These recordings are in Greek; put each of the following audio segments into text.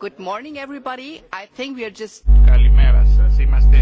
Good morning everybody. I think we are just... Καλημέρα σας. Είμαστε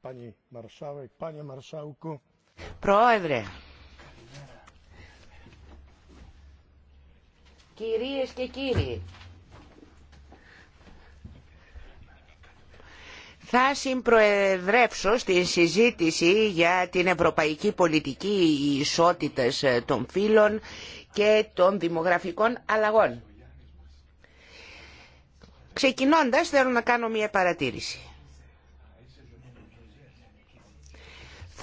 Pani marszałek, Πρόεδρε. Κυρίες και κύριοι. Θα συμπροεδρεύσω στη συζήτηση για την ευρωπαϊκή πολιτική ισότητα ε, των φύλων και των δημογραφικών αλλαγών. Ξεκινώντας θέλω να κάνω μια παρατήρηση.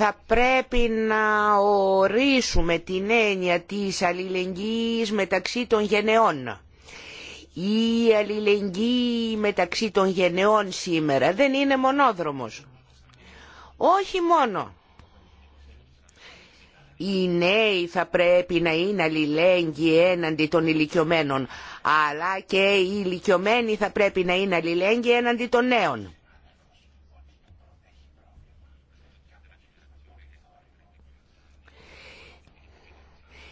θα πρέπει να ορίσουμε την έννοια της αλληλεγγύης μεταξύ των γενεών. Η αλληλεγγύη μεταξύ των γενεών σήμερα δεν είναι μονόδρομος. Όχι μόνο. Οι νέοι θα πρέπει να είναι αλληλέγγυοι έναντι των ηλικιωμένων, αλλά και οι ηλικιωμένοι θα πρέπει να είναι αλληλέγγυοι έναντι των νέων.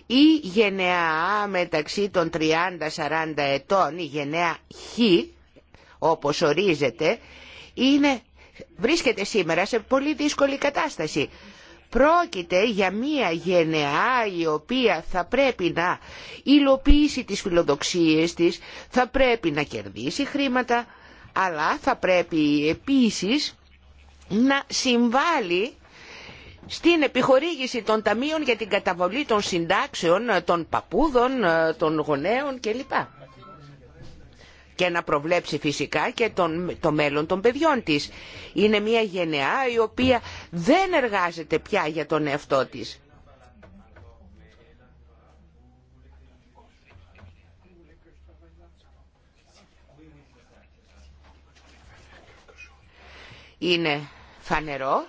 η γενεά μεταξύ των 30-40 ετών, η γενεά Χ, όπως ορίζεται, είναι, βρίσκεται σήμερα σε πολύ δύσκολη κατάσταση. Πρόκειται για μία γενεά η οποία θα πρέπει να υλοποιήσει τις φιλοδοξίες της, θα πρέπει να κερδίσει χρήματα, αλλά θα πρέπει επίσης να συμβάλλει στην επιχορήγηση των ταμείων για την καταβολή των συντάξεων ε, των παππούδων, ε, των γονέων κλπ. Και να προβλέψει φυσικά και τον, το μέλλον των παιδιών της. Είναι μια γενεά η οποία δεν εργάζεται πια για τον εαυτό της. Είναι φανερό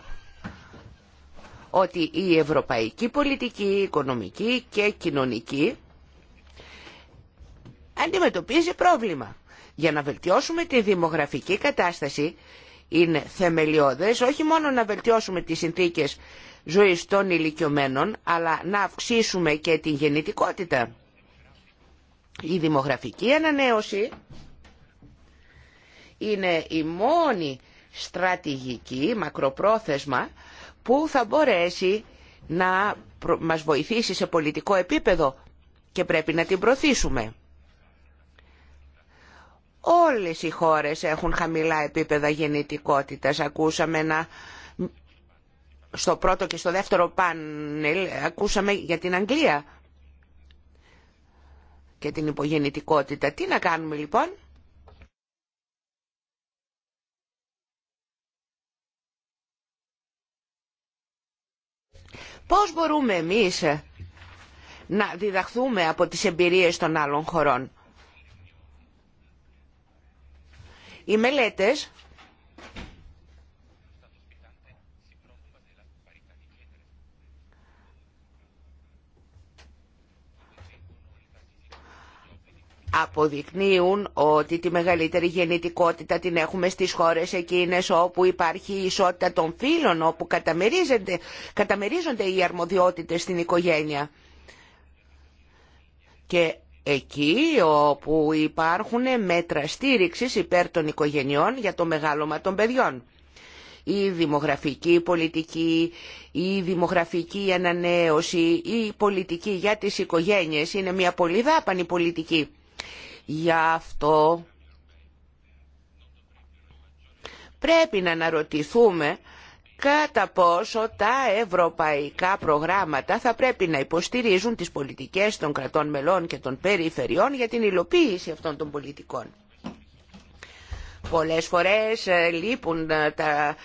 ότι η ευρωπαϊκή πολιτική, οικονομική και κοινωνική αντιμετωπίζει πρόβλημα. Για να βελτιώσουμε τη δημογραφική κατάσταση είναι θεμελιώδες όχι μόνο να βελτιώσουμε τις συνθήκες ζωής των ηλικιωμένων αλλά να αυξήσουμε και την γεννητικότητα. Η δημογραφική ανανέωση είναι η μόνη στρατηγική μακροπρόθεσμα που θα μπορέσει να μας βοηθήσει σε πολιτικό επίπεδο και πρέπει να την προωθήσουμε. Όλες οι χώρες έχουν χαμηλά επίπεδα γεννητικότητας. Ακούσαμε να... Στο πρώτο και στο δεύτερο πάνελ ακούσαμε για την Αγγλία και την υπογεννητικότητα. Τι να κάνουμε λοιπόν. Πώς μπορούμε εμείς ε, να διδαχθούμε από τις εμπειρίες των άλλων χωρών. Οι μελέτες αποδεικνύουν ότι τη μεγαλύτερη γεννητικότητα την έχουμε στις χώρες εκείνες όπου υπάρχει ισότητα των φύλων, όπου καταμερίζονται, καταμερίζονται οι αρμοδιότητες στην οικογένεια. Και εκεί όπου υπάρχουν μέτρα στήριξης υπέρ των οικογενειών για το μεγάλωμα των παιδιών. Η δημογραφική πολιτική, η δημογραφική ανανέωση, η πολιτική για τις οικογένειες είναι μια πολύ δάπανη πολιτική. Για αυτό πρέπει να αναρωτηθούμε κατά πόσο τα ευρωπαϊκά προγράμματα θα πρέπει να υποστηρίζουν τις πολιτικές των κρατών μελών και των περιφερειών για την υλοποίηση αυτών των πολιτικών. Πολλές φορές ε, λείπουν ε, τα,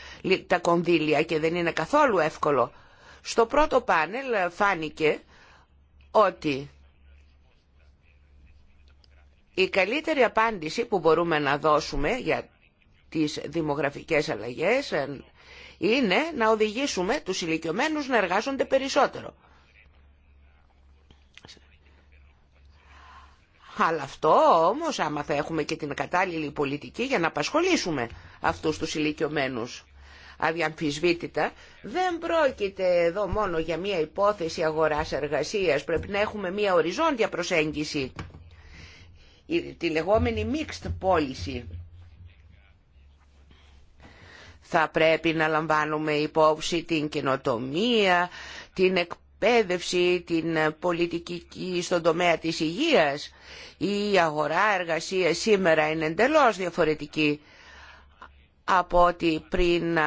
τα κονδύλια και δεν είναι καθόλου εύκολο. Στο πρώτο πάνελ ε, φάνηκε ότι η καλύτερη απάντηση που μπορούμε να δώσουμε για τις δημογραφικές αλλαγές ε, είναι να οδηγήσουμε τους ηλικιωμένους να εργάζονται περισσότερο. Αλλά αυτό όμως άμα θα έχουμε και την κατάλληλη πολιτική για να απασχολήσουμε αυτούς τους ηλικιωμένους. Αδιαμφισβήτητα δεν πρόκειται εδώ μόνο για μια υπόθεση αγοράς εργασίας, πρέπει να έχουμε μια οριζόντια προσέγγιση τη λεγόμενη mixed policy. Θα πρέπει να λαμβάνουμε υπόψη την καινοτομία, την εκπαίδευση, την πολιτική στον τομέα της υγείας. Η αγορά εργασια σήμερα είναι εντελώς διαφορετική από πριν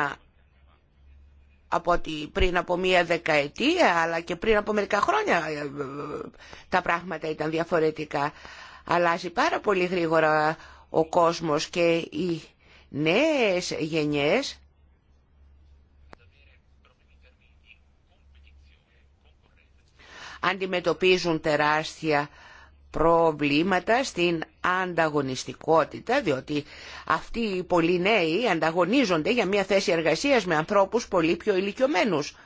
από ότι πριν από μία δεκαετία αλλά και πριν από μερικά χρόνια ε, τα πράγματα ήταν διαφορετικά αλλάζει πάρα πολύ γρήγορα ο κόσμος και οι νέες γενιές αντιμετωπίζουν τεράστια προβλήματα στην ανταγωνιστικότητα, διότι αυτοί οι πολλοί νέοι ανταγωνίζονται για μια θέση εργασίας με ανθρώπους πολύ πιο ηλικιωμένους.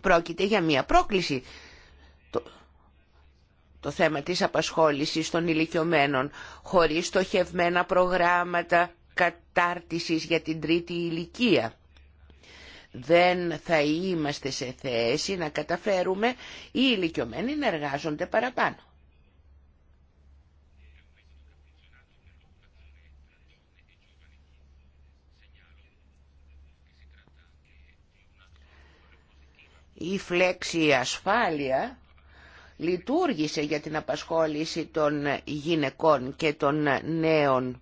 Πρόκειται για μια πρόκληση το θέμα της απασχόλησης των ηλικιωμένων χωρίς στοχευμένα προγράμματα κατάρτισης για την τρίτη ηλικία. Δεν θα είμαστε σε θέση να καταφέρουμε οι ηλικιωμένοι να εργάζονται παραπάνω. Η φλέξη ασφάλεια λειτουργήσε για την απασχόληση των γυναικών και των νέων.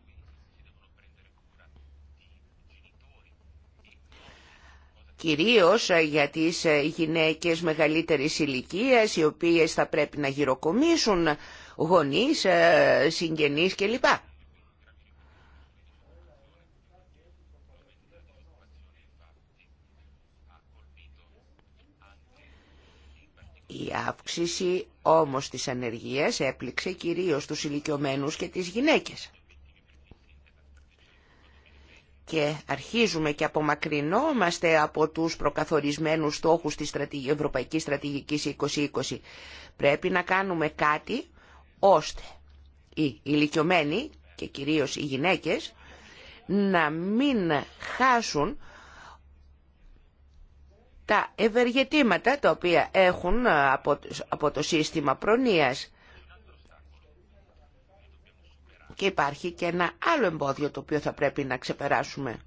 Κυρίως για τις γυναίκες μεγαλύτερης ηλικίας, οι οποίες θα πρέπει να γυροκομίσουν γονείς, συγγενείς κλπ. Η αύξηση όμως της ανεργίας έπληξε κυρίως τους ηλικιωμένους και τις γυναίκες. Και αρχίζουμε και απομακρυνόμαστε από τους προκαθορισμένους στόχους της Ευρωπαϊκής Στρατηγικής 2020. Πρέπει να κάνουμε κάτι ώστε οι ηλικιωμένοι και κυρίως οι γυναίκες να μην χάσουν τα ευεργετήματα τα οποία έχουν ε, από το σύστημα προνοίας. Και υπάρχει και ένα άλλο εμπόδιο το οποίο θα πρέπει να ξεπεράσουμε.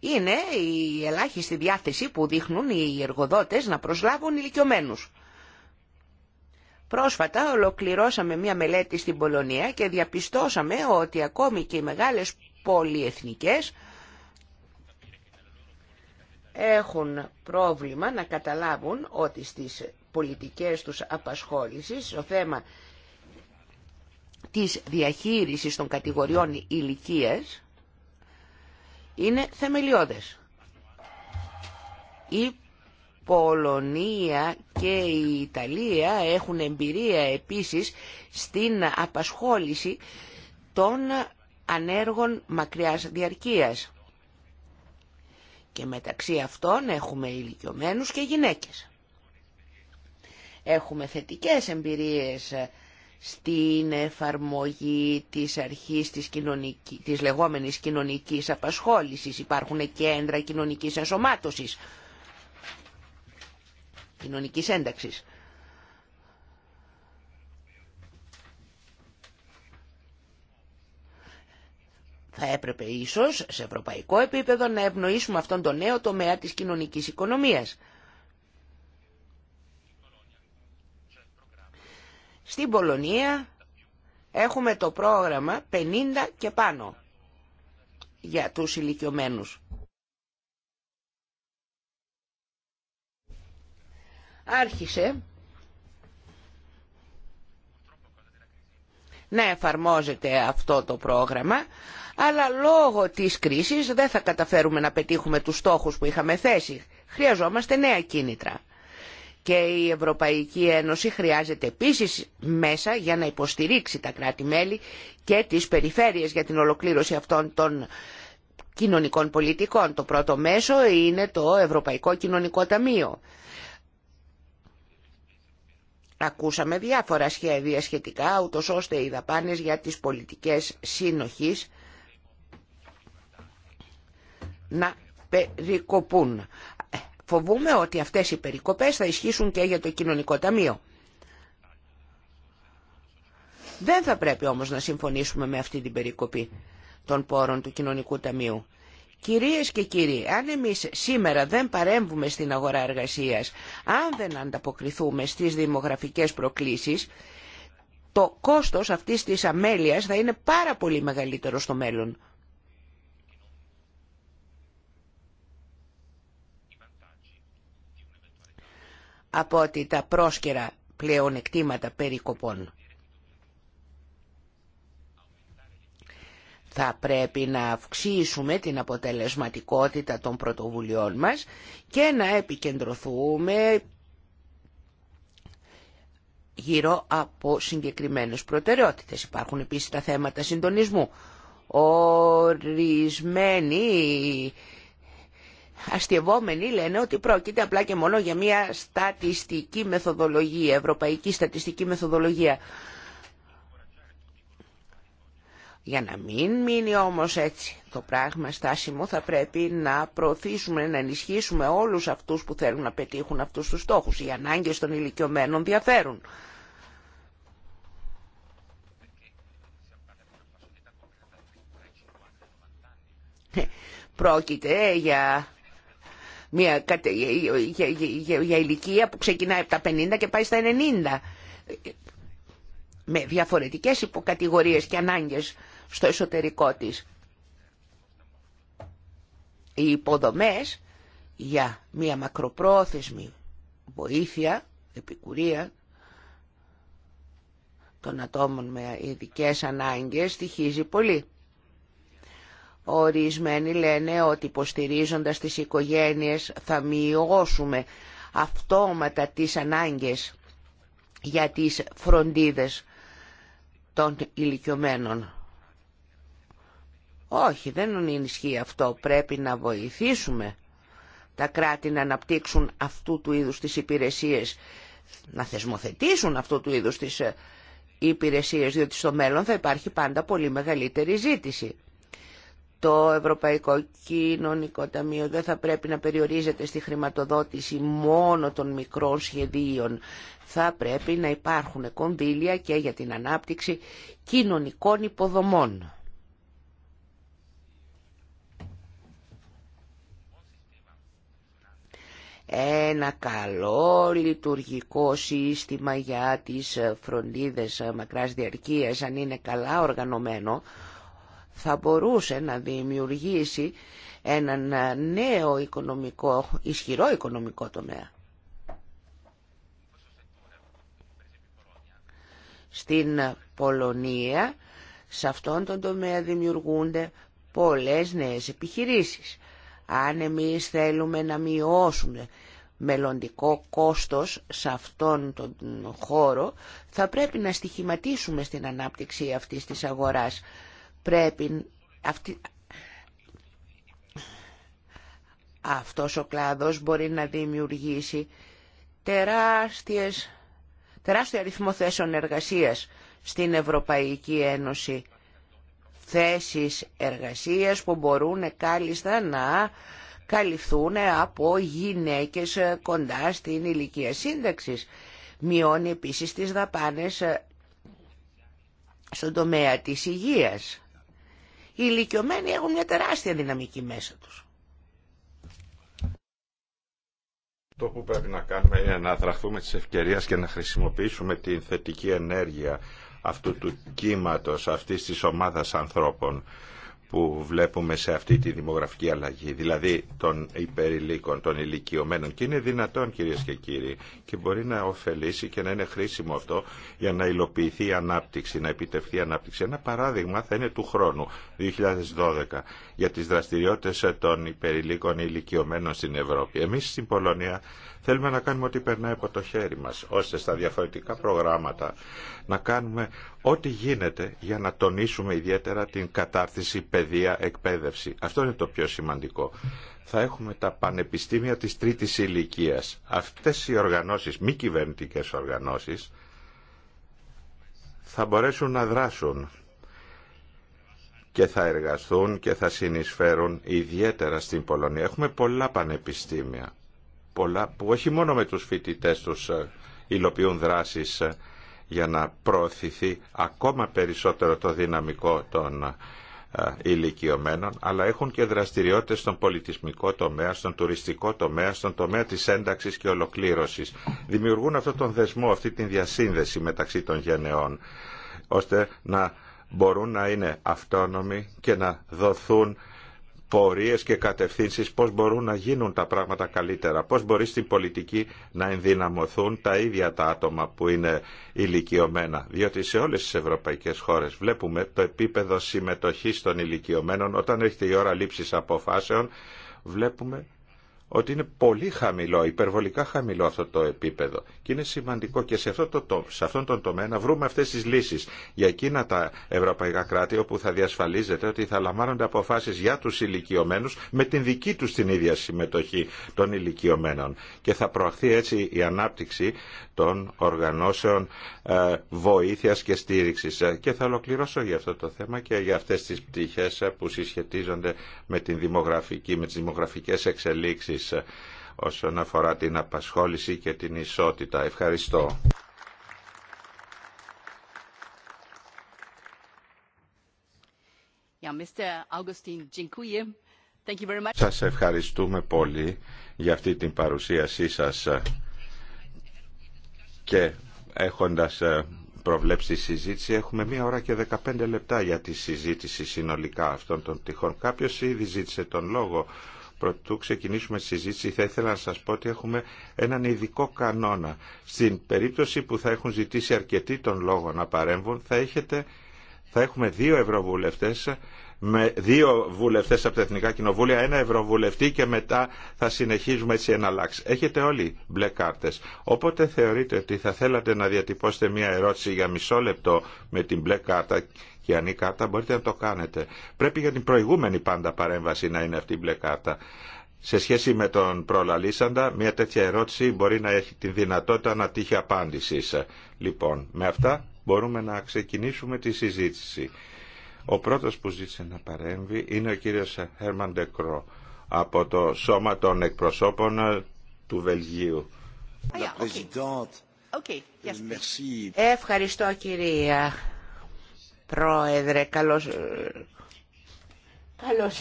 Είναι η ελάχιστη διάθεση που δείχνουν οι εργοδότες να προσλάβουν ηλικιωμένους. Πρόσφατα ολοκληρώσαμε μια μελέτη στην Πολωνία και διαπιστώσαμε ότι ακόμη και οι μεγάλες πολυεθνικές έχουν πρόβλημα να καταλάβουν ότι στις πολιτικές τους απασχόλησης στο θέμα της διαχείρισης των κατηγοριών ηλικίας είναι θεμελιώδες. Η Πολωνία και η Ιταλία έχουν εμπειρία επίσης στην απασχόληση των ανέργων μακριάς διαρκείας. Και μεταξύ αυτών έχουμε ηλικιωμένους και γυναίκες. Έχουμε θετικές εμπειρίες στην εφαρμογή της αρχής της, κοινωνική, της λεγόμενης κοινωνικής απασχόλησης. Υπάρχουν κέντρα κοινωνικής ενσωμάτωσης, κοινωνικής ένταξης. Θα έπρεπε ίσως σε ευρωπαϊκό επίπεδο να ευνοήσουμε αυτόν τον νέο τομέα της κοινωνικής οικονομίας. Στην Πολωνία έχουμε το πρόγραμμα 50 και πάνω για τους ηλικιωμένους. Άρχισε να εφαρμόζεται αυτό το πρόγραμμα, αλλά λόγω της κρίσης δεν θα καταφέρουμε να πετύχουμε τους στόχους που είχαμε θέσει. Χρειαζόμαστε νέα κίνητρα. Και η Ευρωπαϊκή Ένωση χρειάζεται επίσης μέσα για να υποστηρίξει τα κράτη-μέλη και τις περιφέρειες για την ολοκλήρωση αυτών των κοινωνικών πολιτικών. Το πρώτο μέσο είναι το Ευρωπαϊκό Κοινωνικό Ταμείο. Ακούσαμε διάφορα σχέδια σχετικά, ούτως ώστε οι δαπάνες για τις πολιτικές σύνοχης να περικοπούν. Φοβούμε ότι αυτές οι περικοπές θα ισχύσουν και για το κοινωνικό ταμείο. Δεν θα πρέπει όμως να συμφωνήσουμε με αυτή την περικοπή των πόρων του κοινωνικού ταμείου. Κυρίες και κύριοι, αν εμείς σήμερα δεν παρέμβουμε στην αγορά εργασίας, αν δεν ανταποκριθούμε στις δημογραφικές προκλήσεις, το κόστος αυτής της αμέλειας θα είναι πάρα πολύ μεγαλύτερο στο μέλλον. από ότι τα πρόσκαιρα πλέον εκτήματα περικοπών. Θα πρέπει να αυξήσουμε την αποτελεσματικότητα των πρωτοβουλειών μας και να επικεντρωθούμε γύρω από συγκεκριμένες προτεραιότητες. Υπάρχουν επίσης τα θέματα συντονισμού. Ορισμένοι αστευόμενοι λένε ότι πρόκειται απλά και μόνο για μια στατιστική μεθοδολογία, ευρωπαϊκή στατιστική μεθοδολογία. Για να μην μείνει όμως έτσι το πράγμα στάσιμο θα πρέπει να προωθήσουμε, να ενισχύσουμε όλους αυτούς που θέλουν να πετύχουν αυτούς τους στόχους. Οι ανάγκες των ηλικιωμένων διαφέρουν. Ε, πρόκειται για μια, για, ηλικία που ξεκινάει από τα 50 και πάει στα 90 ε, με διαφορετικές υποκατηγορίες και ανάγκες στο εσωτερικό της. Οι υποδομές για μια μακροπρόθεσμη βοήθεια, επικουρία των ατόμων με ειδικέ ανάγκες στοιχίζει πολύ. Ορισμένοι λένε ότι υποστηρίζοντας τις οικογένειες θα μειώσουμε αυτόματα τις ανάγκες για τις φροντίδες των ηλικιωμένων. Όχι, δεν ενισχύει αυτό. Πρέπει να βοηθήσουμε τα κράτη να αναπτύξουν αυτού του είδους τις υπηρεσίες, να θεσμοθετήσουν αυτού του είδους τις ε, υπηρεσίες, διότι στο μέλλον θα υπάρχει πάντα πολύ μεγαλύτερη ζήτηση. Το Ευρωπαϊκό Κοινωνικό Ταμείο δεν θα πρέπει να περιορίζεται στη χρηματοδότηση μόνο των μικρών σχεδίων. Θα πρέπει να υπάρχουν κονδύλια και για την ανάπτυξη κοινωνικών υποδομών. ένα καλό λειτουργικό σύστημα για τις φροντίδες μακράς διαρκείας, αν είναι καλά οργανωμένο, θα μπορούσε να δημιουργήσει ένα νέο οικονομικό, ισχυρό οικονομικό τομέα. Στην Πολωνία, σε αυτόν τον τομέα δημιουργούνται πολλές νέες επιχειρήσεις. Αν εμείς θέλουμε να μειώσουμε μελλοντικό κόστος σε αυτόν τον χώρο, θα πρέπει να στοιχηματίσουμε στην ανάπτυξη αυτής της αγοράς. Πρέπει αυτή... Αυτός ο κλάδος μπορεί να δημιουργήσει τεράστιες, τεράστιο αριθμό θέσεων εργασίας στην Ευρωπαϊκή Ένωση θέσεις εργασίας που μπορούν κάλλιστα να καλυφθούν από γυναίκες κοντά στην ηλικία σύνταξης. Μειώνει επίσης τις δαπάνες στον τομέα της υγείας. Οι ηλικιωμένοι έχουν μια τεράστια δυναμική μέσα τους. Το που πρέπει να κάνουμε είναι να δραχθούμε τις ευκαιρίες και να χρησιμοποιήσουμε την θετική ενέργεια αυτού του κύματος, αυτής της ομάδας ανθρώπων που βλέπουμε σε αυτή τη δημογραφική αλλαγή, δηλαδή των υπερηλίκων, των ηλικιωμένων. Και είναι δυνατόν κύριε και κύριοι και μπορεί να ωφελήσει και να είναι χρήσιμο αυτό για να υλοποιηθεί η ανάπτυξη, να επιτευχθεί η ανάπτυξη. Ένα παράδειγμα θα είναι του χρόνου, 2012 για τις δραστηριότητες των υπερηλίκων ηλικιωμένων στην Ευρώπη. Εμείς στην Πολωνία θέλουμε να κάνουμε ό,τι περνάει από το χέρι μας, ώστε στα διαφορετικά προγράμματα να κάνουμε ό,τι γίνεται για να τονίσουμε ιδιαίτερα την κατάρτιση, παιδεία, εκπαίδευση. Αυτό είναι το πιο σημαντικό. Θα έχουμε τα πανεπιστήμια της τρίτης ηλικίας. Αυτές οι οργανώσεις, μη κυβερνητικέ οργανώσεις, θα μπορέσουν να δράσουν και θα εργαστούν και θα συνεισφέρουν ιδιαίτερα στην Πολωνία. Έχουμε πολλά πανεπιστήμια, πολλά, που όχι μόνο με τους φοιτητές τους ε, υλοποιούν δράσεις ε, για να προωθηθεί ακόμα περισσότερο το δυναμικό των ε, ηλικιωμένων, αλλά έχουν και δραστηριότητες στον πολιτισμικό τομέα, στον τουριστικό τομέα, στον τομέα της ένταξης και ολοκλήρωσης. Δημιουργούν αυτόν τον δεσμό, αυτή την διασύνδεση μεταξύ των γενεών, ώστε να μπορούν να είναι αυτόνομοι και να δοθούν πορείες και κατευθύνσεις πώς μπορούν να γίνουν τα πράγματα καλύτερα, πώς μπορεί στην πολιτική να ενδυναμωθούν τα ίδια τα άτομα που είναι ηλικιωμένα. Διότι σε όλες τις ευρωπαϊκές χώρες βλέπουμε το επίπεδο συμμετοχής των ηλικιωμένων όταν έρχεται η ώρα λήψης αποφάσεων βλέπουμε ότι είναι πολύ χαμηλό, υπερβολικά χαμηλό αυτό το επίπεδο. Και είναι σημαντικό και σε, αυτό το, σε αυτόν τον τομέα να βρούμε αυτές τις λύσεις για εκείνα τα ευρωπαϊκά κράτη όπου θα διασφαλίζεται ότι θα λαμβάνονται αποφάσεις για τους ηλικιωμένους με την δική τους την ίδια συμμετοχή των ηλικιωμένων. Και θα προαχθεί έτσι η ανάπτυξη των οργανώσεων ε, βοήθειας και στήριξης. Ε, και θα ολοκληρώσω για αυτό το θέμα και για αυτές τις πτυχές ε, που συσχετίζονται με, την δημογραφική, με τις δημογραφικές εξελίξεις της ε, όσον αφορά την απασχόληση και την ισότητα. Ευχαριστώ. Σας ευχαριστούμε πολύ για αυτή την παρουσίασή σας και έχοντας ε, προβλέψει συζήτηση έχουμε μία ώρα και 15 λεπτά για τη συζήτηση συνολικά αυτών των τυχών. Κάποιος ήδη ζήτησε τον λόγο. Πρωτού ξεκινήσουμε τη συζήτηση, θα ήθελα να σας πω ότι έχουμε έναν ειδικό κανόνα. Στην περίπτωση που θα έχουν ζητήσει αρκετοί τον λόγο να παρέμβουν, θα, έχετε, θα έχουμε δύο ευρωβουλευτές με δύο βουλευτέ από τα Εθνικά Κοινοβούλια, ένα ευρωβουλευτή και μετά θα συνεχίζουμε έτσι ένα λάξ. Έχετε όλοι μπλε κάρτε. Οπότε θεωρείτε ότι θα θέλατε να διατυπώσετε μια ερώτηση για μισό λεπτό με την μπλε κάρτα και αν η κάρτα μπορείτε να το κάνετε. Πρέπει για την προηγούμενη πάντα παρέμβαση να είναι αυτή η μπλε κάρτα. Σε σχέση με τον προλαλήσαντα, μια τέτοια ερώτηση μπορεί να έχει τη δυνατότητα να τύχει απάντηση. Λοιπόν, με αυτά μπορούμε να ξεκινήσουμε τη συζήτηση. Ο πρώτος που ζήτησε να παρέμβει είναι ο κύριος Χέρμαν Ντεκρό από το Σώμα των Εκπροσώπων του Βελγίου. Oh, Ευχαριστώ κυρία Πρόεδρε. καλώς ε,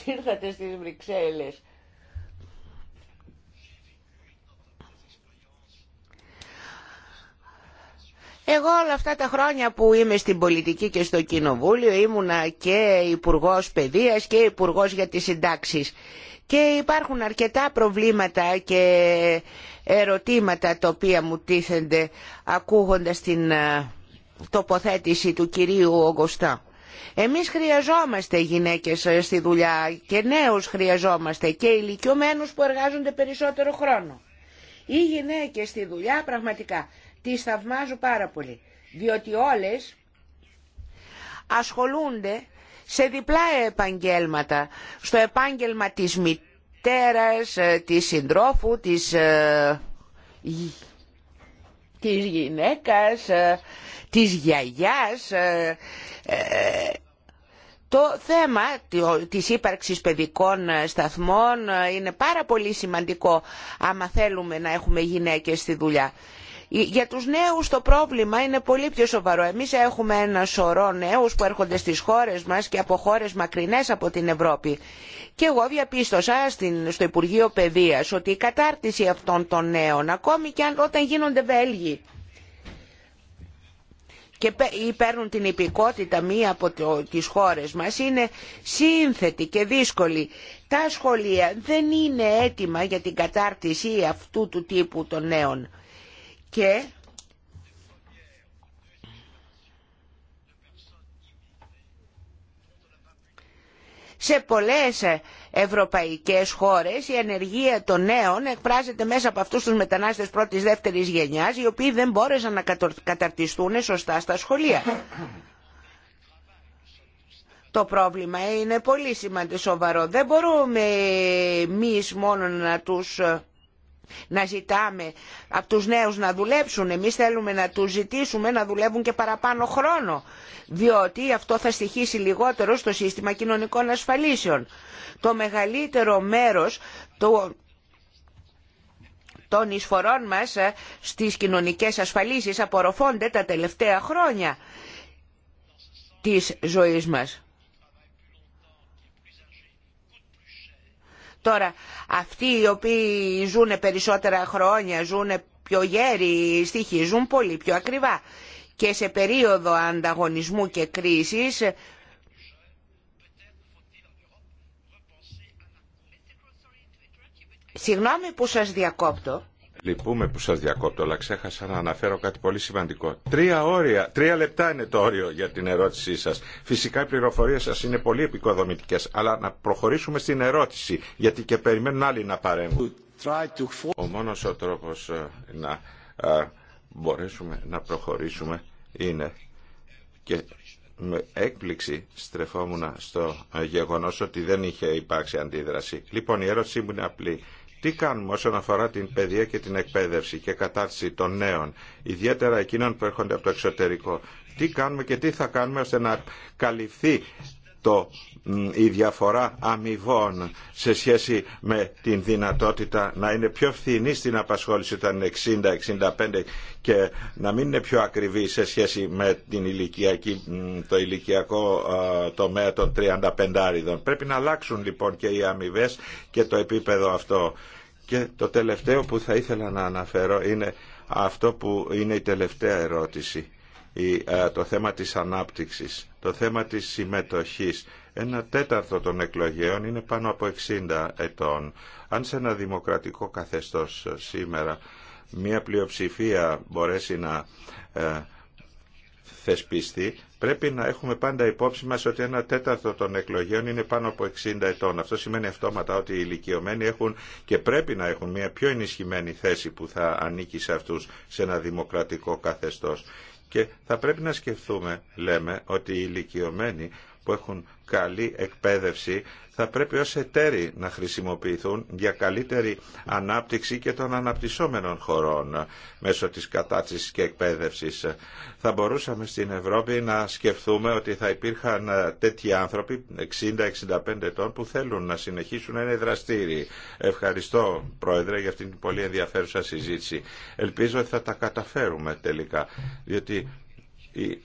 ήρθατε στις Βρυξέλλες. Εγώ όλα αυτά τα χρόνια που είμαι στην πολιτική και στο κοινοβούλιο ήμουνα και υπουργό Παιδείας και υπουργό για τις συντάξεις και υπάρχουν αρκετά προβλήματα και ερωτήματα τα οποία μου τίθενται ακούγοντας την ε, τοποθέτηση του κυρίου Ογκοστά. Εμείς χρειαζόμαστε γυναίκες ε, στη δουλειά και νέους χρειαζόμαστε και ηλικιωμένους που εργάζονται περισσότερο χρόνο. Οι γυναίκες στη δουλειά πραγματικά Τις θαυμάζω πάρα πολύ, διότι όλες ασχολούνται σε διπλά επαγγέλματα. Στο επάγγελμα της μητέρας, ε, της συντρόφου, της, ε, της γυναίκας, ε, της γιαγιάς. Το θέμα της ύπαρξης παιδικών σταθμών είναι πάρα πολύ σημαντικό άμα θέλουμε να έχουμε γυναίκες στη δουλειά για τους νέους το πρόβλημα είναι πολύ πιο σοβαρό. Εμείς έχουμε ένα σωρό νέους που έρχονται στις χώρες μας και από χώρες μακρινές από την Ευρώπη. Και εγώ διαπίστωσα στο Υπουργείο Παιδείας ότι η κατάρτιση αυτών των νέων, ακόμη και αν όταν γίνονται Βέλγοι, και ή παίρνουν την υπηκότητα μία από τις χώρες μας είναι σύνθετη και δύσκολη. Τα σχολεία δεν είναι έτοιμα για την κατάρτιση αυτού του τύπου των νέων και σε πολλές ευρωπαϊκές χώρες η ανεργία των νέων εκφράζεται μέσα από αυτούς τους μετανάστες πρώτης δεύτερης γενιάς οι οποίοι δεν μπόρεσαν να καταρτιστούν σωστά στα σχολεία. Το πρόβλημα είναι πολύ σημαντικό σοβαρό. Δεν μπορούμε εμεί μόνο να τους να ζητάμε από τους νέους να δουλέψουν. Εμείς θέλουμε να τους ζητήσουμε να δουλεύουν και παραπάνω χρόνο, διότι αυτό θα στοιχήσει λιγότερο στο σύστημα κοινωνικών ασφαλίσεων. Το μεγαλύτερο μέρος του των εισφορών μας ε, στις κοινωνικές ασφαλίσεις απορροφώνται τα τελευταία χρόνια της ζωής μας. Τώρα, αυτοί οι οποίοι ζουν περισσότερα χρόνια, ζουν πιο γέροι, στοιχίζουν ζουν πολύ πιο ακριβά. Και σε περίοδο ανταγωνισμού και κρίσης, Συγγνώμη που σας διακόπτω. Λυπούμε που σας διακόπτω, αλλά ξέχασα να αναφέρω κάτι πολύ σημαντικό. Τρία, όρια, τρία λεπτά είναι το όριο για την ερώτησή σας. Φυσικά οι πληροφορίες σας είναι πολύ επικοδομητικές, αλλά να προχωρήσουμε στην ερώτηση, γιατί και περιμένουν άλλοι να παρέμβουν. Ο μόνος ο τρόπος ε, να ε, μπορέσουμε να προχωρήσουμε είναι και με έκπληξη στρεφόμουν στο ε, γεγονός ότι δεν είχε υπάρξει αντίδραση. Λοιπόν, η ερώτησή μου είναι απλή. Τι κάνουμε όσον αφορά την παιδεία και την εκπαίδευση και κατάρτιση των νέων, ιδιαίτερα εκείνων που έρχονται από το εξωτερικό. Τι κάνουμε και τι θα κάνουμε ώστε να καλυφθεί το, η διαφορά αμοιβών σε σχέση με την δυνατότητα να είναι πιο φθηνή στην απασχόληση όταν είναι 60-65 και να μην είναι πιο ακριβή σε σχέση με την ηλικιακή, το ηλικιακό τομέα των 35 άριδων. Πρέπει να αλλάξουν λοιπόν και οι αμοιβέ και το επίπεδο αυτό. Και το τελευταίο που θα ήθελα να αναφέρω είναι αυτό που είναι η τελευταία ερώτηση ε, το θέμα της ανάπτυξης, το θέμα της συμμετοχής. Ένα τέταρτο των εκλογέων είναι πάνω από 60 ετών. Αν σε ένα δημοκρατικό καθεστώς ε, σήμερα μια πλειοψηφία μπορέσει να ε, θεσπιστεί, πρέπει να έχουμε πάντα υπόψη μας ότι ένα τέταρτο των εκλογέων είναι πάνω από 60 ετών. Αυτό σημαίνει αυτόματα ότι οι ηλικιωμένοι έχουν και πρέπει να έχουν μια πιο ενισχυμένη θέση που θα ανήκει σε αυτούς σε ένα δημοκρατικό καθεστώς. Και θα πρέπει να σκεφτούμε, λέμε, ότι οι ηλικιωμένοι που έχουν καλή εκπαίδευση θα πρέπει ως εταίροι να χρησιμοποιηθούν για καλύτερη ανάπτυξη και των αναπτυσσόμενων χωρών μέσω της κατάρτισης και εκπαίδευσης. Θα μπορούσαμε στην Ευρώπη να σκεφτούμε ότι θα υπήρχαν ε, τέτοιοι άνθρωποι 60-65 ετών που θέλουν να συνεχίσουν να είναι δραστήριοι. Ευχαριστώ Πρόεδρε για αυτήν την πολύ ενδιαφέρουσα συζήτηση. Ελπίζω ότι θα τα καταφέρουμε τελικά, διότι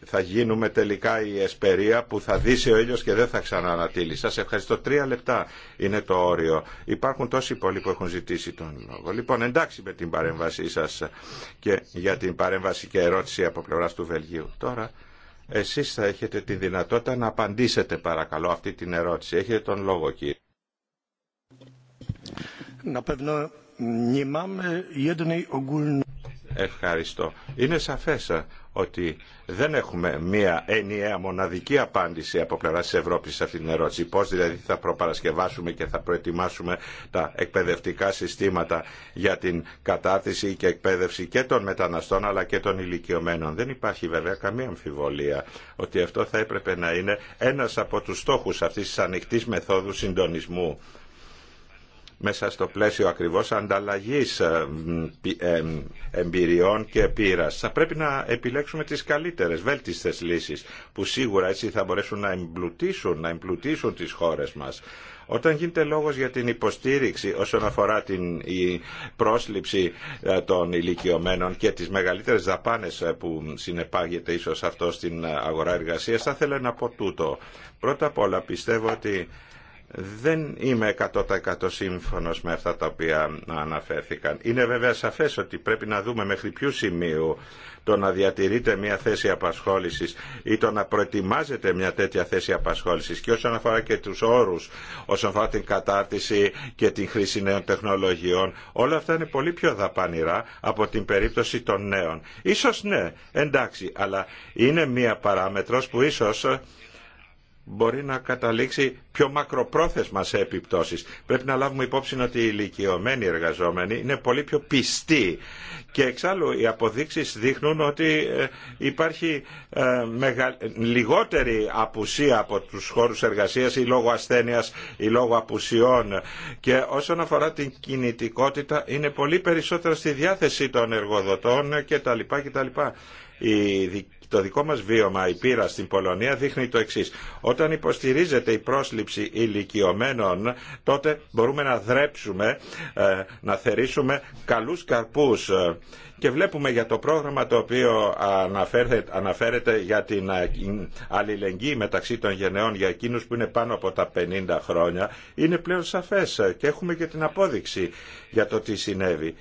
θα γίνουμε τελικά η εσπερία που θα δύσει ο ήλιος και δεν θα ξανανατείλει. Σας ευχαριστώ. Τρία λεπτά είναι το όριο. Υπάρχουν τόσοι πολλοί που έχουν ζητήσει τον λόγο. Λοιπόν, εντάξει με την παρέμβασή σας και για την παρέμβαση και ερώτηση από πλευρά του Βελγίου. Τώρα, εσείς θα έχετε τη δυνατότητα να απαντήσετε παρακαλώ αυτή την ερώτηση. Έχετε τον λόγο κύριε. Ευχαριστώ. Είναι σαφές ότι δεν έχουμε μία ενιαία μοναδική απάντηση από πλευρά τη Ευρώπη σε αυτή την ερώτηση. Πώ δηλαδή θα προπαρασκευάσουμε και θα προετοιμάσουμε τα εκπαιδευτικά συστήματα για την κατάρτιση και εκπαίδευση και των μεταναστών αλλά και των ηλικιωμένων. Δεν υπάρχει βέβαια καμία αμφιβολία ότι αυτό θα έπρεπε να είναι ένα από του στόχου αυτή τη ανοιχτή μεθόδου συντονισμού μέσα στο πλαίσιο ακριβώς ανταλλαγής ε, ε, εμπειριών και πείρας. Θα πρέπει να επιλέξουμε τις καλύτερες, βέλτιστες λύσεις που σίγουρα έτσι θα μπορέσουν να εμπλουτίσουν, να εμπλουτίσουν τις χώρες μας. Όταν γίνεται λόγος για την υποστήριξη όσον αφορά την πρόσληψη ε, των ηλικιωμένων και τις μεγαλύτερες δαπάνες που συνεπάγεται ίσως αυτό στην αγορά εργασίας, θα ήθελα να πω τούτο. Πρώτα απ' όλα πιστεύω ότι δεν είμαι 100% σύμφωνος με αυτά τα οποία αναφέρθηκαν. Είναι βέβαια σαφές ότι πρέπει να δούμε μέχρι ποιου σημείου το να διατηρείται μια θέση απασχόλησης ή το να προετοιμάζεται μια τέτοια θέση απασχόλησης και όσον αφορά και τους όρους, όσον αφορά την κατάρτιση και την χρήση νέων τεχνολογιών, όλα αυτά είναι πολύ πιο δαπανηρά από την περίπτωση των νέων. Ίσως ναι, εντάξει, αλλά είναι μια παράμετρος που ίσως μπορεί να καταλήξει πιο μακροπρόθεσμα σε επιπτώσεις. Πρέπει να λάβουμε υπόψη ότι οι ηλικιωμένοι εργαζόμενοι είναι πολύ πιο πιστοί και εξάλλου οι αποδείξεις δείχνουν ότι ε, υπάρχει ε, λιγότερη απουσία από τους χώρους εργασίας ή λόγω ασθένειας ή λόγω απουσιών και όσον αφορά την κινητικότητα είναι πολύ περισσότερα στη διάθεση των εργοδοτών κτλ το δικό μας βίωμα, η πείρα στην Πολωνία δείχνει το εξής. Όταν υποστηρίζεται η πρόσληψη ηλικιωμένων, τότε μπορούμε να δρέψουμε, ε, να θερήσουμε καλούς καρπούς. Και βλέπουμε για το πρόγραμμα το οποίο αναφέρεται, για την ε, αλληλεγγύη μεταξύ των γενεών για εκείνους που είναι πάνω από τα 50 χρόνια, είναι πλέον σαφές ε, και έχουμε και την απόδειξη για το τι συνέβη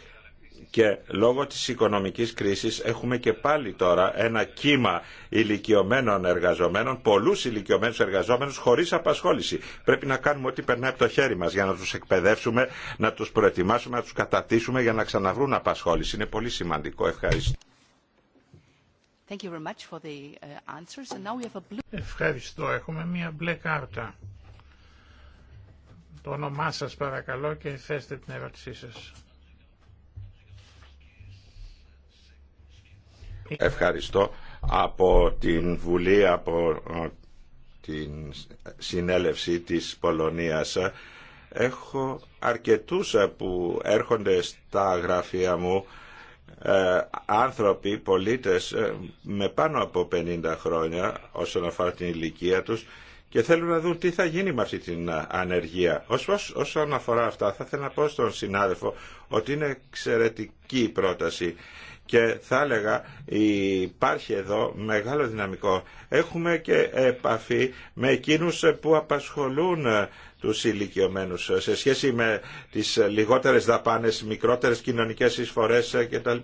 και λόγω της οικονομικής κρίσης έχουμε και πάλι τώρα ένα κύμα ηλικιωμένων εργαζομένων, πολλούς ηλικιωμένους εργαζόμενους χωρίς απασχόληση. Πρέπει να κάνουμε ό,τι περνάει από το χέρι μας για να τους εκπαιδεύσουμε, να τους προετοιμάσουμε, να τους κατατήσουμε για να ξαναβρούν απασχόληση. Είναι πολύ σημαντικό. Ευχαριστώ. Ευχαριστώ. Έχουμε μία μπλε κάρτα. Το όνομά σας παρακαλώ και θέστε την ερώτησή σας. Ευχαριστώ. Από την Βουλή, από ε, την συνέλευση της Πολωνίας, έχω αρκετούς ε, που έρχονται στα γραφεία μου ε, άνθρωποι, πολίτες με πάνω από 50 χρόνια όσον αφορά την ηλικία τους και θέλουν να δουν τι θα γίνει με αυτή την ανεργία. Όσον αφορά αυτά θα ήθελα να πω στον συνάδελφο ότι είναι εξαιρετική η πρόταση και θα έλεγα υπάρχει εδώ μεγάλο δυναμικό. Έχουμε και επαφή με εκείνους που απασχολούν τους ηλικιωμένους ε, σε σχέση με τις λιγότερες δαπάνες, μικρότερες κοινωνικές εισφορές ε, κτλ.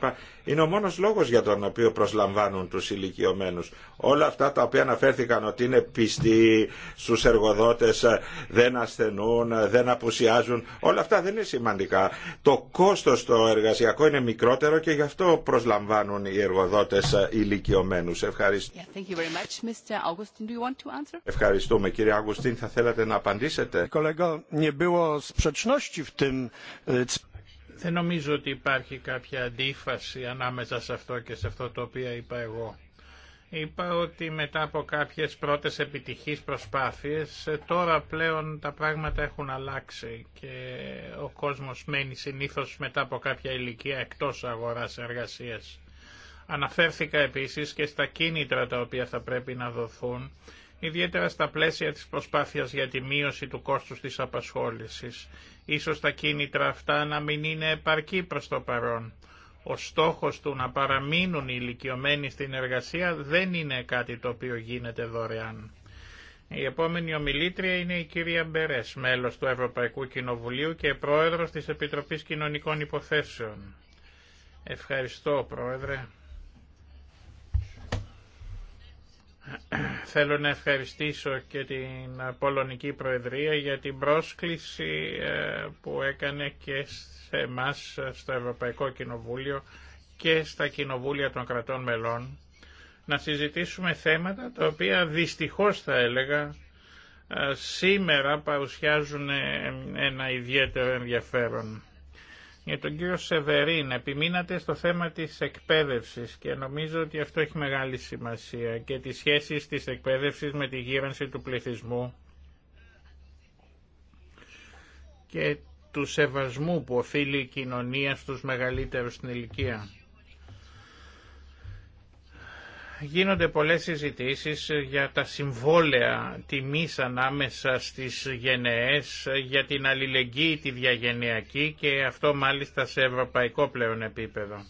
Είναι ο μόνος λόγος για τον οποίο προσλαμβάνουν τους ηλικιωμένους. Όλα αυτά τα οποία αναφέρθηκαν ότι είναι πιστοί στους εργοδότες, ε, δεν ασθενούν, δεν απουσιάζουν, όλα αυτά δεν είναι σημαντικά. Το κόστος το εργασιακό είναι μικρότερο και γι' αυτό προσλαμβάνουν οι εργοδότες ηλικιωμένους. Ευχαριστώ. Ευχαριστούμε. Κύριε Αγουστίν, θα θέλατε να απαντήσετε. E, δεν νομίζω ότι υπάρχει κάποια αντίφαση ανάμεσα σε αυτό και σε αυτό το οποίο είπα εγώ. Είπα ότι μετά από κάποιες πρώτες επιτυχείς προσπάθειες, ε, τώρα πλέον τα πράγματα έχουν αλλάξει και ο κόσμος μένει συνήθως μετά από κάποια ηλικία εκτός αγοράς εργασίας. Αναφέρθηκα επίσης και στα κίνητρα τα οποία θα πρέπει να δοθούν ιδιαίτερα στα πλαίσια της προσπάθειας για τη μείωση του κόστους της απασχόλησης. Ίσως τα κίνητρα αυτά να μην είναι επαρκή προς το παρόν. Ο στόχος του να παραμείνουν οι ηλικιωμένοι στην εργασία δεν είναι κάτι το οποίο γίνεται δωρεάν. Η επόμενη ομιλήτρια είναι η κυρία Μπερές, μέλος του Ευρωπαϊκού Κοινοβουλίου και πρόεδρος της Επιτροπής Κοινωνικών Υποθέσεων. Ευχαριστώ, Πρόεδρε. Θέλω να ευχαριστήσω και την Πολωνική Προεδρία για την πρόσκληση ε, που έκανε και σε εμά στο Ευρωπαϊκό Κοινοβούλιο και στα Κοινοβούλια των Κρατών Μελών να συζητήσουμε θέματα τα οποία δυστυχώς θα έλεγα ε, σήμερα παρουσιάζουν ένα ιδιαίτερο ενδιαφέρον. Για ε, τον κύριο Σεβερίν, επιμείνατε στο θέμα της εκπαίδευσης και νομίζω ότι αυτό έχει μεγάλη σημασία και τις σχέση της εκπαίδευσης με τη γύρανση του πληθυσμού και του σεβασμού που οφείλει η κοινωνία στους μεγαλύτερους στην ηλικία. Γίνονται πολλές συζητήσεις για τα συμβόλαια τιμής ανάμεσα στις γενναίες, για την αλληλεγγύη τη διαγενειακή και αυτό μάλιστα σε ευρωπαϊκό πλέον επίπεδο.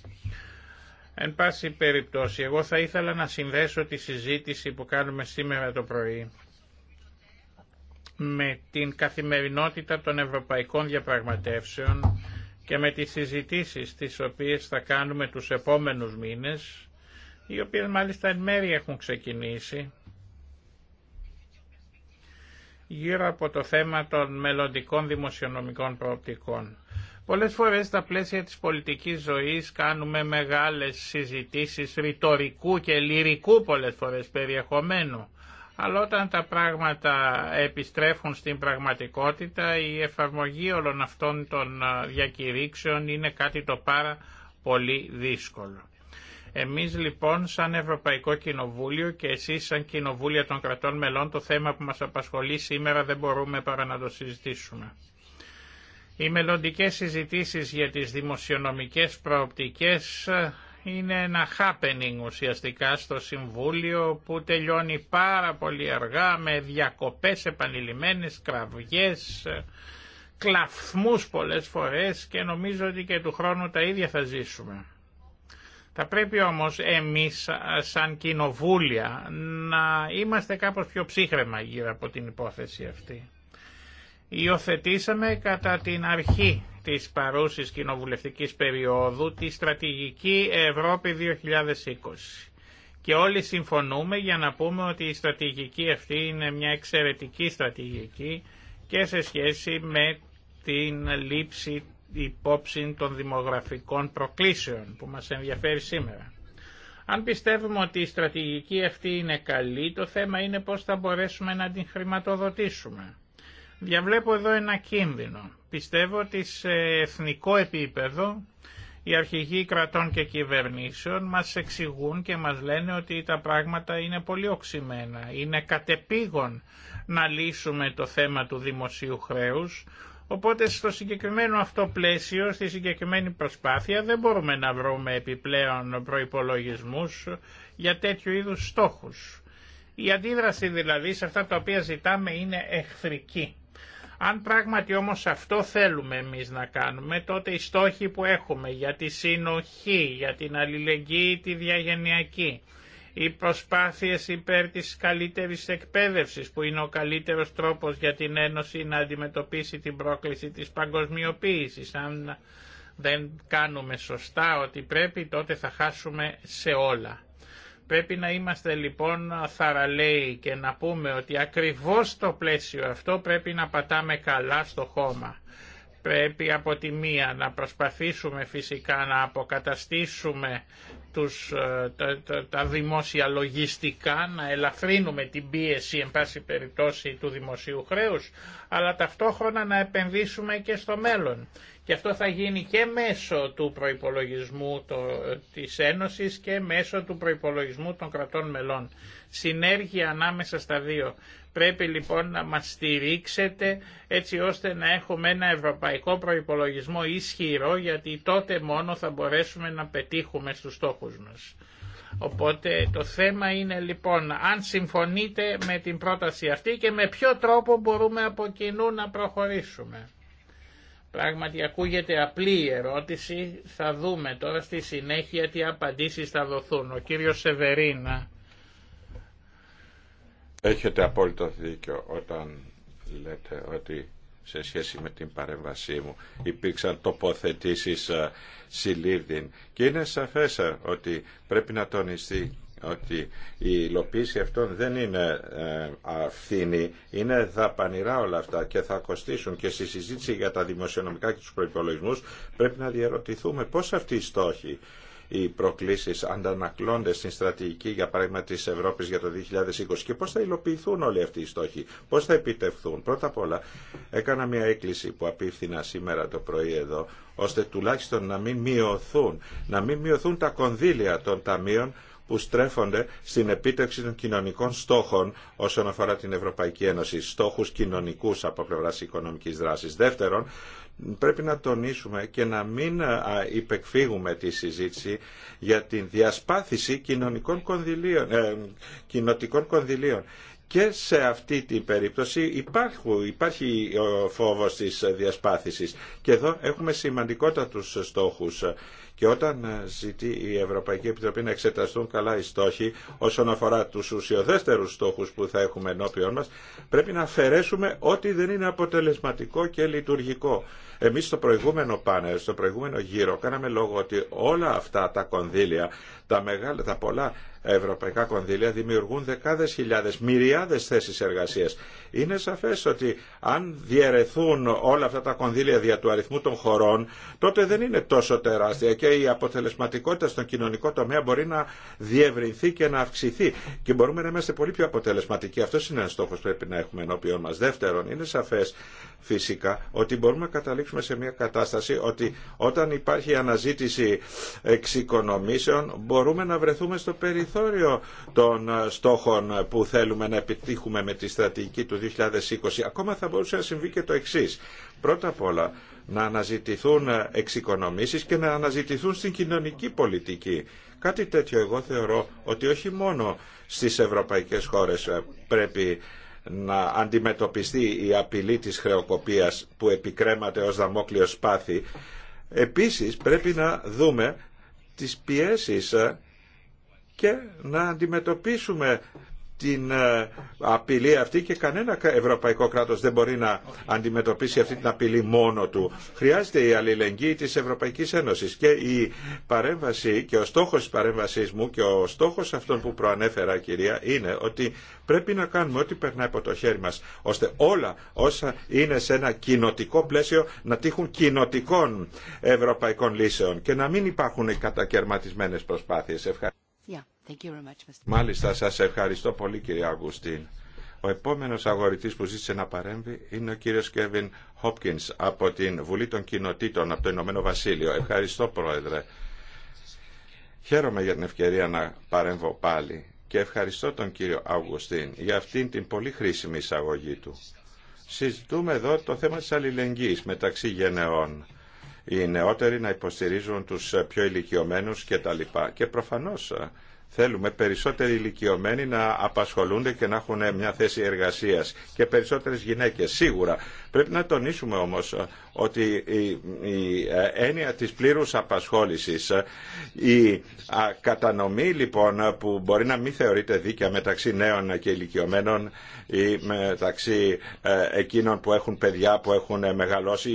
Εν πάση περιπτώσει, εγώ θα ήθελα να συνδέσω τη συζήτηση που κάνουμε σήμερα το πρωί με την καθημερινότητα των ευρωπαϊκών διαπραγματεύσεων και με τις συζητήσεις τις οποίες θα κάνουμε τους επόμενους μήνες οι οποίες μάλιστα εν μέρη έχουν ξεκινήσει γύρω από το θέμα των μελλοντικών δημοσιονομικών προοπτικών. Πολλές φορές στα πλαίσια της πολιτικής ζωής κάνουμε μεγάλες συζητήσεις ρητορικού και λυρικού πολλές φορές περιεχομένου. Αλλά όταν τα πράγματα επιστρέφουν στην πραγματικότητα, η εφαρμογή όλων αυτών των διακηρύξεων είναι κάτι το πάρα πολύ δύσκολο. Εμείς λοιπόν σαν Ευρωπαϊκό Κοινοβούλιο και εσείς σαν Κοινοβούλια των κρατών μελών το θέμα που μας απασχολεί σήμερα δεν μπορούμε παρά να το συζητήσουμε. Οι μελλοντικέ συζητήσεις για τις δημοσιονομικές προοπτικές είναι ένα happening ουσιαστικά στο Συμβούλιο που τελειώνει πάρα πολύ αργά με διακοπές επανειλημμένες, κραυγές, κλαφμούς πολλές φορές και νομίζω ότι και του χρόνου τα ίδια θα ζήσουμε. Θα πρέπει όμως εμείς σαν κοινοβούλια να είμαστε κάπως πιο ψύχρεμα γύρω από την υπόθεση αυτή. Υιοθετήσαμε κατά την αρχή της παρούσης κοινοβουλευτικής περίοδου τη στρατηγική Ευρώπη 2020. Και όλοι συμφωνούμε για να πούμε ότι η στρατηγική αυτή είναι μια εξαιρετική στρατηγική και σε σχέση με την λήψη υπόψη των δημογραφικών προκλήσεων που μας ενδιαφέρει σήμερα. Αν πιστεύουμε ότι η στρατηγική αυτή είναι καλή, το θέμα είναι πώς θα μπορέσουμε να την χρηματοδοτήσουμε. Διαβλέπω εδώ ένα κίνδυνο. Πιστεύω ότι σε εθνικό επίπεδο οι αρχηγοί κρατών και κυβερνήσεων μας εξηγούν και μας λένε ότι τα πράγματα είναι πολύ οξυμένα. Είναι κατεπήγον να λύσουμε το θέμα του δημοσίου χρέους, Οπότε στο συγκεκριμένο αυτό πλαίσιο, στη συγκεκριμένη προσπάθεια δεν μπορούμε να βρούμε επιπλέον προϋπολογισμούς για τέτοιου είδους στόχους. Η αντίδραση δηλαδή σε αυτά τα οποία ζητάμε είναι εχθρική. Αν πράγματι όμως αυτό θέλουμε εμείς να κάνουμε, τότε οι στόχοι που έχουμε για τη συνοχή, για την αλληλεγγύη, τη διαγενειακή, οι προσπάθειες υπέρ της καλύτερης εκπαίδευσης που είναι ο καλύτερος τρόπος για την Ένωση να αντιμετωπίσει την πρόκληση της παγκοσμιοποίησης. Αν δεν κάνουμε σωστά ό,τι πρέπει τότε θα χάσουμε σε όλα. Πρέπει να είμαστε λοιπόν θαραλέοι και να πούμε ότι ακριβώς το πλαίσιο αυτό πρέπει να πατάμε καλά στο χώμα. Πρέπει από τη μία να προσπαθήσουμε φυσικά να αποκαταστήσουμε τους, ε, τα, τα, τα δημόσια λογιστικά, να ελαφρύνουμε την πίεση, εν πάση περιπτώσει, του δημοσίου χρέους, αλλά ταυτόχρονα να επενδύσουμε και στο μέλλον. Και αυτό θα γίνει και μέσω του προϋπολογισμού το, της Ένωσης και μέσω του προϋπολογισμού των κρατών μελών συνέργεια ανάμεσα στα δύο. Πρέπει λοιπόν να μας στηρίξετε έτσι ώστε να έχουμε ένα ευρωπαϊκό προϋπολογισμό ισχυρό γιατί τότε μόνο θα μπορέσουμε να πετύχουμε στους στόχους μας. Οπότε το θέμα είναι λοιπόν αν συμφωνείτε με την πρόταση αυτή και με ποιο τρόπο μπορούμε από κοινού να προχωρήσουμε. Πράγματι ακούγεται απλή η ερώτηση, θα δούμε τώρα στη συνέχεια τι απαντήσεις θα δοθούν. Ο κύριος Σεβερίνα. Έχετε απόλυτο δίκιο όταν λέτε ότι σε σχέση με την παρέμβασή μου υπήρξαν τοποθετήσεις ε, συλλήρδιν και είναι σαφές ε, ότι πρέπει να τονιστεί ότι η υλοποίηση αυτών δεν είναι ε, αυθύνη, είναι δαπανηρά όλα αυτά και θα κοστίσουν και στη συζήτηση για τα δημοσιονομικά και τους προϋπολογισμούς πρέπει να διαρωτηθούμε πώς αυτή οι οι προκλήσει αντανακλώνται στην στρατηγική για παράδειγμα τη Ευρώπη για το 2020 και πώ θα υλοποιηθούν όλοι αυτοί οι στόχοι, πώ θα επιτευχθούν. Πρώτα απ' όλα έκανα μια έκκληση που απίφθηνα σήμερα το πρωί εδώ ώστε τουλάχιστον να μην μειωθούν, να μην μειωθούν τα κονδύλια των ταμείων που στρέφονται στην επίτευξη των κοινωνικών στόχων όσον αφορά την Ευρωπαϊκή Ένωση, στόχους κοινωνικούς από πλευράς οικονομικής δράσης. Δεύτερον, πρέπει να τονίσουμε και να μην υπεκφύγουμε τη συζήτηση για την διασπάθηση κοινωνικών κονδυλίων, ε, κοινοτικών κονδυλίων. Και σε αυτή την περίπτωση υπάρχει, υπάρχει ο φόβος της διασπάθησης. Και εδώ έχουμε σημαντικότατους στόχους και όταν ε, ζητεί η Ευρωπαϊκή Επιτροπή να εξεταστούν καλά οι στόχοι όσον αφορά τους ουσιοδέστερους στόχους που θα έχουμε ενώπιον μας, πρέπει να αφαιρέσουμε ό,τι δεν είναι αποτελεσματικό και λειτουργικό. Εμείς στο προηγούμενο πάνελ, στο προηγούμενο γύρο, κάναμε λόγο ότι όλα αυτά τα κονδύλια, τα, μεγάλα, τα πολλά ευρωπαϊκά κονδύλια δημιουργούν δεκάδες χιλιάδες, μυριάδες θέσεις εργασίας. Είναι σαφές ότι αν διαιρεθούν όλα αυτά τα κονδύλια δια του αριθμού των χωρών, τότε δεν είναι τόσο τεράστια και η αποτελεσματικότητα στον κοινωνικό τομέα μπορεί να διευρυνθεί και να αυξηθεί και μπορούμε να είμαστε πολύ πιο αποτελεσματικοί. Αυτό είναι ένα στόχο που πρέπει να έχουμε ενώπιον μα. Δεύτερον, είναι σαφέ φυσικά ότι μπορούμε να καταλήξουμε σε μια κατάσταση ότι όταν υπάρχει αναζήτηση εξοικονομήσεων μπορούμε να βρεθούμε στο περιθώριο των στόχων που θέλουμε να επιτύχουμε με τη στρατηγική του 2020. Ακόμα θα μπορούσε να συμβεί και το εξή. Πρώτα απ' όλα να αναζητηθούν ε, εξοικονομήσεις και να αναζητηθούν στην κοινωνική πολιτική. Κάτι τέτοιο εγώ θεωρώ ότι όχι μόνο στις ευρωπαϊκές χώρες ε, πρέπει να αντιμετωπιστεί η απειλή της χρεοκοπίας που επικρέμαται ως δαμόκλειο σπάθη. Επίσης πρέπει να δούμε τις πιέσεις ε, και να αντιμετωπίσουμε την ε, απειλή αυτή και κανένα ευρωπαϊκό κράτος δεν μπορεί να αντιμετωπίσει αυτή την απειλή μόνο του. Χρειάζεται η αλληλεγγύη της Ευρωπαϊκής Ένωσης και η παρέμβαση και ο στόχος της παρέμβασής μου και ο στόχος αυτών που προανέφερα κυρία είναι ότι πρέπει να κάνουμε ό,τι περνάει από το χέρι μας ώστε όλα όσα είναι σε ένα κοινοτικό πλαίσιο να τύχουν κοινοτικών ευρωπαϊκών λύσεων και να μην υπάρχουν κατακαιρματισμένες προσπάθειες. Ευχαριστώ. Μάλιστα, σας ευχαριστώ πολύ κύριε Αγουστίν. Ο επόμενος αγορητής που ζήτησε να παρέμβει είναι ο κύριος Κέβιν Χόπκινς από την Βουλή των Κοινοτήτων από το Ηνωμένο Βασίλειο. Ευχαριστώ πρόεδρε. Χαίρομαι για την ευκαιρία να παρέμβω πάλι και ευχαριστώ τον κύριο Αγουστίν για αυτήν την πολύ χρήσιμη εισαγωγή του. Συζητούμε εδώ το θέμα της αλληλεγγύης μεταξύ γενεών οι νεότεροι να υποστηρίζουν τους πιο ηλικιωμένους κτλ. Και προφανώς Θέλουμε περισσότεροι ηλικιωμένοι να απασχολούνται και να έχουν μια θέση εργασίας και περισσότερες γυναίκες, σίγουρα. Πρέπει να τονίσουμε όμως ε, ότι η ε, έννοια της πλήρους απασχόλησης, ε, η κατανομή λοιπόν που μπορεί να μην θεωρείται δίκαια μεταξύ νέων και ηλικιωμένων ή μεταξύ εκείνων που έχουν παιδιά που έχουν μεγαλώσει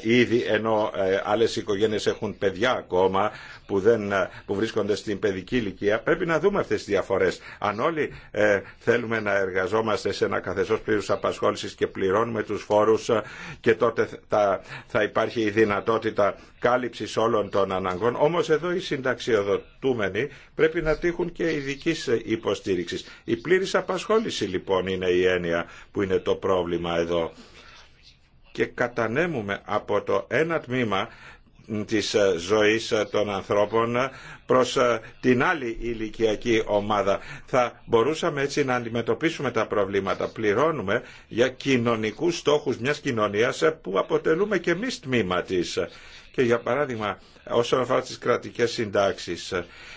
ήδη ενώ άλλες οικογένειες έχουν παιδιά ακόμα, που, δεν, ε, που βρίσκονται στην παιδική ηλικία. Πρέπει να δούμε αυτές τις διαφορές. Αν όλοι ε, θέλουμε να εργαζόμαστε σε ένα καθεστώς πλήρους απασχόλησης και πληρώνουμε τους φόρους ε, και τότε θα, θα υπάρχει η δυνατότητα κάλυψης όλων των αναγκών. Όμως εδώ οι συνταξιοδοτούμενοι πρέπει να τύχουν και ειδική υποστήριξη. Η πλήρης απασχόληση λοιπόν είναι η έννοια που είναι το πρόβλημα εδώ και κατανέμουμε από το ένα τμήμα της ε, ζωής ε, των ανθρώπων ε, προς την άλλη ηλικιακή ομάδα. Θα μπορούσαμε έτσι να αντιμετωπίσουμε τα προβλήματα. Πληρώνουμε για κοινωνικούς στόχους μιας κοινωνίας που αποτελούμε και εμείς τμήμα της. Και για παράδειγμα, όσον αφορά τις κρατικές συντάξεις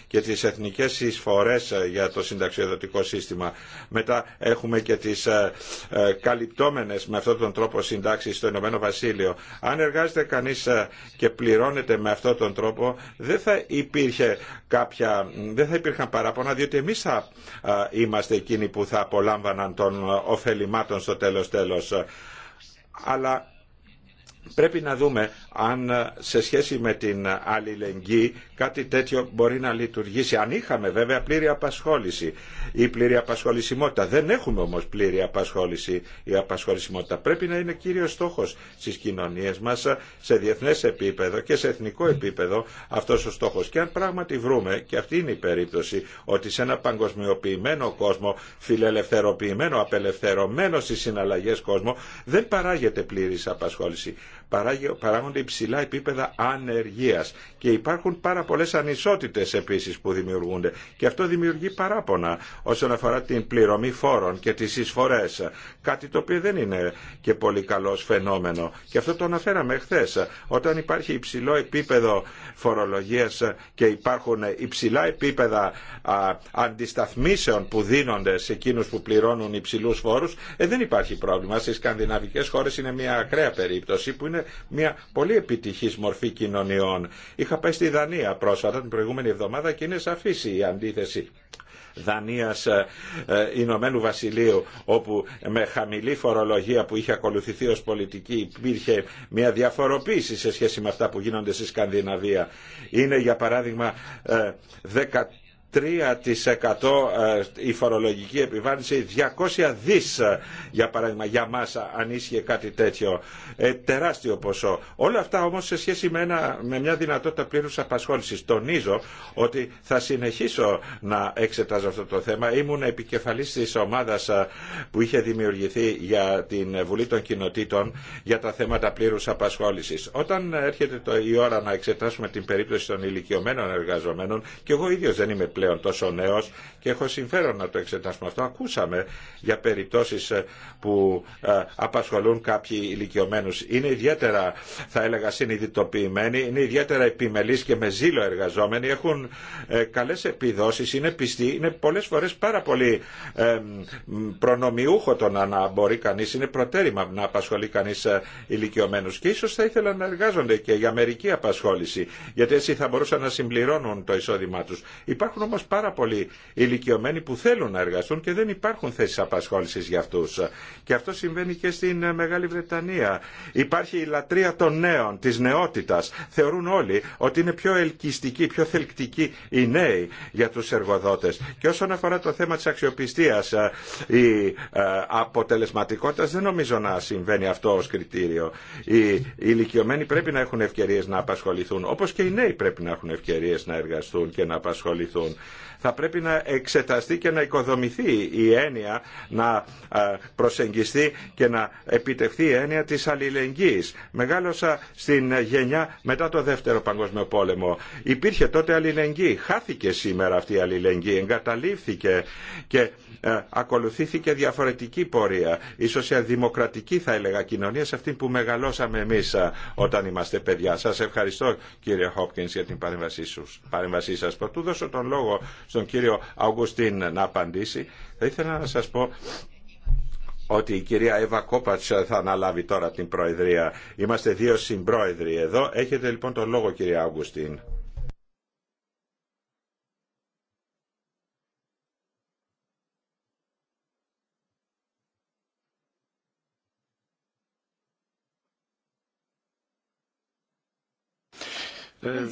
και τις εθνικές εισφορές για το συνταξιοδοτικό σύστημα, μετά έχουμε και τις ε, ε, καλυπτόμενες με αυτόν τον τρόπο συντάξεις στο Ηνωμένο Βασίλειο. Αν εργάζεται κανείς ε, και πληρώνεται με αυτόν τον τρόπο, δεν θα, υπήρχε κάποια, δεν θα υπήρχαν παράπονα, διότι εμείς θα είμαστε εκείνοι που θα απολάμβαναν των ωφελημάτων στο τέλος τέλος. Αλλά πρέπει να δούμε αν ε, σε σχέση με την αλληλεγγύη κάτι τέτοιο μπορεί να λειτουργήσει. Αν είχαμε βέβαια πλήρη απασχόληση ή πλήρη απασχολησιμότητα. Δεν έχουμε όμως πλήρη απασχόληση ή απασχολησιμότητα. Πρέπει να είναι κύριος στόχος στις κοινωνίες μας σε διεθνές επίπεδο και σε εθνικό επίπεδο αυτός ο στόχος. Και αν πράγματι βρούμε, και αυτή είναι η περίπτωση, ότι σε ένα παγκοσμιοποιημένο κόσμο, φιλελευθερωποιημένο, απελευθερωμένο στις συναλλαγές κόσμο, δεν παράγεται πλήρης απασχόληση παράγονται υψηλά επίπεδα ανεργίας και υπάρχουν πάρα πολλές ανισότητες επίσης που δημιουργούνται και αυτό δημιουργεί παράπονα όσον αφορά την πληρωμή φόρων και τις εισφορές κάτι το οποίο δεν είναι και πολύ καλό φαινόμενο και αυτό το αναφέραμε χθε. όταν υπάρχει υψηλό επίπεδο φορολογίας και υπάρχουν υψηλά επίπεδα αντισταθμίσεων που δίνονται σε εκείνους που πληρώνουν υψηλούς φόρους ε, δεν υπάρχει πρόβλημα στις σκανδιναβικέ χώρες είναι μια ακραία περίπτωση που είναι είναι μια πολύ επιτυχής μορφή κοινωνιών. Είχα πάει στη Δανία πρόσφατα την προηγούμενη εβδομάδα και είναι σαφής η αντίθεση. Δανίας ε, ε, Ηνωμένου Βασιλείου όπου με χαμηλή φορολογία που είχε ακολουθηθεί ως πολιτική υπήρχε μια διαφοροποίηση σε σχέση με αυτά που γίνονται στη Σκανδιναβία. Είναι για παράδειγμα ε, 3% ε, η φορολογική επιβάρυνση 200 δις ε, για παράδειγμα για μας αν ίσχυε κάτι τέτοιο ε, τεράστιο ποσό όλα αυτά όμως σε σχέση με, ένα, με μια δυνατότητα πλήρους απασχόλησης τονίζω ότι θα συνεχίσω να εξετάζω αυτό το θέμα ήμουν επικεφαλής της ομάδας που είχε δημιουργηθεί για την Βουλή των Κοινοτήτων για τα θέματα πλήρους απασχόλησης όταν έρχεται η ώρα να εξετάσουμε την περίπτωση των ηλικιωμένων εργαζομένων και εγώ ίδιος δεν είμαι πλέον πλέον τόσο νέος και έχω συμφέρον να το εξετάσουμε αυτό. Ακούσαμε για περιπτώσεις ε, που ε, απασχολούν κάποιοι ηλικιωμένου. Είναι ιδιαίτερα, θα έλεγα, συνειδητοποιημένοι, είναι ιδιαίτερα επιμελείς και με ζήλο εργαζόμενοι, έχουν ε, καλές επιδόσεις, είναι πιστοί, είναι πολλές φορές πάρα πολύ προνομιούχο το να μπορεί κανείς, είναι προτέρημα να απασχολεί κανείς ηλικιωμένους και ίσως θα ήθελαν να εργάζονται και για μερική απασχόληση, γιατί έτσι θα μπορούσαν να συμπληρώνουν το εισόδημά τους. Υπάρχουν όμως πάρα πολλοί ηλικιωμένοι που θέλουν να εργαστούν και δεν υπάρχουν θέσεις απασχόλησης για αυτούς. Και αυτό συμβαίνει και στην ε, Μεγάλη Βρετανία. Υπάρχει η λατρεία των νέων, της νεότητας. Θεωρούν όλοι ότι είναι πιο ελκυστικοί, πιο θελκτικοί οι νέοι για τους εργοδότες. Και όσον αφορά το θέμα της αξιοπιστίας, ε, η ε, αποτελεσματικότητας δεν νομίζω να συμβαίνει αυτό ως κριτήριο. Οι ηλικιωμένοι πρέπει να έχουν ευκαιρίες να απασχοληθούν, όπως και οι νέοι πρέπει να έχουν ευκαιρίες να εργαστούν και να απασχοληθούν θα πρέπει να εξεταστεί και να οικοδομηθεί η έννοια, να προσεγγιστεί και να επιτευχθεί η έννοια της αλληλεγγύης. Μεγάλωσα στην γενιά μετά το Δεύτερο Παγκόσμιο Πόλεμο. Υπήρχε τότε αλληλεγγύη. Χάθηκε σήμερα αυτή η αλληλεγγύη. Εγκαταλείφθηκε και ε, ακολουθήθηκε διαφορετική πορεία, ίσως η δημοκρατική, θα έλεγα κοινωνία σε αυτή που μεγαλώσαμε εμείς ε, όταν είμαστε παιδιά. Σας ευχαριστώ κύριε Χόπκινς για την παρέμβασή σας. Πρωτού δώσω τον λόγο στον κύριο Αουγκουστίν να απαντήσει. Θα ήθελα να σας πω ότι η κυρία Εύα Κόπατς θα αναλάβει τώρα την Προεδρία. Είμαστε δύο συμπρόεδροι εδώ. Έχετε λοιπόν τον λόγο κυρία Αουγκουστίν. Ε,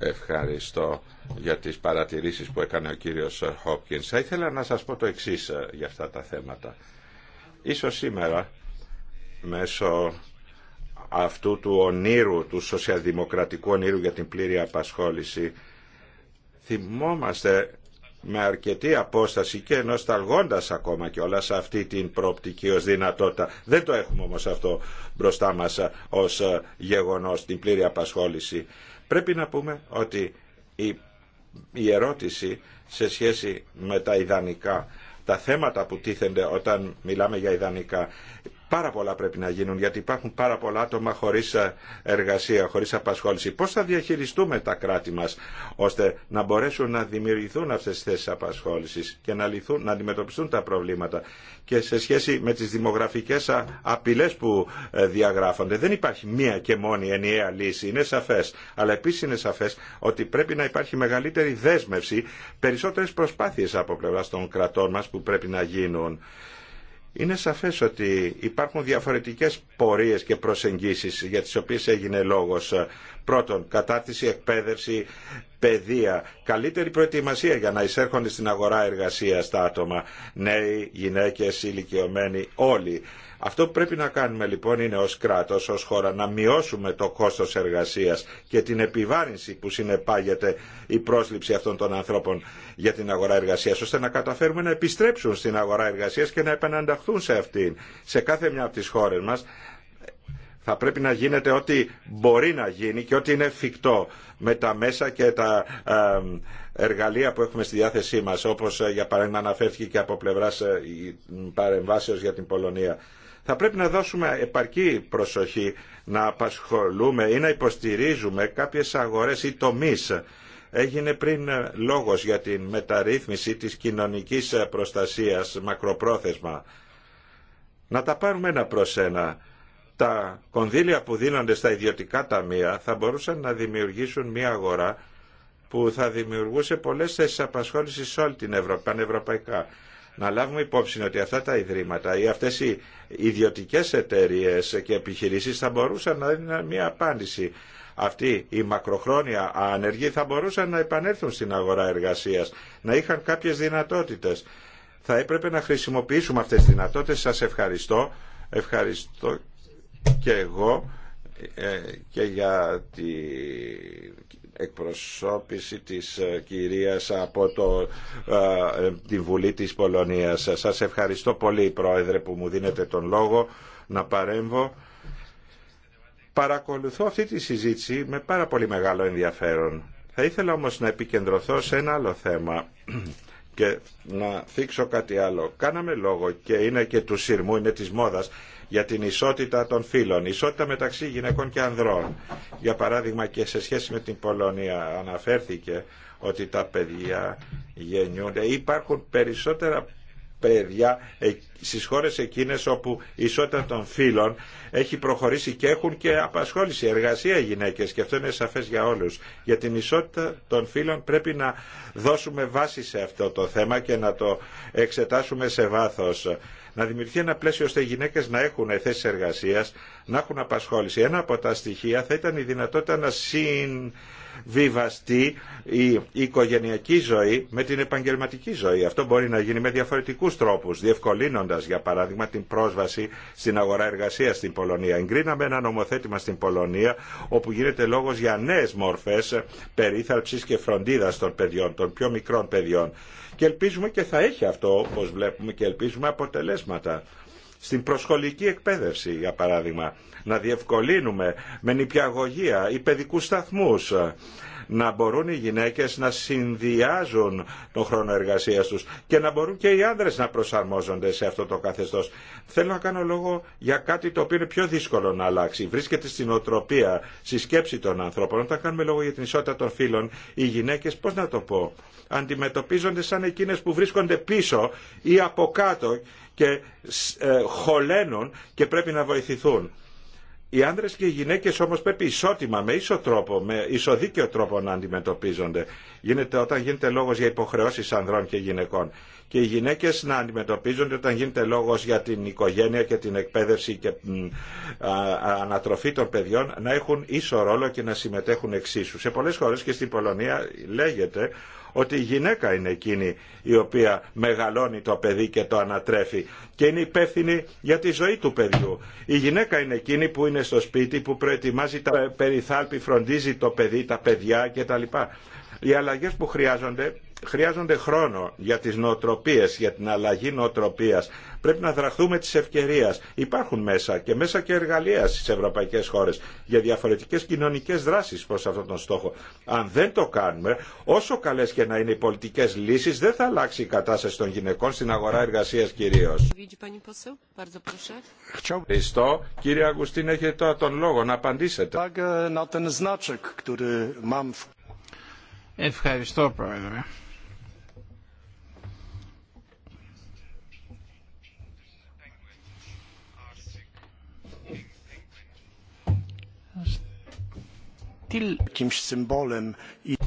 Ευχαριστώ για τις παρατηρήσεις που έκανε ο κύριος Χόπκινς. Θα ήθελα να σας πω το εξής ε, για αυτά τα θέματα. Ίσως σήμερα μέσω αυτού του ονείρου, του σοσιαλδημοκρατικού ονείρου για την πλήρη απασχόληση θυμόμαστε με αρκετή απόσταση και νοσταλγώντας ακόμα και όλα σε αυτή την προοπτική ως δυνατότητα. Δεν το έχουμε όμως αυτό μπροστά μας ε, ως ε, γεγονός, την πλήρη απασχόληση. Πρέπει να πούμε ότι η, η ερώτηση σε σχέση με τα ιδανικά τα θέματα που τίθενται όταν μιλάμε για ιδανικά Πάρα πολλά πρέπει να γίνουν γιατί υπάρχουν πάρα πολλά άτομα χωρίς ε, εργασία, χωρίς απασχόληση. Πώς θα διαχειριστούμε τα κράτη μας ώστε να μπορέσουν να δημιουργηθούν αυτές τις θέσεις απασχόλησης και να, λυθούν, να αντιμετωπιστούν τα προβλήματα και σε σχέση με τις δημογραφικές ε, απειλές που ε, διαγράφονται. Δεν υπάρχει μία και μόνη ενιαία λύση, είναι σαφές. Αλλά επίσης είναι σαφές ότι πρέπει να υπάρχει μεγαλύτερη δέσμευση, περισσότερες προσπάθειες από πλευρά των κρατών μας που πρέπει να γίνουν είναι σαφές ότι υπάρχουν διαφορετικές πορείες και προσεγγίσεις για τις οποίες έγινε λόγος. Πρώτον, κατάρτιση, εκπαίδευση, παιδεία, καλύτερη προετοιμασία για να εισέρχονται στην αγορά εργασίας τα άτομα, νέοι, γυναίκες, ηλικιωμένοι, όλοι. Αυτό που πρέπει να κάνουμε λοιπόν είναι ως κράτος, ως χώρα να μειώσουμε το κόστος εργασίας και την επιβάρυνση που συνεπάγεται η πρόσληψη αυτών των ανθρώπων για την αγορά εργασίας ώστε να καταφέρουμε να επιστρέψουν στην αγορά εργασίας και να επανανταχθούν σε αυτήν. Σε κάθε μια από τις χώρες μας θα πρέπει να γίνεται ό,τι μπορεί να γίνει και ό,τι είναι εφικτό με τα μέσα και τα εργαλεία που έχουμε στη διάθεσή μας, όπως ε, για παράδειγμα αναφέρθηκε και από πλευράς ε, παρεμβάσεως για την Πολωνία. Θα πρέπει να δώσουμε επαρκή προσοχή να απασχολούμε ή να υποστηρίζουμε κάποιες αγορές ή τομείς έγινε πριν ε, λόγος για την μεταρρύθμιση της κοινωνικής ε, προστασίας μακροπρόθεσμα. Να τα πάρουμε ένα προς ένα. Τα κονδύλια που δίνονται στα ιδιωτικά ταμεία θα μπορούσαν να δημιουργήσουν μια αγορά που θα δημιουργούσε πολλές θέσεις απασχόλησης σε όλη την Ευρώπη, πανευρωπαϊκά να λάβουμε υπόψη ότι αυτά τα ιδρύματα ή αυτές οι ιδιωτικές εταιρείες και επιχειρήσεις θα μπορούσαν να δίνουν μια απάντηση. Αυτοί οι μακροχρόνια άνεργοι θα μπορούσαν να επανέλθουν στην αγορά εργασίας, να είχαν κάποιες δυνατότητες. Θα έπρεπε να χρησιμοποιήσουμε αυτές τις δυνατότητες. Σας ευχαριστώ. Ευχαριστώ και εγώ ε, και για τη εκπροσώπηση της ε, κυρίας από το, ε, ε, τη Βουλή της Πολωνίας. Σας ευχαριστώ πολύ Πρόεδρε που μου δίνετε τον λόγο να παρέμβω. Παρακολουθώ αυτή τη συζήτηση με πάρα πολύ μεγάλο ενδιαφέρον. Θα ήθελα όμως να επικεντρωθώ σε ένα άλλο θέμα και να θίξω κάτι άλλο. Κάναμε λόγο και είναι και του σειρμού, είναι της μόδας για την ισότητα των φύλων, ισότητα μεταξύ γυναικών και ανδρών. Για παράδειγμα και σε σχέση με την Πολωνία αναφέρθηκε ότι τα παιδιά γεννιούνται. Υπάρχουν περισσότερα παιδιά ε, στις χώρες εκείνες όπου η ισότητα των φύλων έχει προχωρήσει και έχουν και απασχόληση, εργασία γυναίκες και αυτό είναι σαφές για όλους. Για την ισότητα των φύλων πρέπει να δώσουμε βάση σε αυτό το θέμα και να το εξετάσουμε σε βάθος να δημιουργηθεί ένα πλαίσιο ώστε οι γυναίκε να έχουν θέσει εργασία, να έχουν απασχόληση. Ένα από τα στοιχεία θα ήταν η δυνατότητα να συμβιβαστεί η οικογενειακή ζωή με την επαγγελματική ζωή. Αυτό μπορεί να γίνει με διαφορετικού τρόπου, διευκολύνοντα για παράδειγμα την πρόσβαση στην αγορά εργασία στην Πολωνία. Εγκρίναμε ένα νομοθέτημα στην Πολωνία όπου γίνεται λόγο για νέε μορφέ περίθαλψη και φροντίδα των παιδιών, των πιο μικρών παιδιών και ελπίζουμε και θα έχει αυτό όπως βλέπουμε και ελπίζουμε αποτελέσματα στην προσχολική εκπαίδευση για παράδειγμα να διευκολύνουμε με νηπιαγωγία ή παιδικούς σταθμούς να μπορούν οι γυναίκες να συνδυάζουν τον χρόνο εργασίας τους και να μπορούν και οι άνδρες να προσαρμόζονται σε αυτό το καθεστώς. Θέλω να κάνω λόγο για κάτι το οποίο είναι πιο δύσκολο να αλλάξει. Βρίσκεται στην οτροπία, στη σκέψη των ανθρώπων. Όταν κάνουμε λόγο για την ισότητα των φίλων οι γυναίκες, πώς να το πω, αντιμετωπίζονται σαν εκείνες που βρίσκονται πίσω ή από κάτω και ε, χωλένουν και πρέπει να βοηθηθούν. Οι άντρε και οι γυναίκε όμω πρέπει ισότιμα, με ίσο τρόπο, με ισοδίκαιο τρόπο να αντιμετωπίζονται. Γίνεται όταν γίνεται λόγο για υποχρεώσει ανδρών και γυναικών. Και οι γυναίκε να αντιμετωπίζονται όταν γίνεται λόγο για την οικογένεια και την εκπαίδευση και ανατροφή των παιδιών να έχουν ίσο ρόλο και να συμμετέχουν εξίσου. Σε πολλέ χώρε και στην Πολωνία λέγεται ότι η γυναίκα είναι εκείνη η οποία μεγαλώνει το παιδί και το ανατρέφει και είναι υπεύθυνη για τη ζωή του παιδιού. Η γυναίκα είναι εκείνη που είναι στο σπίτι, που προετοιμάζει τα περιθάλπη, φροντίζει το παιδί, τα παιδιά κτλ. Οι αλλαγέ που χρειάζονται χρειάζονται χρόνο για τις νοοτροπίες, για την αλλαγή νοοτροπίας. Πρέπει να δραχθούμε τη ευκαιρία. Υπάρχουν μέσα και μέσα και εργαλεία στι ευρωπαϊκέ χώρε για διαφορετικέ κοινωνικέ δράσει προ αυτόν τον στόχο. Αν δεν το κάνουμε, όσο καλέ και να είναι οι πολιτικέ λύσει, δεν θα αλλάξει η κατάσταση των γυναικών στην αγορά εργασία κυρίω. Ευχαριστώ. Κύριε Αγουστίν, έχετε τώρα τον λόγο να απαντήσετε. Ευχαριστώ, Πρόεδρε.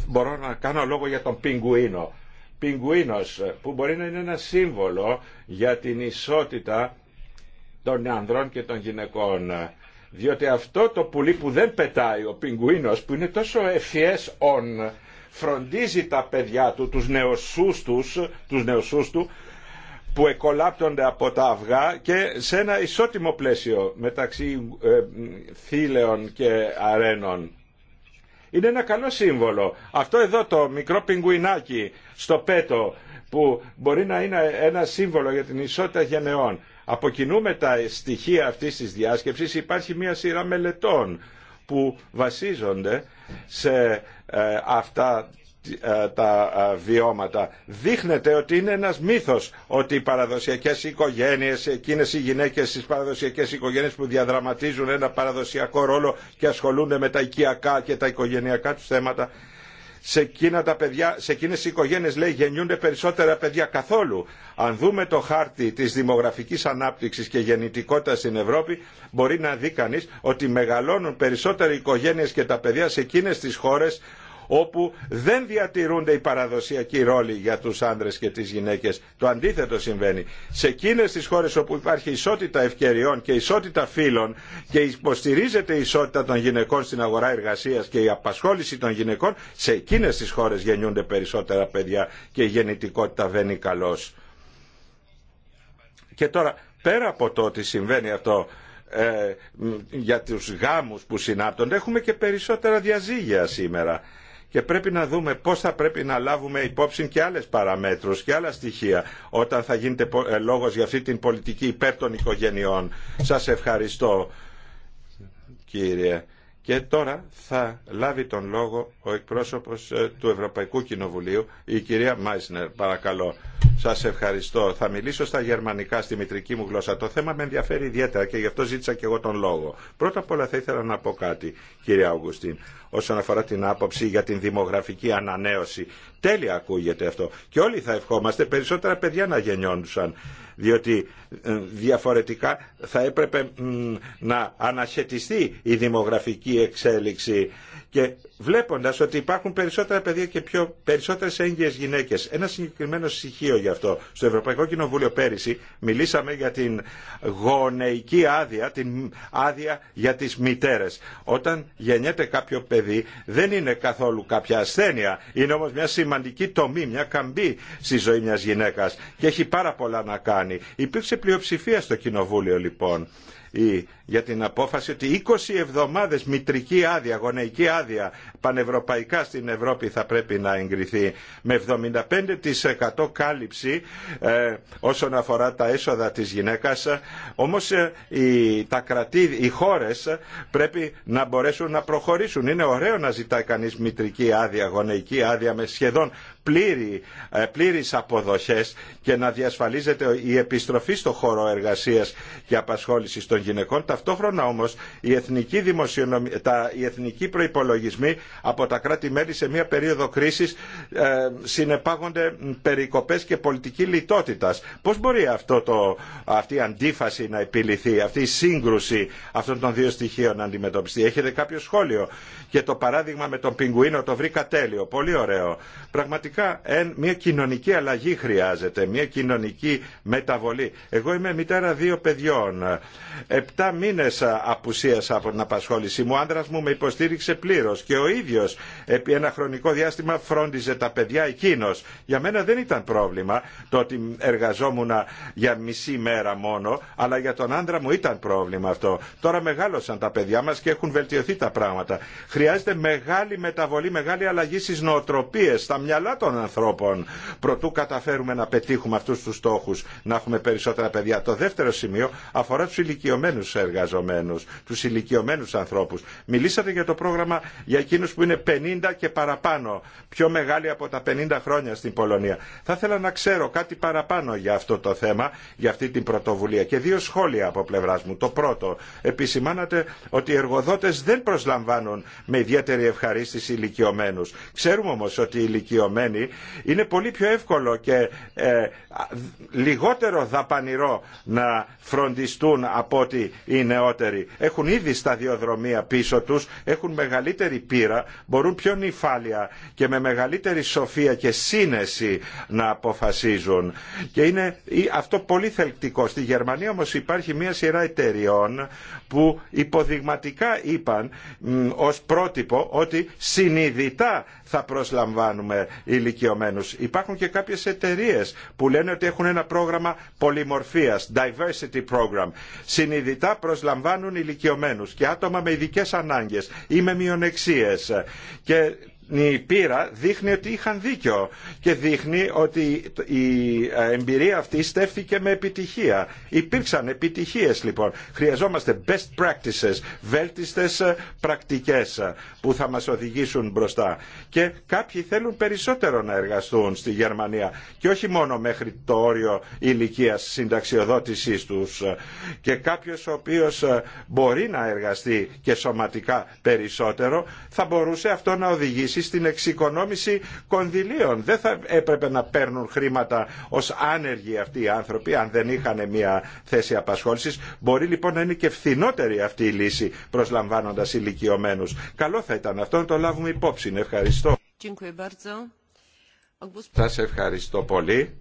Μπορώ να κάνω λόγο για τον πιγκουίνο. Πιγκουίνος που μπορεί να είναι ένα σύμβολο για την ισότητα των ανδρών και των γυναικών. Διότι αυτό το πουλί που δεν πετάει ο πιγκουίνος που είναι τόσο ευφιές ον φροντίζει τα παιδιά του, τους νεοσούς, τους, τους του που εκολάπτονται από τα αυγά και σε ένα ισότιμο πλαίσιο μεταξύ ε, θήλεων και αρένων. Είναι ένα καλό σύμβολο. Αυτό εδώ το μικρό πιγκουινάκι στο πέτο που μπορεί να είναι ένα σύμβολο για την ισότητα γενεών. Από τα στοιχεία αυτής της διάσκεψης υπάρχει μια σειρά μελετών που βασίζονται σε ε, αυτά ε, τα ε, βιώματα. Δείχνεται ότι είναι ένας μύθος ότι οι παραδοσιακές οικογένειες, εκείνες οι γυναίκες στις παραδοσιακές οικογένειες που διαδραματίζουν ένα παραδοσιακό ρόλο και ασχολούνται με τα οικιακά και τα οικογενειακά τους θέματα, σε, εκείνα τα παιδιά, σε εκείνες τις οικογένειες λέει γεννιούνται περισσότερα παιδιά καθόλου. Αν δούμε το χάρτη της δημογραφικής ανάπτυξης και γεννητικότητας στην Ευρώπη μπορεί να δει κανείς ότι μεγαλώνουν περισσότερες οικογένειες και τα παιδιά σε εκείνες τις χώρες όπου δεν διατηρούνται οι παραδοσιακοί ρόλοι για τους άνδρες και τις γυναίκες. Το αντίθετο συμβαίνει. Σε εκείνες τις χώρες όπου υπάρχει ισότητα ευκαιριών και ισότητα φύλων και υποστηρίζεται η ισότητα των γυναικών στην αγορά εργασίας και η απασχόληση των γυναικών, σε εκείνες τις χώρες γεννιούνται περισσότερα παιδιά και η γεννητικότητα βαίνει καλώς. Και τώρα, πέρα από το ότι συμβαίνει αυτό, ε, για τους γάμους που συνάπτονται έχουμε και περισσότερα διαζύγια σήμερα και πρέπει να δούμε πώς θα πρέπει να λάβουμε υπόψη και άλλες παραμέτρους και άλλα στοιχεία όταν θα γίνεται ε, λόγος για αυτή την πολιτική υπέρ των οικογενειών. Σας ευχαριστώ κύριε. Και τώρα θα λάβει τον λόγο ο εκπρόσωπος ε, του Ευρωπαϊκού Κοινοβουλίου, η κυρία Μάισνερ, παρακαλώ. Σας ευχαριστώ. Θα μιλήσω στα γερμανικά, στη μητρική μου γλώσσα. Το θέμα με ενδιαφέρει ιδιαίτερα και γι' αυτό ζήτησα και εγώ τον λόγο. Πρώτα απ' όλα θα ήθελα να πω κάτι, κυρία Αουγουστίν, όσον αφορά την άποψη για την δημογραφική ανανέωση. Τέλεια ακούγεται αυτό. Και όλοι θα ευχόμαστε περισσότερα παιδιά να γεννιόντουσαν. Διότι ε, διαφορετικά θα έπρεπε να αναχαιτιστεί η δημογραφική εξέλιξη και βλέποντας ότι υπάρχουν περισσότερα παιδιά και πιο περισσότερες έγκυες γυναίκες. Ένα συγκεκριμένο στοιχείο γι' αυτό. Στο Ευρωπαϊκό Κοινοβούλιο πέρυσι μιλήσαμε για την γονεϊκή άδεια, την άδεια για τις μητέρες. Όταν γεννιέται κάποιο παιδί δεν είναι καθόλου κάποια ασθένεια, είναι όμως μια σημαντική τομή, μια καμπή στη ζωή μιας γυναίκας και έχει πάρα πολλά να κάνει πλειοψηφία στο Κοινοβούλιο λοιπόν για την απόφαση ότι 20 εβδομάδες μητρική άδεια, γονεϊκή άδεια πανευρωπαϊκά στην Ευρώπη θα πρέπει να εγκριθεί με 75% κάλυψη ε, όσον αφορά τα έσοδα της γυναίκας όμως ε, οι, τα οι χώρες πρέπει να μπορέσουν να προχωρήσουν είναι ωραίο να ζητάει κανείς μητρική άδεια, γονεϊκή άδεια με σχεδόν πλήρη, ε, πλήρης αποδοχές και να διασφαλίζεται η επιστροφή στο χώρο εργασίας και απασχόλησης των γυναικών. Ταυτόχρονα όμως οι εθνικοί, δημοσιονομ... τα... προϋπολογισμοί από τα κράτη-μέλη σε μια περίοδο κρίσης ε, συνεπάγονται περικοπές και πολιτική λιτότητας. Πώς μπορεί αυτό το... αυτή η αντίφαση να επιληθεί, αυτή η σύγκρουση αυτών των δύο στοιχείων να αντιμετωπιστεί. Έχετε κάποιο σχόλιο. Και το παράδειγμα με τον πιγκουίνο το βρήκα τέλειο. Πολύ ωραίο. Πραγματικά εν, μια κοινωνική αλλαγή χρειάζεται, μια κοινωνική μεταβολή. Εγώ είμαι μητέρα δύο παιδιών. Επτά μήνε απουσίασα από την απασχόλησή μου. Ο άντρα μου με υποστήριξε πλήρω και ο ίδιο επί ένα χρονικό διάστημα φρόντιζε τα παιδιά εκείνο. Για μένα δεν ήταν πρόβλημα το ότι εργαζόμουν για μισή μέρα μόνο, αλλά για τον άντρα μου ήταν πρόβλημα αυτό. Τώρα μεγάλωσαν τα παιδιά μα και έχουν βελτιωθεί τα πράγματα. Χρειάζεται μεγάλη μεταβολή, μεγάλη αλλαγή στι νοοτροπίε, στα μυαλά των των ανθρώπων προτού καταφέρουμε να πετύχουμε αυτούς τους στόχους να έχουμε περισσότερα παιδιά. Το δεύτερο σημείο αφορά τους ηλικιωμένους εργαζομένους, τους ηλικιωμένους ανθρώπους. Μιλήσατε για το πρόγραμμα για εκείνους που είναι 50 και παραπάνω, πιο μεγάλοι από τα 50 χρόνια στην Πολωνία. Θα ήθελα να ξέρω κάτι παραπάνω για αυτό το θέμα, για αυτή την πρωτοβουλία και δύο σχόλια από πλευράς μου. Το πρώτο, επισημάνατε ότι οι εργοδότες δεν προσλαμβάνουν με ιδιαίτερη ευχαρίστηση ηλικιωμένους. Ξέρουμε όμως ότι οι ηλικιωμένοι είναι πολύ πιο εύκολο και ε, λιγότερο δαπανηρό να φροντιστούν από ότι οι νεότεροι. Έχουν ήδη σταδιοδρομία πίσω τους, έχουν μεγαλύτερη πείρα, μπορούν πιο νυφάλια και με μεγαλύτερη σοφία και σύνεση να αποφασίζουν. Και είναι αυτό πολύ θελκτικό. Στη Γερμανία όμως υπάρχει μια σειρά εταιριών που υποδειγματικά είπαν ως πρότυπο ότι συνειδητά θα προσλαμβάνουμε ηλικιωμένους. Υπάρχουν και κάποιες εταιρείε που λένε ότι έχουν ένα πρόγραμμα πολυμορφίας, diversity program. Συνειδητά προσλαμβάνουν ηλικιωμένους και άτομα με ειδικές ανάγκες ή με μειονεξίες. Και η πείρα δείχνει ότι είχαν δίκιο και δείχνει ότι η εμπειρία αυτή στέφθηκε με επιτυχία. Υπήρξαν επιτυχίες λοιπόν. Χρειαζόμαστε best practices, βέλτιστες πρακτικές που θα μας οδηγήσουν μπροστά. Και κάποιοι θέλουν περισσότερο να εργαστούν στη Γερμανία και όχι μόνο μέχρι το όριο ηλικίας συνταξιοδότησής τους. Και κάποιος ο οποίος μπορεί να εργαστεί και σωματικά περισσότερο θα μπορούσε αυτό να οδηγήσει στην εξοικονόμηση κονδυλίων. Δεν θα έπρεπε να παίρνουν χρήματα ως άνεργοι αυτοί οι άνθρωποι αν δεν είχαν μια θέση απασχόλησης. Μπορεί λοιπόν να είναι και φθηνότερη αυτή η λύση προσλαμβάνοντας ηλικιωμένου. Καλό θα ήταν αυτό να το λάβουμε υπόψη. Ευχαριστώ. Σα ευχαριστώ πολύ.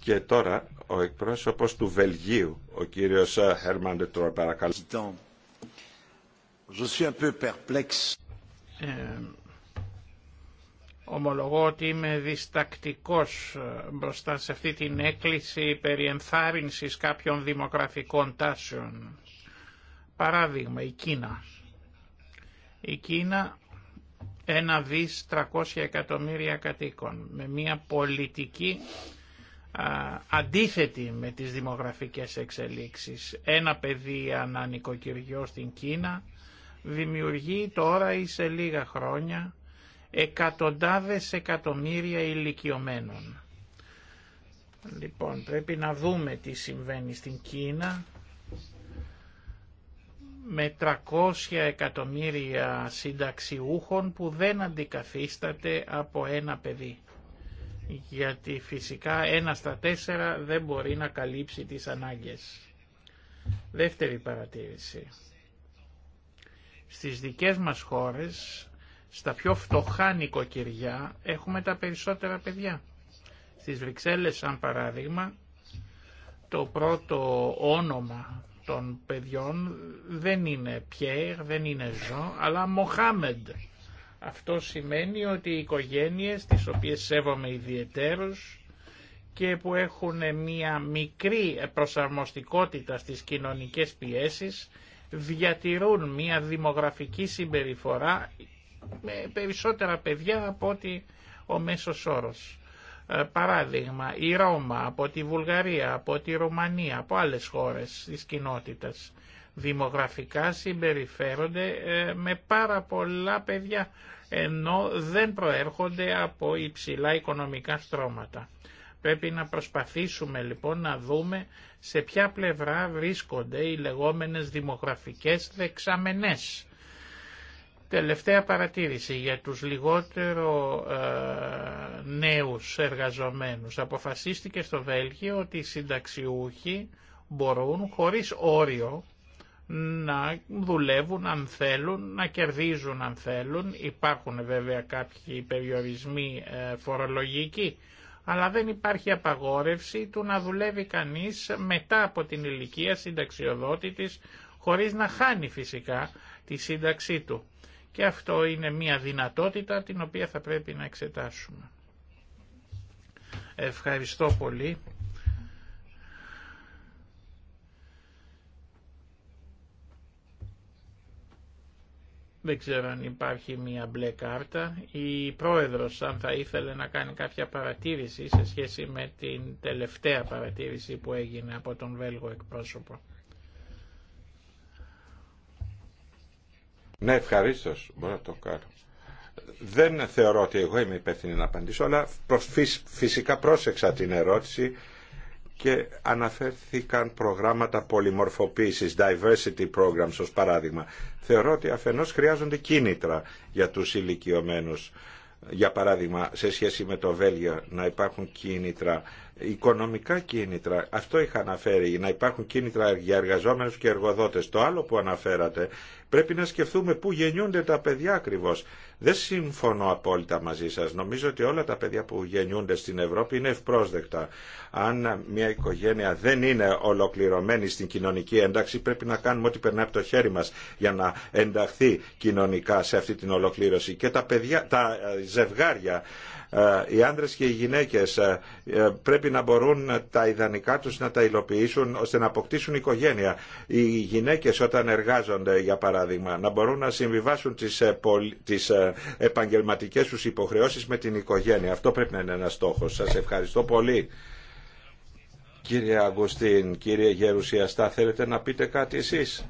Και τώρα ο εκπρόσωπος του Βελγίου, ο κύριος Χέρμαν Τρόπερα, παρακαλώ. Ε, ομολογώ ότι είμαι διστακτικός ε, μπροστά σε αυτή την έκκληση περί ενθάρρυνσης κάποιων δημογραφικών τάσεων. Παράδειγμα, η Κίνα. Η Κίνα ένα δις 300 εκατομμύρια κατοίκων με μια πολιτική αντίθετη με τις δημογραφικές εξελίξεις. Ένα παιδί ανά νοικοκυριό στην Κίνα δημιουργεί τώρα ή σε λίγα χρόνια εκατοντάδες εκατομμύρια ηλικιωμένων. Λοιπόν, πρέπει να δούμε τι συμβαίνει στην Κίνα με 300 εκατομμύρια συνταξιούχων που δεν αντικαθίσταται από ένα παιδί. Γιατί φυσικά ένα στα τέσσερα δεν μπορεί να καλύψει τις ανάγκες. Δεύτερη παρατήρηση. Στις δικές μας χώρες, στα πιο φτωχά νοικοκυριά, έχουμε τα περισσότερα παιδιά. Στις Βρυξέλλες, σαν παράδειγμα, το πρώτο όνομα των παιδιών δεν είναι Πιέρ, δεν είναι Ζω, αλλά Μοχάμεντ. Αυτό σημαίνει ότι οι οικογένειες, τις οποίες σέβομαι ιδιαιτέρως και που έχουν μια μικρή προσαρμοστικότητα στις κοινωνικές πιέσεις, διατηρούν μια δημογραφική συμπεριφορά με περισσότερα παιδιά από ότι ο μέσος όρος. Ε, παράδειγμα, η Ρώμα από τη Βουλγαρία, από τη Ρουμανία, από άλλες χώρες της κοινότητας δημογραφικά συμπεριφέρονται ε, με πάρα πολλά παιδιά ενώ δεν προέρχονται από υψηλά οικονομικά στρώματα. Πρέπει να προσπαθήσουμε λοιπόν να δούμε σε ποια πλευρά βρίσκονται οι λεγόμενες δημογραφικές δεξαμενές. Τελευταία παρατήρηση για τους λιγότερο ε, νέους εργαζομένους. Αποφασίστηκε στο Βέλγιο ότι οι συνταξιούχοι μπορούν χωρίς όριο να δουλεύουν αν θέλουν, να κερδίζουν αν θέλουν. Υπάρχουν βέβαια κάποιοι περιορισμοί ε, φορολογικοί, αλλά δεν υπάρχει απαγόρευση του να δουλεύει κανείς μετά από την ηλικία συνταξιοδότητης χωρίς να χάνει φυσικά τη σύνταξή του. Και αυτό είναι μια δυνατότητα την οποία θα πρέπει να εξετάσουμε. Ευχαριστώ πολύ. Δεν ξέρω αν υπάρχει μία μπλε κάρτα. Η πρόεδρος, αν θα ήθελε να κάνει κάποια παρατήρηση σε σχέση με την τελευταία παρατήρηση που έγινε από τον Βέλγο εκπρόσωπο. Ναι, ευχαρίστω. Μπορώ να το κάνω. Δεν θεωρώ ότι εγώ είμαι υπεύθυνη να απαντήσω, αλλά φυσικά πρόσεξα την ερώτηση και αναφέρθηκαν προγράμματα πολυμορφοποίησης, diversity programs ως παράδειγμα. Θεωρώ ότι αφενός χρειάζονται κίνητρα για τους ηλικιωμένους. Για παράδειγμα, σε σχέση με το Βέλγιο να υπάρχουν κίνητρα οικονομικά κίνητρα. Αυτό είχα αναφέρει, να υπάρχουν κίνητρα για εργαζόμενους και εργοδότες. Το άλλο που αναφέρατε, πρέπει να σκεφτούμε πού γεννιούνται τα παιδιά ακριβώ. Δεν συμφωνώ απόλυτα μαζί σας. Νομίζω ότι όλα τα παιδιά που γεννιούνται στην Ευρώπη είναι ευπρόσδεκτα. Αν μια οικογένεια δεν είναι ολοκληρωμένη στην κοινωνική ένταξη, πρέπει να κάνουμε ό,τι περνάει από το χέρι μας για να ενταχθεί κοινωνικά σε αυτή την ολοκλήρωση. Και τα, παιδιά, τα ζευγάρια ε, οι άντρες και οι γυναίκες ε, ε, πρέπει να μπορούν τα ιδανικά τους να τα υλοποιήσουν ώστε να αποκτήσουν οικογένεια. Οι γυναίκες όταν εργάζονται για παράδειγμα να μπορούν να συμβιβάσουν τις, τις επαγγελματικές τους υποχρεώσεις με την οικογένεια. Αυτό πρέπει να είναι ένας στόχος. Σας ευχαριστώ πολύ. Κύριε Αγκουστίν, κύριε Γερουσιαστά, θέλετε να πείτε κάτι εσείς.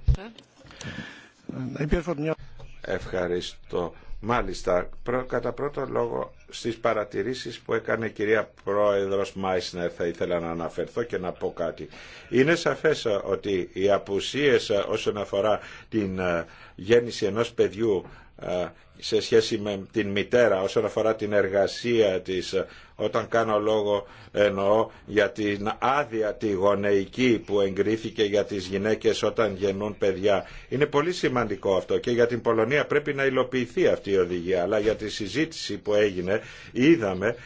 Ευχαριστώ. Μάλιστα, κατά πρώτο λόγο στις παρατηρήσεις που έκανε η κυρία Πρόεδρος Μάισνερ θα ήθελα να αναφερθώ και να πω κάτι. Είναι σαφές ότι οι απουσίες όσον αφορά την ε, γέννηση ενός παιδιού ε, σε σχέση με την μητέρα όσον αφορά την εργασία της ε, όταν κάνω λόγο εννοώ για την άδεια τη γονεϊκή που εγκρίθηκε για τις γυναίκες όταν γεννούν παιδιά. Είναι πολύ σημαντικό αυτό και για την Πολωνία πρέπει να υλοποιηθεί αυτή η οδηγία αλλά για τη συζήτηση που έγινε είδαμε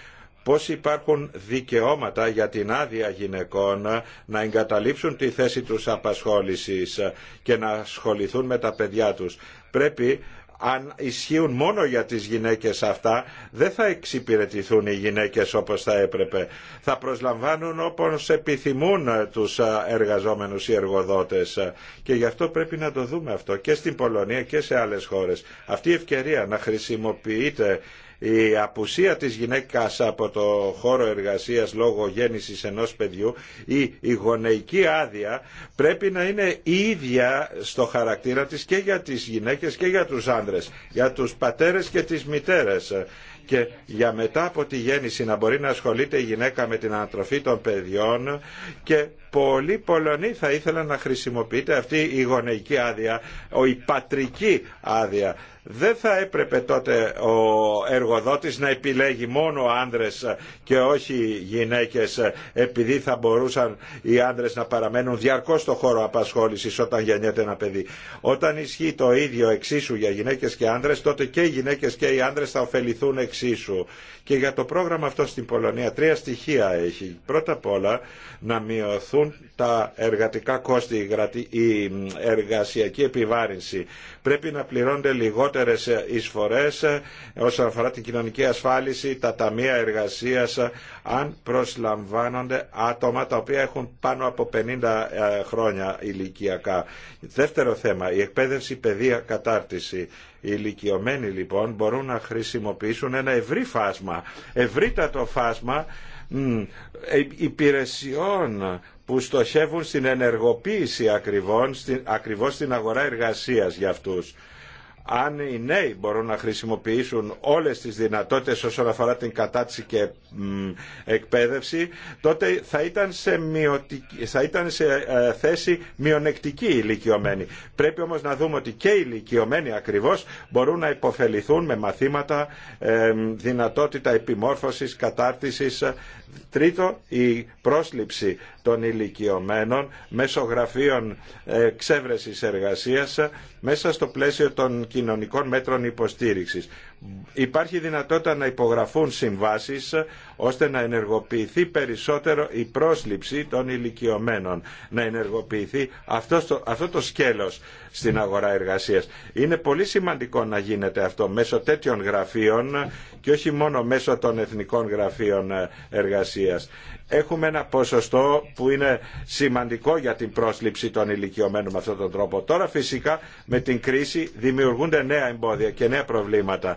πώς υπάρχουν δικαιώματα για την άδεια γυναικών ε, να εγκαταλείψουν τη θέση τους απασχόλησης και να ασχοληθούν με τα παιδιά τους. Πρέπει αν ισχύουν μόνο για τις γυναίκες αυτά, δεν θα εξυπηρετηθούν οι γυναίκες όπως θα έπρεπε. Θα προσλαμβάνουν όπως επιθυμούν τους εργαζόμενους οι εργοδότες. Και γι' αυτό πρέπει να το δούμε αυτό και στην Πολωνία και σε άλλες χώρες. Αυτή η ευκαιρία να χρησιμοποιείται η απουσία της γυναίκας από το χώρο εργασίας λόγω γέννησης ενός παιδιού ή η γονεϊκή άδεια πρέπει να είναι η ίδια στο χαρακτήρα της και για τις γυναίκες και για τους άνδρες, για τους πατέρες και τις μητέρες και για μετά από τη γέννηση να μπορεί να ασχολείται η γυναίκα με την ανατροφή των παιδιών και πολλοί Πολωνοί θα ήθελαν να χρησιμοποιείται αυτή η γονεϊκή άδεια, η πατρική άδεια δεν θα έπρεπε τότε ο εργοδότης να επιλέγει μόνο άνδρες και όχι γυναίκες επειδή θα μπορούσαν οι άνδρες να παραμένουν διαρκώς στο χώρο απασχόλησης όταν γεννιέται ένα παιδί. Όταν ισχύει το ίδιο εξίσου για γυναίκες και άνδρες τότε και οι γυναίκες και οι άνδρες θα ωφεληθούν εξίσου. Και για το πρόγραμμα αυτό στην Πολωνία τρία στοιχεία έχει. Πρώτα απ' όλα να μειωθούν τα εργατικά κόστη, η εργασιακή επιβάρυνση. Πρέπει να πληρώνται λιγότερο περισσότερες εισφορές ε, όσον αφορά την κοινωνική ασφάλιση, τα ταμεία εργασίας, ε, αν προσλαμβάνονται άτομα τα οποία έχουν πάνω από 50 ε, χρόνια ηλικιακά. Δεύτερο θέμα, η εκπαίδευση, παιδεία, κατάρτιση. Οι ηλικιωμένοι λοιπόν μπορούν να χρησιμοποιήσουν ένα ευρύ φάσμα, ευρύτατο φάσμα υπηρεσιών που στοχεύουν στην ενεργοποίηση ακριβώς στην αγορά εργασίας για αυτούς αν οι νέοι μπορούν να χρησιμοποιήσουν όλες τις δυνατότητες όσον αφορά την κατάτηση και εκπαίδευση, τότε θα ήταν σε, ε, θέση μειονεκτική ηλικιωμένη. Πρέπει όμως να δούμε ότι και οι ηλικιωμένοι ακριβώς μπορούν να υποφεληθούν με μαθήματα, ε, δυνατότητα επιμόρφωσης, κατάρτισης. Τρίτο, η πρόσληψη των ηλικιωμένων μέσω γραφείων ε, ξέβρεσης εργασίας μέσα στο πλαίσιο των κοινωνικών μέτρων υποστήριξης υπάρχει δυνατότητα να υπογραφούν συμβάσεις ώστε να ενεργοποιηθεί περισσότερο η πρόσληψη των ηλικιωμένων, να ενεργοποιηθεί αυτό το, αυτό το σκέλος στην αγορά εργασίας. Είναι πολύ σημαντικό να γίνεται αυτό μέσω τέτοιων γραφείων και όχι μόνο μέσω των εθνικών γραφείων ε, εργασίας. Έχουμε ένα ποσοστό που είναι σημαντικό για την πρόσληψη των ηλικιωμένων με αυτόν τον τρόπο. Τώρα φυσικά με την κρίση δημιουργούνται νέα εμπόδια και νέα προβλήματα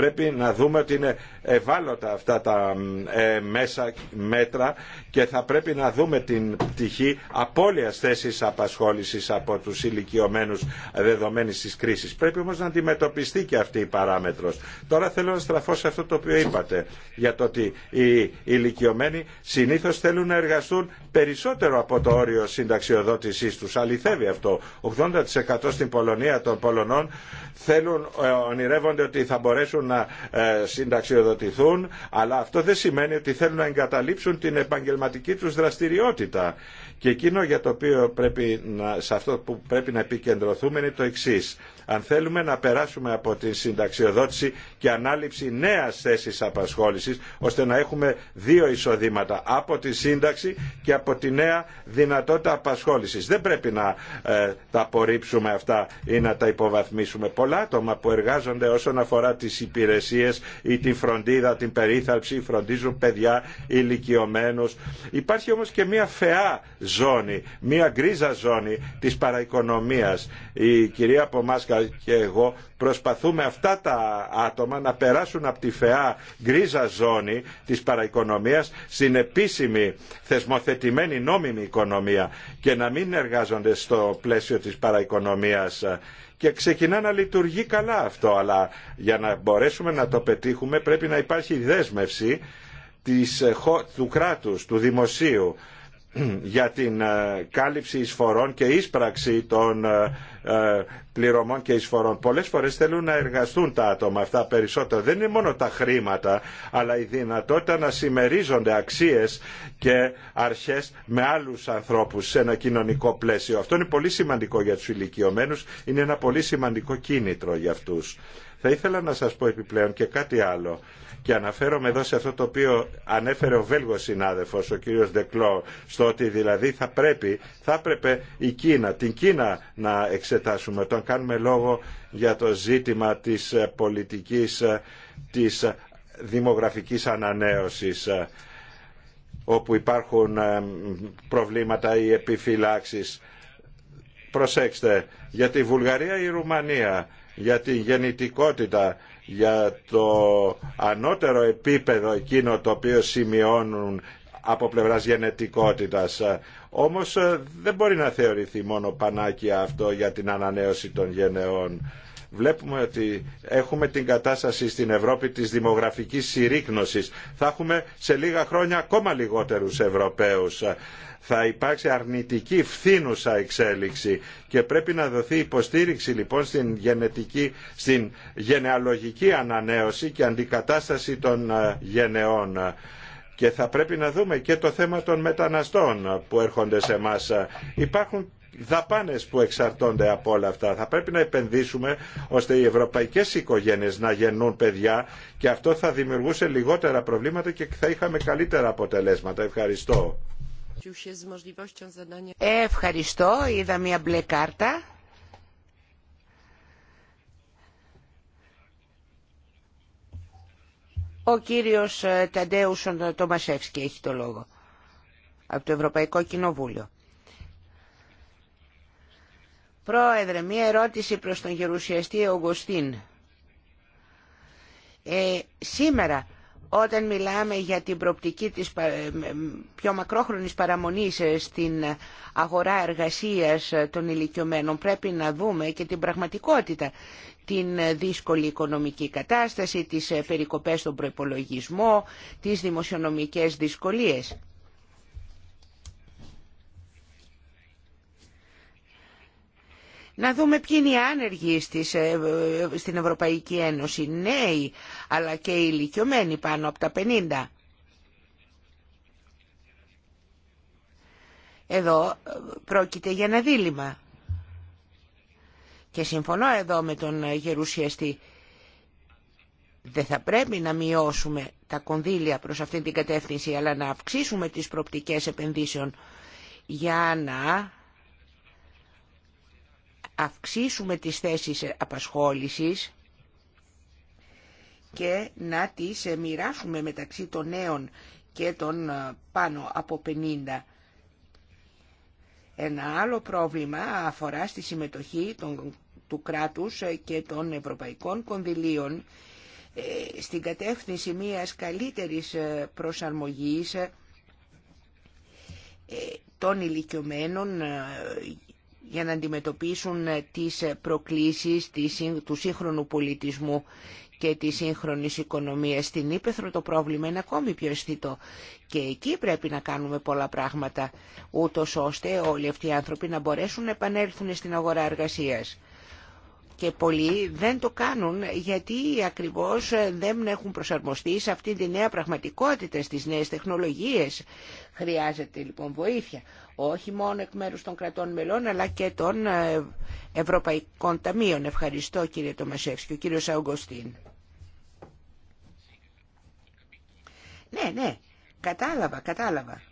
Πρέπει να δούμε ότι είναι ευάλωτα αυτά τα ε, μέσα μέτρα και θα πρέπει να δούμε την πτυχή απώλειας θέσης απασχόλησης από τους ηλικιωμένους δεδομένης της κρίσης. Πρέπει όμως να αντιμετωπιστεί και αυτή η παράμετρος. Τώρα θέλω να στραφώ σε αυτό το οποίο είπατε για το ότι οι ηλικιωμένοι συνήθως θέλουν να εργαστούν περισσότερο από το όριο συνταξιοδότησής τους. Αληθεύει αυτό. 80% στην Πολωνία των Πολωνών θέλουν, ε, ονειρεύονται ότι θα μπορέσουν να ε, συνταξιοδοτηθούν, αλλά αυτό δεν σημαίνει ότι θέλουν να εγκαταλείψουν την επαγγελματική τους δραστηριότητα. Και εκείνο για το οποίο πρέπει να, σε αυτό που πρέπει να επικεντρωθούμε είναι το εξής αν θέλουμε να περάσουμε από τη συνταξιοδότηση και ανάληψη νέας θέσης απασχόλησης ώστε να έχουμε δύο εισοδήματα από τη σύνταξη και από τη νέα δυνατότητα απασχόλησης. Δεν πρέπει να ε, τα απορρίψουμε αυτά ή να τα υποβαθμίσουμε. Πολλά άτομα που εργάζονται όσον αφορά τις υπηρεσίες ή την φροντίδα, την περίθαλψη, φροντίζουν παιδιά ηλικιωμένους. Υπάρχει όμως και μια φαιά ζώνη, μια γκρίζα ζώνη της παραοικονομίας. Η κυρία Πομάσκα και εγώ προσπαθούμε αυτά τα άτομα να περάσουν από τη φαιά γκρίζα ζώνη της παραοικονομίας στην επίσημη θεσμοθετημένη νόμιμη οικονομία και να μην εργάζονται στο πλαίσιο της παραοικονομίας και ξεκινά να λειτουργεί καλά αυτό αλλά για να μπορέσουμε να το πετύχουμε πρέπει να υπάρχει δέσμευση της, ε, του κράτους, του δημοσίου για την ε, κάλυψη εισφορών και ίσπραξη των ε, ε, πληρωμών και εισφορών. Πολλές φορές θέλουν να εργαστούν τα άτομα αυτά περισσότερο. Δεν είναι μόνο τα χρήματα, αλλά η δυνατότητα να συμμερίζονται αξίες και αρχές με άλλους ανθρώπους σε ένα κοινωνικό πλαίσιο. Αυτό είναι πολύ σημαντικό για τους ηλικιωμένους, είναι ένα πολύ σημαντικό κίνητρο για αυτούς. Θα ήθελα να σας πω επιπλέον και κάτι άλλο και αναφέρομαι εδώ σε αυτό το οποίο ανέφερε ο Βέλγος συνάδελφος, ο κύριος Δεκλό, στο ότι δηλαδή θα πρέπει, θα έπρεπε η Κίνα, την Κίνα να εξετάσουμε όταν κάνουμε λόγο για το ζήτημα της πολιτικής της δημογραφικής ανανέωσης όπου υπάρχουν ε, προβλήματα ή επιφυλάξεις. Προσέξτε, για τη Βουλγαρία ή η Ρουμανία για την γεννητικότητα, για το ανώτερο επίπεδο εκείνο το οποίο σημειώνουν από πλευράς γενετικότητας. Όμως ε, δεν μπορεί να θεωρηθεί μόνο πανάκια αυτό για την ανανέωση των γενεών βλέπουμε ότι έχουμε την κατάσταση στην Ευρώπη της δημογραφικής συρρήκνωσης. Θα έχουμε σε λίγα χρόνια ακόμα λιγότερους Ευρωπαίους. Θα υπάρξει αρνητική φθήνουσα εξέλιξη και πρέπει να δοθεί υποστήριξη λοιπόν στην, γενετική, στην γενεαλογική ανανέωση και αντικατάσταση των ε, γενεών και θα πρέπει να δούμε και το θέμα των μεταναστών που έρχονται σε εμά. Υπάρχουν Δαπάνε που εξαρτώνται από όλα αυτά. Θα πρέπει να επενδύσουμε ώστε οι Ευρωπαϊκέ οικογένειε να γεννούν παιδιά και αυτό θα δημιουργούσε λιγότερα προβλήματα και θα είχαμε καλύτερα αποτελέσματα. Ευχαριστώ. Ευχαριστώ. Είδα μια μπλε κάρτα. Ο κύριος Ταντέουσον Τομασεύσκη έχει το λόγο από το Ευρωπαϊκό Κοινοβούλιο. Πρόεδρε, μία ερώτηση προς τον γερουσιαστή Ογκοστίν. Ε, σήμερα, όταν μιλάμε για την προπτική της ε, πιο μακρόχρονης παραμονής ε, στην αγορά εργασίας των ηλικιωμένων, πρέπει να δούμε και την πραγματικότητα, την δύσκολη οικονομική κατάσταση, τις περικοπές στον προπολογισμό, τις δημοσιονομικές δυσκολίες. Να δούμε ποιοι είναι οι άνεργοι ε, στην Ευρωπαϊκή Ένωση, νέοι αλλά και ηλικιωμένοι πάνω από τα 50. Εδώ ε, πρόκειται για ένα δίλημα. Και συμφωνώ εδώ με τον ε, γερουσιαστή. Δεν θα πρέπει να μειώσουμε τα κονδύλια προς αυτήν την κατεύθυνση, αλλά να αυξήσουμε τις προπτικές επενδύσεων για να αυξήσουμε τις θέσεις απασχόλησης και να τις μοιράσουμε μεταξύ των νέων και των ε, πάνω από 50. Ένα άλλο πρόβλημα αφορά στη συμμετοχή των, του κράτους ε, και των ευρωπαϊκών κονδυλίων ε, στην κατεύθυνση μιας καλύτερης προσαρμογής των ηλικιωμένων για να αντιμετωπίσουν ε, τις ε, προκλήσεις του σύγχρονου πολιτισμού και της σύγχρονης οικονομίας. Στην Ήπεθρο το πρόβλημα είναι ακόμη πιο αισθητό και εκεί πρέπει να κάνουμε πολλά πράγματα, ούτω ώστε όλοι αυτοί οι άνθρωποι να μπορέσουν να επανέλθουν στην αγορά εργασίας και πολλοί δεν το κάνουν γιατί ακριβώς δεν έχουν προσαρμοστεί σε αυτή τη νέα πραγματικότητα στις νέες τεχνολογίες. Χρειάζεται λοιπόν βοήθεια, όχι μόνο εκ μέρους των κρατών μελών αλλά και των ε, Ευρωπαϊκών Ταμείων. Ευχαριστώ κύριε Τομασεύσκη, ο κύριος Αουγκοστίν. Ναι, ναι, κατάλαβα, κατάλαβα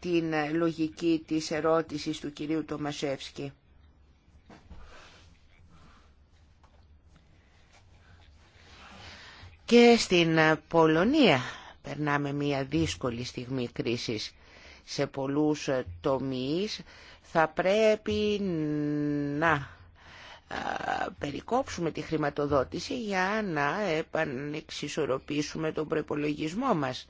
την ε, λογική της ερώτησης του κυρίου Τομασεύσκη. Και στην Πολωνία περνάμε μια δύσκολη στιγμή κρίσης. Σε πολλούς τομείς θα πρέπει να περικόψουμε τη χρηματοδότηση για να επανεξισορροπήσουμε τον προπολογισμό μας.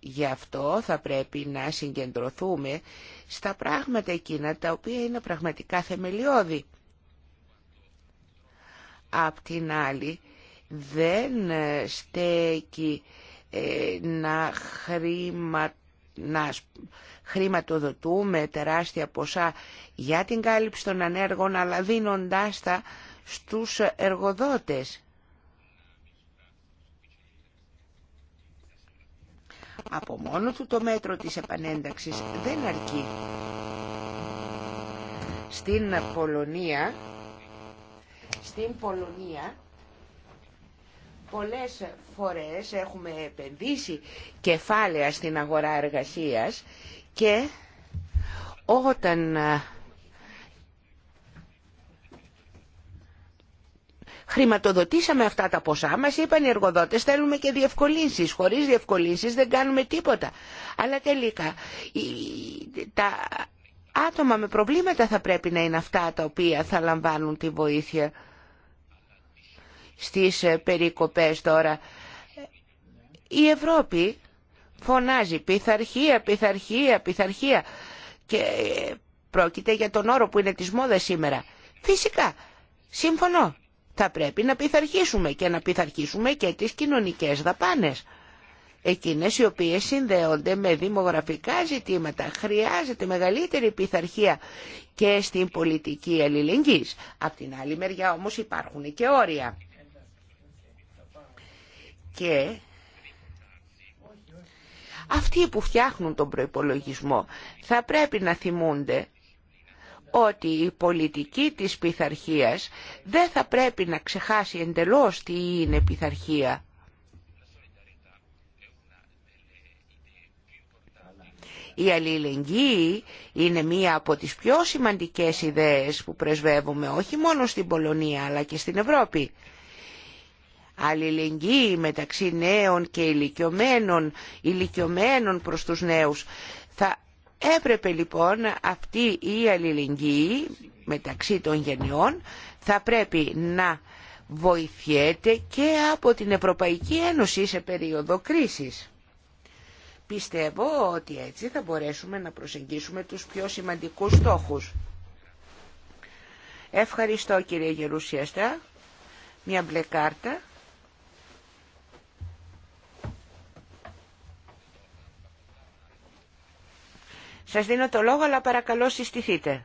Γι' αυτό θα πρέπει να συγκεντρωθούμε στα πράγματα εκείνα τα οποία είναι πραγματικά θεμελιώδη. Απ' την άλλη, δεν στέκει ε, να, χρημα... να χρηματοδοτούμε τεράστια ποσά για την κάλυψη των ανέργων αλλά δίνοντάς τα στους εργοδότες. Από μόνο του το μέτρο της επανένταξης δεν αρκεί. Στην Πολωνία, στην Πολωνία Πολλές φορές έχουμε επενδύσει κεφάλαια στην αγορά εργασίας και όταν ε, χρηματοδοτήσαμε αυτά τα ποσά, μας είπαν οι εργοδότες θέλουμε και διευκολύνσεις, χωρίς διευκολύνσεις δεν κάνουμε τίποτα. Αλλά τελικά τα άτομα με προβλήματα θα πρέπει να είναι αυτά τα οποία θα λαμβάνουν τη βοήθεια στις ε, περικοπές τώρα. Η Ευρώπη φωνάζει πειθαρχία, πειθαρχία, πειθαρχία και ε, πρόκειται για τον όρο που είναι της μόδας σήμερα. Φυσικά, συμφωνώ, θα πρέπει να πειθαρχήσουμε και να πειθαρχήσουμε και τις κοινωνικές δαπάνες. Εκείνες οι οποίες συνδέονται με δημογραφικά ζητήματα χρειάζεται μεγαλύτερη πειθαρχία και στην πολιτική αλληλεγγύης. Απ' την άλλη μεριά όμως υπάρχουν και όρια και αυτοί που φτιάχνουν τον προϋπολογισμό θα πρέπει να θυμούνται ότι η πολιτική της πειθαρχία δεν θα πρέπει να ξεχάσει εντελώς τι είναι πειθαρχία. Η αλληλεγγύη είναι μία από τις πιο σημαντικές ιδέες που πρεσβεύουμε όχι μόνο στην Πολωνία αλλά και στην Ευρώπη αλληλεγγύη μεταξύ νέων και ηλικιωμένων, ηλικιωμένων προς τους νέους. Θα έπρεπε λοιπόν αυτή η αλληλεγγύη μεταξύ των γενιών θα πρέπει να βοηθιέται και από την Ευρωπαϊκή Ένωση σε περίοδο κρίσης. Πιστεύω ότι έτσι θα μπορέσουμε να προσεγγίσουμε τους πιο σημαντικούς στόχους. Ευχαριστώ κύριε Γερουσιαστά. Μια μπλε κάρτα. Σας δίνω το λόγο, αλλά παρακαλώ συστηθείτε.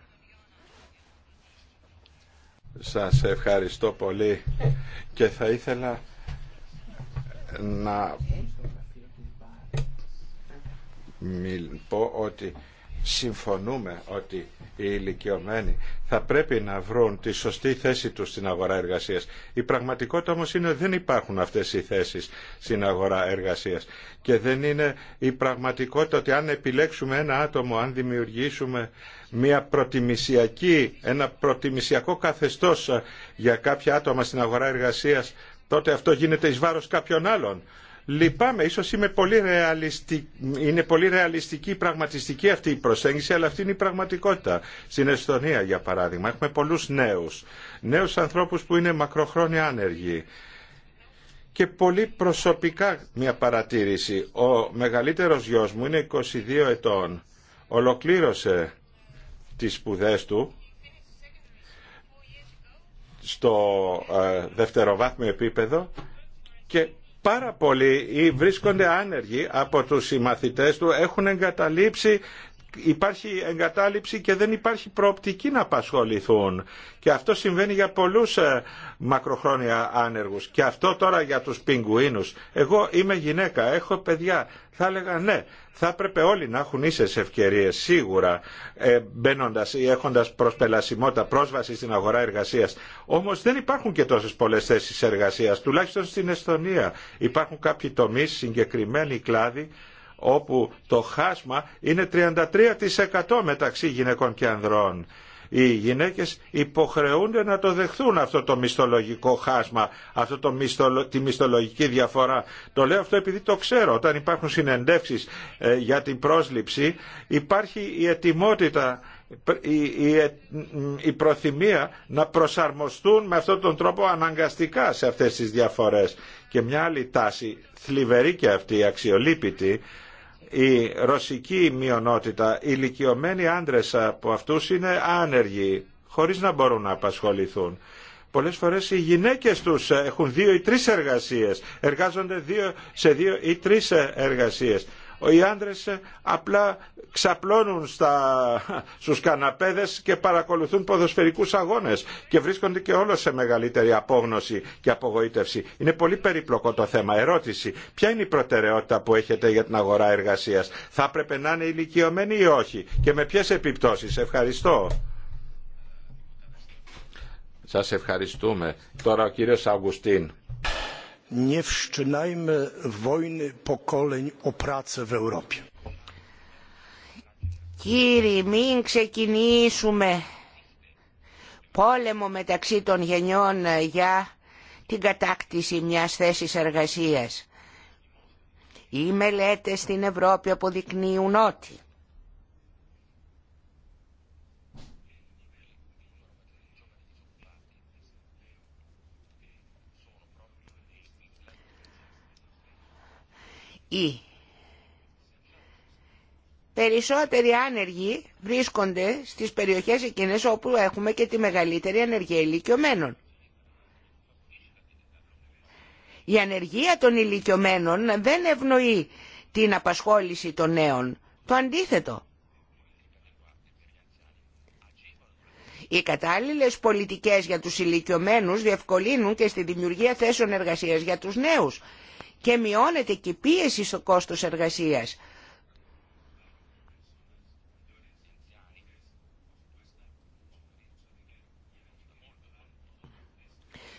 Σας ευχαριστώ πολύ και θα ήθελα να πω ότι συμφωνούμε ότι οι ηλικιωμένοι θα πρέπει να βρουν τη σωστή θέση τους στην αγορά εργασίας. Η πραγματικότητα όμως είναι ότι δεν υπάρχουν αυτές οι θέσεις στην αγορά εργασίας. Και δεν είναι η πραγματικότητα ότι αν επιλέξουμε ένα άτομο, αν δημιουργήσουμε μια προτιμησιακή, ένα προτιμησιακό καθεστώς ε, για κάποια άτομα στην αγορά εργασίας, τότε αυτό γίνεται εις βάρος κάποιων άλλων. Λυπάμαι, ίσως είμαι είναι πολύ ρεαλιστική, πραγματιστική αυτή η προσέγγιση, αλλά αυτή είναι η πραγματικότητα. Στην Εστονία, για παράδειγμα, έχουμε πολλούς νέους. Νέους ανθρώπους που είναι μακροχρόνια άνεργοι. Και πολύ προσωπικά μια παρατήρηση. Ο μεγαλύτερος γιος μου είναι 22 ετών. Ολοκλήρωσε τις σπουδές του στο ε, δευτεροβάθμιο επίπεδο και πάρα πολλοί βρίσκονται άνεργοι από τους συμμαθητές του, έχουν εγκαταλείψει υπάρχει εγκατάλειψη και δεν υπάρχει προοπτική να απασχοληθούν. Και αυτό συμβαίνει για πολλούς ε, μακροχρόνια άνεργους. Και αυτό τώρα για τους πιγκουίνους. Εγώ είμαι γυναίκα, έχω παιδιά. Θα έλεγα ναι, θα έπρεπε όλοι να έχουν ίσες ευκαιρίες σίγουρα ε, μπαίνοντα ή έχοντας προσπελασιμότητα πρόσβαση στην αγορά εργασίας. Όμως δεν υπάρχουν και τόσες πολλές θέσεις εργασίας, τουλάχιστον στην Εστονία. Υπάρχουν κάποιοι τομείς, συγκεκριμένοι κλάδοι, όπου το χάσμα είναι 33% μεταξύ γυναικών και ανδρών. Οι γυναίκες υποχρεούνται να το δεχθούν αυτό το μισθολογικό χάσμα, αυτό τη μισθολογική διαφορά. Το λέω αυτό επειδή το ξέρω. Όταν υπάρχουν συνεντεύξεις ε, για την πρόσληψη υπάρχει η ετοιμότητα ε, η προθυμία να προσαρμοστούν με αυτόν τον τρόπο αναγκαστικά σε αυτές τις διαφορές. Και μια άλλη τάση, θλιβερή και αυτή, αξιολύπητη, η ρωσική μειονότητα, οι ηλικιωμένοι άντρες από αυτούς είναι άνεργοι, χωρίς να μπορούν να απασχοληθούν. Πολλές φορές οι γυναίκες τους έχουν δύο ή τρεις εργασίες, εργάζονται δύο, σε δύο ή τρεις εργασίες οι άντρες ε, απλά ξαπλώνουν στα, στους καναπέδες και παρακολουθούν ποδοσφαιρικούς αγώνες και βρίσκονται και όλο σε μεγαλύτερη απόγνωση και απογοήτευση. Είναι πολύ περίπλοκο το θέμα. Ερώτηση. Ποια είναι η προτεραιότητα που έχετε για την αγορά εργασίας. Θα έπρεπε να είναι ηλικιωμένοι ή όχι και με ποιες επιπτώσεις. Ευχαριστώ. Σας ευχαριστούμε. Τώρα ο κύριος Αυγουστίν nie Κύριοι, μην ξεκινήσουμε πόλεμο μεταξύ των γενιών ε, για την κατάκτηση μιας θέσης εργασίας. Οι μελέτες στην Ευρώπη αποδεικνύουν ότι Οι περισσότεροι άνεργοι βρίσκονται στις περιοχές εκείνες όπου έχουμε και τη μεγαλύτερη ανεργία ηλικιωμένων. Η ανεργία των ηλικιωμένων δεν ευνοεί την απασχόληση των νέων. Το αντίθετο. Οι κατάλληλες πολιτικές για τους ηλικιωμένους διευκολύνουν και στη δημιουργία θέσεων εργασίας για τους νέους και μειώνεται και η πίεση στο κόστος εργασίας.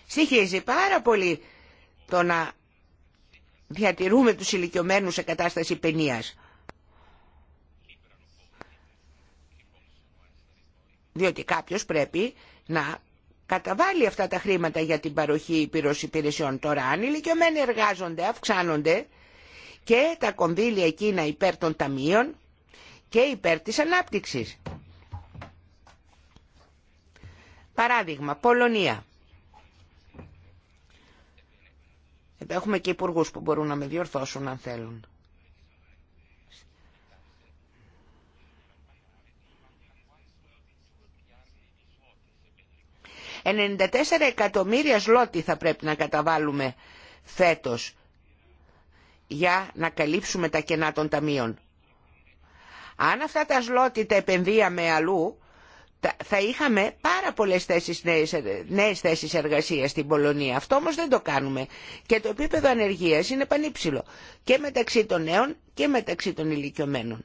Στοιχίζει πάρα πολύ το να διατηρούμε τους ηλικιωμένους σε κατάσταση παινίας. Διότι κάποιος πρέπει να καταβάλει αυτά τα χρήματα για την παροχή υπηρεσιών. Τώρα αν εργάζονται, αυξάνονται και τα κονδύλια εκείνα υπέρ των ταμείων και υπέρ της ανάπτυξης. Παράδειγμα, Πολωνία. Εδώ έχουμε και υπουργού που μπορούν να με διορθώσουν αν θέλουν. 94 εκατομμύρια σλότη θα πρέπει να καταβάλουμε φέτος για να καλύψουμε τα κενά των ταμείων. Αν αυτά τα σλότη τα επενδύαμε αλλού, θα είχαμε πάρα πολλές θέσεις, νέες, νέες θέσεις εργασίας στην Πολωνία. Αυτό όμως δεν το κάνουμε. Και το επίπεδο ανεργίας είναι πανύψηλο. Και μεταξύ των νέων και μεταξύ των ηλικιωμένων.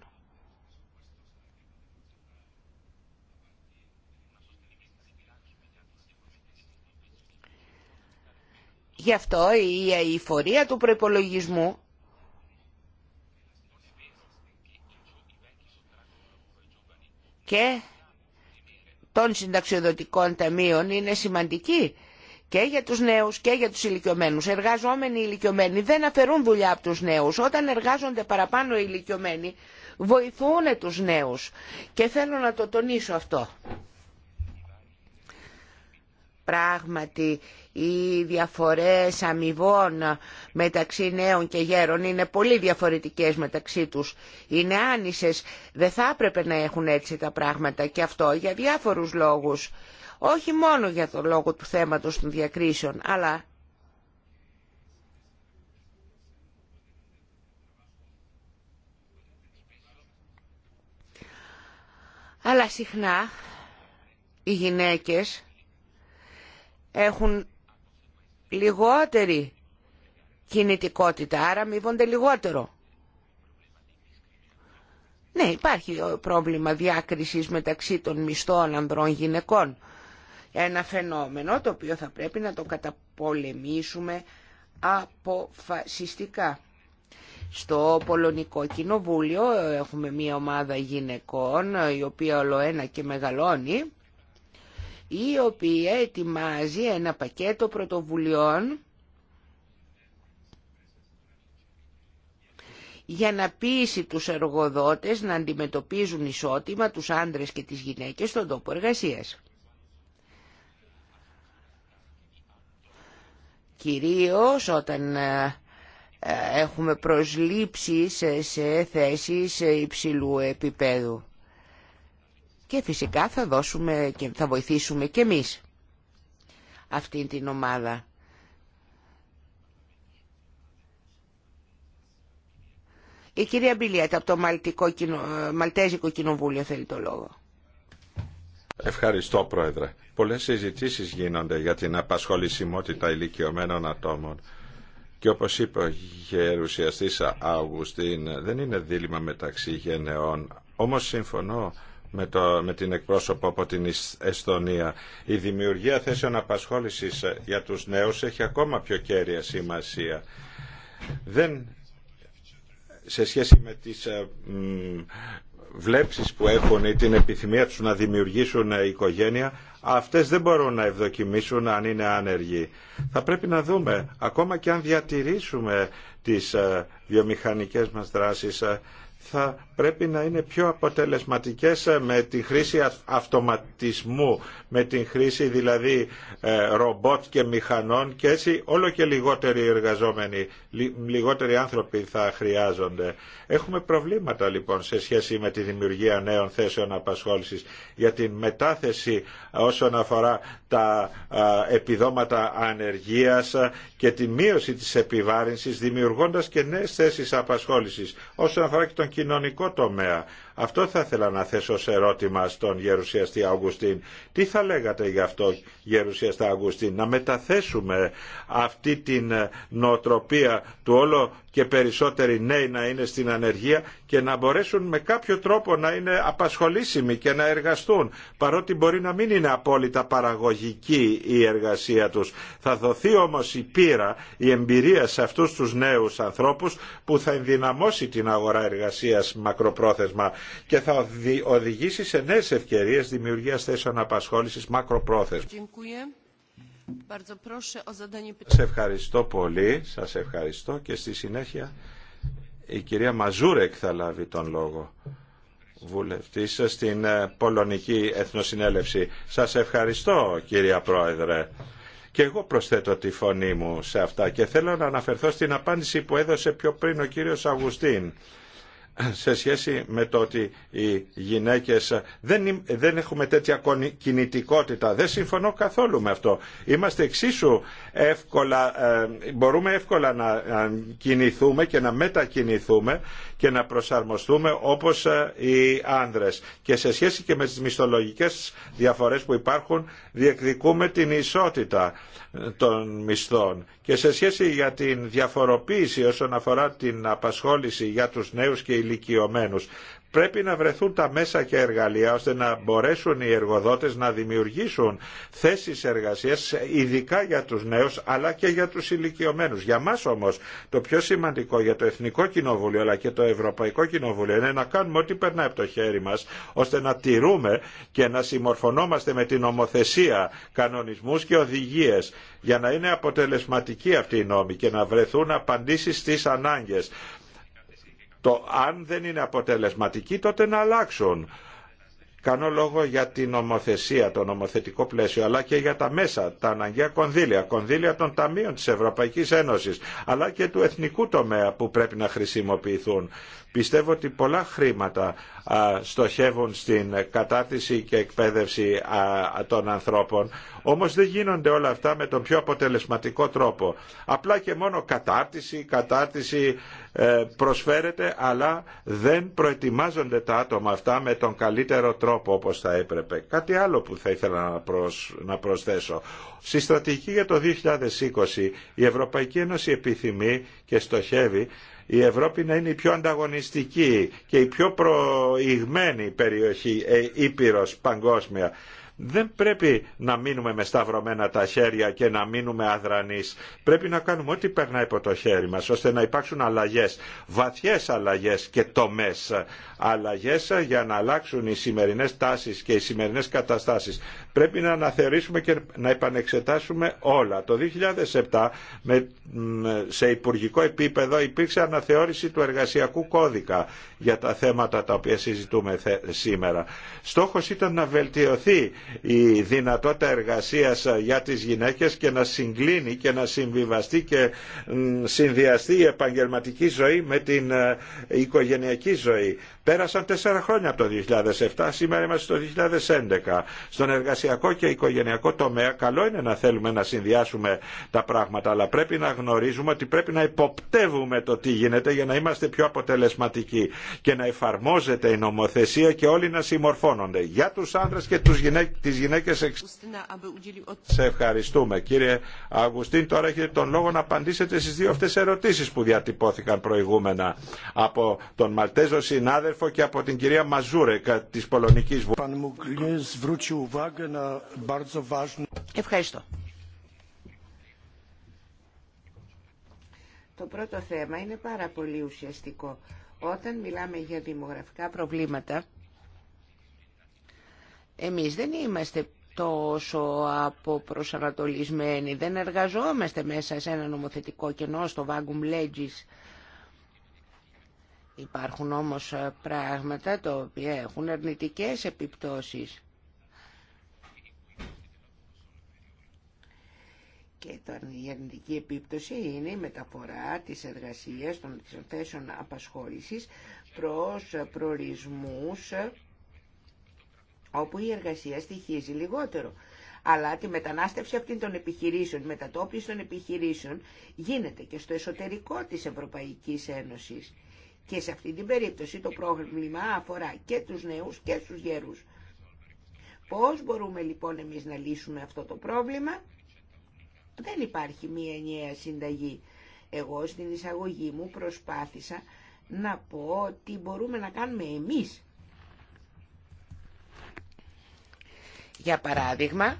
Γι' αυτό η αηφορία του προϋπολογισμού και των συνταξιοδοτικών ταμείων είναι σημαντική και για τους νέους και για τους ηλικιωμένους. Εργαζόμενοι ηλικιωμένοι δεν αφαιρούν δουλειά από τους νέους. Όταν εργάζονται παραπάνω οι ηλικιωμένοι βοηθούν τους νέους και θέλω να το τονίσω αυτό. Πράγματι οι διαφορές αμοιβών μεταξύ νέων και γέρων είναι πολύ διαφορετικές μεταξύ τους. Είναι άνισες. Δεν θα έπρεπε να έχουν έτσι τα πράγματα και αυτό για διάφορους λόγους. Όχι μόνο για το λόγο του θέματος των διακρίσεων, αλλά αλλά συχνά οι γυναίκες έχουν λιγότερη κινητικότητα, άρα αμείβονται λιγότερο. Ναι, υπάρχει πρόβλημα διάκρισης μεταξύ των μισθών ανδρών γυναικών. Ένα φαινόμενο το οποίο θα πρέπει να το καταπολεμήσουμε αποφασιστικά. Στο Πολωνικό Κοινοβούλιο έχουμε μία ομάδα γυναικών η οποία ολοένα και μεγαλώνει η οποία ετοιμάζει ένα πακέτο πρωτοβουλειών για να πείσει τους εργοδότες να αντιμετωπίζουν ισότιμα τους άντρες και τις γυναίκες στον τόπο εργασίας. Κυρίως όταν ε, ε, έχουμε προσλήψεις σε θέσεις υψηλού επίπεδου και φυσικά θα, δώσουμε και θα βοηθήσουμε και εμείς αυτήν την ομάδα. Η κυρία Μπιλιέτα από το Μαλτικό Μαλτέζικο Κοινοβούλιο θέλει το λόγο. Ευχαριστώ Πρόεδρε. Πολλές συζητήσεις γίνονται για την απασχολησιμότητα ηλικιωμένων ατόμων. Και όπως είπε ο γερουσιαστής Αυγουστίν, δεν είναι δίλημα μεταξύ γενεών. Όμως συμφωνώ με, το, με την εκπρόσωπο από την Εστονία. Η δημιουργία θέσεων απασχόλησης για τους νέους έχει ακόμα πιο κέρια σημασία. Δεν σε σχέση με τις ε, βλέψεις που έχουν ή την επιθυμία τους να δημιουργήσουν ε, οικογένεια, αυτές δεν μπορούν να ευδοκιμήσουν αν είναι άνεργοι. Θα πρέπει να δούμε, ακόμα και αν διατηρήσουμε τις ε, βιομηχανικές μας δράσεις, θα πρέπει να είναι πιο αποτελεσματικές ε, με τη χρήση αυτοματισμού, με τη χρήση δηλαδή ε, ρομπότ και μηχανών και έτσι όλο και λιγότεροι εργαζόμενοι, λιγότεροι άνθρωποι θα χρειάζονται. Έχουμε προβλήματα λοιπόν σε σχέση με τη δημιουργία νέων θέσεων απασχόλησης για την μετάθεση ε, όσον αφορά τα επιδόματα ανεργίας και τη μείωση της επιβάρυνσης δημιουργώντας και νέες θέσεις απασχόλησης όσον αφορά και τον κοινωνικό τομέα. Αυτό θα ήθελα να θέσω σε ερώτημα στον Γερουσιαστή Αγγουστίν. Τι θα λέγατε γι' αυτό, Γερουσιαστή Αγγουστίν να μεταθέσουμε αυτή την ε, νοοτροπία του όλο και περισσότεροι νέοι να είναι στην ανεργία και να μπορέσουν με κάποιο τρόπο να είναι απασχολήσιμοι και να εργαστούν, παρότι μπορεί να μην είναι απόλυτα παραγωγική η εργασία τους. Θα δοθεί όμως η πείρα, η εμπειρία σε αυτούς τους νέους ανθρώπους που θα ενδυναμώσει την αγορά εργασίας μακροπρόθεσμα και θα οδηγήσει σε νέες ευκαιρίες δημιουργίας θέσεων απασχόλησης μακροπρόθεσμα. Σας ευχαριστώ πολύ, σας ευχαριστώ και στη συνέχεια η κυρία Μαζούρεκ θα λάβει τον λόγο βουλευτής στην ε, Πολωνική Εθνοσυνέλευση. Σας ευχαριστώ κυρία Πρόεδρε. Και εγώ προσθέτω τη φωνή μου σε αυτά και θέλω να αναφερθώ στην απάντηση που έδωσε πιο πριν ο κύριος Αγουστίν σε σχέση με το ότι οι γυναίκες δεν, δεν έχουμε τέτοια κινητικότητα. Δεν συμφωνώ καθόλου με αυτό. Είμαστε εξίσου εύκολα, ε, μπορούμε εύκολα να κινηθούμε και να μετακινηθούμε και να προσαρμοστούμε όπως ε, οι άνδρες. Και σε σχέση και με τις μισθολογικές διαφορές που υπάρχουν διεκδικούμε την ισότητα των μισθών. Και σε σχέση για την διαφοροποίηση όσον αφορά την απασχόληση για τους νέους και ηλικιωμένους Πρέπει να βρεθούν τα μέσα και εργαλεία ώστε να μπορέσουν οι εργοδότες να δημιουργήσουν θέσεις εργασίας ειδικά για τους νέους αλλά και για τους ηλικιωμένους. Για μας όμως το πιο σημαντικό για το Εθνικό Κοινοβούλιο αλλά και το Ευρωπαϊκό Κοινοβούλιο είναι να κάνουμε ό,τι περνάει από το χέρι μας ώστε να τηρούμε και να συμμορφωνόμαστε με την ομοθεσία κανονισμούς και οδηγίες για να είναι αποτελεσματικοί αυτοί οι νόμοι και να βρεθούν απαντήσεις στις ανάγκες το αν δεν είναι αποτελεσματικοί τότε να αλλάξουν. Κάνω λόγο για την νομοθεσία, το νομοθετικό πλαίσιο, αλλά και για τα μέσα, τα αναγκαία κονδύλια, κονδύλια των ταμείων της Ευρωπαϊκής Ένωσης, αλλά και του εθνικού τομέα που πρέπει να χρησιμοποιηθούν. Πιστεύω ότι πολλά χρήματα στοχεύουν στην κατάρτιση και εκπαίδευση των ανθρώπων, όμως δεν γίνονται όλα αυτά με τον πιο αποτελεσματικό τρόπο. Απλά και μόνο κατάρτιση, κατάρτιση ε, προσφέρεται αλλά δεν προετοιμάζονται τα άτομα αυτά με τον καλύτερο τρόπο όπως θα έπρεπε. Κάτι άλλο που θα ήθελα να προσθέσω. Στη στρατηγική για το 2020 η Ευρωπαϊκή Ένωση επιθυμεί και στοχεύει η Ευρώπη να είναι η πιο ανταγωνιστική και η πιο προηγμένη περιοχή, ε, ήπειρος παγκόσμια δεν πρέπει να μείνουμε με σταυρωμένα τα χέρια και να μείνουμε αδρανείς. Πρέπει να κάνουμε ό,τι περνάει από το χέρι μας, ώστε να υπάρξουν αλλαγές, βαθιές αλλαγές και τομές. Αλλαγές για να αλλάξουν οι σημερινές τάσεις και οι σημερινές καταστάσεις. Πρέπει να αναθεωρήσουμε και να επανεξετάσουμε όλα. Το 2007 με, σε υπουργικό επίπεδο υπήρξε αναθεώρηση του εργασιακού κώδικα για τα θέματα τα οποία συζητούμε σήμερα. Στόχος ήταν να βελτιωθεί η δυνατότητα εργασίας ε, για τις γυναίκες και να συγκλίνει και να συμβιβαστεί και συνδυαστεί η επαγγελματική ζωή με την ε, οικογενειακή ζωή. Πέρασαν τέσσερα χρόνια από το 2007, σήμερα είμαστε στο 2011. Στον εργασιακό και οικογενειακό τομέα καλό είναι να θέλουμε να συνδυάσουμε τα πράγματα, αλλά πρέπει να γνωρίζουμε ότι πρέπει να υποπτεύουμε το τι γίνεται για να είμαστε πιο αποτελεσματικοί και να εφαρμόζεται η νομοθεσία και όλοι να συμμορφώνονται για τους άνδρες και τους γυναίκες τις γυναίκες Σε ευχαριστούμε. Κύριε Αγουστίν, τώρα έχετε τον λόγο να απαντήσετε στις δύο αυτές ερωτήσεις που διατυπώθηκαν προηγούμενα από τον Μαλτέζο συνάδελφο και από την κυρία Μαζούρεκα της Πολωνικής Βουλής. Ευχαριστώ. Το πρώτο θέμα είναι πάρα πολύ ουσιαστικό. Όταν μιλάμε για δημογραφικά προβλήματα, εμείς δεν είμαστε τόσο αποπροσανατολισμένοι, δεν εργαζόμαστε μέσα σε ένα νομοθετικό κενό στο Βάγκουμ Legis. Υπάρχουν όμως πράγματα τα οποία έχουν αρνητικές επιπτώσεις. Και η αρνητική επίπτωση είναι η μεταφορά της εργασίας των θέσεων απασχόλησης προς προορισμούς όπου η εργασία στοιχίζει λιγότερο. Αλλά τη μετανάστευση αυτήν των επιχειρήσεων, μετατόπιση των επιχειρήσεων γίνεται και στο εσωτερικό της Ευρωπαϊκής Ένωσης. Και σε αυτή την περίπτωση το πρόβλημα αφορά και τους νέους και τους γερούς. Πώς μπορούμε λοιπόν εμείς να λύσουμε αυτό το πρόβλημα. Δεν υπάρχει μία ενιαία συνταγή. Εγώ στην εισαγωγή μου προσπάθησα να πω ότι μπορούμε να κάνουμε εμείς Για παράδειγμα,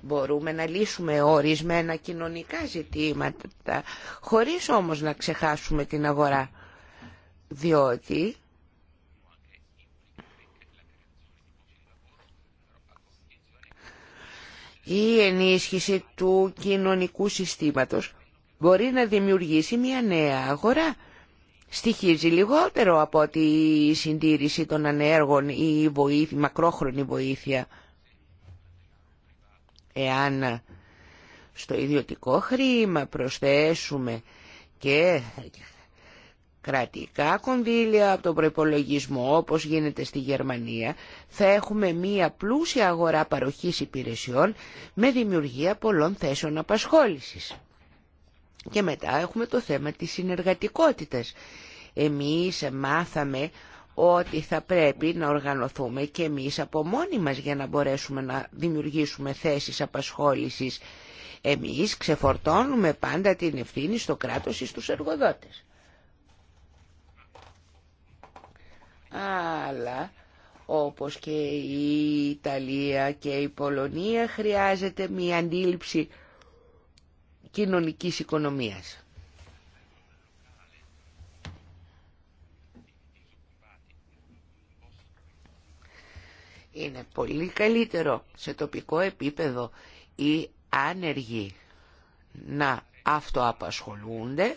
μπορούμε να λύσουμε ορισμένα κοινωνικά ζητήματα, χωρίς όμως να ξεχάσουμε την αγορά, διότι η ενίσχυση του κοινωνικού συστήματος μπορεί να δημιουργήσει μια νέα αγορά. Στοιχίζει λιγότερο από τη συντήρηση των ανέργων ή η, βοήθεια, η βοήθεια εάν στο ιδιωτικό χρήμα προσθέσουμε και κρατικά κονδύλια από τον προϋπολογισμό όπως γίνεται στη Γερμανία θα έχουμε μία πλούσια αγορά παροχής υπηρεσιών με δημιουργία πολλών θέσεων απασχόλησης. Και μετά έχουμε το θέμα της συνεργατικότητας. Εμείς μάθαμε ότι θα πρέπει να οργανωθούμε και εμείς από μόνοι μας για να μπορέσουμε να δημιουργήσουμε θέσεις απασχόλησης. Εμείς ξεφορτώνουμε πάντα την ευθύνη στο κράτος ή στους εργοδότες. Αλλά όπως και η Ιταλία και η Πολωνία χρειάζεται μια αντίληψη κοινωνικής οικονομίας. είναι πολύ καλύτερο σε τοπικό επίπεδο οι άνεργοι να αυτοαπασχολούνται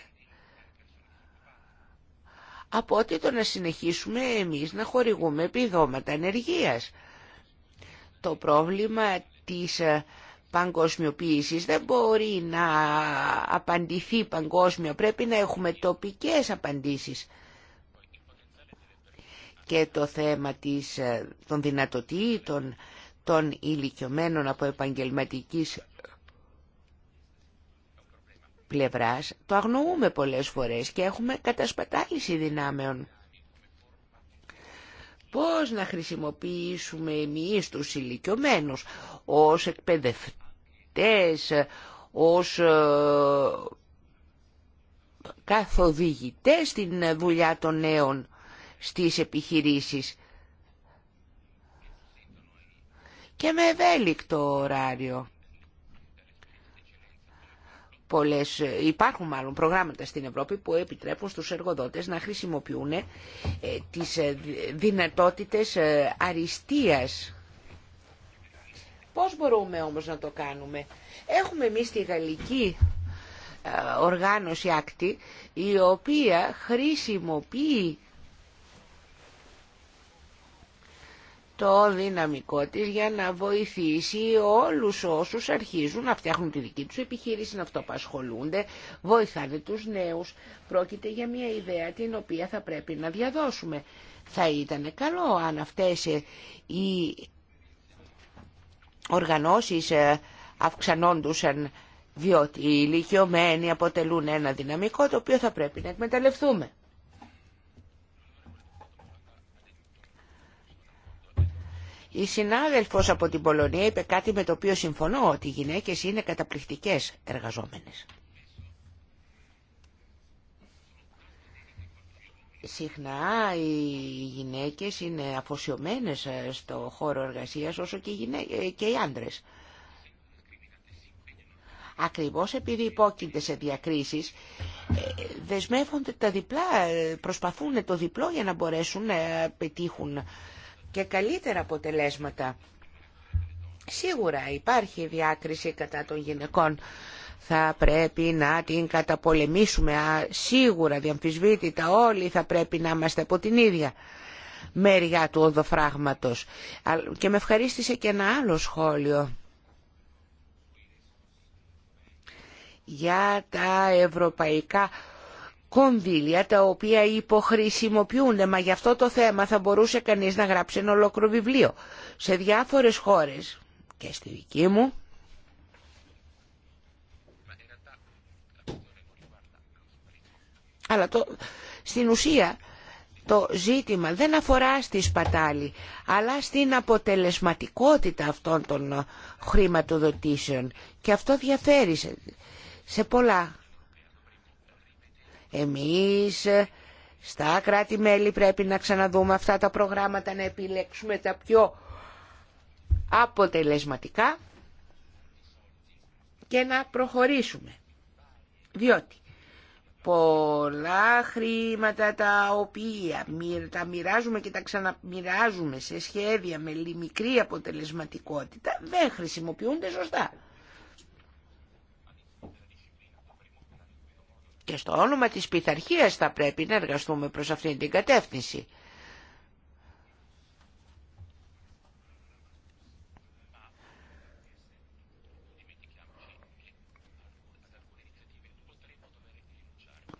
από ότι το να συνεχίσουμε εμείς να χορηγούμε επιδόματα ενεργείας. Το πρόβλημα της ε, παγκοσμιοποίησης δεν μπορεί να απαντηθεί παγκόσμια, πρέπει να έχουμε τοπικές απαντήσεις και το θέμα της, ε, των δυνατοτήτων των ηλικιωμένων από επαγγελματικής πλευράς το αγνοούμε πολλές φορές και έχουμε κατασπατάληση δυνάμεων. Πώς να χρησιμοποιήσουμε εμείς τους ηλικιωμένους ως εκπαιδευτές, ως ε, καθοδηγητές στην δουλειά των νέων στις επιχειρήσεις και με ευέλικτο ωράριο. Πολλές, ε, υπάρχουν μάλλον προγράμματα στην Ευρώπη που επιτρέπουν στους εργοδότες να χρησιμοποιούν ε, τις ε, δυνατότητες ε, αριστείας. Πώς μπορούμε όμως να το κάνουμε. Έχουμε εμεί τη γαλλική οργάνωση άκτη η οποία χρησιμοποιεί το δυναμικό της για να βοηθήσει όλους όσους αρχίζουν να φτιάχνουν τη δική τους επιχείρηση, να αυτοπασχολούνται, βοηθάνε τους νέους. Πρόκειται για μια ιδέα την οποία θα πρέπει να διαδώσουμε. Θα ήταν καλό αν αυτές ε, οι οργανώσεις ε, αυξανόντουσαν διότι οι ηλικιωμένοι αποτελούν ένα δυναμικό το οποίο θα πρέπει να εκμεταλλευτούμε. Η συνάδελφος από την Πολωνία είπε κάτι με το οποίο συμφωνώ ότι οι γυναίκες είναι καταπληκτικές εργαζόμενες. Συχνά οι γυναίκες είναι αφοσιωμένες ε, στο χώρο εργασίας όσο και οι, γυναίκες, και άντρες. Ακριβώς επειδή υπόκεινται σε διακρίσεις, ε, δεσμεύονται τα διπλά, ε, προσπαθούν το διπλό για να μπορέσουν να πετύχουν και καλύτερα αποτελέσματα. Σίγουρα υπάρχει διάκριση κατά των γυναικών. Θα πρέπει να την καταπολεμήσουμε σίγουρα διαμφισβήτητα όλοι θα πρέπει να είμαστε από την ίδια μεριά του οδοφράγματος. Και με ευχαρίστησε και ένα άλλο σχόλιο. Για τα ευρωπαϊκά κονδύλια τα οποία υποχρησιμοποιούνται μα γι' αυτό το θέμα θα μπορούσε κανείς να γράψει ένα ολόκληρο βιβλίο σε διάφορες χώρες και στη δική μου αλλά το, στην ουσία το ζήτημα δεν αφορά στη σπατάλη αλλά στην αποτελεσματικότητα αυτών των χρηματοδοτήσεων και αυτό διαφέρει σε, σε πολλά εμείς ε, στα κράτη-μέλη πρέπει να ξαναδούμε αυτά τα προγράμματα, να επιλέξουμε τα πιο αποτελεσματικά και να προχωρήσουμε. Διότι πολλά χρήματα τα οποία τα μοιράζουμε και τα ξαναμοιράζουμε σε σχέδια με μικρή αποτελεσματικότητα δεν χρησιμοποιούνται σωστά. και στο όνομα της πειθαρχία θα πρέπει να εργαστούμε προς αυτήν την κατεύθυνση.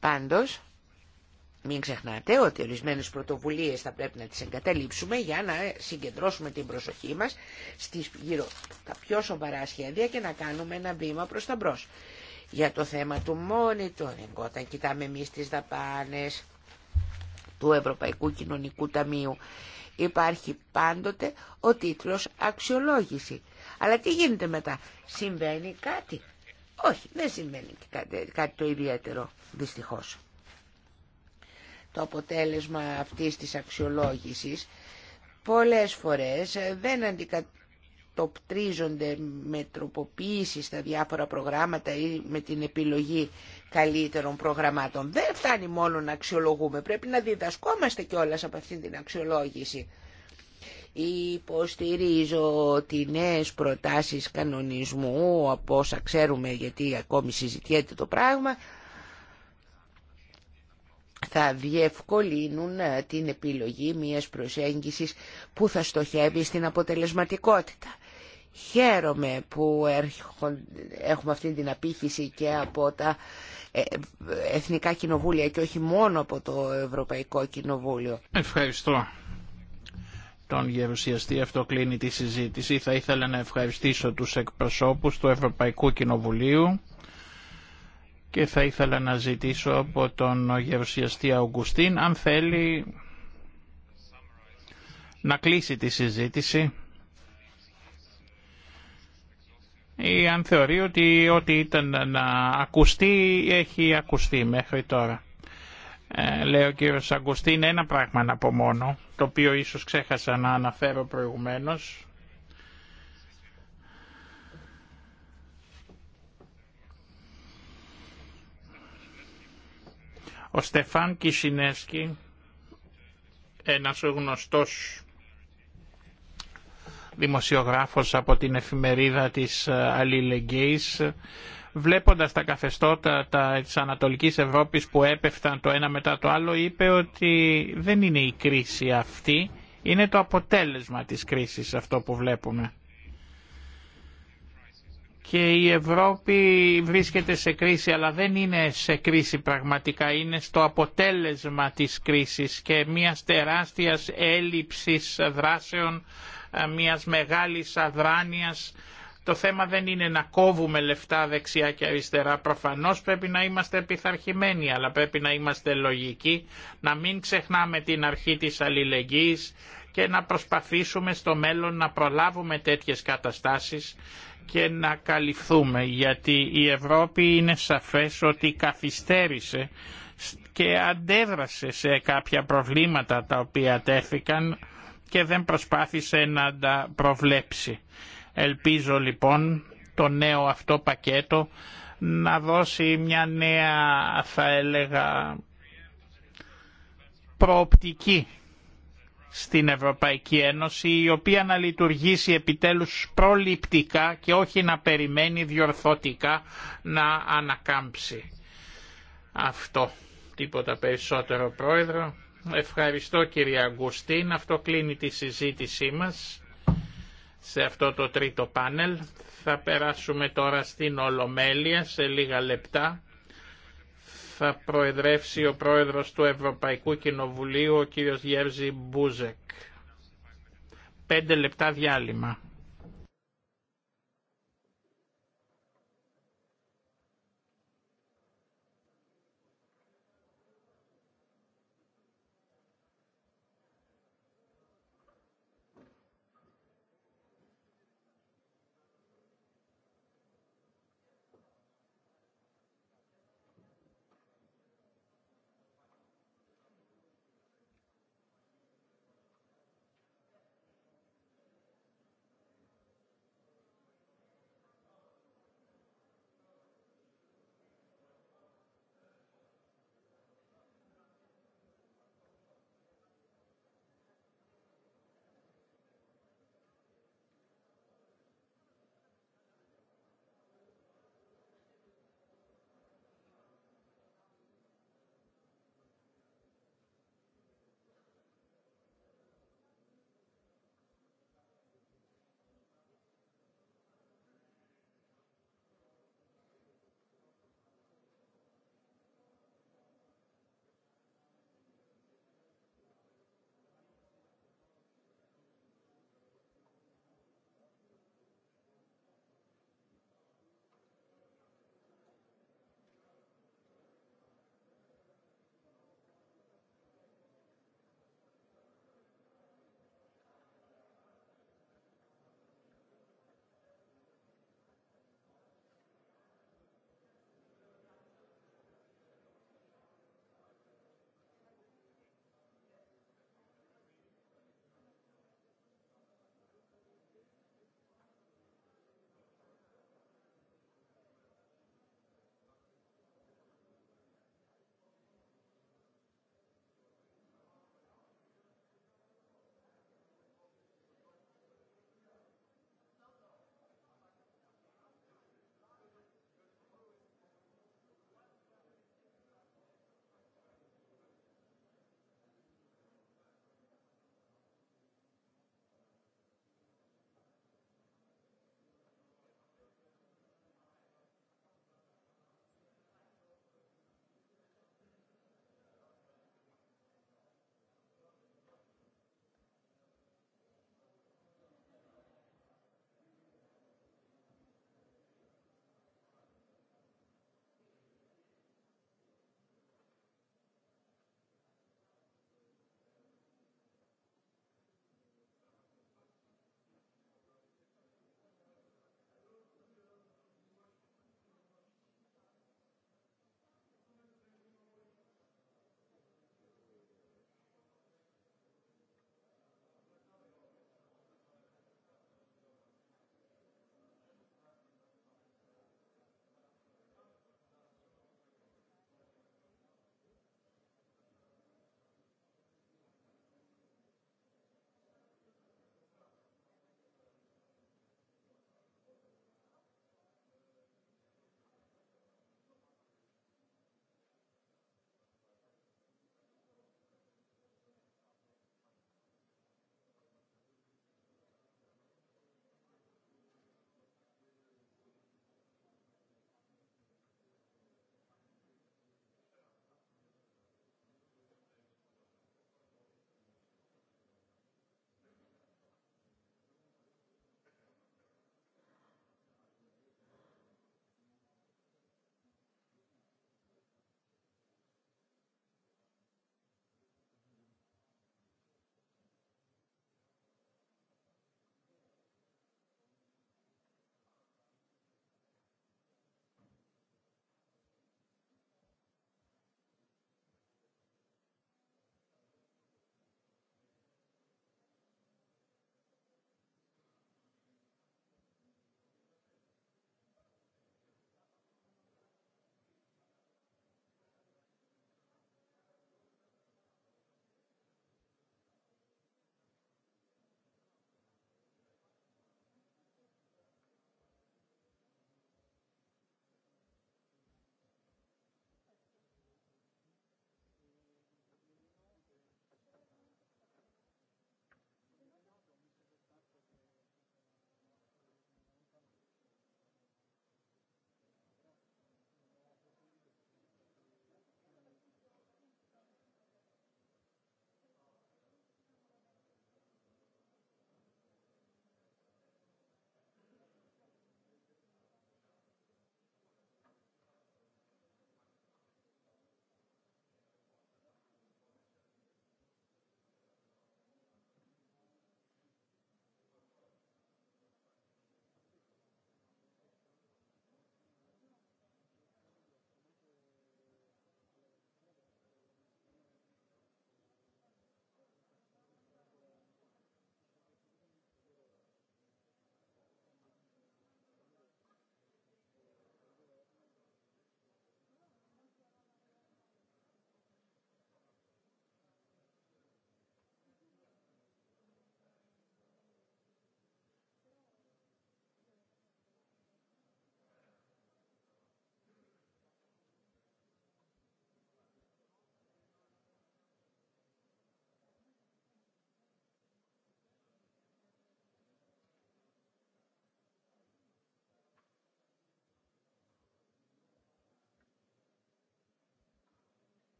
Πάντως, μην ξεχνάτε ότι ορισμένες πρωτοβουλίες θα πρέπει να τις εγκαταλείψουμε για να συγκεντρώσουμε την προσοχή μας στις γύρω τα πιο σοβαρά σχέδια και να κάνουμε ένα βήμα προς τα μπρος για το θέμα του monitoring όταν κοιτάμε εμείς τις δαπάνες του Ευρωπαϊκού Κοινωνικού Ταμείου υπάρχει πάντοτε ο τίτλος αξιολόγηση αλλά τι γίνεται μετά συμβαίνει κάτι όχι δεν συμβαίνει κάτι, κάτι το ιδιαίτερο δυστυχώς το αποτέλεσμα αυτής της αξιολόγησης πολλές φορές δεν αντικα τοπτρίζονται με τροποποίηση στα διάφορα προγράμματα ή με την επιλογή καλύτερων προγραμμάτων. Δεν φτάνει μόνο να αξιολογούμε, πρέπει να διδασκόμαστε κιόλας από αυτήν την αξιολόγηση. Υποστηρίζω ότι νέε προτάσεις κανονισμού, από όσα ξέρουμε γιατί ακόμη συζητιέται το πράγμα, θα διευκολύνουν την επιλογή μιας προσέγγισης που θα στοχεύει στην αποτελεσματικότητα. Χαίρομαι που έχουμε αυτή την απήχηση και από τα ε, εθνικά κοινοβούλια και όχι μόνο από το Ευρωπαϊκό Κοινοβούλιο. Ευχαριστώ τον γερουσιαστή. Αυτό κλείνει τη συζήτηση. Θα ήθελα να ευχαριστήσω τους εκπροσώπους του Ευρωπαϊκού Κοινοβουλίου και θα ήθελα να ζητήσω από τον γερουσιαστή Αουγκουστίν αν θέλει να κλείσει τη συζήτηση. ή αν θεωρεί ότι ό,τι ήταν να ακουστεί έχει ακουστεί μέχρι τώρα. Ε, λέει ο ένα πράγμα να πω μόνο, το οποίο ίσως ξέχασα να αναφέρω προηγουμένως. Ο Στεφάν Κισινέσκι, ένας γνωστός δημοσιογράφος από την εφημερίδα της ε, Αλληλεγγύης, βλέποντας τα καθεστώτα τα, της Ανατολικής Ευρώπης που έπεφταν το ένα μετά το άλλο, είπε ότι δεν είναι η κρίση αυτή, είναι το αποτέλεσμα της κρίσης αυτό που βλέπουμε. Και η Ευρώπη βρίσκεται σε κρίση, αλλά δεν είναι σε κρίση πραγματικά, είναι στο αποτέλεσμα της κρίσης και μιας τεράστιας έλλειψης δράσεων μιας μεγάλης αδράνειας. Το θέμα δεν είναι να κόβουμε λεφτά δεξιά και αριστερά. Προφανώς πρέπει να είμαστε επιθαρχημένοι, αλλά πρέπει να είμαστε λογικοί, να μην ξεχνάμε την αρχή της αλληλεγγύης και να προσπαθήσουμε στο μέλλον να προλάβουμε τέτοιες καταστάσεις και να καλυφθούμε, γιατί η Ευρώπη είναι σαφές ότι καθυστέρησε και αντέδρασε σε κάποια προβλήματα τα οποία τέθηκαν και δεν προσπάθησε να τα προβλέψει. Ελπίζω λοιπόν το νέο αυτό πακέτο να δώσει μια νέα θα έλεγα προοπτική στην Ευρωπαϊκή Ένωση η οποία να λειτουργήσει επιτέλους προληπτικά και όχι να περιμένει διορθωτικά να ανακάμψει. Αυτό. Τίποτα περισσότερο πρόεδρο. Ευχαριστώ κύριε Αγκουστίν. Αυτό κλείνει τη συζήτησή μας σε αυτό το τρίτο πάνελ. Θα περάσουμε τώρα στην Ολομέλεια σε λίγα λεπτά. Θα προεδρεύσει ο πρόεδρος του Ευρωπαϊκού Κοινοβουλίου, ο κύριος Γεύζη Μπούζεκ. Πέντε λεπτά διάλειμμα.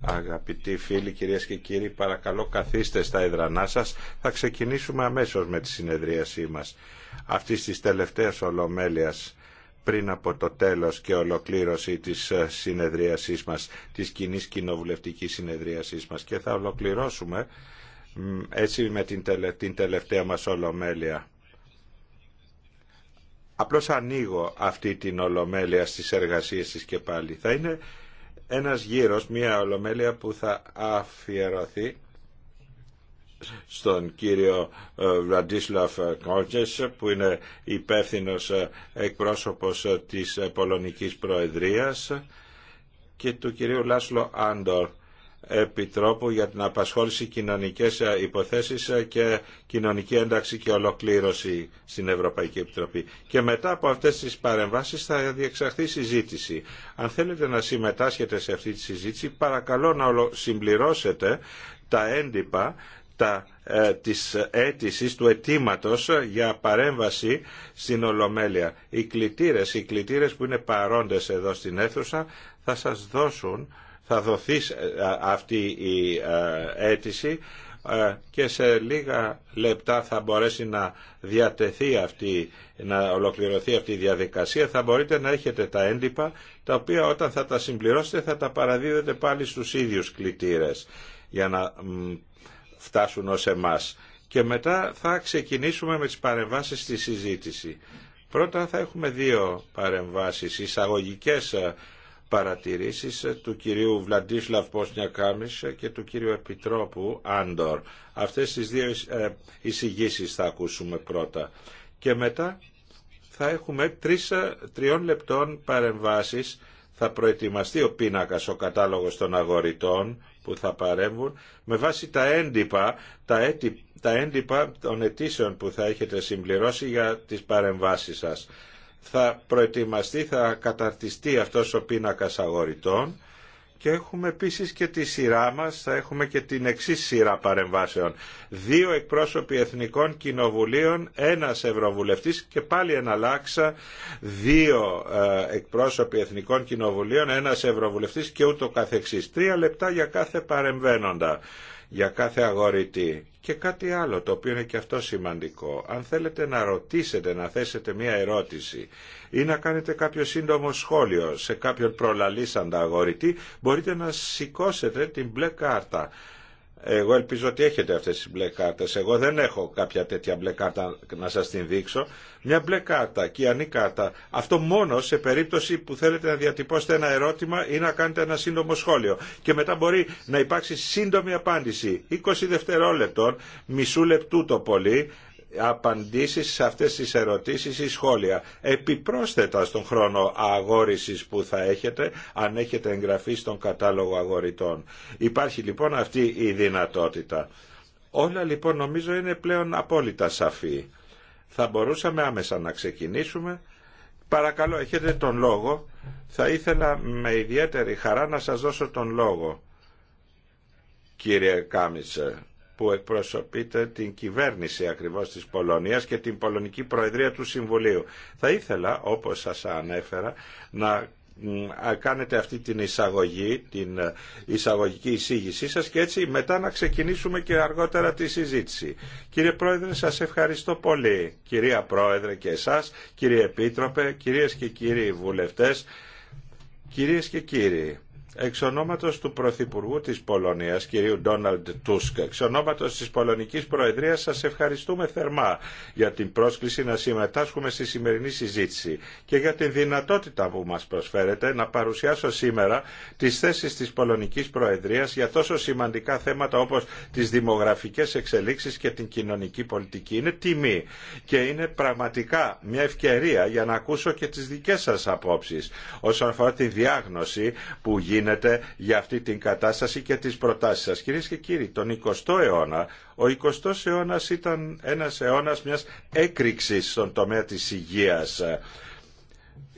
Αγαπητοί φίλοι, κυρίες και κύριοι, παρακαλώ καθίστε στα έδρανά σας. Θα ξεκινήσουμε αμέσως με τη συνεδρίασή μας. Αυτή της τελευταίας ολομέλειας πριν από το τέλος και ολοκλήρωση της ε, συνεδρίασής μας, της κοινή κοινοβουλευτικής συνεδρίασής μας. Και θα ολοκληρώσουμε έτσι με την τελευταία μας ολομέλεια. Απλώς ανοίγω αυτή την ολομέλεια στις εργασίες της και πάλι. Θα είναι ένας γύρος, μια ολομέλεια που θα αφιερωθεί στον κύριο ε, Βραντίσλαφ Κόντζες που είναι υπεύθυνος ε, εκπρόσωπος ε, της Πολωνικής Προεδρίας και του κυρίου Λάσλο Άντορ Επιτρόπου για την απασχόληση κοινωνικές ε, υποθέσεις ε, και κοινωνική ένταξη και ολοκλήρωση στην Ευρωπαϊκή Επιτροπή. Και μετά από αυτές τις παρεμβάσεις θα διεξαχθεί συζήτηση. Αν θέλετε να συμμετάσχετε σε αυτή τη συζήτηση, παρακαλώ να συμπληρώσετε τα έντυπα τα, ε, της αίτησης, του αιτήματο για παρέμβαση στην Ολομέλεια. Οι κλητήρε, οι κλητήρες που είναι παρόντες εδώ στην αίθουσα θα σας δώσουν θα δοθεί ε, αυτή η ε, αίτηση ε, και σε λίγα λεπτά θα μπορέσει να διατεθεί αυτή, να ολοκληρωθεί αυτή η διαδικασία, θα μπορείτε να έχετε τα έντυπα, τα οποία όταν θα τα συμπληρώσετε θα τα παραδίδετε πάλι στους ίδιους κλητήρες για να φτάσουν ως εμάς. Και μετά θα ξεκινήσουμε με τις παρεμβάσεις στη συζήτηση. Πρώτα θα έχουμε δύο παρεμβάσεις, εισαγωγικές παρατηρήσεις του κυρίου Βλαντίσλαβ Πόσνια και του κύριου Επιτρόπου Άντορ. Αυτές τις δύο ε, εισηγήσει θα ακούσουμε πρώτα. Και μετά θα έχουμε τρεις, ε, τριών λεπτών παρεμβάσεις. Θα προετοιμαστεί ο πίνακας, ο κατάλογος των αγοριτών που θα παρέμβουν με βάση τα έντυπα, τα, τα έντυπα των αιτήσεων που θα έχετε συμπληρώσει για τις παρεμβάσεις σας θα προετοιμαστεί, θα καταρτιστεί αυτός ο πίνακας αγοριτών και έχουμε επίσης και τη σειρά μας, θα έχουμε και την εξή σειρά παρεμβάσεων. Δύο εκπρόσωποι εθνικών κοινοβουλίων, ένας ευρωβουλευτής και πάλι εναλλάξα δύο ε, εκπρόσωποι εθνικών κοινοβουλίων, ένας ευρωβουλευτής και ούτω καθεξής. Τρία λεπτά για κάθε παρεμβαίνοντα για κάθε αγορητή. Και κάτι άλλο το οποίο είναι και αυτό σημαντικό. Αν θέλετε να ρωτήσετε, να θέσετε μία ερώτηση ή να κάνετε κάποιο σύντομο σχόλιο σε κάποιον προλαλήσαντα αγορητή, μπορείτε να σηκώσετε την μπλε κάρτα. Εγώ ελπίζω ότι έχετε αυτές τις μπλε κάρτες. Εγώ δεν έχω κάποια τέτοια μπλε κάρτα να σας την δείξω. Μια μπλε κάρτα, κιανή κάρτα. Αυτό μόνο σε περίπτωση που θέλετε να διατυπώσετε ένα ερώτημα ή να κάνετε ένα σύντομο σχόλιο. Και μετά μπορεί να υπάρξει σύντομη απάντηση. 20 δευτερόλεπτων, μισού λεπτού το πολύ απαντήσεις σε αυτές τις ερωτήσεις ή σχόλια. Επιπρόσθετα στον χρόνο αγόρησης που θα έχετε, αν έχετε εγγραφεί στον κατάλογο αγορητών. Υπάρχει λοιπόν αυτή η δυνατότητα. Όλα λοιπόν νομίζω είναι πλέον απόλυτα σαφή. Θα μπορούσαμε άμεσα να ξεκινήσουμε. Παρακαλώ, έχετε τον λόγο. Θα ήθελα με ιδιαίτερη χαρά να σας δώσω τον λόγο, κύριε Κάμισε που εκπροσωπείται την κυβέρνηση ακριβώς της Πολωνίας και την Πολωνική Προεδρία του Συμβουλίου. Θα ήθελα, όπως σας ανέφερα, να κάνετε αυτή την εισαγωγή, την ε, εισαγωγική εισήγησή σας και έτσι μετά να ξεκινήσουμε και αργότερα τη συζήτηση. Κύριε Πρόεδρε, σας ευχαριστώ πολύ. Κυρία Πρόεδρε και εσάς, κύριε Επίτροπε, κυρίες και κύριοι βουλευτές, κυρίες και κύριοι. Εξ ονόματος του Πρωθυπουργού της Πολωνίας, κυρίου Ντόναλντ Τούσκ, εξ ονόματος της Πολωνικής Προεδρίας σας ευχαριστούμε θερμά για την πρόσκληση να συμμετάσχουμε στη σημερινή συζήτηση και για την δυνατότητα που μας προσφέρετε να παρουσιάσω σήμερα τις θέσεις της Πολωνικής Προεδρίας για τόσο σημαντικά θέματα όπως τις δημογραφικές εξελίξεις και την κοινωνική πολιτική. Είναι τιμή και είναι πραγματικά μια ευκαιρία για να ακούσω και τις δικές σας απόψεις όσον αφορά τη διάγνωση που γίνεται για αυτή την κατάσταση και τις προτάσεις σας. Κυρίες και κύριοι, τον 20ο αιώνα, ο 20ος αιώνας ήταν ένας αιώνας μιας έκρηξης στον τομέα της υγείας.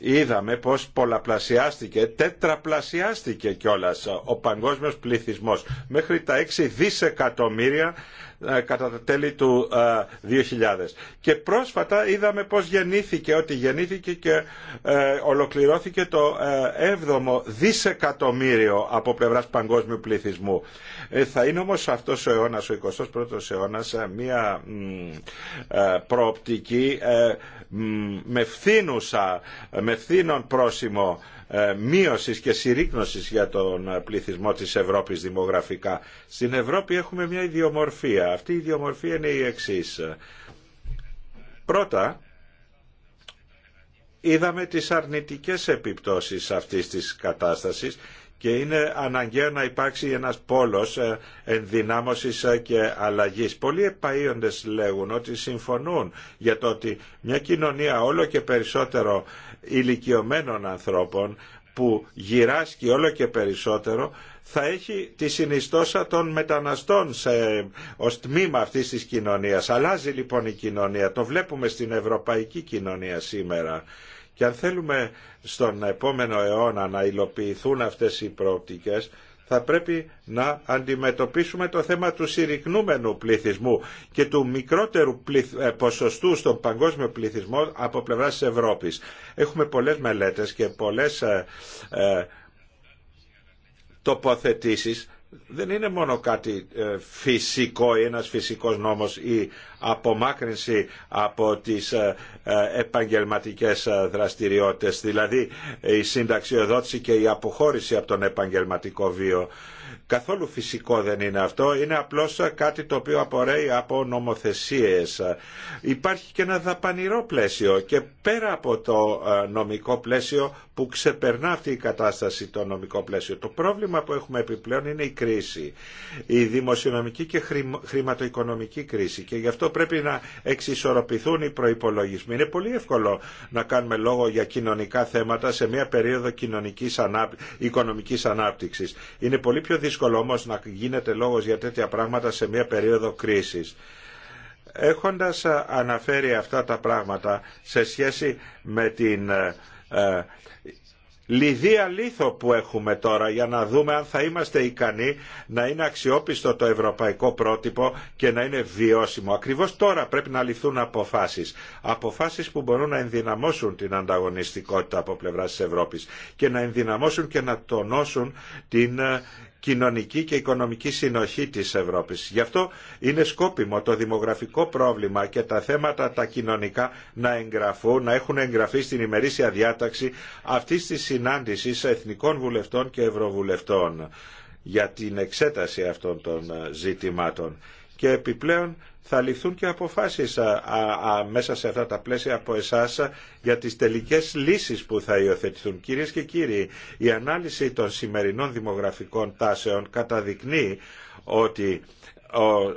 Είδαμε πως πολλαπλασιάστηκε, τέτραπλασιάστηκε κιόλας ο παγκόσμιος πληθυσμός μέχρι τα 6 δισεκατομμύρια ε, κατά τα τέλη του 2000. Ε, και πρόσφατα είδαμε πώς γεννήθηκε, ότι γεννήθηκε και ε, ολοκληρώθηκε το 7ο δισεκατομμύριο από πλευράς παγκόσμιου πληθυσμού. Θα είναι όμως αυτός ο αιώνας, ο 21ος αιώνας, μια προοπτική με φθήνουσα, με φθήνον πρόσημο ε, μείωσης και συρρήκνωσης για τον πληθυσμό της Ευρώπης δημογραφικά. Στην Ευρώπη έχουμε μια ιδιομορφία. Αυτή η ιδιομορφία είναι η εξής. Πρώτα, είδαμε τις αρνητικές επιπτώσεις αυτής της κατάστασης και είναι αναγκαίο να υπάρξει ένας πόλος ε, ενδυνάμωσης ε, και αλλαγής. Πολλοί επαΐοντες λέγουν ότι συμφωνούν για το ότι μια κοινωνία όλο και περισσότερο ηλικιωμένων ανθρώπων που γυράσκει όλο και περισσότερο θα έχει τη συνιστόσα των μεταναστών σε, ως τμήμα αυτής της κοινωνίας. Αλλάζει λοιπόν η κοινωνία, το βλέπουμε στην ευρωπαϊκή κοινωνία σήμερα. Και αν θέλουμε στον επόμενο αιώνα να υλοποιηθούν αυτές οι προοπτικές, θα πρέπει να αντιμετωπίσουμε το θέμα του συρρυκνούμενου πληθυσμού και του μικρότερου ε, ποσοστού στον παγκόσμιο πληθυσμό από πλευράς της Ευρώπης. Έχουμε πολλές μελέτες και πολλές ε, ε, τοποθετήσεις δεν είναι μόνο κάτι ε, φυσικό ή ένας φυσικός νόμος ή απομάκρυνση από τις ε, ε, επαγγελματικές δραστηριότητες, δηλαδή η συνταξιοδότηση και η αποχώρηση από τον επαγγελματικό βίο. Καθόλου φυσικό δεν είναι αυτό, είναι απλώς κάτι το οποίο απορρέει από νομοθεσίες. Υπάρχει και ένα δαπανηρό πλαίσιο και πέρα από το ε, νομικό πλαίσιο που ξεπερνά αυτή η κατάσταση το νομικό πλαίσιο. Το πρόβλημα που έχουμε επιπλέον είναι η κρίση, η δημοσιονομική και χρηματοοικονομική κρίση και γι' αυτό πρέπει να εξισορροπηθούν οι προϋπολογισμοί. Είναι πολύ εύκολο να κάνουμε λόγο για κοινωνικά θέματα σε μια περίοδο κοινωνικής οικονομικής Είναι πολύ πιο δύσκολο όμω να γίνεται λόγος για τέτοια πράγματα σε μια περίοδο κρίσης. Έχοντα ε, αναφέρει αυτά τα πράγματα σε σχέση με την ε, ε, λιδία λίθο που έχουμε τώρα για να δούμε αν θα είμαστε ικανοί να είναι αξιόπιστο το ευρωπαϊκό πρότυπο και να είναι βιώσιμο. Ακριβώς τώρα πρέπει να ληφθούν αποφάσεις. Αποφάσεις που μπορούν να ενδυναμώσουν την ανταγωνιστικότητα από πλευρά της Ευρώπης και να ενδυναμώσουν και να τονώσουν την ε, κοινωνική και οικονομική συνοχή της Ευρώπης. Γι' αυτό είναι σκόπιμο το δημογραφικό πρόβλημα και τα θέματα τα κοινωνικά να εγγραφούν, να έχουν εγγραφεί στην ημερήσια διάταξη αυτής της συνάντησης εθνικών βουλευτών και ευρωβουλευτών για την εξέταση αυτών των ζητημάτων. Και επιπλέον θα ληφθούν και αποφάσεις μέσα σε αυτά τα πλαίσια από εσάς για τις τελικές λύσεις που θα υιοθετηθούν. Κυρίες και κύριοι, η ανάλυση των σημερινών δημογραφικών τάσεων καταδεικνύει ότι ο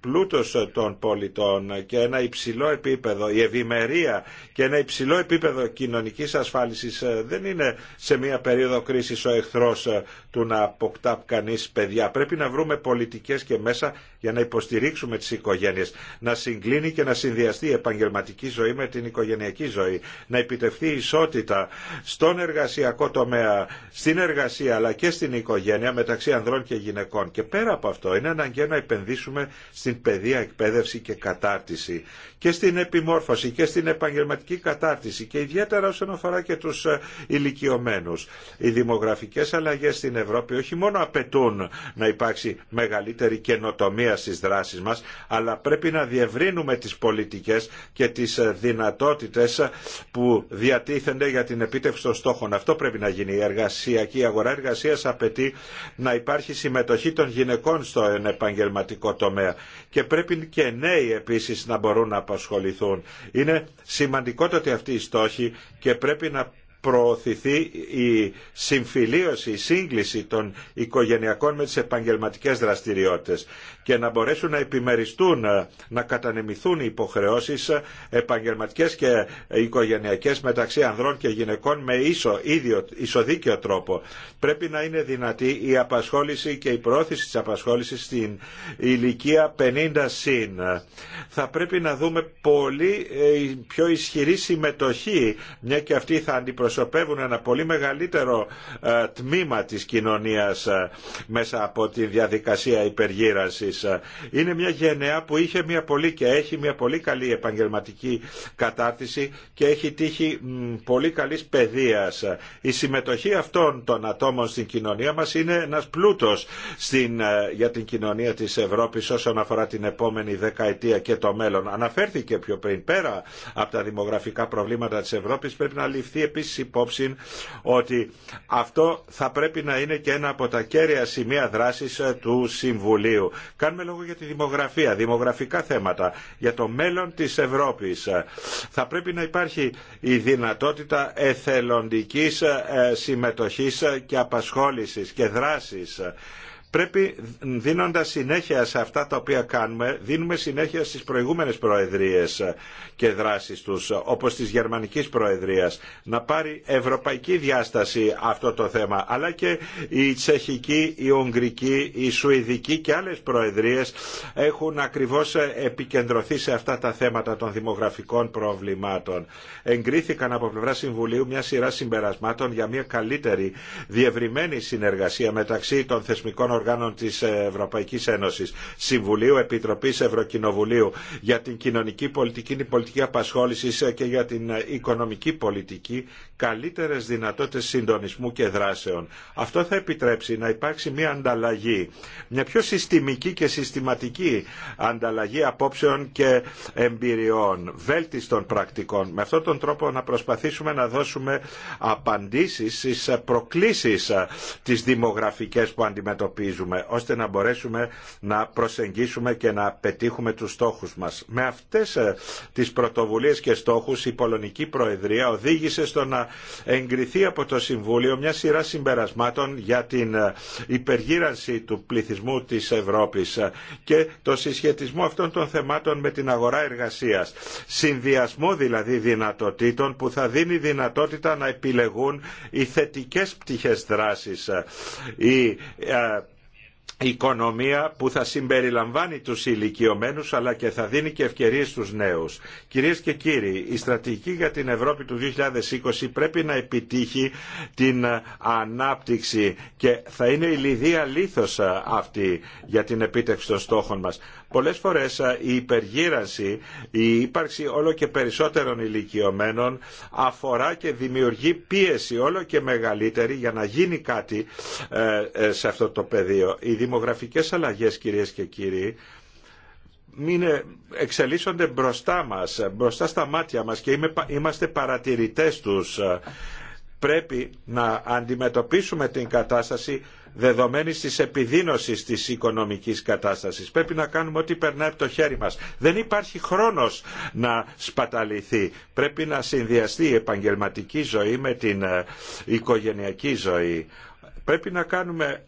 πλούτος των πολιτών και ένα υψηλό επίπεδο, η ευημερία και ένα υψηλό επίπεδο κοινωνικής ασφάλισης ε, δεν είναι σε μια περίοδο κρίσης ο εχθρός ε, του να αποκτά κανείς παιδιά. Πρέπει να βρούμε πολιτικές και μέσα για να υποστηρίξουμε τις οικογένειες, να συγκλίνει και να συνδυαστεί η επαγγελματική ζωή με την οικογενειακή ζωή, να επιτευχθεί ισότητα στον εργασιακό τομέα, στην εργασία αλλά και στην οικογένεια μεταξύ ανδρών και γυναικών. Και πέρα από αυτό είναι αναγκαίο να επενδύσουμε στην παιδεία, εκπαίδευση και κατάρτιση και στην επιμόρφωση και στην επαγγελματική κατάρτιση και ιδιαίτερα όσον αφορά και τους ε, ηλικιωμένους. Οι δημογραφικές αλλαγές στην Ευρώπη όχι μόνο απαιτούν να υπάρξει μεγαλύτερη καινοτομία στις δράσεις μας, αλλά πρέπει να διευρύνουμε τις πολιτικές και τις ε, δυνατότητες ε, που διατίθενται για την επίτευξη των στόχων. Αυτό πρέπει να γίνει. Η εργασιακή αγορά εργασίας απαιτεί να υπάρχει συμμετοχή των γυναικών στο επαγγελματικό επαγγελματικό τομέα. Και πρέπει και νέοι επίσης να μπορούν να απασχοληθούν. Είναι σημαντικότατοι αυτή η στόχη και πρέπει να προωθηθεί η συμφιλίωση, η σύγκληση των οικογενειακών με τις επαγγελματικές δραστηριότητες και να μπορέσουν να επιμεριστούν, ε, να κατανεμηθούν οι υποχρεώσεις ε, επαγγελματικές και οικογενειακές μεταξύ ανδρών και γυναικών με ίσο, ίδιο, ισοδίκιο τρόπο. Πρέπει να είναι δυνατή η απασχόληση και η προώθηση της απασχόλησης στην ηλικία 50 συν. Θα πρέπει να δούμε πολύ ε, πιο ισχυρή συμμετοχή, μια και αυτή θα αντιπροσωπεύει αντιπροσωπεύουν ένα πολύ μεγαλύτερο ε, τμήμα της κοινωνίας ε, μέσα από τη διαδικασία υπεργύρασης. Ε, είναι μια γενεά που είχε μια πολύ και έχει μια πολύ καλή επαγγελματική κατάρτιση και έχει τύχει πολύ καλής παιδείας. Η συμμετοχή αυτών των ατόμων στην κοινωνία μας είναι ένας πλούτος στην, για την κοινωνία της Ευρώπης όσον αφορά την επόμενη δεκαετία και το μέλλον. Αναφέρθηκε πιο πριν πέρα από τα δημογραφικά προβλήματα της Ευρώπης πρέπει να ληφθεί επίσης υπόψη ότι αυτό θα πρέπει να είναι και ένα από τα κέρια σημεία δράσης ε, του Συμβουλίου. Κάνουμε λόγο για τη δημογραφία, δημογραφικά θέματα, για το μέλλον της Ευρώπης. Ε, θα πρέπει να υπάρχει η δυνατότητα εθελοντικής ε, συμμετοχής και απασχόλησης και δράσης πρέπει δίνοντας συνέχεια σε αυτά τα οποία κάνουμε, δίνουμε συνέχεια στις προηγούμενες προεδρίες και δράσεις τους, όπως της Γερμανικής προεδρία, να πάρει ευρωπαϊκή διάσταση αυτό το θέμα, αλλά και η Τσεχική, η Ουγγρική, η Σουηδική και άλλες προεδρίες έχουν ακριβώς επικεντρωθεί σε αυτά τα θέματα των δημογραφικών προβλημάτων. Εγκρίθηκαν από πλευρά Συμβουλίου μια σειρά συμπερασμάτων για μια καλύτερη διευρυμένη συνεργασία μεταξύ των θεσμικών οργανών οργάνων της Ευρωπαϊκής Ένωσης, Συμβουλίου, Επιτροπή Ευρωκοινοβουλίου για την κοινωνική πολιτική, την πολιτική απασχόληση και για την οικονομική πολιτική Καλύτερε δυνατότητε συντονισμού και δράσεων. Αυτό θα επιτρέψει να υπάρξει μια ανταλλαγή, μια πιο συστημική και συστηματική ανταλλαγή απόψεων και εμπειριών, βέλτιστων πρακτικών. Με αυτόν τον τρόπο να προσπαθήσουμε να δώσουμε απαντήσει στι προκλήσει ε, τι δημογραφικέ που αντιμετωπίζουμε αντιμετωπίζουμε ώστε να μπορέσουμε να προσεγγίσουμε και να πετύχουμε τους στόχους μας. Με αυτές ε, τις πρωτοβουλίες και στόχους η Πολωνική Προεδρία οδήγησε στο να εγκριθεί από το Συμβούλιο μια σειρά συμπερασμάτων για την ε, υπεργύρανση του πληθυσμού της Ευρώπης ε, και το συσχετισμό αυτών των θεμάτων με την αγορά εργασίας. Συνδυασμό δηλαδή δυνατοτήτων που θα δίνει δυνατότητα να επιλεγούν οι θετικές πτυχές δράσης. Η οικονομία που θα συμπεριλαμβάνει τους ηλικιωμένους αλλά και θα δίνει και ευκαιρίες στους νέους. Κυρίες και κύριοι, η στρατηγική για την Ευρώπη του 2020 πρέπει να επιτύχει την ε, ανάπτυξη και θα είναι η λιδία λίθος ε, αυτή για την επίτευξη των στόχων μας. Πολλές φορές η υπεργύρανση, η ύπαρξη όλο και περισσότερων ηλικιωμένων αφορά και δημιουργεί πίεση όλο και μεγαλύτερη για να γίνει κάτι ε, ε, σε αυτό το πεδίο. Οι δημογραφικές αλλαγές κυρίες και κύριοι μην ε, εξελίσσονται μπροστά μας, μπροστά στα μάτια μας και είμαστε παρατηρητές τους. Πρέπει να αντιμετωπίσουμε την κατάσταση δεδομένης της επιδείνωσης της οικονομικής κατάστασης. Πρέπει να κάνουμε ό,τι περνάει από το χέρι μας. Δεν υπάρχει χρόνος να σπαταληθεί. Πρέπει να συνδυαστεί η επαγγελματική ζωή με την ε, οικογενειακή ζωή. Πρέπει να κάνουμε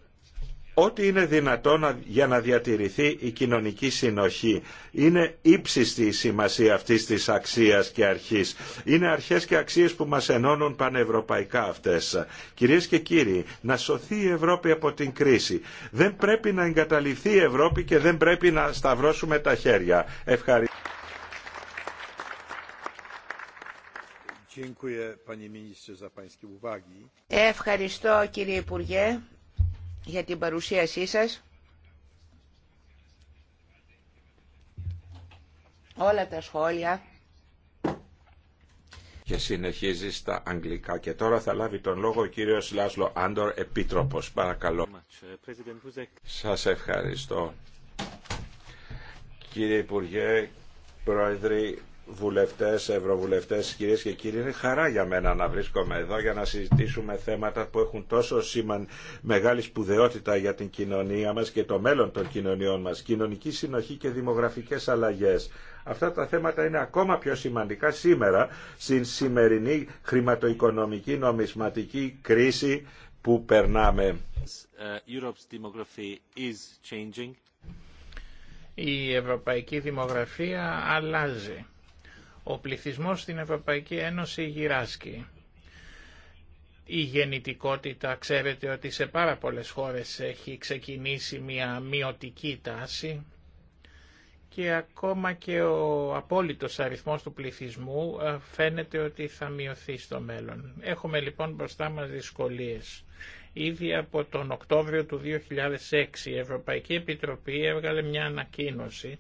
ό,τι είναι δυνατό για να διατηρηθεί η κοινωνική συνοχή. Είναι ύψιστη η σημασία αυτής της αξίας και αρχής. Είναι αρχές και αξίες που μας ενώνουν πανευρωπαϊκά αυτές. Κυρίες και κύριοι, να σωθεί η Ευρώπη από την κρίση. Δεν πρέπει να εγκαταλειφθεί η Ευρώπη και δεν πρέπει να σταυρώσουμε τα χέρια. Ευχαριστώ. Ευχαριστώ κύριε Υπουργέ για την παρουσίασή σας. Όλα τα σχόλια. Και συνεχίζει στα αγγλικά. Και τώρα θα λάβει τον λόγο ο κύριος Λάσλο Άντορ, επίτροπος. Παρακαλώ. Σας ευχαριστώ. Κύριε Υπουργέ, Πρόεδρε, βουλευτές, ευρωβουλευτές, κυρίες και κύριοι, είναι χαρά για μένα να βρίσκομαι εδώ για να συζητήσουμε θέματα που έχουν τόσο σήμαν μεγάλη σπουδαιότητα για την κοινωνία μας και το μέλλον των κοινωνιών μας, κοινωνική συνοχή και δημογραφικές αλλαγές. Αυτά τα θέματα είναι ακόμα πιο σημαντικά σήμερα στην σημερινή χρηματοοικονομική νομισματική κρίση που περνάμε. Η ευρωπαϊκή δημογραφία αλλάζει. Ο πληθυσμός στην Ευρωπαϊκή Ένωση γυράσκει. Η γεννητικότητα, ξέρετε ότι σε πάρα πολλές χώρες έχει ξεκινήσει μια μειωτική τάση και ακόμα και ο απόλυτος αριθμός του πληθυσμού ε, φαίνεται ότι θα μειωθεί στο μέλλον. Έχουμε λοιπόν μπροστά μας δυσκολίες. Ήδη από τον Οκτώβριο του 2006 η Ευρωπαϊκή Επιτροπή έβγαλε μια ανακοίνωση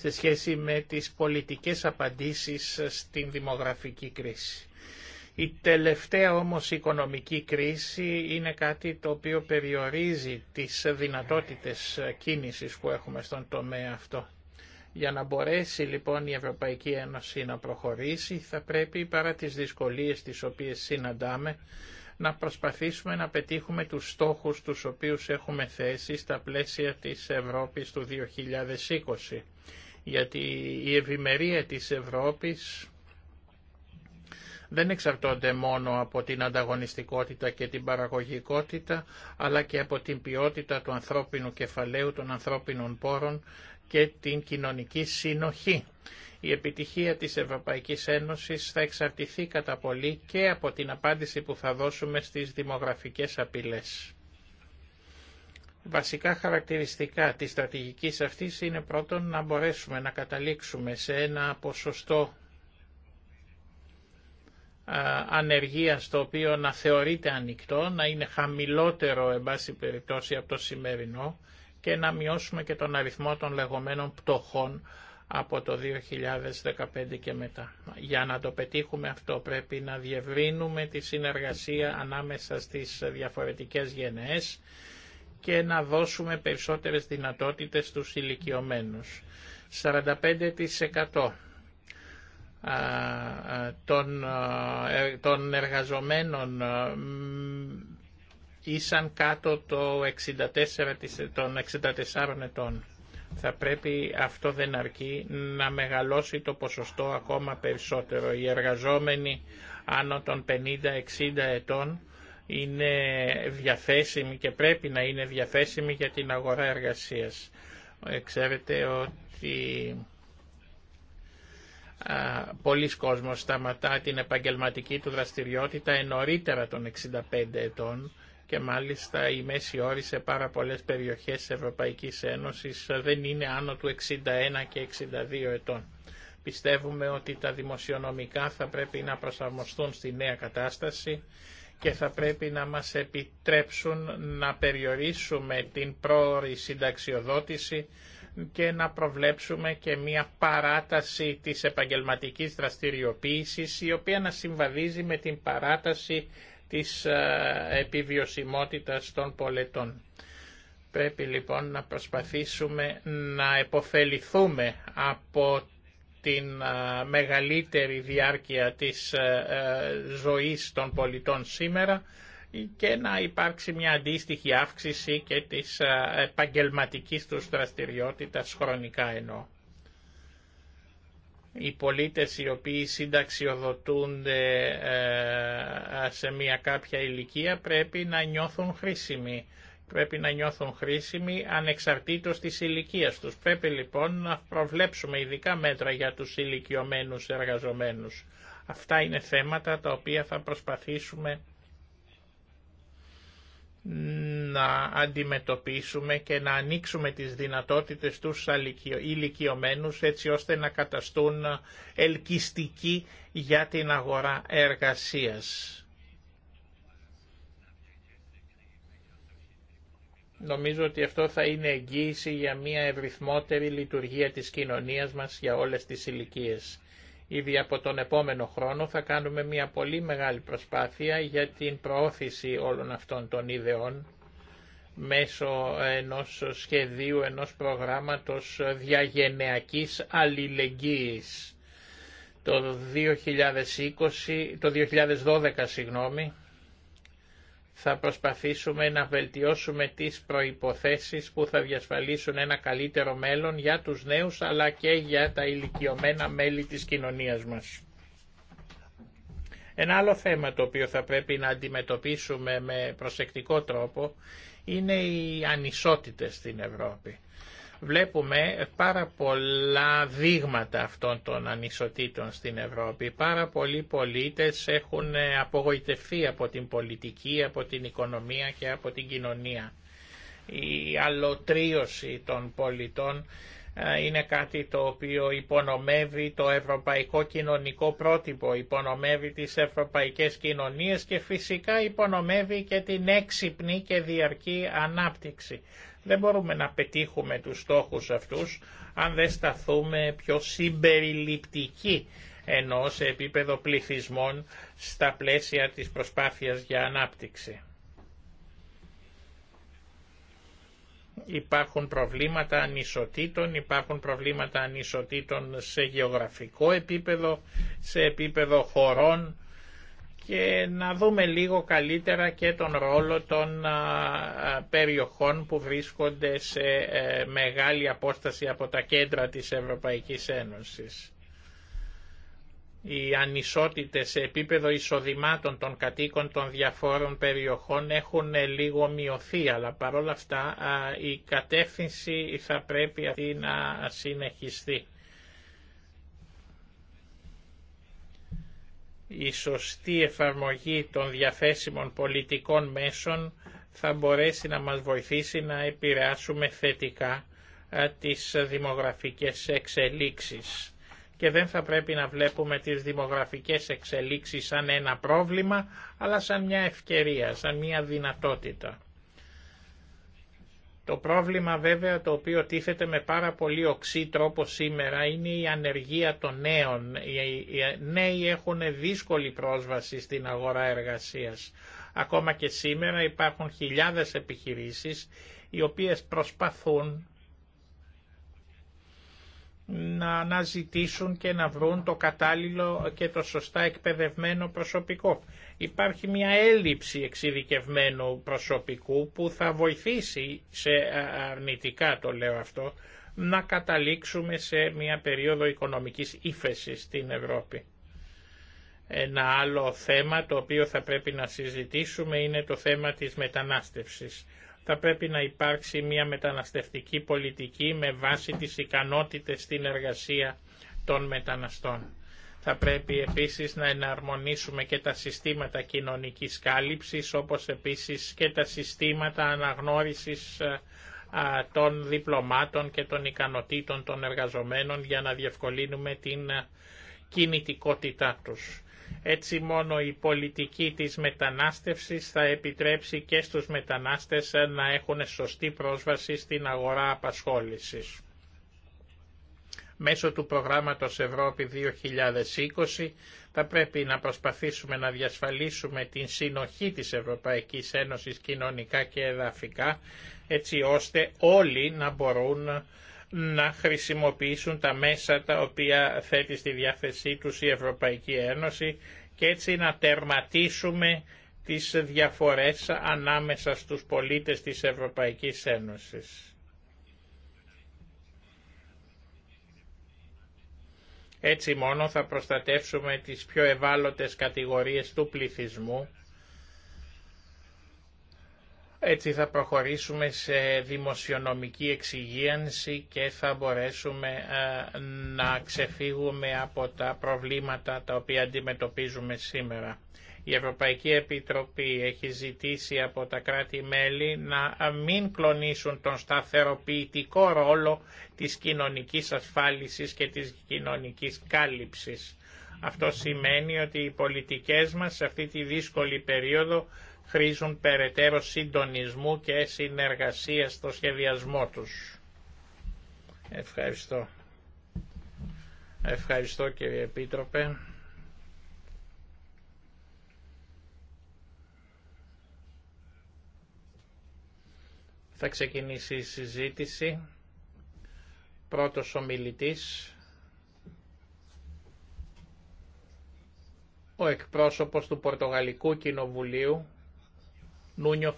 σε σχέση με τις πολιτικές απαντήσεις στην δημογραφική κρίση. Η τελευταία όμως οικονομική κρίση είναι κάτι το οποίο περιορίζει τις δυνατότητες κίνησης που έχουμε στον τομέα αυτό. Για να μπορέσει λοιπόν η Ευρωπαϊκή Ένωση να προχωρήσει θα πρέπει παρά τις δυσκολίες τις οποίες συναντάμε να προσπαθήσουμε να πετύχουμε τους στόχους τους οποίους έχουμε θέσει στα πλαίσια της Ευρώπης του 2020 γιατί η ευημερία της Ευρώπης δεν εξαρτώνται μόνο από την ανταγωνιστικότητα και την παραγωγικότητα, αλλά και από την ποιότητα του ανθρώπινου κεφαλαίου, των ανθρώπινων πόρων και την κοινωνική συνοχή. Η επιτυχία της Ευρωπαϊκής Ένωσης θα εξαρτηθεί κατά πολύ και από την απάντηση που θα δώσουμε στις δημογραφικές απειλές. Βασικά χαρακτηριστικά της στρατηγικής αυτής είναι πρώτον να μπορέσουμε να καταλήξουμε σε ένα ποσοστό ανεργία το οποίο να θεωρείται ανοιχτό, να είναι χαμηλότερο εν πάση περιπτώσει από το σημερινό και να μειώσουμε και τον αριθμό των λεγόμενων πτωχών από το 2015 και μετά. Για να το πετύχουμε αυτό πρέπει να διευρύνουμε τη συνεργασία ανάμεσα στις διαφορετικές γενναίες και να δώσουμε περισσότερες δυνατότητες στους ηλικιωμένους. 45% ε, των, εργαζομένων ήσαν κάτω το 64, των 64 ετών. Θα πρέπει αυτό δεν αρκεί να μεγαλώσει το ποσοστό ακόμα περισσότερο. Οι εργαζόμενοι άνω των 50-60 ετών είναι διαθέσιμη και πρέπει να είναι διαθέσιμη για την αγορά εργασίας. Ε, ξέρετε ότι πολλοί κόσμος σταματά την επαγγελματική του δραστηριότητα ενωρίτερα των 65 ετών και μάλιστα η μέση όρη σε πάρα πολλές περιοχές της Ευρωπαϊκής Ένωσης ε, δεν είναι άνω του 61 και 62 ετών. Πιστεύουμε ότι τα δημοσιονομικά θα πρέπει να προσαρμοστούν στη νέα κατάσταση και θα πρέπει να μας επιτρέψουν να περιορίσουμε την πρόορη συνταξιοδότηση και να προβλέψουμε και μια παράταση της επαγγελματικής δραστηριοποίησης η οποία να συμβαδίζει με την παράταση της ε, επιβιωσιμότητας των πολετών. Πρέπει λοιπόν να προσπαθήσουμε να επωφεληθούμε από την ε, μεγαλύτερη διάρκεια της ε, ε, ζωής των πολιτών σήμερα και να υπάρξει μια αντίστοιχη αύξηση και της επαγγελματική τους δραστηριότητας χρονικά ενώ. Οι πολίτες οι οποίοι συνταξιοδοτούνται σε μια κάποια ηλικία πρέπει να νιώθουν χρήσιμοι Πρέπει να νιώθουν χρήσιμοι ανεξαρτήτως της ηλικίας τους. Πρέπει λοιπόν να προβλέψουμε ειδικά μέτρα για τους ηλικιωμένους εργαζομένους. Αυτά είναι θέματα τα οποία θα προσπαθήσουμε να αντιμετωπίσουμε και να ανοίξουμε τις δυνατότητες τους ηλικιωμένους έτσι ώστε να καταστούν ελκυστικοί για την αγορά εργασίας. Νομίζω ότι αυτό θα είναι εγγύηση για μια ευρυθμότερη λειτουργία της κοινωνίας μας για όλες τις ηλικίε. Ήδη από τον επόμενο χρόνο θα κάνουμε μια πολύ μεγάλη προσπάθεια για την προώθηση όλων αυτών των ιδεών μέσω ενός σχεδίου, ενός προγράμματος διαγενειακής αλληλεγγύης. Το 2020, το 2012, συγγνώμη, θα προσπαθήσουμε να βελτιώσουμε τις προϋποθέσεις που θα διασφαλίσουν ένα καλύτερο μέλλον για τους νέους αλλά και για τα ηλικιωμένα μέλη της κοινωνίας μας. Ένα άλλο θέμα το οποίο θα πρέπει να αντιμετωπίσουμε με προσεκτικό τρόπο είναι οι ανισότητες στην Ευρώπη. Βλέπουμε πάρα πολλά δείγματα αυτών των ανισοτήτων στην Ευρώπη. Πάρα πολλοί πολίτες έχουν απογοητευτεί από την πολιτική, από την οικονομία και από την κοινωνία. Η αλωτρίωση των πολιτών ε, είναι κάτι το οποίο υπονομεύει το ευρωπαϊκό κοινωνικό πρότυπο, υπονομεύει τις ευρωπαϊκές κοινωνίες και φυσικά υπονομεύει και την έξυπνη και διαρκή ανάπτυξη. Δεν μπορούμε να πετύχουμε τους στόχους αυτούς αν δεν σταθούμε πιο συμπεριληπτικοί ενώ σε επίπεδο πληθυσμών στα πλαίσια της προσπάθειας για ανάπτυξη. Υπάρχουν προβλήματα ανισοτήτων, υπάρχουν προβλήματα ανισοτήτων σε γεωγραφικό επίπεδο, σε επίπεδο χωρών, και να δούμε λίγο καλύτερα και τον ρόλο των περιοχών που βρίσκονται σε ε, μεγάλη απόσταση από τα κέντρα της Ευρωπαϊκής Ένωσης. Οι ανισότητες σε επίπεδο εισοδημάτων των κατοίκων των διαφόρων περιοχών έχουν ε, λίγο μειωθεί, αλλά παρόλα αυτά η κατεύθυνση θα πρέπει αυτή να συνεχιστεί. η σωστή εφαρμογή των διαθέσιμων πολιτικών μέσων θα μπορέσει να μας βοηθήσει να επηρεάσουμε θετικά τις δημογραφικές εξελίξεις. Και δεν θα πρέπει να βλέπουμε τις δημογραφικές εξελίξεις σαν ένα πρόβλημα, αλλά σαν μια ευκαιρία, σαν μια δυνατότητα. Το πρόβλημα βέβαια το οποίο τίθεται με πάρα πολύ οξύ τρόπο σήμερα είναι η ανεργία των νέων. Οι νέοι έχουν δύσκολη πρόσβαση στην αγορά εργασίας. Ακόμα και σήμερα υπάρχουν χιλιάδες επιχειρήσεις οι οποίες προσπαθούν να αναζητήσουν και να βρουν το κατάλληλο και το σωστά εκπαιδευμένο προσωπικό. Υπάρχει μια έλλειψη εξειδικευμένου προσωπικού που θα βοηθήσει σε αρνητικά το λέω αυτό να καταλήξουμε σε μια περίοδο οικονομικής ύφεσης στην Ευρώπη. Ένα άλλο θέμα το οποίο θα πρέπει να συζητήσουμε είναι το θέμα της μετανάστευσης θα πρέπει να υπάρξει μια μεταναστευτική πολιτική με βάση τις ικανότητες στην εργασία των μεταναστών. Θα πρέπει επίσης να εναρμονίσουμε και τα συστήματα κοινωνικής κάλυψης, όπως επίσης και τα συστήματα αναγνώρισης ε, των διπλωμάτων και των ικανοτήτων των εργαζομένων για να διευκολύνουμε την ε, κινητικότητά τους. Έτσι μόνο η πολιτική της μετανάστευσης θα επιτρέψει και στους μετανάστες να έχουν σωστή πρόσβαση στην αγορά απασχόλησης. Μέσω του προγράμματος Ευρώπη 2020 θα πρέπει να προσπαθήσουμε να διασφαλίσουμε την συνοχή της Ευρωπαϊκής Ένωσης κοινωνικά και εδαφικά, έτσι ώστε όλοι να μπορούν να χρησιμοποιήσουν τα μέσα τα οποία θέτει στη διάθεσή τους η Ευρωπαϊκή Ένωση και έτσι να τερματίσουμε τις διαφορές ανάμεσα στους πολίτες της Ευρωπαϊκής Ένωσης. Έτσι μόνο θα προστατεύσουμε τις πιο ευάλωτες κατηγορίες του πληθυσμού έτσι θα προχωρήσουμε σε δημοσιονομική εξυγίανση και θα μπορέσουμε ε, να ξεφύγουμε από τα προβλήματα τα οποία αντιμετωπίζουμε σήμερα. Η Ευρωπαϊκή Επιτροπή έχει ζητήσει από τα κράτη-μέλη να ε, μην κλονίσουν τον σταθεροποιητικό ρόλο της κοινωνικής ασφάλισης και της κοινωνικής κάλυψης. Αυτό σημαίνει ότι οι πολιτικές μας σε αυτή τη δύσκολη περίοδο χρήζουν περαιτέρω συντονισμού και συνεργασία στο σχεδιασμό τους. Ευχαριστώ. Ευχαριστώ κύριε Επίτροπε. Θα ξεκινήσει η συζήτηση. Πρώτος ομιλητής, ο εκπρόσωπος του Πορτογαλικού Κοινοβουλίου, Νούνιο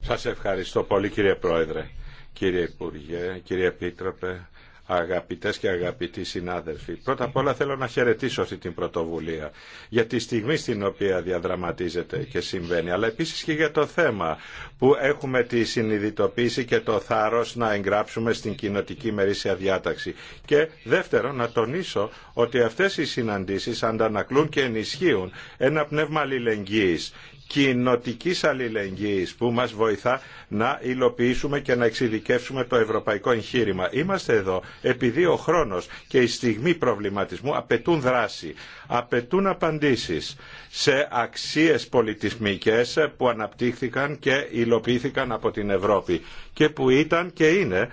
Σας ευχαριστώ πολύ κύριε Πρόεδρε, κύριε Υπουργέ, κύριε Επίτροπε αγαπητές και αγαπητοί συνάδελφοι. Πρώτα απ' όλα θέλω να χαιρετήσω αυτή την πρωτοβουλία για τη στιγμή στην οποία διαδραματίζεται και συμβαίνει, αλλά επίσης και για το θέμα που έχουμε τη συνειδητοποίηση και το θάρρος να εγγράψουμε στην κοινοτική μερίσια διάταξη. Και δεύτερο, να τονίσω ότι αυτές οι συναντήσεις αντανακλούν και ενισχύουν ένα πνεύμα αλληλεγγύης Κοινοτική αλληλεγγύη που μας βοηθά να υλοποιήσουμε και να εξειδικεύσουμε το ευρωπαϊκό εγχείρημα. Είμαστε εδώ επειδή ο χρόνος και η στιγμή προβληματισμού απαιτούν δράση, απαιτούν απαντήσεις σε αξίες πολιτισμικές που αναπτύχθηκαν και υλοποιήθηκαν από την Ευρώπη και που ήταν και είναι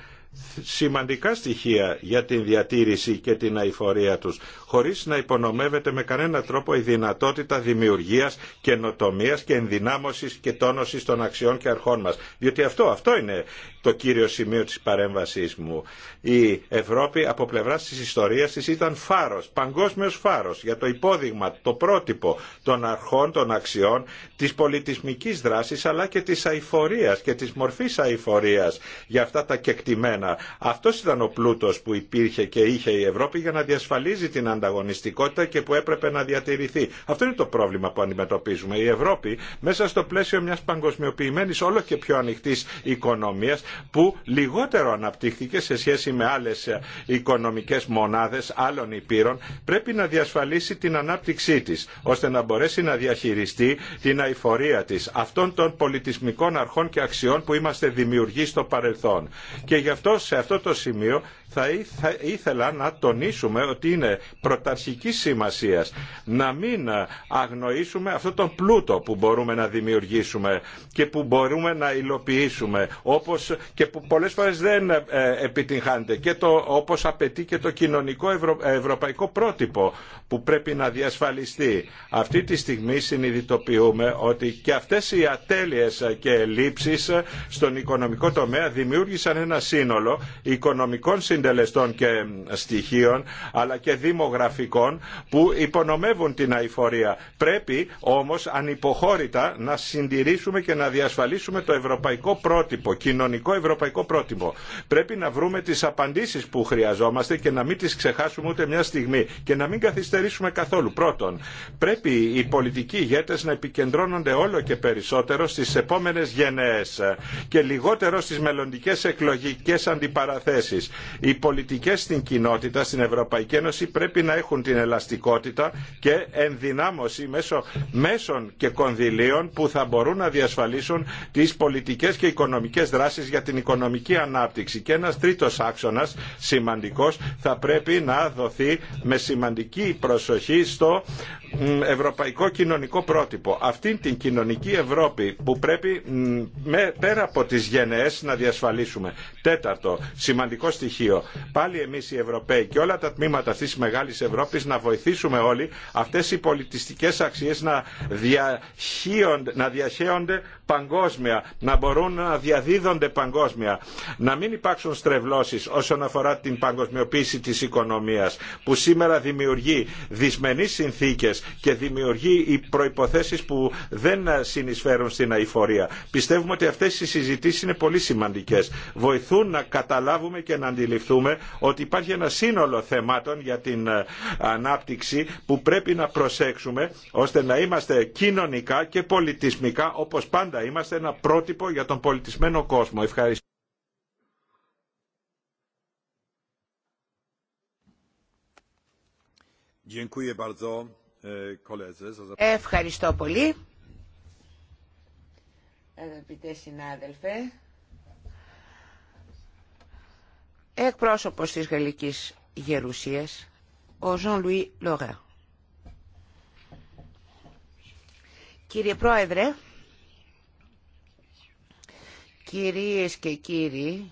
σημαντικά στοιχεία για την διατήρηση και την αηφορία τους χωρίς να υπονομεύεται με κανένα τρόπο η δυνατότητα δημιουργίας, καινοτομία και ενδυνάμωσης και τόνωσης των αξιών και αρχών μας. Διότι αυτό, αυτό είναι το κύριο σημείο της παρέμβασής μου. Η Ευρώπη από πλευρά της ιστορίας της ήταν φάρος, παγκόσμιος φάρος για το υπόδειγμα, το πρότυπο των αρχών, των αξιών, της πολιτισμικής δράσης αλλά και της αηφορίας και της μορφής αηφορίας για αυτά τα κεκτημένα. Αυτός ήταν ο πλούτος που υπήρχε και είχε η Ευρώπη για να διασφαλίζει την ανταγωνιστικότητα και που έπρεπε να διατηρηθεί. Αυτό είναι το πρόβλημα που αντιμετωπίζουμε. Η Ευρώπη μέσα στο πλαίσιο μια παγκοσμιοποιημένη, όλο και πιο ανοιχτή οικονομία που λιγότερο αναπτύχθηκε σε σχέση με άλλε οικονομικέ μονάδε άλλων υπήρων πρέπει να διασφαλίσει την ανάπτυξή τη ώστε να μπορέσει να διαχειριστεί την αηφορία τη αυτών των πολιτισμικών αρχών και αξιών που είμαστε δημιουργοί στο παρελθόν. Και γι' αυτό σε αυτό το σημείο θα ήθελα να τονίσουμε ότι είναι πρωταρχική σημασίας να μην αγνοήσουμε αυτό τον πλούτο που μπορούμε να δημιουργήσουμε και που μπορούμε να υλοποιήσουμε όπως και που πολλές φορές δεν ε, επιτυγχάνεται και το, όπως απαιτεί και το κοινωνικό ευρωπαϊκό πρότυπο που πρέπει να διασφαλιστεί. Αυτή τη στιγμή συνειδητοποιούμε ότι και αυτές οι ατέλειες και ελλείψεις στον οικονομικό τομέα δημιούργησαν ένα σύνολο οικονομικών συντελεστών και στοιχείων αλλά και δημογραφικών που υπονομεύουν την αηφορία. Πρέπει όμως ανυποχώρητα να συντηρήσουμε και να διασφαλίσουμε το ευρωπαϊκό πρότυπο, κοινωνικό ευρωπαϊκό πρότυπο. Πρέπει να βρούμε τις απαντήσεις που χρειαζόμαστε και να μην τις ξεχάσουμε ούτε μια στιγμή και να μην καθυστερήσουμε καθόλου. Πρώτον, πρέπει οι πολιτικοί ηγέτες να επικεντρώνονται όλο και περισσότερο στις επόμενες γενναίες και λιγότερο στι μελλοντικέ εκλογικέ αντιπαραθέσει. Οι πολιτικές στην κοινότητα, στην Ευρωπαϊκή Ένωση πρέπει να έχουν την ελαστικότητα και ενδυνάμωση μέσω μέσων και κονδυλίων που θα μπορούν να διασφαλίσουν τις πολιτικές και οικονομικές δράσεις για την οικονομική ανάπτυξη. Και ένας τρίτος άξονας σημαντικός θα πρέπει να δοθεί με σημαντική προσοχή στο ευρωπαϊκό κοινωνικό πρότυπο. Αυτή την κοινωνική Ευρώπη που πρέπει πέρα από τις γενναίες να διασφαλίσουμε. Τέταρτο σημαντικό στοιχείο Πάλι εμεί, οι Ευρωπαίοι και όλα τα τμήματα αυτή της μεγάλης Ευρώπης να βοηθήσουμε όλοι αυτές οι πολιτιστικές αξίες να να διαχέονται παγκόσμια, να μπορούν να διαδίδονται παγκόσμια, να μην υπάρξουν στρεβλώσεις όσον αφορά την παγκοσμιοποίηση της οικονομίας που σήμερα δημιουργεί δυσμενείς συνθήκες και δημιουργεί οι προϋποθέσεις που δεν συνεισφέρουν στην αηφορία. Πιστεύουμε ότι αυτές οι συζητήσεις είναι πολύ σημαντικές. Βοηθούν να καταλάβουμε και να αντιληφθούμε ότι υπάρχει ένα σύνολο θεμάτων για την ε, ανάπτυξη που πρέπει να προσέξουμε ώστε να είμαστε κοινωνικά και πολιτισμικά όπως πάντα είμαστε ένα πρότυπο για τον πολιτισμένο κόσμο. Ευχαριστώ. E, Ευχαριστώ πολύ. Αγαπητέ συνάδελφε, εκπρόσωπος της Γαλλικής Γερουσίας, ο Ζων Λουί Λογά. Κύριε Πρόεδρε, Κυρίες και κύριοι,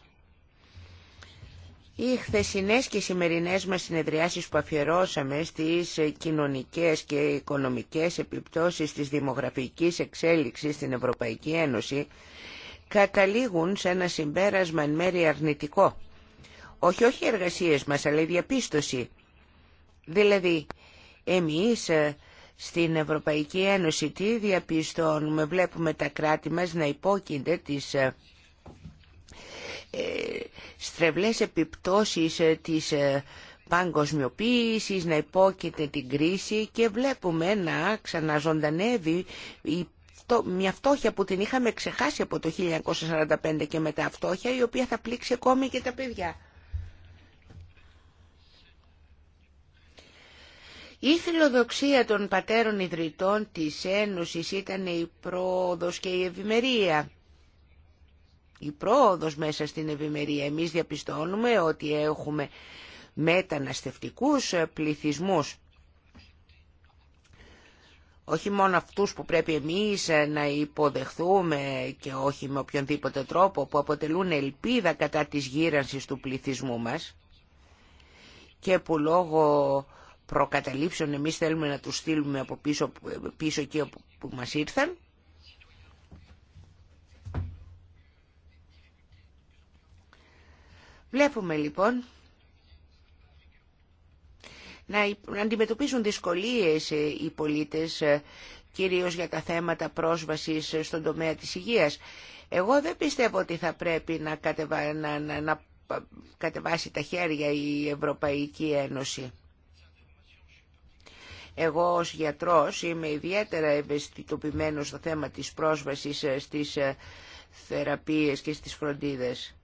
οι χθεσινές και σημερινές μας συνεδριάσεις που αφιερώσαμε στις κοινωνικές και οικονομικές επιπτώσεις της δημογραφικής εξέλιξης στην Ευρωπαϊκή Ένωση καταλήγουν σε ένα συμπέρασμα εν μέρει αρνητικό. Όχι, όχι οι εργασίες μας, αλλά η διαπίστωση. Δηλαδή, εμείς ε, στην Ευρωπαϊκή Ένωση. Τι διαπιστώνουμε, βλέπουμε τα κράτη μας να υπόκεινται τις ε, ε στρεβλές επιπτώσεις ε, της ε, παγκοσμιοποίησης, να υπόκειται την κρίση και βλέπουμε να ξαναζωντανεύει η μια φτώχεια που την είχαμε ξεχάσει από το 1945 και μετά φτώχεια η οποία θα πλήξει ακόμη και τα παιδιά. Η φιλοδοξία των πατέρων ιδρυτών της Ένωσης ήταν η πρόοδος και η ευημερία. Η πρόοδος μέσα στην ευημερία. Εμείς διαπιστώνουμε ότι έχουμε μεταναστευτικούς πληθυσμούς. Όχι μόνο αυτούς που πρέπει εμείς να υποδεχθούμε και όχι με οποιονδήποτε τρόπο που αποτελούν ελπίδα κατά της γύρανσης του πληθυσμού μας και που λόγω προκαταλήψεων εμείς θέλουμε να τους στείλουμε από πίσω, πίσω εκεί που μας ήρθαν. Βλέπουμε λοιπόν να αντιμετωπίζουν δυσκολίες ε, οι πολίτες ε, κυρίως για τα θέματα πρόσβασης ε, στον τομέα της υγείας. Εγώ δεν πιστεύω ότι θα πρέπει να, κατεβα... να... να κατεβάσει τα χέρια η Ευρωπαϊκή Ένωση. Εγώ ως γιατρός είμαι ιδιαίτερα ευαισθητοποιημένος στο θέμα της πρόσβασης ε, στις ε, θεραπείες και στις φροντίδες.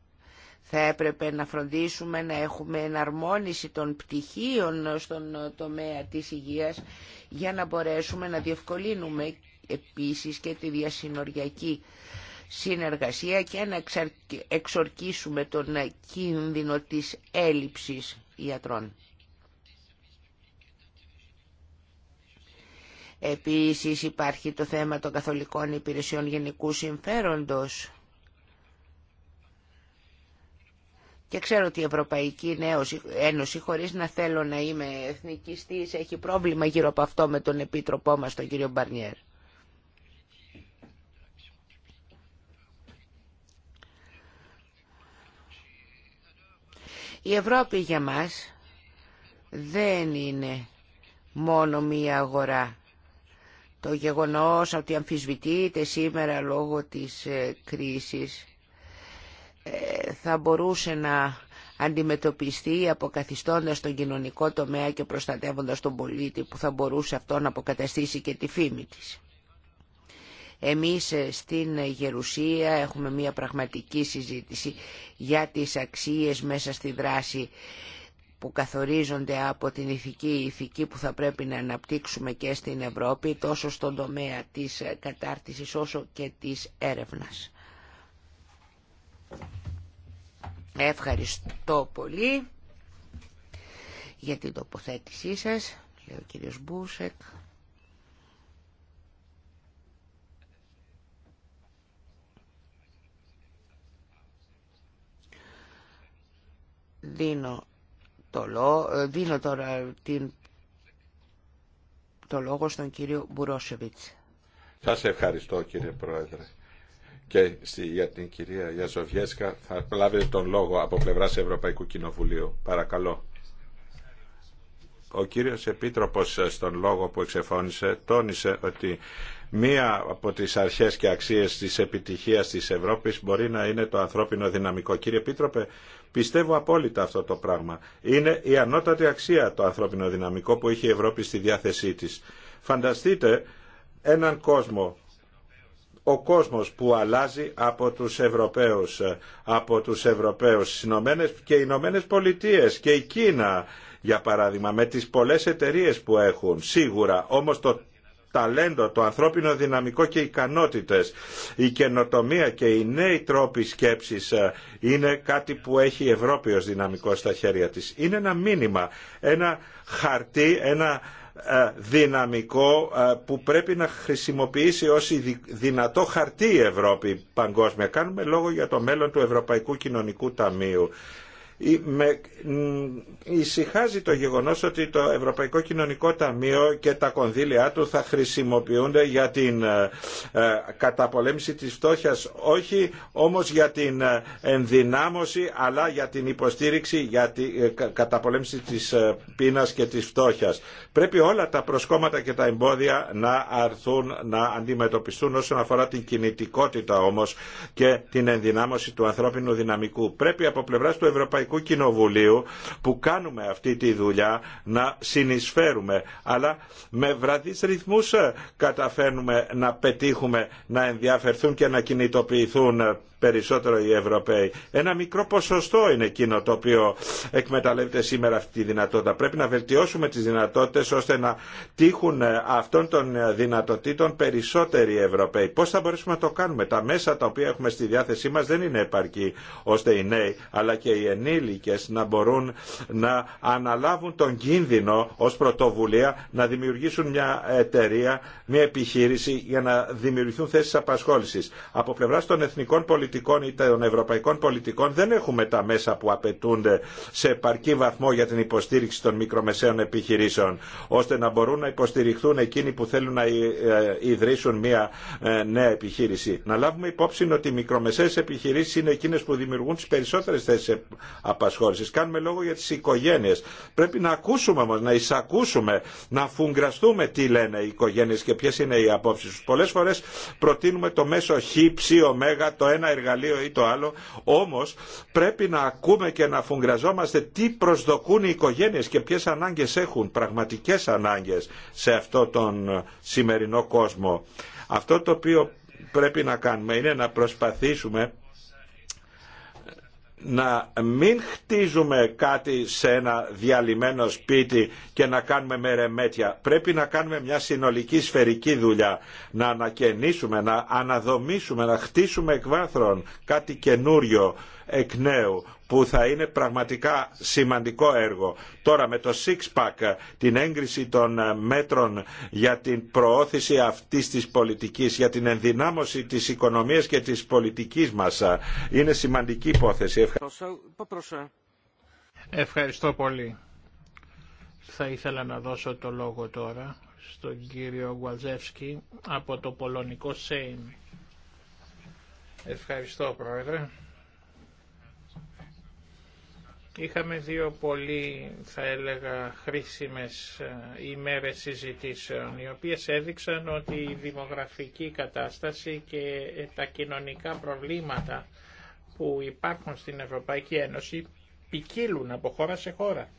Θα έπρεπε να φροντίσουμε να έχουμε εναρμόνιση των πτυχίων στον ε, τομέα της υγείας για να μπορέσουμε να διευκολύνουμε επίσης και τη διασυνοριακή συνεργασία και να εξορκίσουμε τον κίνδυνο της έλλειψης ιατρών. Επίσης υπάρχει το θέμα των καθολικών υπηρεσιών γενικού συμφέροντος. Και ξέρω ότι η Ευρωπαϊκή Ένωση, χωρίς να θέλω να είμαι εθνικιστής, έχει πρόβλημα γύρω από αυτό με τον Επίτροπό μας, τον κύριο Μπαρνιέρ. Η Ευρώπη για μας δεν είναι μόνο μία αγορά το γεγονός ότι αμφισβητείται σήμερα λόγω της ε, κρίσης ε, θα μπορούσε να αντιμετωπιστεί αποκαθιστώντας τον κοινωνικό τομέα και προστατεύοντας τον πολίτη που θα μπορούσε αυτό να αποκαταστήσει και τη φήμη της. Εμείς ε, στην Γερουσία έχουμε μια πραγματική συζήτηση για τις αξίες μέσα στη δράση που καθορίζονται από την ηθική ηθική που θα πρέπει να αναπτύξουμε και στην Ευρώπη τόσο στον τομέα της ε, κατάρτισης όσο και της έρευνας. Ευχαριστώ πολύ για την τοποθέτησή σας, λέει ο κύριος Μπούσεκ. Δίνω το ε, δίνω τώρα την, το λόγο στον κύριο Μπουρόσεβιτς. Σας ευχαριστώ κύριε Πρόεδρε και στη, για την κυρία Γιαζοβιέσκα θα λάβετε τον λόγο από πλευράς Ευρωπαϊκού Κοινοβουλίου. Παρακαλώ. Ο κύριος Επίτροπος ε, στον λόγο που εξεφώνησε τόνισε ότι Μία από τις αρχές και αξίες της επιτυχίας της Ευρώπης μπορεί να είναι το ανθρώπινο δυναμικό. Κύριε Πίτροπε, πιστεύω απόλυτα αυτό το πράγμα. Είναι η ανώτατη αξία το ανθρώπινο δυναμικό που έχει η Ευρώπη στη διάθεσή της. Φανταστείτε έναν κόσμο ο κόσμος που αλλάζει από τους Ευρωπαίους, από τους Ευρωπαίους και οι Ηνωμένε Πολιτείε και η Κίνα για παράδειγμα με τις πολλές εταιρείες που έχουν σίγουρα όμως το ταλέντο, το ανθρώπινο δυναμικό και οι ικανότητες. Η καινοτομία και οι νέοι τρόποι σκέψης ε, είναι κάτι που έχει η Ευρώπη ως δυναμικό στα χέρια της. Είναι ένα μήνυμα, ένα χαρτί, ένα ε, δυναμικό ε, που πρέπει να χρησιμοποιήσει ως δυνατό χαρτί η Ευρώπη παγκόσμια. Κάνουμε λόγο για το μέλλον του Ευρωπαϊκού Κοινωνικού Ταμείου με ησυχάζει το γεγονός ότι το Ευρωπαϊκό Κοινωνικό Ταμείο και τα κονδύλια του θα χρησιμοποιούνται για την ε, ε, καταπολέμηση της φτώχειας όχι όμως για την ε, ενδυνάμωση αλλά για την υποστήριξη για την καταπολέμηση της πείνας και της φτώχειας. Πρέπει όλα τα προσκόμματα και τα εμπόδια να αρθούν, να αντιμετωπιστούν όσον αφορά την κινητικότητα όμως και την ενδυνάμωση του ανθρώπινου δυναμικού. Πρέπει από πλευράς του Ευρωπαϊκού Ευρωπαϊκού Κοινοβουλίου που κάνουμε αυτή τη δουλειά να συνεισφέρουμε. Αλλά με βραδείς ρυθμούς ε, καταφέρνουμε να πετύχουμε να ενδιαφερθούν και να κινητοποιηθούν περισσότερο οι Ευρωπαίοι. Ένα μικρό ποσοστό είναι εκείνο το οποίο εκμεταλλεύεται σήμερα αυτή τη δυνατότητα. Πρέπει να βελτιώσουμε τις δυνατότητες ώστε να τύχουν ε, αυτών των δυνατοτήτων περισσότεροι Ευρωπαίοι. Πώς θα μπορέσουμε να το κάνουμε. Τα μέσα τα οποία έχουμε στη διάθεσή μας δεν είναι επαρκή ώστε οι νέοι αλλά και οι ενήλικες να μπορούν να αναλάβουν τον κίνδυνο ως πρωτοβουλία να δημιουργήσουν μια εταιρεία, μια επιχείρηση για να δημιουργηθούν θέσεις απασχόλησης. Από πλευράς των εθνικών πολιτικών πολιτικών ή των ευρωπαϊκών πολιτικών δεν έχουμε τα μέσα που απαιτούνται σε επαρκή βαθμό για την υποστήριξη των μικρομεσαίων επιχειρήσεων ώστε να μπορούν να υποστηριχθούν εκείνοι που θέλουν να ε, ιδρύσουν μια ε, νέα επιχείρηση. Να λάβουμε υπόψη ότι οι μικρομεσαίες επιχειρήσει είναι εκείνε που δημιουργούν τι περισσότερε θέσει απασχόλησης. Κάνουμε λόγο για τι οικογένειε. Πρέπει να ακούσουμε όμω, να εισακούσουμε, να φουγκραστούμε τι λένε οι οικογένειε και ποιε είναι οι απόψει. του. Πολλές προτείνουμε το μέσο χ, ω, το ένα εργαλείο εργαλείο ή το άλλο, όμως πρέπει να ακούμε και να φουγκραζόμαστε τι προσδοκούν οι οικογένειες και ποιες ανάγκες έχουν, πραγματικές ανάγκες σε αυτό τον σημερινό κόσμο. Αυτό το οποίο πρέπει να κάνουμε είναι να προσπαθήσουμε να μην χτίζουμε κάτι σε ένα διαλυμένο σπίτι και να κάνουμε μερεμέτια. Πρέπει να κάνουμε μια συνολική σφαιρική δουλειά, να ανακαινήσουμε, να αναδομήσουμε, να χτίσουμε εκ βάθρων κάτι καινούριο εκ νέου που θα είναι πραγματικά σημαντικό έργο. Τώρα με το six-pack, την έγκριση των ε, μέτρων για την προώθηση αυτής της πολιτικής, για την ενδυνάμωση της οικονομίας και της πολιτικής μας, ε, είναι σημαντική υπόθεση. Ευχαριστώ, πολύ. Θα ήθελα να δώσω το λόγο τώρα στον κύριο Γουαζεύσκη από το Πολωνικό ΣΕΙΜ. Ευχαριστώ, Πρόεδρε. Είχαμε δύο πολύ, θα έλεγα, χρήσιμες ε, ημέρες συζητήσεων, οι οποίες έδειξαν ότι η δημογραφική κατάσταση και ε, τα κοινωνικά προβλήματα που υπάρχουν στην Ευρωπαϊκή Ένωση ποικίλουν από χώρα σε χώρα.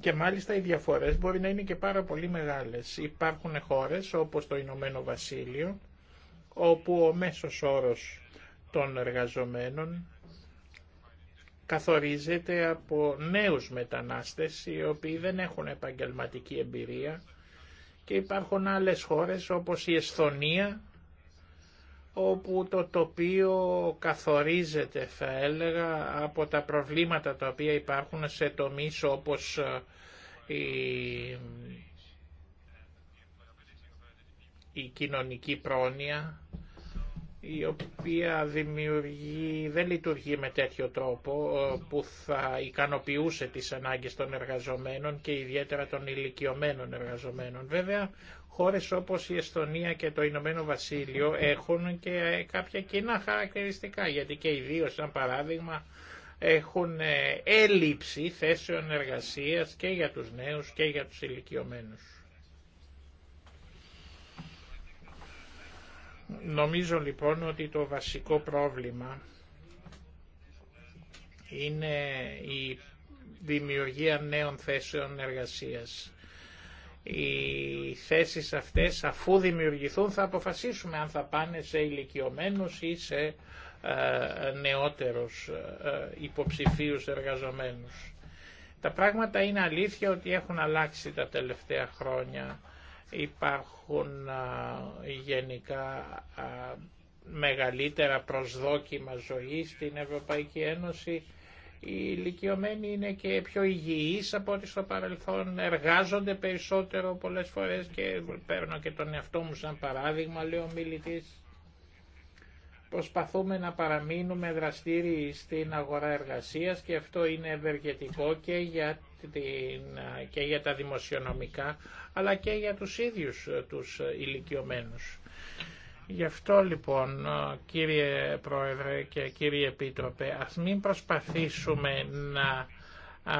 Και μάλιστα οι διαφορές μπορεί να είναι και πάρα πολύ μεγάλες. Υπάρχουν χώρες όπως το Ηνωμένο Βασίλειο, όπου ο μέσος όρος των εργαζομένων καθορίζεται από νέους μετανάστες οι οποίοι δεν έχουν επαγγελματική εμπειρία και υπάρχουν άλλες χώρες όπως η Εσθονία όπου το τοπίο καθορίζεται θα έλεγα από τα προβλήματα τα οποία υπάρχουν σε τομείς όπως ε, η, η κοινωνική πρόνοια, η οποία δημιουργεί, δεν λειτουργεί με τέτοιο τρόπο ε, που θα ικανοποιούσε τις ανάγκες των εργαζομένων και ιδιαίτερα των ηλικιωμένων εργαζομένων. Βέβαια, χώρες όπως η Εστονία και το Ηνωμένο Βασίλειο έχουν και κάποια κοινά χαρακτηριστικά, γιατί και οι δύο, σαν παράδειγμα, έχουν ε, έλλειψη θέσεων εργασίας και για τους νέους και για τους ηλικιωμένους. Νομίζω λοιπόν ότι το βασικό πρόβλημα είναι η δημιουργία νέων θέσεων εργασίας. Οι θέσεις αυτές αφού δημιουργηθούν θα αποφασίσουμε αν θα πάνε σε ηλικιωμένους ή σε ε, νεότερους ε, υποψηφίους εργαζομένους. Τα πράγματα είναι αλήθεια ότι έχουν αλλάξει τα τελευταία χρόνια Υπάρχουν γενικά μεγαλύτερα προσδόκιμα ζωής στην Ευρωπαϊκή Ένωση. Οι ηλικιωμένοι είναι και πιο υγιείς από ό,τι στο παρελθόν, εργάζονται περισσότερο πολλές φορές και παίρνω και τον εαυτό μου σαν παράδειγμα, λέω ο μιλητής. Προσπαθούμε να παραμείνουμε δραστήριοι στην αγορά εργασίας και αυτό είναι ευεργετικό και για, την, και για τα δημοσιονομικά, αλλά και για τους ίδιους ε, τους ε, ηλικιωμένους. Γι' αυτό λοιπόν ε, κύριε Πρόεδρε και κύριε Επίτροπε ας μην προσπαθήσουμε να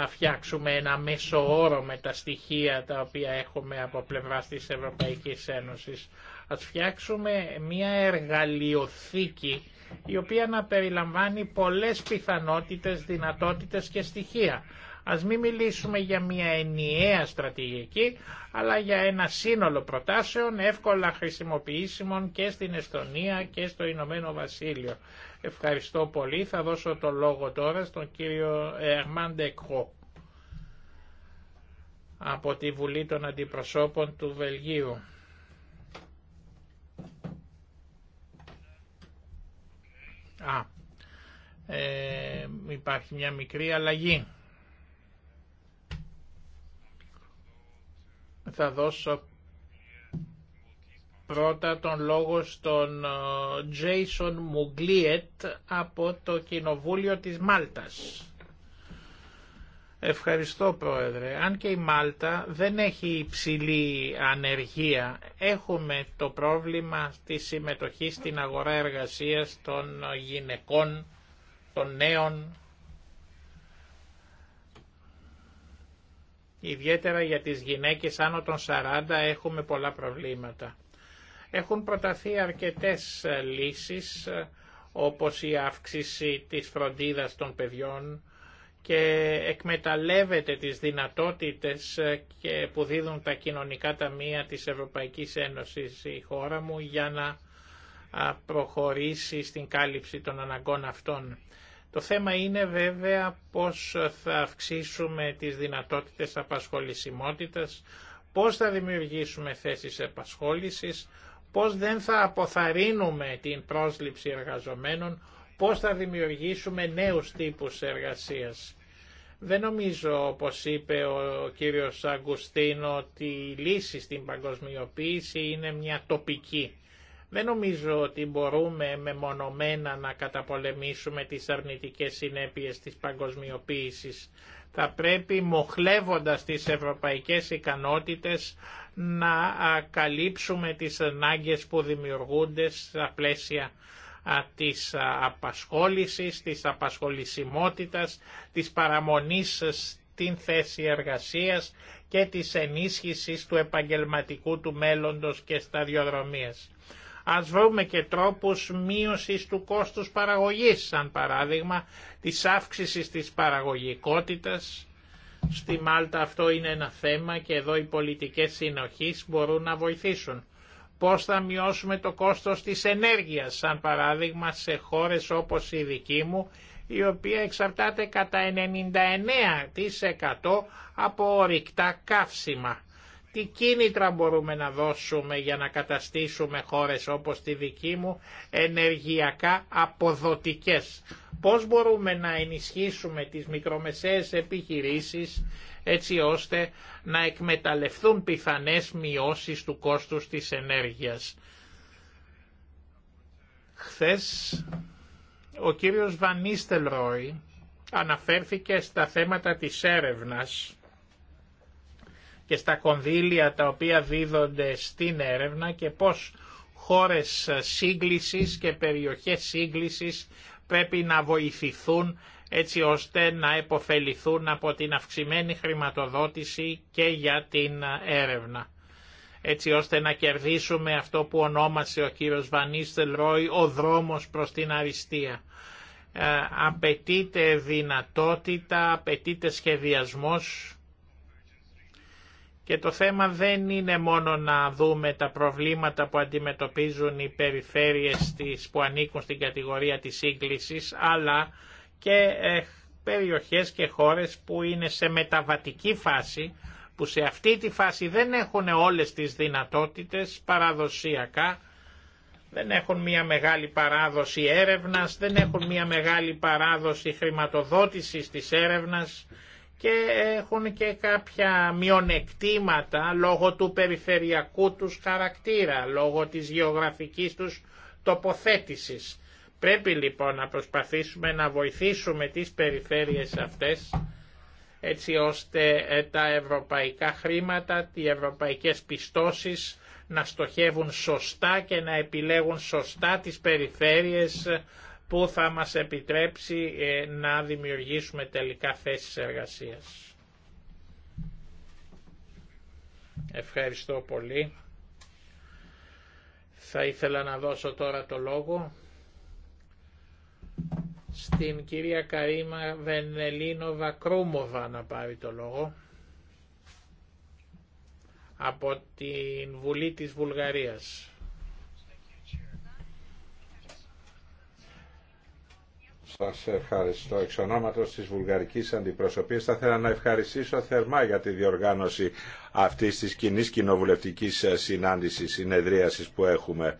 φτιάξουμε ένα μέσο όρο με τα στοιχεία τα οποία έχουμε από πλευρά της Ευρωπαϊκής Ένωσης. Ας φτιάξουμε μια εργαλειοθήκη η οποία να περιλαμβάνει πολλές πιθανότητες, δυνατότητες και στοιχεία. Ας μην μιλήσουμε για μια ενιαία στρατηγική, αλλά για ένα σύνολο προτάσεων εύκολα χρησιμοποιήσιμων και στην Εστονία και στο Ηνωμένο Βασίλειο. Ευχαριστώ πολύ. Θα δώσω το λόγο τώρα στον κύριο Ερμάντε Κρό από τη Βουλή των Αντιπροσώπων του Βελγίου. Α, ε, υπάρχει μια μικρή αλλαγή. θα δώσω πρώτα τον λόγο στον Τζέισον ε, Μουγκλίετ από το Κοινοβούλιο της Μάλτας. Ευχαριστώ Πρόεδρε. Αν και η Μάλτα δεν έχει υψηλή ανεργία, έχουμε το πρόβλημα της συμμετοχής στην αγορά εργασίας των γυναικών, των νέων, Ιδιαίτερα για τις γυναίκες άνω των 40 έχουμε πολλά προβλήματα. Έχουν προταθεί αρκετές ε, λύσεις ε, όπως η αύξηση της φροντίδας των παιδιών και εκμεταλλεύεται τις δυνατότητες ε, και που δίδουν τα κοινωνικά ταμεία της Ευρωπαϊκής Ένωσης η χώρα μου για να προχωρήσει στην κάλυψη των αναγκών αυτών. Το θέμα είναι βέβαια πώς θα αυξήσουμε τις δυνατότητες απασχολησιμότητας, πώς θα δημιουργήσουμε θέσεις απασχόλησης, πώς δεν θα αποθαρρύνουμε την πρόσληψη εργαζομένων, πώς θα δημιουργήσουμε νέους τύπους εργασίας. Δεν νομίζω, όπως είπε ο κύριος Αγκουστίνο, ότι η λύση στην παγκοσμιοποίηση είναι μια τοπική. Δεν νομίζω ότι μπορούμε μεμονωμένα να καταπολεμήσουμε τις αρνητικές συνέπειες της παγκοσμιοποίησης. Θα πρέπει μοχλεύοντας τις ευρωπαϊκές ικανότητες να καλύψουμε τις ανάγκες που δημιουργούνται στα πλαίσια της απασχόλησης, της απασχολησιμότητας, της παραμονής στην θέση εργασίας και της ενίσχυσης του επαγγελματικού του μέλλοντος και σταδιοδρομίας. Ας βρούμε και τρόπους μείωσης του κόστους παραγωγής, σαν παράδειγμα, της αύξησης της παραγωγικότητας. Στη Μάλτα αυτό είναι ένα θέμα και εδώ οι πολιτικές συνοχής μπορούν να βοηθήσουν. Πώς θα μειώσουμε το κόστος της ενέργειας, σαν παράδειγμα σε χώρες όπως η δική μου, η οποία εξαρτάται κατά 99% από ορυκτά καύσιμα τι κίνητρα μπορούμε να δώσουμε για να καταστήσουμε χώρες όπως τη δική μου ενεργειακά αποδοτικές. Πώς μπορούμε να ενισχύσουμε τις μικρομεσαίες επιχειρήσεις έτσι ώστε να εκμεταλλευτούν πιθανές μειώσεις του κόστους της ενέργειας. Χθες ο κύριος Βανίστελ Ρόι αναφέρθηκε στα θέματα της έρευνας και στα κονδύλια τα οποία δίδονται στην έρευνα και πώς χώρες σύγκλησης και περιοχές σύγκλησης πρέπει να βοηθηθούν έτσι ώστε να επωφεληθούν από την αυξημένη χρηματοδότηση και για την έρευνα. Έτσι ώστε να κερδίσουμε αυτό που ονόμασε ο κύριος Βανίστελ Ρόι ο δρόμος προς την αριστεία. Ε, απαιτείται δυνατότητα, απαιτείται σχεδιασμός και το θέμα δεν είναι μόνο να δούμε τα προβλήματα που αντιμετωπίζουν οι περιφέρειες της, που ανήκουν στην κατηγορία της σύγκληση, αλλά και ε, περιοχές και χώρες που είναι σε μεταβατική φάση, που σε αυτή τη φάση δεν έχουν όλες τις δυνατότητες παραδοσιακά, δεν έχουν μια μεγάλη παράδοση έρευνας, δεν έχουν μια μεγάλη παράδοση χρηματοδότησης της έρευνας και έχουν και κάποια μειονεκτήματα λόγω του περιφερειακού τους χαρακτήρα, λόγω της γεωγραφικής τους τοποθέτησης. Πρέπει λοιπόν να προσπαθήσουμε να βοηθήσουμε τις περιφέρειες αυτές έτσι ώστε ε, τα ευρωπαϊκά χρήματα, οι ευρωπαϊκές πιστώσεις να στοχεύουν σωστά και να επιλέγουν σωστά τις περιφέρειες που θα μας επιτρέψει ε, να δημιουργήσουμε τελικά θέσεις εργασίας. Ευχαριστώ πολύ. Θα ήθελα να δώσω τώρα το λόγο στην κυρία Καρίμα Βενελίνοβα Κρούμοβα να πάρει το λόγο από την Βουλή της Βουλγαρίας. Σας ευχαριστώ. Εξ ονόματος της Βουλγαρικής Αντιπροσωπείας θα ήθελα να ευχαριστήσω θερμά για τη διοργάνωση αυτής της κοινή κοινοβουλευτικής συνάντησης, συνεδρίασης που έχουμε.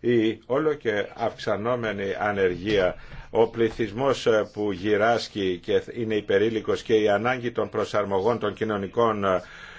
Η όλο και αυξανόμενη ανεργία, ο πληθυσμός που γυράσκει και είναι υπερήλικος και η ανάγκη των προσαρμογών των κοινωνικών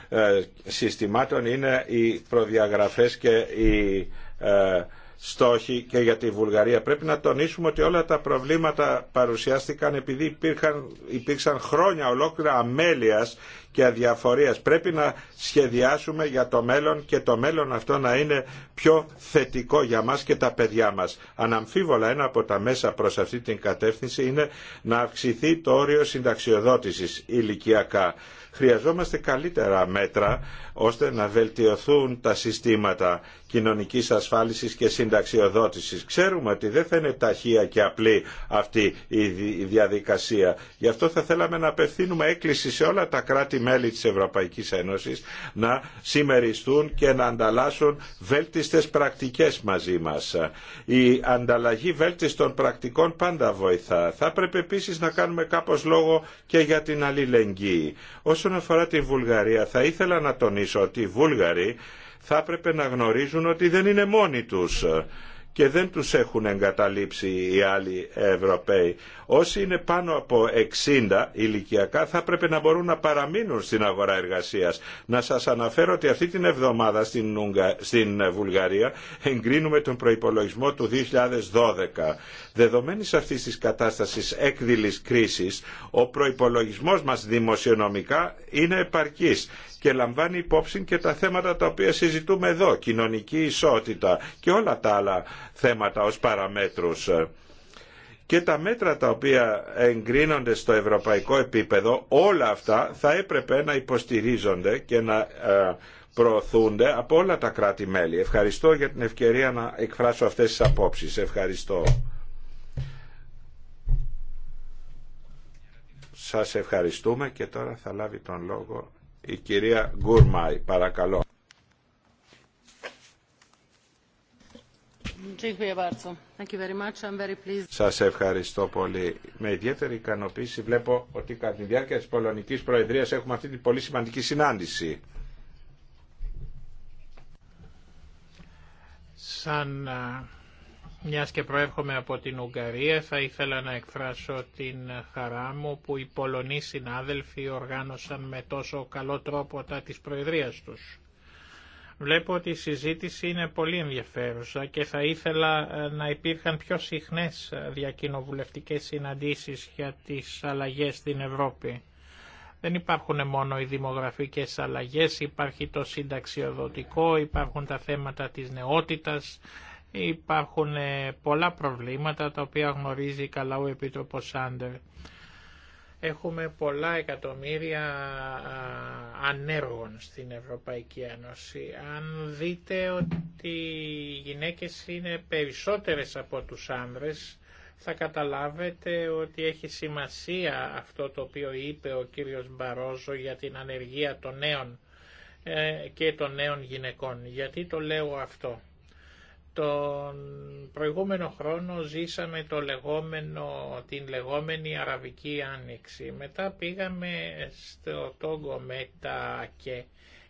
ε, συστημάτων είναι οι προδιαγραφές και οι ε, στόχοι και για τη Βουλγαρία. Πρέπει να τονίσουμε ότι όλα τα προβλήματα παρουσιάστηκαν επειδή υπήρχαν, υπήρξαν χρόνια ολόκληρα αμέλειας και αδιαφορίας. Πρέπει να σχεδιάσουμε για το μέλλον και το μέλλον αυτό να είναι πιο θετικό για μας και τα παιδιά μας. Αναμφίβολα ένα από τα μέσα προς αυτή την κατεύθυνση είναι να αυξηθεί το όριο συνταξιοδότησης ηλικιακά. Χρειαζόμαστε καλύτερα μέτρα ώστε να βελτιωθούν τα συστήματα κοινωνικής ασφάλισης και συνταξιοδότησης. Ξέρουμε ότι δεν θα είναι ταχεία και απλή αυτή η διαδικασία. Γι' αυτό θα θέλαμε να απευθύνουμε έκκληση σε όλα τα κράτη-μέλη της Ευρωπαϊκής Ένωσης να συμμεριστούν και να ανταλλάσσουν βέλτιστες πρακτικές μαζί μας. Η ανταλλαγή βέλτιστων πρακτικών πάντα βοηθά. Θα πρέπει επίσης να κάνουμε κάπως λόγο και για την αλληλεγγύη. Όσον αφορά την Βουλγαρία θα ήθελα να τονίσω ότι οι Βούλγαροι θα έπρεπε να γνωρίζουν ότι δεν είναι μόνοι τους και δεν τους έχουν εγκαταλείψει οι άλλοι Ευρωπαίοι. Όσοι είναι πάνω από 60 ηλικιακά θα πρέπει να μπορούν να παραμείνουν στην αγορά εργασίας. Να σας αναφέρω ότι αυτή την εβδομάδα στην, στην Βουλγαρία εγκρίνουμε τον προϋπολογισμό του 2012. Δεδομένης αυτής της κατάστασης έκδηλης κρίσης, ο προϋπολογισμός μας δημοσιονομικά είναι επαρκής και λαμβάνει υπόψη και τα θέματα τα οποία συζητούμε εδώ, κοινωνική ισότητα και όλα τα άλλα θέματα ως παραμέτρους. Και τα μέτρα τα οποία εγκρίνονται στο ευρωπαϊκό επίπεδο, όλα αυτά θα έπρεπε να υποστηρίζονται και να ε, προωθούνται από όλα τα κράτη-μέλη. Ευχαριστώ για την ευκαιρία να εκφράσω αυτές τις απόψεις. Ευχαριστώ. Σας ευχαριστούμε και τώρα θα λάβει τον λόγο η κυρία Γκούρμαϊ, παρακαλώ. Σας ευχαριστώ πολύ. Με ιδιαίτερη ικανοποίηση βλέπω ότι κατά τη διάρκεια της Πολωνικής Προεδρίας έχουμε αυτή την πολύ σημαντική συνάντηση. Σαν Μιας και προέρχομαι από την Ουγγαρία, θα ήθελα να εκφράσω την χαρά μου που οι Πολωνοί συνάδελφοι οργάνωσαν με τόσο καλό τρόπο τα της Προεδρίας τους. Βλέπω ότι η συζήτηση είναι πολύ ενδιαφέρουσα και θα ήθελα ε, να υπήρχαν πιο συχνές διακοινοβουλευτικές συναντήσεις για τις αλλαγές στην Ευρώπη. Δεν υπάρχουν μόνο οι δημογραφικές αλλαγές, υπάρχει το συνταξιοδοτικό, υπάρχουν τα θέματα της νεότητας, Υπάρχουν ε, πολλά προβλήματα τα οποία γνωρίζει καλά ο Επίτροπος Σάντερ. Έχουμε πολλά εκατομμύρια ανέργων στην Ευρωπαϊκή Ένωση. Αν δείτε ότι οι γυναίκες είναι περισσότερες από τους άνδρες, θα καταλάβετε ότι έχει σημασία αυτό το οποίο είπε ο κύριος Μπαρόζο για την ανεργία των νέων ε, και των νέων γυναικών. Γιατί το λέω αυτό. Τον προηγούμενο χρόνο ζήσαμε το λεγόμενο, την λεγόμενη Αραβική Άνοιξη. Μετά πήγαμε στο Τόγκο μετά και,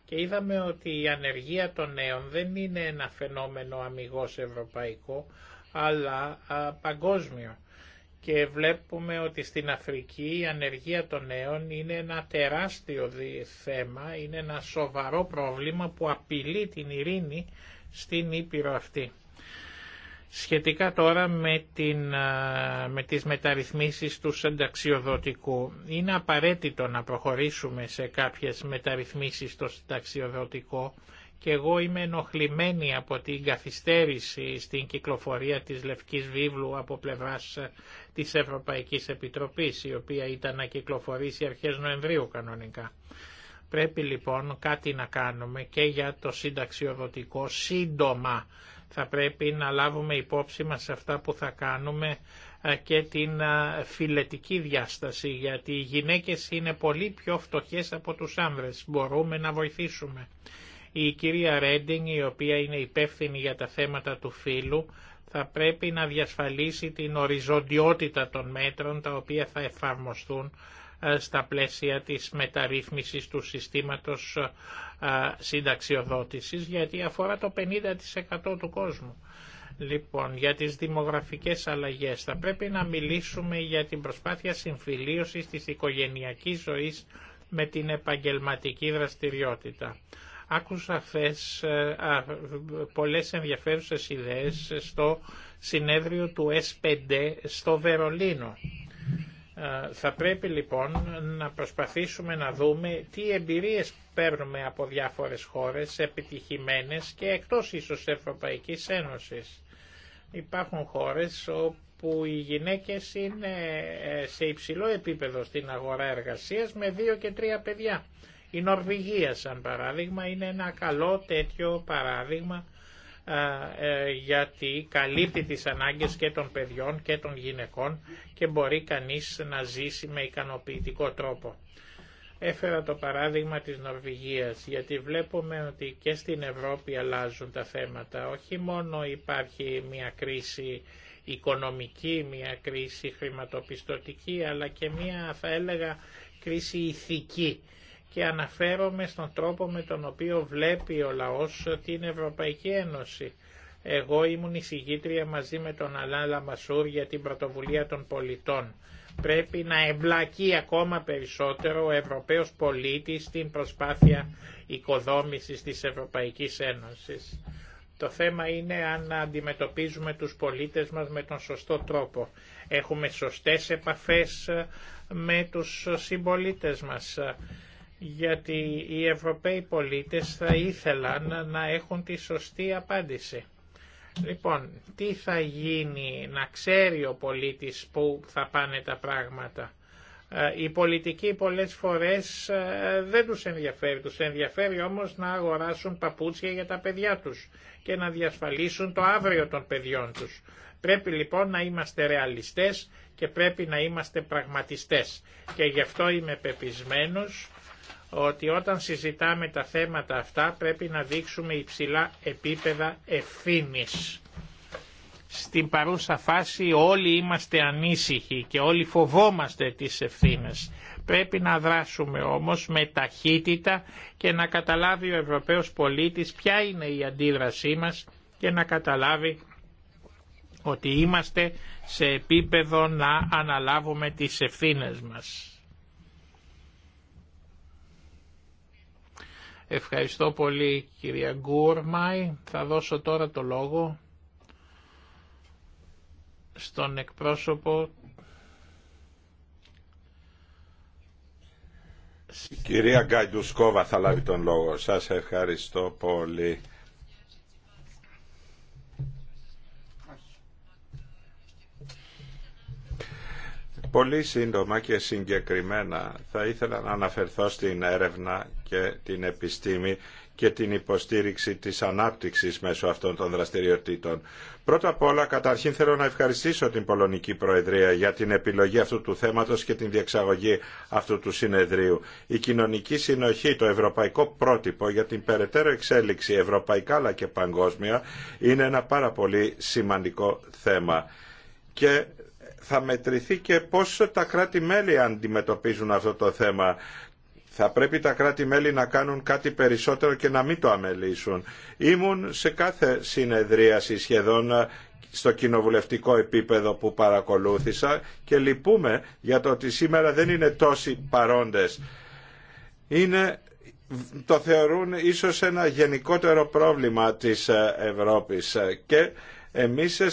και είδαμε ότι η ανεργία των νέων δεν είναι ένα φαινόμενο αμυγός ευρωπαϊκό, αλλά παγκόσμιο. Και βλέπουμε ότι στην Αφρική η ανεργία των νέων είναι ένα τεράστιο θέμα, είναι ένα σοβαρό πρόβλημα που απειλεί την ειρήνη στην Ήπειρο αυτή. Σχετικά τώρα με, την, με τις μεταρρυθμίσεις του συνταξιοδοτικού, είναι απαραίτητο να προχωρήσουμε σε κάποιες μεταρρυθμίσεις στο συνταξιοδοτικό και εγώ είμαι ενοχλημένη από την καθυστέρηση στην κυκλοφορία της Λευκής Βίβλου από πλευράς ε, της Ευρωπαϊκής Επιτροπής, η οποία ήταν να κυκλοφορήσει αρχές Νοεμβρίου κανονικά. Πρέπει λοιπόν κάτι να κάνουμε και για το συνταξιοδοτικό σύντομα. Θα πρέπει να λάβουμε υπόψη μας αυτά που θα κάνουμε ε, και την ε, φιλετική διάσταση, γιατί οι γυναίκες είναι πολύ πιο φτωχές από τους άνδρες. Μπορούμε να βοηθήσουμε. Η κυρία Ρέντινγκ, η οποία είναι υπεύθυνη για τα θέματα του φύλου, θα πρέπει να διασφαλίσει την οριζοντιότητα των μέτρων τα οποία θα εφαρμοστούν ε, στα πλαίσια της μεταρρύθμισης του συστήματος ε, συνταξιοδότησης γιατί αφορά το 50% του κόσμου. Λοιπόν, για τις δημογραφικές αλλαγές θα πρέπει να μιλήσουμε για την προσπάθεια συμφιλίωσης της οικογενειακής ζωής με την επαγγελματική δραστηριότητα. Άκουσα χθε ε, πολλές ενδιαφέρουσες ιδέες στο συνέδριο του S5 στο Βερολίνο ε, θα πρέπει λοιπόν να προσπαθήσουμε να δούμε τι εμπειρίες παίρνουμε από διάφορες χώρες επιτυχημένες και εκτός ίσως Ευρωπαϊκής Ένωσης. Υπάρχουν χώρες όπου οι γυναίκες είναι ε, σε υψηλό επίπεδο στην αγορά εργασίας με δύο και τρία παιδιά. Η Νορβηγία σαν παράδειγμα είναι ένα καλό τέτοιο παράδειγμα ε, ε, γιατί καλύπτει τις ανάγκες και των παιδιών και των γυναικών και μπορεί κανείς να ζήσει με ικανοποιητικό τρόπο. Έφερα το παράδειγμα της Νορβηγίας, γιατί βλέπουμε ότι και στην Ευρώπη αλλάζουν τα θέματα. Όχι μόνο υπάρχει μια κρίση οικονομική, μια κρίση χρηματοπιστωτική, αλλά και μια θα έλεγα κρίση ηθική και αναφέρομαι στον τρόπο με τον οποίο βλέπει ο λαός την Ευρωπαϊκή Ένωση. Εγώ ήμουν εισηγήτρια μαζί με τον Αλάλα Μασούρ για την πρωτοβουλία των πολιτών. Πρέπει να εμπλακεί ακόμα περισσότερο ο Ευρωπαίος πολίτης στην προσπάθεια οικοδόμησης της Ευρωπαϊκής Ένωσης. Το θέμα είναι αν αντιμετωπίζουμε τους πολίτες μας με τον σωστό τρόπο. Έχουμε σωστές επαφές με τους συμπολίτες μας γιατί οι Ευρωπαίοι πολίτες θα ήθελαν να έχουν τη σωστή απάντηση. Λοιπόν, τι θα γίνει να ξέρει ο πολίτης πού θα πάνε τα πράγματα. Ε, οι πολιτικοί πολλές φορές ε, δεν τους ενδιαφέρει. Τους ενδιαφέρει όμως να αγοράσουν παπούτσια για τα παιδιά τους και να διασφαλίσουν το αύριο των παιδιών τους. Πρέπει λοιπόν να είμαστε ρεαλιστές και πρέπει να είμαστε πραγματιστές. Και γι' αυτό είμαι πεπισμένος ότι όταν συζητάμε τα θέματα αυτά πρέπει να δείξουμε υψηλά επίπεδα ευθύνης. Στην παρούσα φάση όλοι είμαστε ανήσυχοι και όλοι φοβόμαστε τις ευθύνες. Πρέπει να δράσουμε όμως με ταχύτητα και να καταλάβει ο Ευρωπαίος πολίτης ποια είναι η αντίδρασή μας και να καταλάβει ότι είμαστε σε επίπεδο να αναλάβουμε τις ευθύνες μας. Ευχαριστώ πολύ κυρία Γκούρμαϊ. Θα δώσω τώρα το λόγο στον εκπρόσωπο Η κυρία Σκόβα θα λάβει τον λόγο. Σας ευχαριστώ πολύ. Πολύ σύντομα και συγκεκριμένα θα ήθελα να αναφερθώ στην έρευνα και την επιστήμη και την υποστήριξη της ανάπτυξης μέσω αυτών των δραστηριοτήτων. Πρώτα απ' όλα, καταρχήν θέλω να ευχαριστήσω την Πολωνική Προεδρία για την επιλογή αυτού του θέματος και την διεξαγωγή αυτού του συνεδρίου. Η κοινωνική συνοχή, το ευρωπαϊκό πρότυπο για την περαιτέρω εξέλιξη ευρωπαϊκά αλλά και παγκόσμια είναι ένα πάρα πολύ σημαντικό θέμα. Και θα μετρηθεί και πόσο τα κράτη-μέλη αντιμετωπίζουν αυτό το θέμα. Θα πρέπει τα κράτη-μέλη να κάνουν κάτι περισσότερο και να μην το αμελήσουν. Ήμουν σε κάθε συνεδρίαση σχεδόν ε, στο κοινοβουλευτικό επίπεδο που παρακολούθησα και λυπούμε για το ότι σήμερα δεν είναι τόσοι παρόντες. Είναι, το θεωρούν ίσως ένα γενικότερο πρόβλημα της ε, Ευρώπης ε, εμείς ε,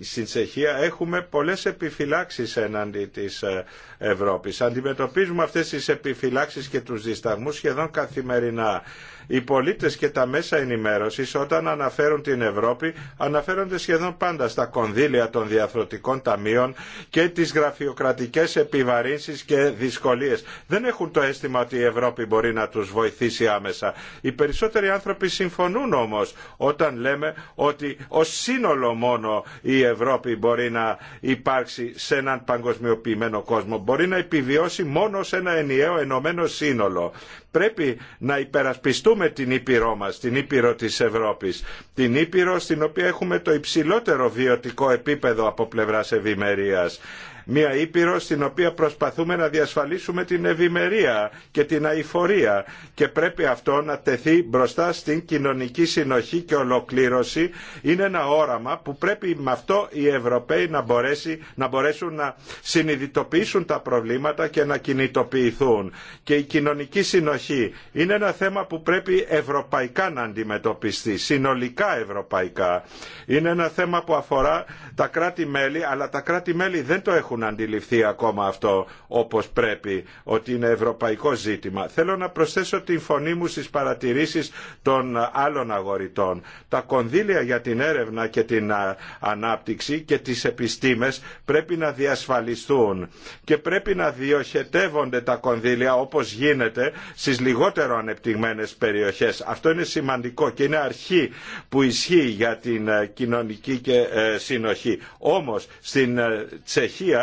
στην Τσεχία έχουμε πολλές επιφυλάξεις εναντί της ε, Ευρώπης. Αντιμετωπίζουμε αυτές τις επιφυλάξεις και τους δισταγμούς σχεδόν καθημερινά. Οι πολίτες και τα μέσα ενημέρωσης όταν αναφέρουν την Ευρώπη αναφέρονται σχεδόν πάντα στα κονδύλια των διαθροτικών ταμείων και τις γραφειοκρατικές επιβαρύνσεις και δυσκολίες. Δεν έχουν το αίσθημα ότι η Ευρώπη μπορεί να τους βοηθήσει άμεσα. Οι περισσότεροι άνθρωποι συμφωνούν όμως όταν λέμε ότι ως σύνολο μόνο η Ευρώπη μπορεί να υπάρξει σε έναν παγκοσμιοποιημένο κόσμο μπορεί να επιβιώσει μόνο σε ένα ενιαίο ενωμένο σύνολο. Πρέπει να υπερασπιστούμε την Ήπειρό μας, την Ήπειρο της Ευρώπης, την Ήπειρο στην οποία έχουμε το υψηλότερο βιωτικό επίπεδο από πλευράς ευημερίας μια ήπειρο στην οποία προσπαθούμε να διασφαλίσουμε την ευημερία και την αηφορία και πρέπει αυτό να τεθεί μπροστά στην κοινωνική συνοχή και ολοκλήρωση. Είναι ένα όραμα που πρέπει με αυτό οι Ευρωπαίοι να, μπορέσει, να μπορέσουν να συνειδητοποιήσουν τα προβλήματα και να κινητοποιηθούν. Και η κοινωνική συνοχή είναι ένα θέμα που πρέπει ευρωπαϊκά να αντιμετωπιστεί, συνολικά ευρωπαϊκά. Είναι ένα θέμα που αφορά τα κράτη-μέλη, αλλά τα κράτη-μέλη δεν το έχουν έχουν αντιληφθεί ακόμα αυτό όπως πρέπει, ότι είναι ευρωπαϊκό ζήτημα. Θέλω να προσθέσω την φωνή μου στις παρατηρήσεις των άλλων αγοριτών. Τα κονδύλια για την έρευνα και την ανάπτυξη και τις επιστήμες πρέπει να διασφαλιστούν και πρέπει να διοχετεύονται τα κονδύλια όπως γίνεται στις λιγότερο ανεπτυγμένες περιοχές. Αυτό είναι σημαντικό και είναι αρχή που ισχύει για την ε, κοινωνική και ε, συνοχή. Όμως στην ε, Τσεχία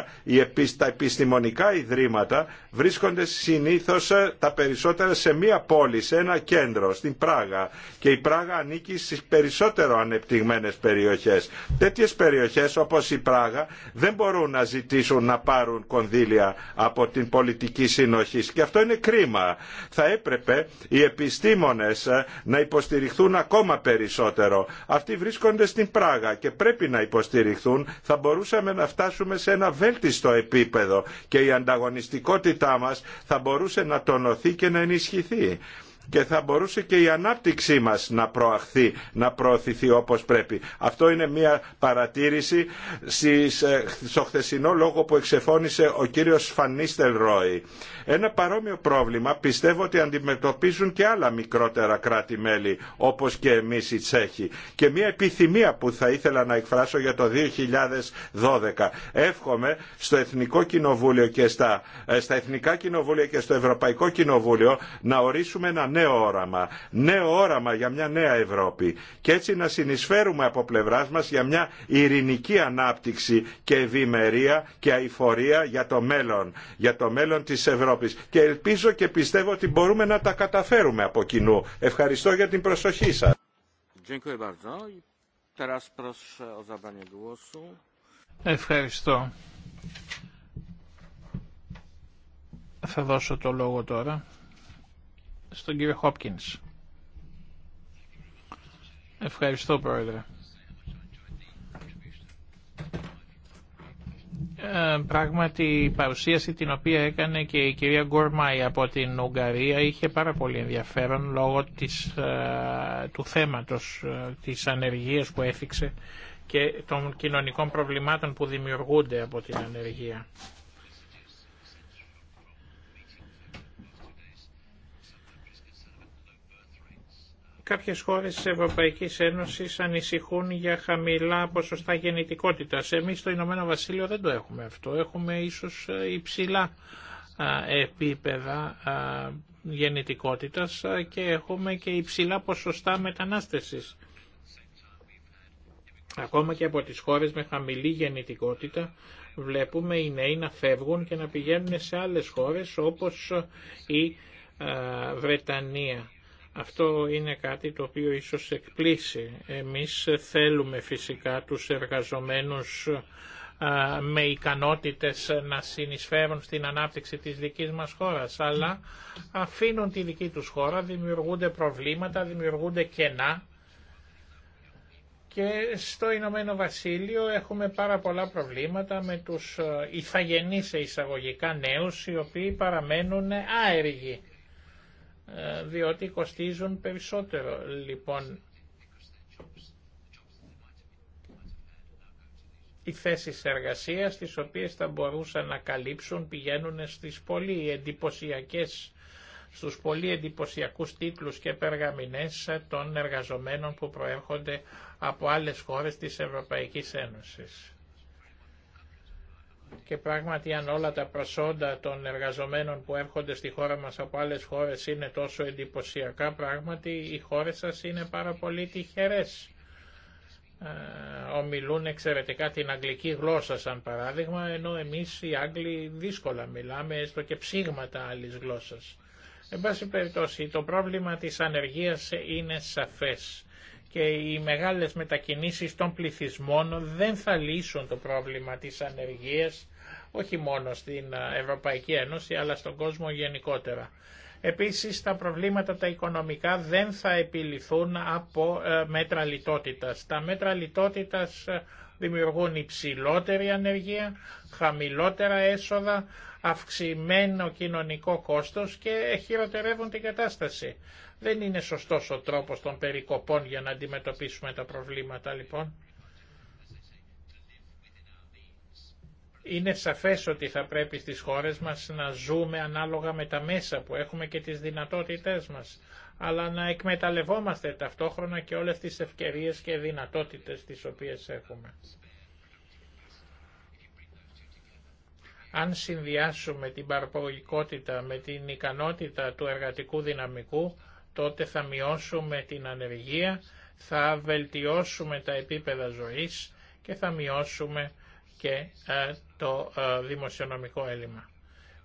τα επιστημονικά ιδρύματα βρίσκονται συνήθως ε, τα περισσότερα σε μία πόλη, σε ένα κέντρο, στην Πράγα και η Πράγα ανήκει στις περισσότερο ανεπτυγμένες περιοχές. Τέτοιες περιοχές όπως η Πράγα δεν μπορούν να ζητήσουν να πάρουν κονδύλια από την πολιτική συνοχή και αυτό είναι κρίμα. Θα έπρεπε οι επιστήμονες ε, να υποστηριχθούν ακόμα περισσότερο. Αυτοί βρίσκονται στην Πράγα και πρέπει να υποστηριχθούν. Θα μπορούσαμε να φτάσουμε σε ένα βέλτιστο επίπεδο και η ανταγωνιστικότητά μας θα μπορούσε να τονωθεί και να ενισχυθεί και θα μπορούσε και η ανάπτυξή μας να προαχθεί, να προωθηθεί όπως πρέπει. Αυτό είναι μια παρατήρηση ε, στο χθεσινό λόγο που εξεφώνησε ο κύριος Φανίστελ Ρόι. Ένα παρόμοιο πρόβλημα πιστεύω ότι αντιμετωπίζουν και άλλα μικρότερα κράτη-μέλη όπως και εμείς οι Τσέχοι. Και μια επιθυμία που θα ήθελα να εκφράσω για το 2012. Εύχομαι στο Εθνικό Κοινοβούλιο και στα, ε, στα Εθνικά Κοινοβούλια και στο Ευρωπαϊκό Κοινοβούλιο να ορίσουμε ένα νέο όραμα. Νέο όραμα για μια νέα Ευρώπη. Και έτσι να συνεισφέρουμε από πλευρά μα για μια ειρηνική ανάπτυξη και ευημερία και αηφορία για το μέλλον. Για το μέλλον τη Ευρώπη. Και ελπίζω και πιστεύω ότι μπορούμε να τα καταφέρουμε από κοινού. Ευχαριστώ για την προσοχή σας. Ευχαριστώ. Θα δώσω το λόγο τώρα στον κύριο Χόπκινς. Ευχαριστώ Πρόεδρε. Ε, πράγματι η παρουσίαση την οποία έκανε και η κυρία Γκορμάη από την Ουγγαρία είχε πάρα πολύ ενδιαφέρον λόγω της, ε, του θέματος ε, της ανεργίας που έφυξε και των κοινωνικών προβλημάτων που δημιουργούνται από την ανεργία. Κάποιες χώρες της Ευρωπαϊκής Ένωσης ανησυχούν για χαμηλά ποσοστά γεννητικότητας. Εμείς στο Ηνωμένο Βασίλειο δεν το έχουμε αυτό. Έχουμε ίσως ε, υψηλά επίπεδα γεννητικότητας και έχουμε και υψηλά ποσοστά μετανάστευσης. Ακόμα και από τις χώρες με χαμηλή γεννητικότητα βλέπουμε οι νέοι να φεύγουν και να πηγαίνουν σε άλλες χώρες όπως η Βρετανία. Αυτό είναι κάτι το οποίο ίσως εκπλήσει. Εμείς θέλουμε φυσικά τους εργαζομένους με ικανότητες να συνεισφέρουν στην ανάπτυξη της δικής μας χώρας, αλλά αφήνουν τη δική τους χώρα, δημιουργούνται προβλήματα, δημιουργούνται κενά και στο Ηνωμένο Βασίλειο έχουμε πάρα πολλά προβλήματα με τους ηθαγενείς εισαγωγικά νέους οι οποίοι παραμένουν άεργοι ε, διότι κοστίζουν περισσότερο. Λοιπόν, οι θέσει εργασίας τις οποίες θα μπορούσαν να καλύψουν πηγαίνουν στις πολύ εντυπωσιακές στους πολύ εντυπωσιακούς τίτλους και περγαμηνές των εργαζομένων που προέρχονται από άλλες χώρες της Ευρωπαϊκής Ένωσης και πράγματι αν όλα τα προσόντα των εργαζομένων που έρχονται στη χώρα μας από άλλες χώρες είναι τόσο εντυπωσιακά, πράγματι οι χώρες σας είναι πάρα πολύ τυχερές. Ε, ομιλούν εξαιρετικά την αγγλική γλώσσα σαν παράδειγμα, ενώ εμείς οι Άγγλοι δύσκολα μιλάμε, έστω και ψήγματα άλλης γλώσσας. Εν πάση περιπτώσει, το πρόβλημα της ανεργίας είναι σαφές και οι μεγάλες μετακινήσεις των πληθυσμών δεν θα λύσουν το πρόβλημα της ανεργίας όχι μόνο στην Ευρωπαϊκή Ένωση αλλά στον κόσμο γενικότερα. Επίσης τα προβλήματα τα οικονομικά δεν θα επιληθούν από ε, μέτρα λιτότητας. Τα μέτρα λιτότητας ε, δημιουργούν υψηλότερη ανεργία, χαμηλότερα έσοδα, αυξημένο κοινωνικό κόστος και χειροτερεύουν την κατάσταση. Δεν είναι σωστός ο τρόπος των περικοπών για να αντιμετωπίσουμε τα προβλήματα λοιπόν. Είναι σαφές ότι θα πρέπει στις χώρες μας να ζούμε ανάλογα με τα μέσα που έχουμε και τις δυνατότητές μας, αλλά να εκμεταλλευόμαστε ταυτόχρονα και όλες τις ευκαιρίες και δυνατότητες τις οποίες έχουμε. Αν συνδυάσουμε την παραγωγικότητα με την ικανότητα του εργατικού δυναμικού, τότε θα μειώσουμε την ανεργία, θα βελτιώσουμε τα επίπεδα ζωής και θα μειώσουμε και ε, το ε, δημοσιονομικό έλλειμμα.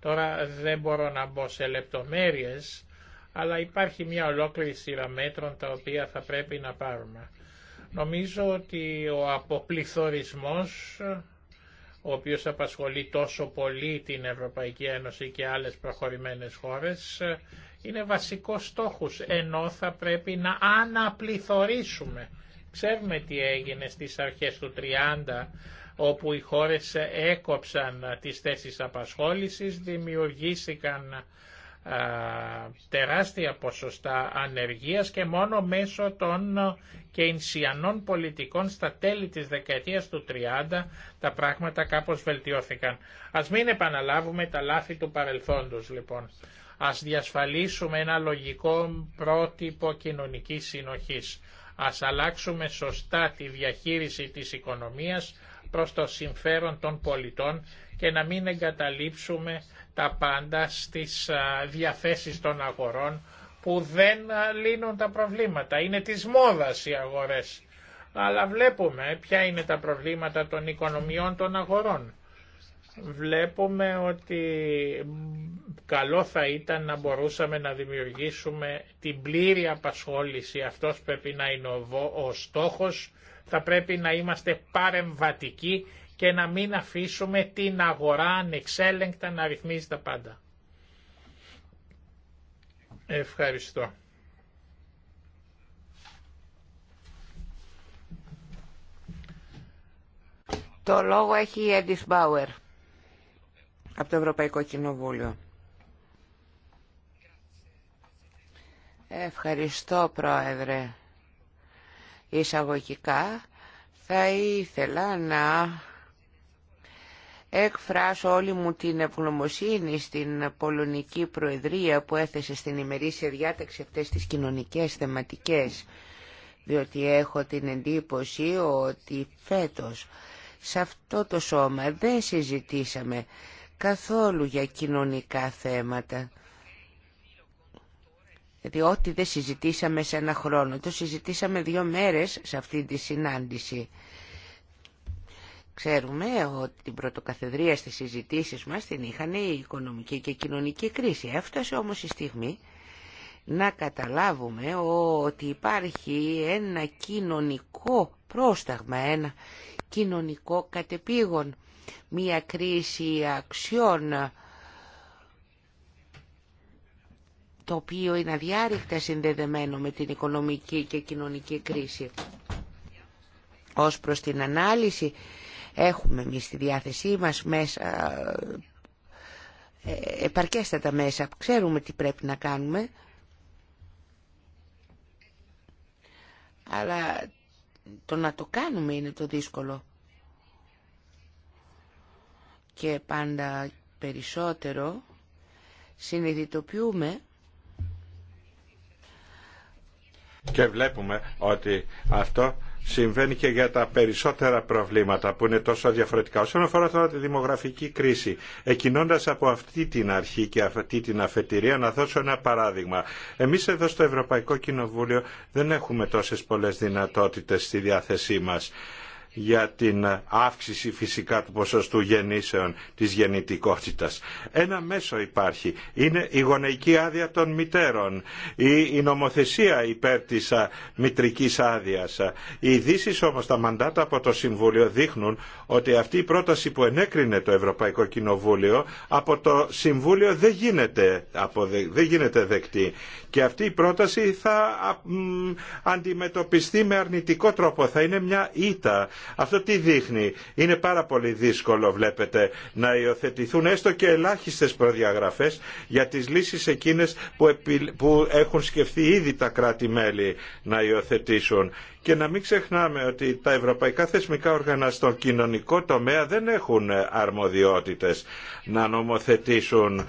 Τώρα δεν μπορώ να μπω σε λεπτομέρειες, αλλά υπάρχει μια ολόκληρη σειρά μέτρων τα οποία θα πρέπει να πάρουμε. Νομίζω ότι ο αποπληθωρισμός ο οποίος απασχολεί τόσο πολύ την Ευρωπαϊκή Ένωση και άλλες προχωρημένες χώρες, είναι βασικός στόχος, ενώ θα πρέπει να αναπληθωρήσουμε. Ξέρουμε τι έγινε στις αρχές του 30, όπου οι χώρες έκοψαν τις θέσεις απασχόλησης, δημιουργήθηκαν ε, τεράστια ποσοστά ανεργίας και μόνο μέσω των κεινσιανών πολιτικών στα τέλη της δεκαετίας του 30 τα πράγματα κάπως βελτιώθηκαν. Ας μην επαναλάβουμε τα λάθη του παρελθόντος λοιπόν. Ας διασφαλίσουμε ένα λογικό πρότυπο κοινωνικής συνοχής. Ας αλλάξουμε σωστά τη διαχείριση της οικονομίας προς το συμφέρον των πολιτών και να μην εγκαταλείψουμε τα πάντα στις διαθέσεις των αγορών που δεν λύνουν τα προβλήματα. Είναι της μόδας οι αγορές. Αλλά βλέπουμε ποια είναι τα προβλήματα των οικονομιών των αγορών. Βλέπουμε ότι καλό θα ήταν να μπορούσαμε να δημιουργήσουμε την πλήρη απασχόληση. Αυτός πρέπει να είναι ο στόχος. Θα πρέπει να είμαστε παρεμβατικοί και να μην αφήσουμε την αγορά ανεξέλεγκτα να ρυθμίζει τα πάντα. Ευχαριστώ. Το λόγο έχει η Έντις Μπάουερ από το Ευρωπαϊκό Κοινοβούλιο. Ευχαριστώ Πρόεδρε. Εισαγωγικά θα ήθελα να εκφράσω όλη μου την ευγνωμοσύνη στην Πολωνική Προεδρία που έθεσε στην ημερήσια διάταξη αυτές τις κοινωνικές θεματικές διότι έχω την εντύπωση ότι φέτος σε αυτό το σώμα δεν συζητήσαμε καθόλου για κοινωνικά θέματα. διότι δηλαδή, ό,τι δεν συζητήσαμε σε ένα χρόνο, το συζητήσαμε δύο μέρες σε αυτή τη συνάντηση. Ξέρουμε ότι την πρωτοκαθεδρία στις συζητήσεις μας την είχαν η οικονομική και κοινωνική κρίση. Έφτασε όμως η στιγμή να καταλάβουμε ότι υπάρχει ένα κοινωνικό πρόσταγμα, ένα κοινωνικό κατεπήγον, μια κρίση αξιών, το οποίο είναι αδιάρρηκτα συνδεδεμένο με την οικονομική και κοινωνική κρίση. Ως προς την ανάλυση Έχουμε εμεί στη διάθεσή μας μέσα, ε, επαρκέστατα μέσα, ξέρουμε τι πρέπει να κάνουμε. Αλλά το να το κάνουμε είναι το δύσκολο. Και πάντα περισσότερο συνειδητοποιούμε και βλέπουμε ότι αυτό συμβαίνει και για τα περισσότερα προβλήματα που είναι τόσο διαφορετικά. Όσον αφορά τώρα τη δημογραφική κρίση, εκκινώντα από αυτή την αρχή και αυτή την αφετηρία, να δώσω ένα παράδειγμα. Εμεί εδώ στο Ευρωπαϊκό Κοινοβούλιο δεν έχουμε τόσε πολλέ δυνατότητε στη διάθεσή μα για την αύξηση φυσικά του ποσοστού γεννήσεων της γεννητικότητας. Ένα μέσο υπάρχει. Είναι η γονεϊκή άδεια των μητέρων, η, νομοθεσία υπέρ της μητρικής άδειας. Οι ειδήσει όμως τα μαντάτα από το Συμβούλιο δείχνουν ότι αυτή η πρόταση που ενέκρινε το Ευρωπαϊκό Κοινοβούλιο από το Συμβούλιο δεν γίνεται, δεν γίνεται δεκτή. Και αυτή η πρόταση θα αντιμετωπιστεί με αρνητικό τρόπο. Θα είναι μια ήττα αυτό τι δείχνει. Είναι πάρα πολύ δύσκολο βλέπετε να υιοθετηθούν έστω και ελάχιστες προδιαγραφές για τις λύσεις εκείνες που έχουν σκεφτεί ήδη τα κράτη-μέλη να υιοθετήσουν και να μην ξεχνάμε ότι τα ευρωπαϊκά θεσμικά όργανα στον κοινωνικό τομέα δεν έχουν αρμοδιότητες να νομοθετήσουν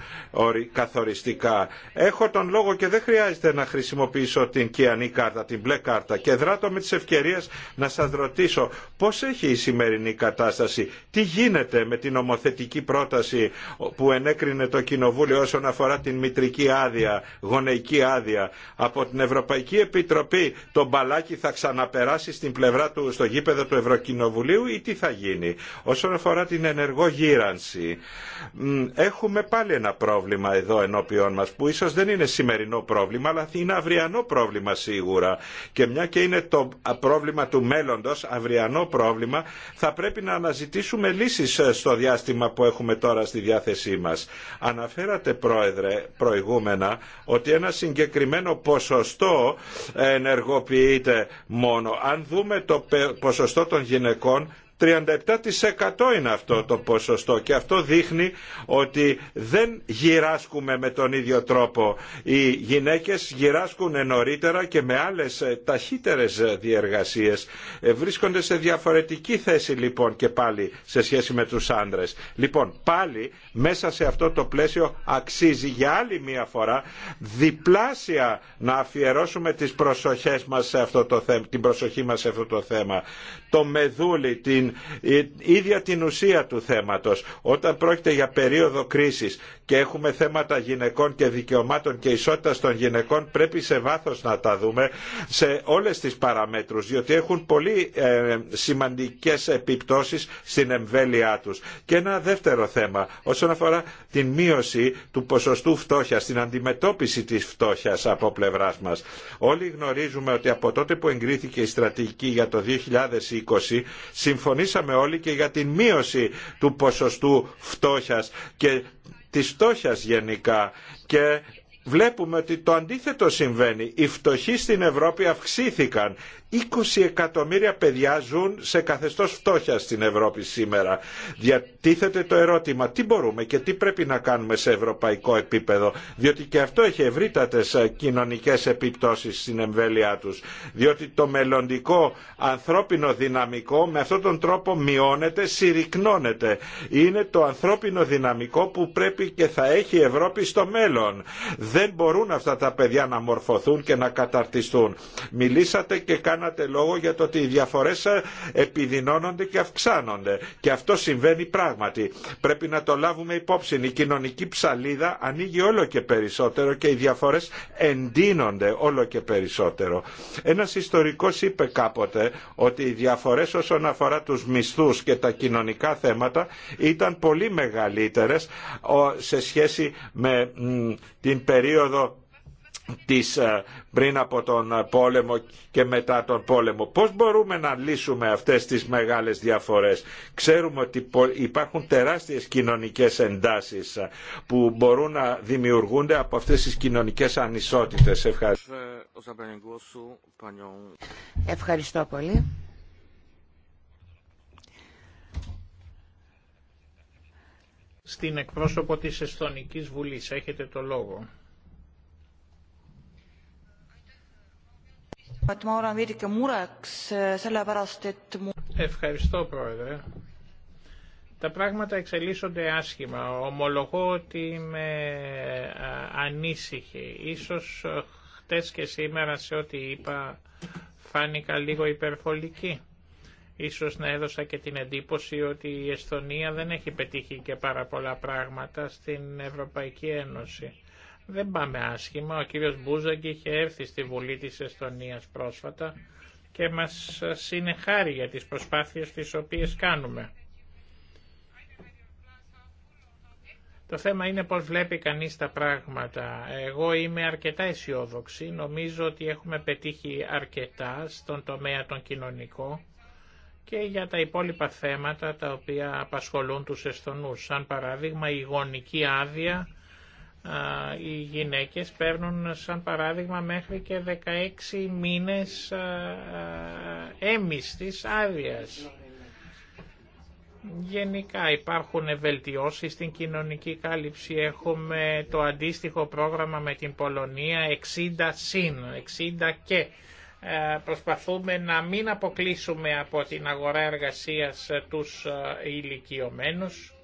καθοριστικά. Έχω τον λόγο και δεν χρειάζεται να χρησιμοποιήσω την κιανή κάρτα, την μπλε κάρτα και δράτω με τις ευκαιρίες να σας ρωτήσω πώς έχει η σημερινή κατάσταση, τι γίνεται με την νομοθετική πρόταση που ενέκρινε το Κοινοβούλιο όσον αφορά την μητρική άδεια, γονεϊκή άδεια. Από την Ευρωπαϊκή Επιτροπή το μπαλάκι θα περάσει στην πλευρά του, στο γήπεδο του Ευρωκοινοβουλίου ή τι θα γίνει. Όσον αφορά την ενεργογύρανση έχουμε πάλι ένα πρόβλημα εδώ ενώπιον μας που ίσως δεν είναι σημερινό πρόβλημα αλλά είναι αυριανό πρόβλημα σίγουρα και μια και είναι το πρόβλημα του μέλλοντος, αυριανό πρόβλημα, θα πρέπει να αναζητήσουμε λύσεις ε, στο διάστημα που έχουμε τώρα στη διάθεσή μας. Αναφέρατε πρόεδρε προηγούμενα ότι ένα συγκεκριμένο ποσοστό ενεργοποιείται μόνο μόνο. Αν δούμε το ποσοστό των γυναικών 37% είναι αυτό το ποσοστό και αυτό δείχνει ότι δεν γυράσκουμε με τον ίδιο τρόπο. Οι γυναίκες γυράσκουν νωρίτερα και με άλλες ε, ταχύτερες ε, διεργασίες. Ε, βρίσκονται σε διαφορετική θέση λοιπόν και πάλι σε σχέση με τους άντρες. Λοιπόν πάλι μέσα σε αυτό το πλαίσιο αξίζει για άλλη μία φορά διπλάσια να αφιερώσουμε τις προσοχές μας σε αυτό το θέμα, την προσοχή μας σε αυτό το θέμα. Το μεδούλι, την ίδια την ουσία του θέματος. Όταν πρόκειται για περίοδο κρίσης και έχουμε θέματα γυναικών και δικαιωμάτων και ισότητας των γυναικών πρέπει σε βάθος να τα δούμε σε όλες τις παραμέτρους διότι έχουν πολύ ε, σημαντικές επιπτώσεις στην εμβέλειά τους. Και ένα δεύτερο θέμα όσον αφορά την μείωση του ποσοστού φτώχειας, την αντιμετώπιση της φτώχειας από πλευρά μας. Όλοι γνωρίζουμε ότι από τότε που εγκρίθηκε η στρατηγική για το 2020 συμφωνήσαμε όλοι και για την μείωση του ποσοστού φτώχεια. και της φτώχειας γενικά και βλέπουμε ότι το αντίθετο συμβαίνει. Οι φτωχοί στην Ευρώπη αυξήθηκαν 20 εκατομμύρια παιδιά ζουν σε καθεστώς φτώχεια στην Ευρώπη σήμερα. Διατίθεται το ερώτημα τι μπορούμε και τι πρέπει να κάνουμε σε ευρωπαϊκό επίπεδο, διότι και αυτό έχει ευρύτατες ε, κοινωνικές επιπτώσεις στην εμβέλειά τους, διότι το μελλοντικό ανθρώπινο δυναμικό με αυτόν τον τρόπο μειώνεται, συρρυκνώνεται. Είναι το ανθρώπινο δυναμικό που πρέπει και θα έχει η Ευρώπη στο μέλλον. Δεν μπορούν αυτά τα παιδιά να μορφωθούν και να καταρτιστούν. Μιλήσατε και κάνατε λόγο για το ότι οι διαφορές ε, επιδεινώνονται και αυξάνονται. Και αυτό συμβαίνει πράγματι. Πρέπει να το λάβουμε υπόψη. Η κοινωνική ψαλίδα ανοίγει όλο και περισσότερο και οι διαφορές εντείνονται όλο και περισσότερο. Ένας ιστορικός είπε κάποτε ότι οι διαφορές όσον αφορά τους μισθούς και τα κοινωνικά θέματα ήταν πολύ μεγαλύτερες σε σχέση με την περίοδο της, ε, πριν από τον ε, πόλεμο και μετά τον πόλεμο. Πώς μπορούμε να λύσουμε αυτές τις μεγάλες διαφορές. Ξέρουμε ότι υπάρχουν τεράστιες κοινωνικές εντάσεις ε, που μπορούν να δημιουργούνται από αυτές τις κοινωνικές ανισότητες. Ευχαριστώ. Ευχαριστώ πολύ. Στην εκπρόσωπο της Εσθονικής Βουλής έχετε το λόγο. Eh, Ευχαριστώ πρόεδρε. Τα πράγματα εξελίσσονται άσχημα. Ομολογώ ότι είμαι ε, ανήσυχη. Ίσως ε, χτες και σήμερα σε ό,τι είπα φάνηκα λίγο υπερβολική. Ίσως να έδωσα και την εντύπωση ότι η Εσθονία δεν έχει πετύχει και πάρα πολλά πράγματα στην Ευρωπαϊκή Ένωση. Δεν πάμε άσχημα. Ο κύριος Μπούζαγκ είχε έρθει στη Βουλή της Εστονίας πρόσφατα και μας συνεχάρει για τις προσπάθειες τις οποίες κάνουμε. Το θέμα είναι πώς βλέπει κανείς τα πράγματα. Εγώ είμαι αρκετά αισιόδοξη. Νομίζω ότι έχουμε πετύχει αρκετά στον τομέα τον κοινωνικό και για τα υπόλοιπα θέματα τα οποία απασχολούν τους εστονούς. Σαν παράδειγμα η γονική άδεια οι γυναίκες παίρνουν σαν παράδειγμα μέχρι και 16 μήνες έμιστης άδειας. Γενικά υπάρχουν βελτιώσεις στην κοινωνική κάλυψη. Έχουμε το αντίστοιχο πρόγραμμα με την Πολωνία 60 συν, 60 και. Προσπαθούμε να μην αποκλείσουμε από την αγορά εργασίας τους ηλικιωμένους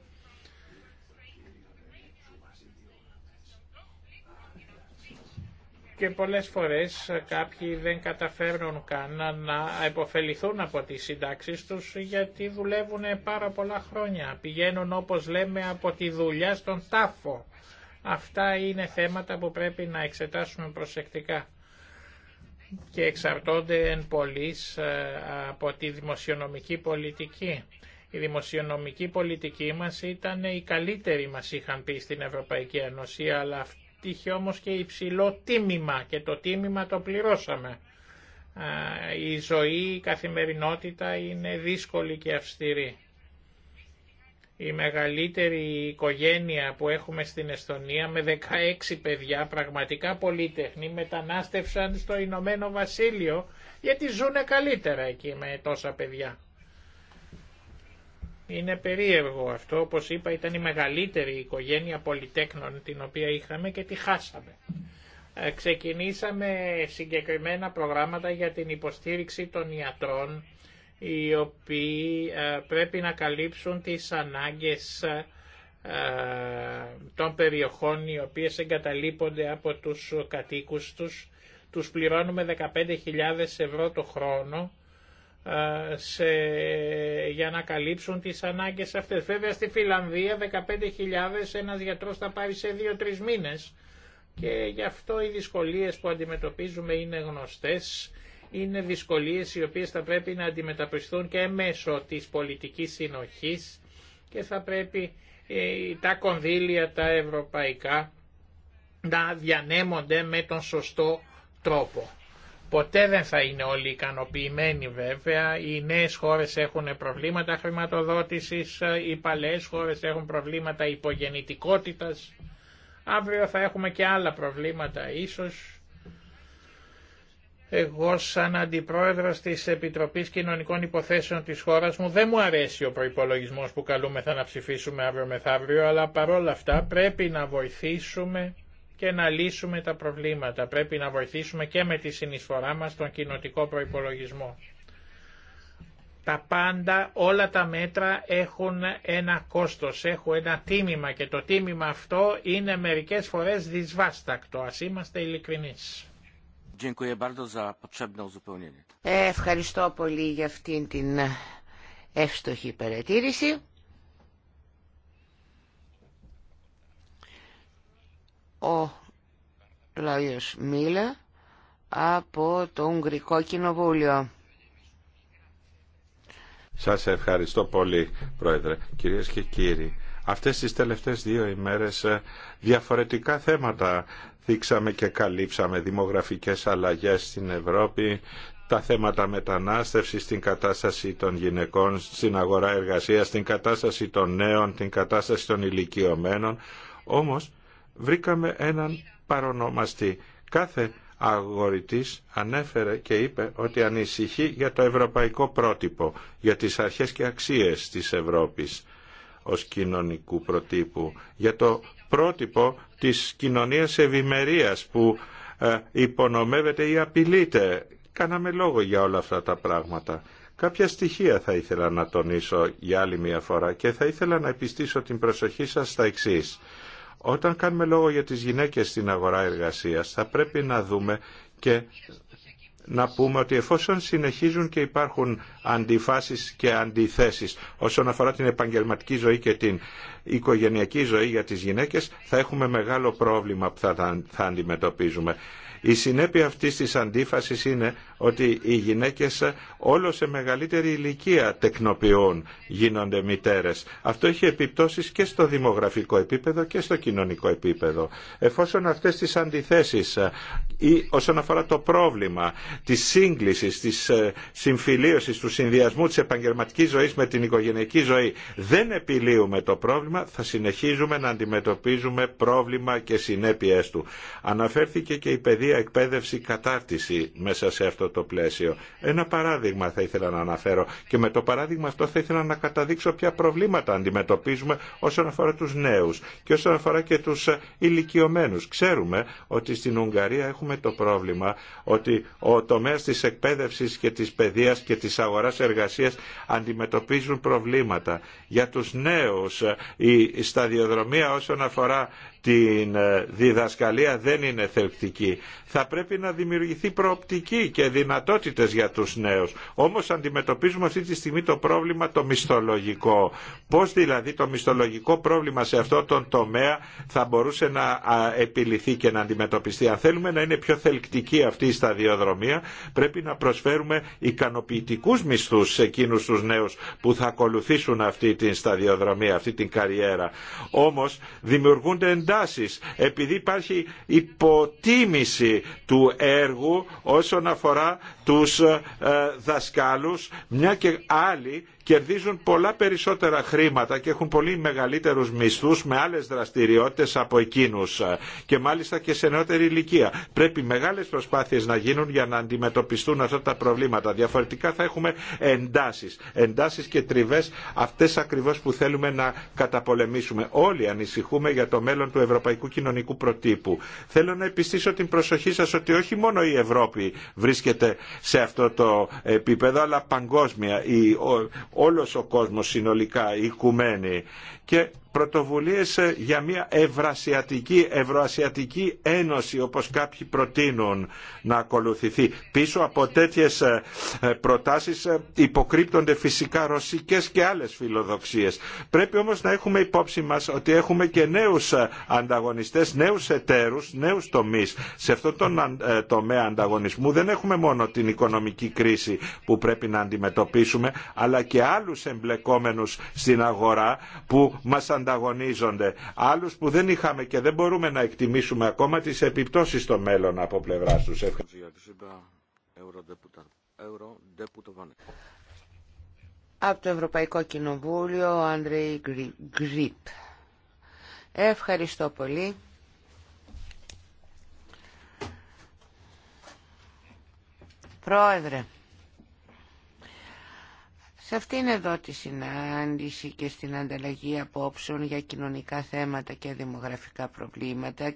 και πολλές φορές κάποιοι δεν καταφέρνουν καν να επωφεληθούν από τις συντάξει τους γιατί δουλεύουν πάρα πολλά χρόνια. Πηγαίνουν όπως λέμε από τη δουλειά στον τάφο. Αυτά είναι θέματα που πρέπει να εξετάσουμε προσεκτικά και εξαρτώνται εν πολλής ε, από τη δημοσιονομική πολιτική. Η δημοσιονομική πολιτική μας ήταν η καλύτερη μας είχαν πει στην Ευρωπαϊκή Ένωση, αλλά Τύχει όμως και υψηλό τίμημα και το τίμημα το πληρώσαμε. Η ζωή, η καθημερινότητα είναι δύσκολη και αυστηρή. Η μεγαλύτερη οικογένεια που έχουμε στην Εστονία με 16 παιδιά πραγματικά πολύτεχνοι μετανάστευσαν στο Ηνωμένο Βασίλειο γιατί ζουνε καλύτερα εκεί με τόσα παιδιά. Είναι περίεργο αυτό, όπως είπα ήταν η μεγαλύτερη οικογένεια πολυτέκνων την οποία είχαμε και τη χάσαμε. Ε, ξεκινήσαμε συγκεκριμένα προγράμματα για την υποστήριξη των ιατρών, οι οποίοι ε, πρέπει να καλύψουν τις ανάγκες ε, των περιοχών οι οποίες εγκαταλείπονται από τους κατοίκους τους. Τους πληρώνουμε 15.000 ευρώ το χρόνο ε, σε, για να καλύψουν τις ανάγκες αυτές. Βέβαια στη Φιλανδία 15.000 ένας γιατρός θα πάρει σε 2-3 μήνες και γι' αυτό οι δυσκολίες που αντιμετωπίζουμε είναι γνωστές. Είναι δυσκολίες οι οποίες θα πρέπει να αντιμετωπιστούν και μέσω της πολιτικής συνοχής και θα πρέπει ε, τα κονδύλια τα ευρωπαϊκά να διανέμονται με τον σωστό τρόπο. Ποτέ δεν θα είναι όλοι ικανοποιημένοι βέβαια. Οι νέες χώρες έχουν προβλήματα χρηματοδότησης, οι παλαιές χώρες έχουν προβλήματα υπογεννητικότητας. Αύριο θα έχουμε και άλλα προβλήματα ίσως. Εγώ σαν αντιπρόεδρος της Επιτροπής Κοινωνικών Υποθέσεων της χώρας μου δεν μου αρέσει ο προϋπολογισμός που καλούμεθα να ψηφίσουμε αύριο μεθαύριο, αλλά παρόλα αυτά πρέπει να βοηθήσουμε και να λύσουμε τα προβλήματα. Πρέπει να βοηθήσουμε και με τη συνεισφορά μας τον κοινοτικό προϋπολογισμό. Τα πάντα, όλα τα μέτρα έχουν ένα κόστος, έχουν ένα τίμημα και το τίμημα αυτό είναι μερικές φορές δυσβάστακτο, ας είμαστε ειλικρινείς. Ε, ευχαριστώ πολύ για αυτήν την εύστοχη παρατήρηση. ο Λαϊός μίλε από το Ουγγρικό Κοινοβούλιο. Σας ευχαριστώ πολύ, Πρόεδρε. Κυρίες και κύριοι, αυτές τις τελευταίες δύο ημέρες ε, διαφορετικά θέματα δείξαμε και καλύψαμε δημογραφικές αλλαγές στην Ευρώπη, τα θέματα μετανάστευσης, την κατάσταση των γυναικών στην αγορά εργασίας, την κατάσταση των νέων, την κατάσταση των ηλικιωμένων. Όμως, βρήκαμε έναν παρονομαστή. Κάθε αγορητής ανέφερε και είπε ότι ανησυχεί για το ευρωπαϊκό πρότυπο, για τις αρχές και αξίες της Ευρώπης ως κοινωνικού προτύπου, για το πρότυπο της κοινωνίας ευημερίας που ε, υπονομεύεται ή απειλείται. Κάναμε λόγο για όλα αυτά τα πράγματα. Κάποια στοιχεία θα ήθελα να τονίσω για άλλη μια φορά και θα ήθελα να επιστήσω την προσοχή σας στα εξής. Όταν κάνουμε λόγο για τις γυναίκες στην αγορά εργασίας, θα πρέπει να δούμε και να πούμε ότι εφόσον συνεχίζουν και υπάρχουν αντιφάσεις και αντιθέσεις όσον αφορά την επαγγελματική ζωή και την οικογενειακή ζωή για τις γυναίκες θα έχουμε μεγάλο πρόβλημα που θα, θα αντιμετωπίζουμε. Η συνέπεια αυτής της αντίφασης είναι ότι οι γυναίκες όλο σε μεγαλύτερη ηλικία τεκνοποιούν, γίνονται μητέρες. Αυτό έχει επιπτώσεις και στο δημογραφικό επίπεδο και στο κοινωνικό επίπεδο. Εφόσον αυτές τις αντιθέσεις ε, ή όσον αφορά το πρόβλημα της σύγκλησης, της ε, συμφιλίωσης, του συνδυασμού της επαγγελματικής ζωής με την οικογενειακή ζωή δεν επιλύουμε το πρόβλημα, θα συνεχίζουμε να αντιμετωπίζουμε πρόβλημα και συνέπειες του. Αναφέρθηκε και η εκπαίδευση, κατάρτιση μέσα σε αυτό το πλαίσιο. Ένα παράδειγμα θα ήθελα να αναφέρω και με το παράδειγμα αυτό θα ήθελα να καταδείξω ποια προβλήματα αντιμετωπίζουμε όσον αφορά τους νέους και όσον αφορά και τους ηλικιωμένους. Ξέρουμε ότι στην Ουγγαρία έχουμε το πρόβλημα ότι ο τομέας της εκπαίδευση και της παιδείας και της αγοράς εργασίας αντιμετωπίζουν προβλήματα. Για τους νέους η σταδιοδρομία όσον αφορά την ε, διδασκαλία δεν είναι θελκτική. Θα πρέπει να δημιουργηθεί προοπτική και δυνατότητες για τους νέους. Όμως αντιμετωπίζουμε αυτή τη στιγμή το πρόβλημα το μισθολογικό. Πώς δηλαδή το μισθολογικό πρόβλημα σε αυτό τον τομέα θα μπορούσε να επιληθεί και να αντιμετωπιστεί. Αν θέλουμε να είναι πιο θελκτική αυτή η σταδιοδρομία πρέπει να προσφέρουμε ικανοποιητικούς μισθούς σε εκείνους τους νέους που θα ακολουθήσουν αυτή την σταδιοδρομία, αυτή την καριέρα. Όμως δημιουργούνται επειδή υπάρχει υποτίμηση του έργου όσον αφορά τους ε, δασκάλους μια και άλλοι κερδίζουν πολλά περισσότερα χρήματα και έχουν πολύ μεγαλύτερους μισθούς με άλλες δραστηριότητες από εκείνους ε, και μάλιστα και σε νεότερη ηλικία. Πρέπει μεγάλες προσπάθειες να γίνουν για να αντιμετωπιστούν αυτά τα προβλήματα. Διαφορετικά θα έχουμε εντάσεις, εντάσεις και τριβές αυτές ακριβώς που θέλουμε να καταπολεμήσουμε. Όλοι ανησυχούμε για το μέλλον του ευρωπαϊκού κοινωνικού προτύπου. Θέλω να επιστήσω την προσοχή σας ότι όχι μόνο η Ευρώπη βρίσκεται σε αυτό το επίπεδο αλλά παγκόσμια όλος ο κόσμος συνολικά οικουμένη και πρωτοβουλίες ε, για μια ευρασιατική, ευρωασιατική ένωση όπως κάποιοι προτείνουν να ακολουθηθεί. Πίσω από τέτοιες ε, ε, προτάσεις υποκρύπτονται φυσικά ρωσικές και άλλες φιλοδοξίες. Πρέπει όμως να έχουμε υπόψη μας ότι έχουμε και νέους ανταγωνιστές, νέους εταίρους, νέους τομείς. Σε αυτόν τον τομέα ανταγωνισμού δεν έχουμε μόνο την οικονομική κρίση που πρέπει να αντιμετωπίσουμε, αλλά και άλλους εμπλεκόμενους στην αγορά που μας ανταγωνίζονται, άλλους που δεν είχαμε και δεν μπορούμε να εκτιμήσουμε ακόμα τις επιπτώσεις στο μέλλον από πλευρά τους. Από το Ευρωπαϊκό Κοινοβούλιο, ο Άντρεϊ Γκρίπ. Ευχαριστώ πολύ. Πρόεδρε. Σε αυτήν εδώ τη συνάντηση και στην ανταλλαγή απόψεων για κοινωνικά θέματα και δημογραφικά προβλήματα,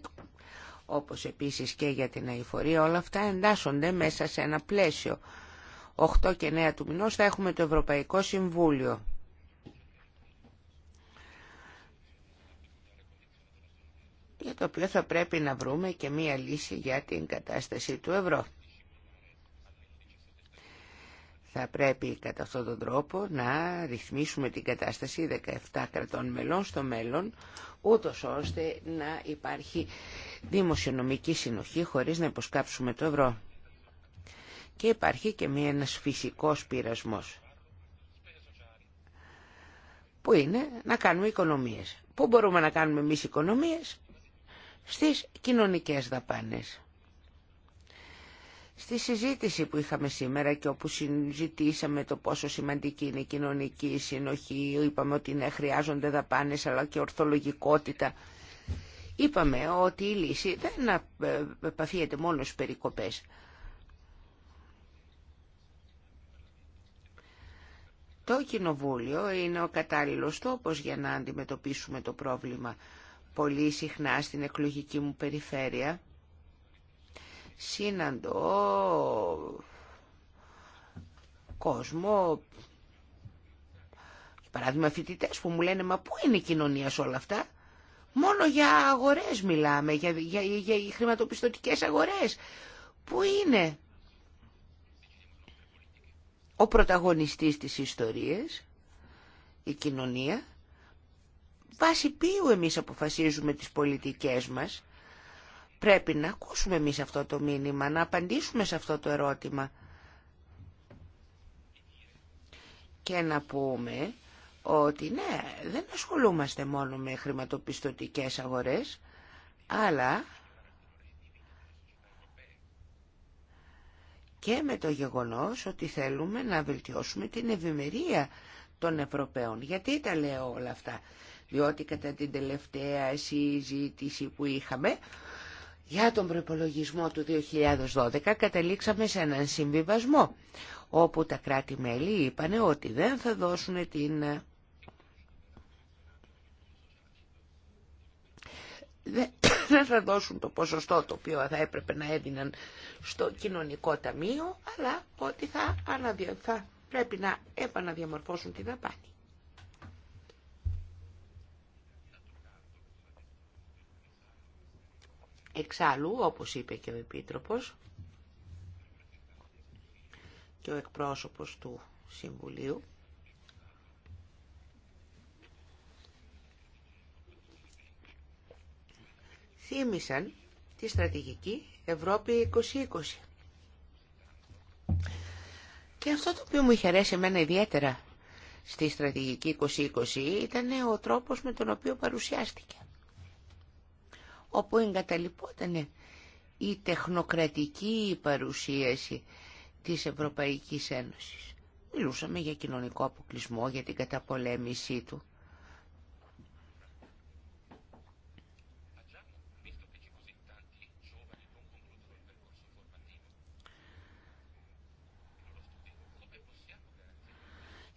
όπως επίσης και για την αηφορία, όλα αυτά εντάσσονται μέσα σε ένα πλαίσιο. 8 και 9 του μηνός θα έχουμε το Ευρωπαϊκό Συμβούλιο. για το οποίο θα πρέπει να βρούμε και μία λύση για την κατάσταση του ευρώ. Θα πρέπει κατά αυτόν τον τρόπο να ρυθμίσουμε την κατάσταση 17 κρατών μελών στο μέλλον, ούτω ώστε να υπάρχει δημοσιονομική συνοχή χωρίς να υποσκάψουμε το ευρώ. Και υπάρχει και μία, ένας φυσικός πειρασμός, που είναι να κάνουμε οικονομίες. Πού μπορούμε να κάνουμε εμείς οικονομίες? Στις κοινωνικές δαπάνες. Στη συζήτηση που είχαμε σήμερα και όπου συζητήσαμε το πόσο σημαντική είναι η κοινωνική συνοχή, είπαμε ότι ναι, χρειάζονται δαπάνες αλλά και ορθολογικότητα. Είπαμε ότι η λύση δεν ε, επαφίεται μόνο στις περικοπές. Το κοινοβούλιο είναι ο κατάλληλος τόπος για να αντιμετωπίσουμε το πρόβλημα. Πολύ συχνά στην εκλογική μου περιφέρεια Σύναντο, κόσμο, παράδειγμα φοιτητέ που μου λένε «Μα πού είναι η κοινωνία σε όλα αυτά» Μόνο για αγορές μιλάμε, για, για, για χρηματοπιστωτικές αγορές. Πού είναι ο πρωταγωνιστής της ιστορίας, η κοινωνία. Βάσει ποιου εμείς αποφασίζουμε τις πολιτικές μας. Πρέπει να ακούσουμε εμείς αυτό το μήνυμα, να απαντήσουμε σε αυτό το ερώτημα. Και να πούμε ότι ναι, δεν ασχολούμαστε μόνο με χρηματοπιστωτικές αγορές, αλλά και με το γεγονός ότι θέλουμε να βελτιώσουμε την ευημερία των Ευρωπαίων. Γιατί τα λέω όλα αυτά. Διότι κατά την τελευταία συζήτηση που είχαμε, για τον προϋπολογισμό του 2012 καταλήξαμε σε έναν συμβιβασμό όπου τα κράτη-μέλη είπαν ότι δεν θα δώσουν την... Δεν θα δώσουν το ποσοστό το οποίο θα έπρεπε να έδιναν στο κοινωνικό ταμείο, αλλά ότι θα, αναδια... θα πρέπει να επαναδιαμορφώσουν την δαπάνη. Εξάλλου, όπως είπε και ο Επίτροπος και ο εκπρόσωπος του Συμβουλίου, θύμισαν τη στρατηγική Ευρώπη 2020. Και αυτό το οποίο μου είχε αρέσει εμένα ιδιαίτερα στη στρατηγική 2020 ήταν ο τρόπος με τον οποίο παρουσιάστηκε όπου εγκαταλειπόταν η τεχνοκρατική παρουσίαση της Ευρωπαϊκής Ένωσης. Μιλούσαμε για κοινωνικό αποκλεισμό, για την καταπολέμησή του.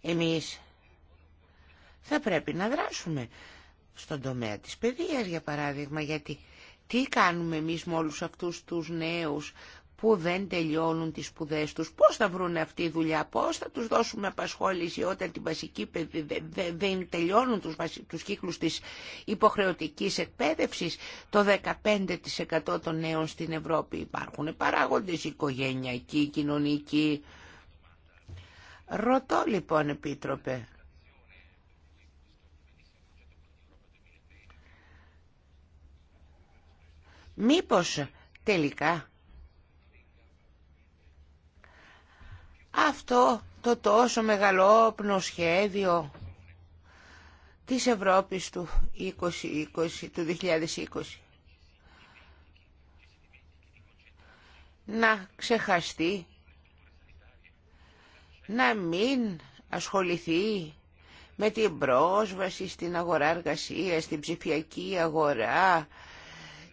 Εμείς θα πρέπει να δράσουμε στον τομέα της παιδείας για παράδειγμα γιατί τι κάνουμε εμείς με όλους αυτούς τους νέους που δεν τελειώνουν τις σπουδέ τους, πώς θα βρουν αυτή η δουλειά, πώς θα τους δώσουμε απασχόληση όταν την βασική, δεν τελειώνουν τους, τους κύκλους της υποχρεωτικής εκπαίδευσης. Το 15% των νέων στην Ευρώπη υπάρχουν παράγοντες οικογενειακοί, κοινωνικοί. Ρωτώ λοιπόν, Επίτροπε, Μήπως τελικά αυτό το τόσο μεγαλόπνο σχέδιο της Ευρώπης του, 2020, του 2020 να ξεχαστεί, να μην ασχοληθεί με την πρόσβαση στην αγορά εργασίας, στην ψηφιακή αγορά,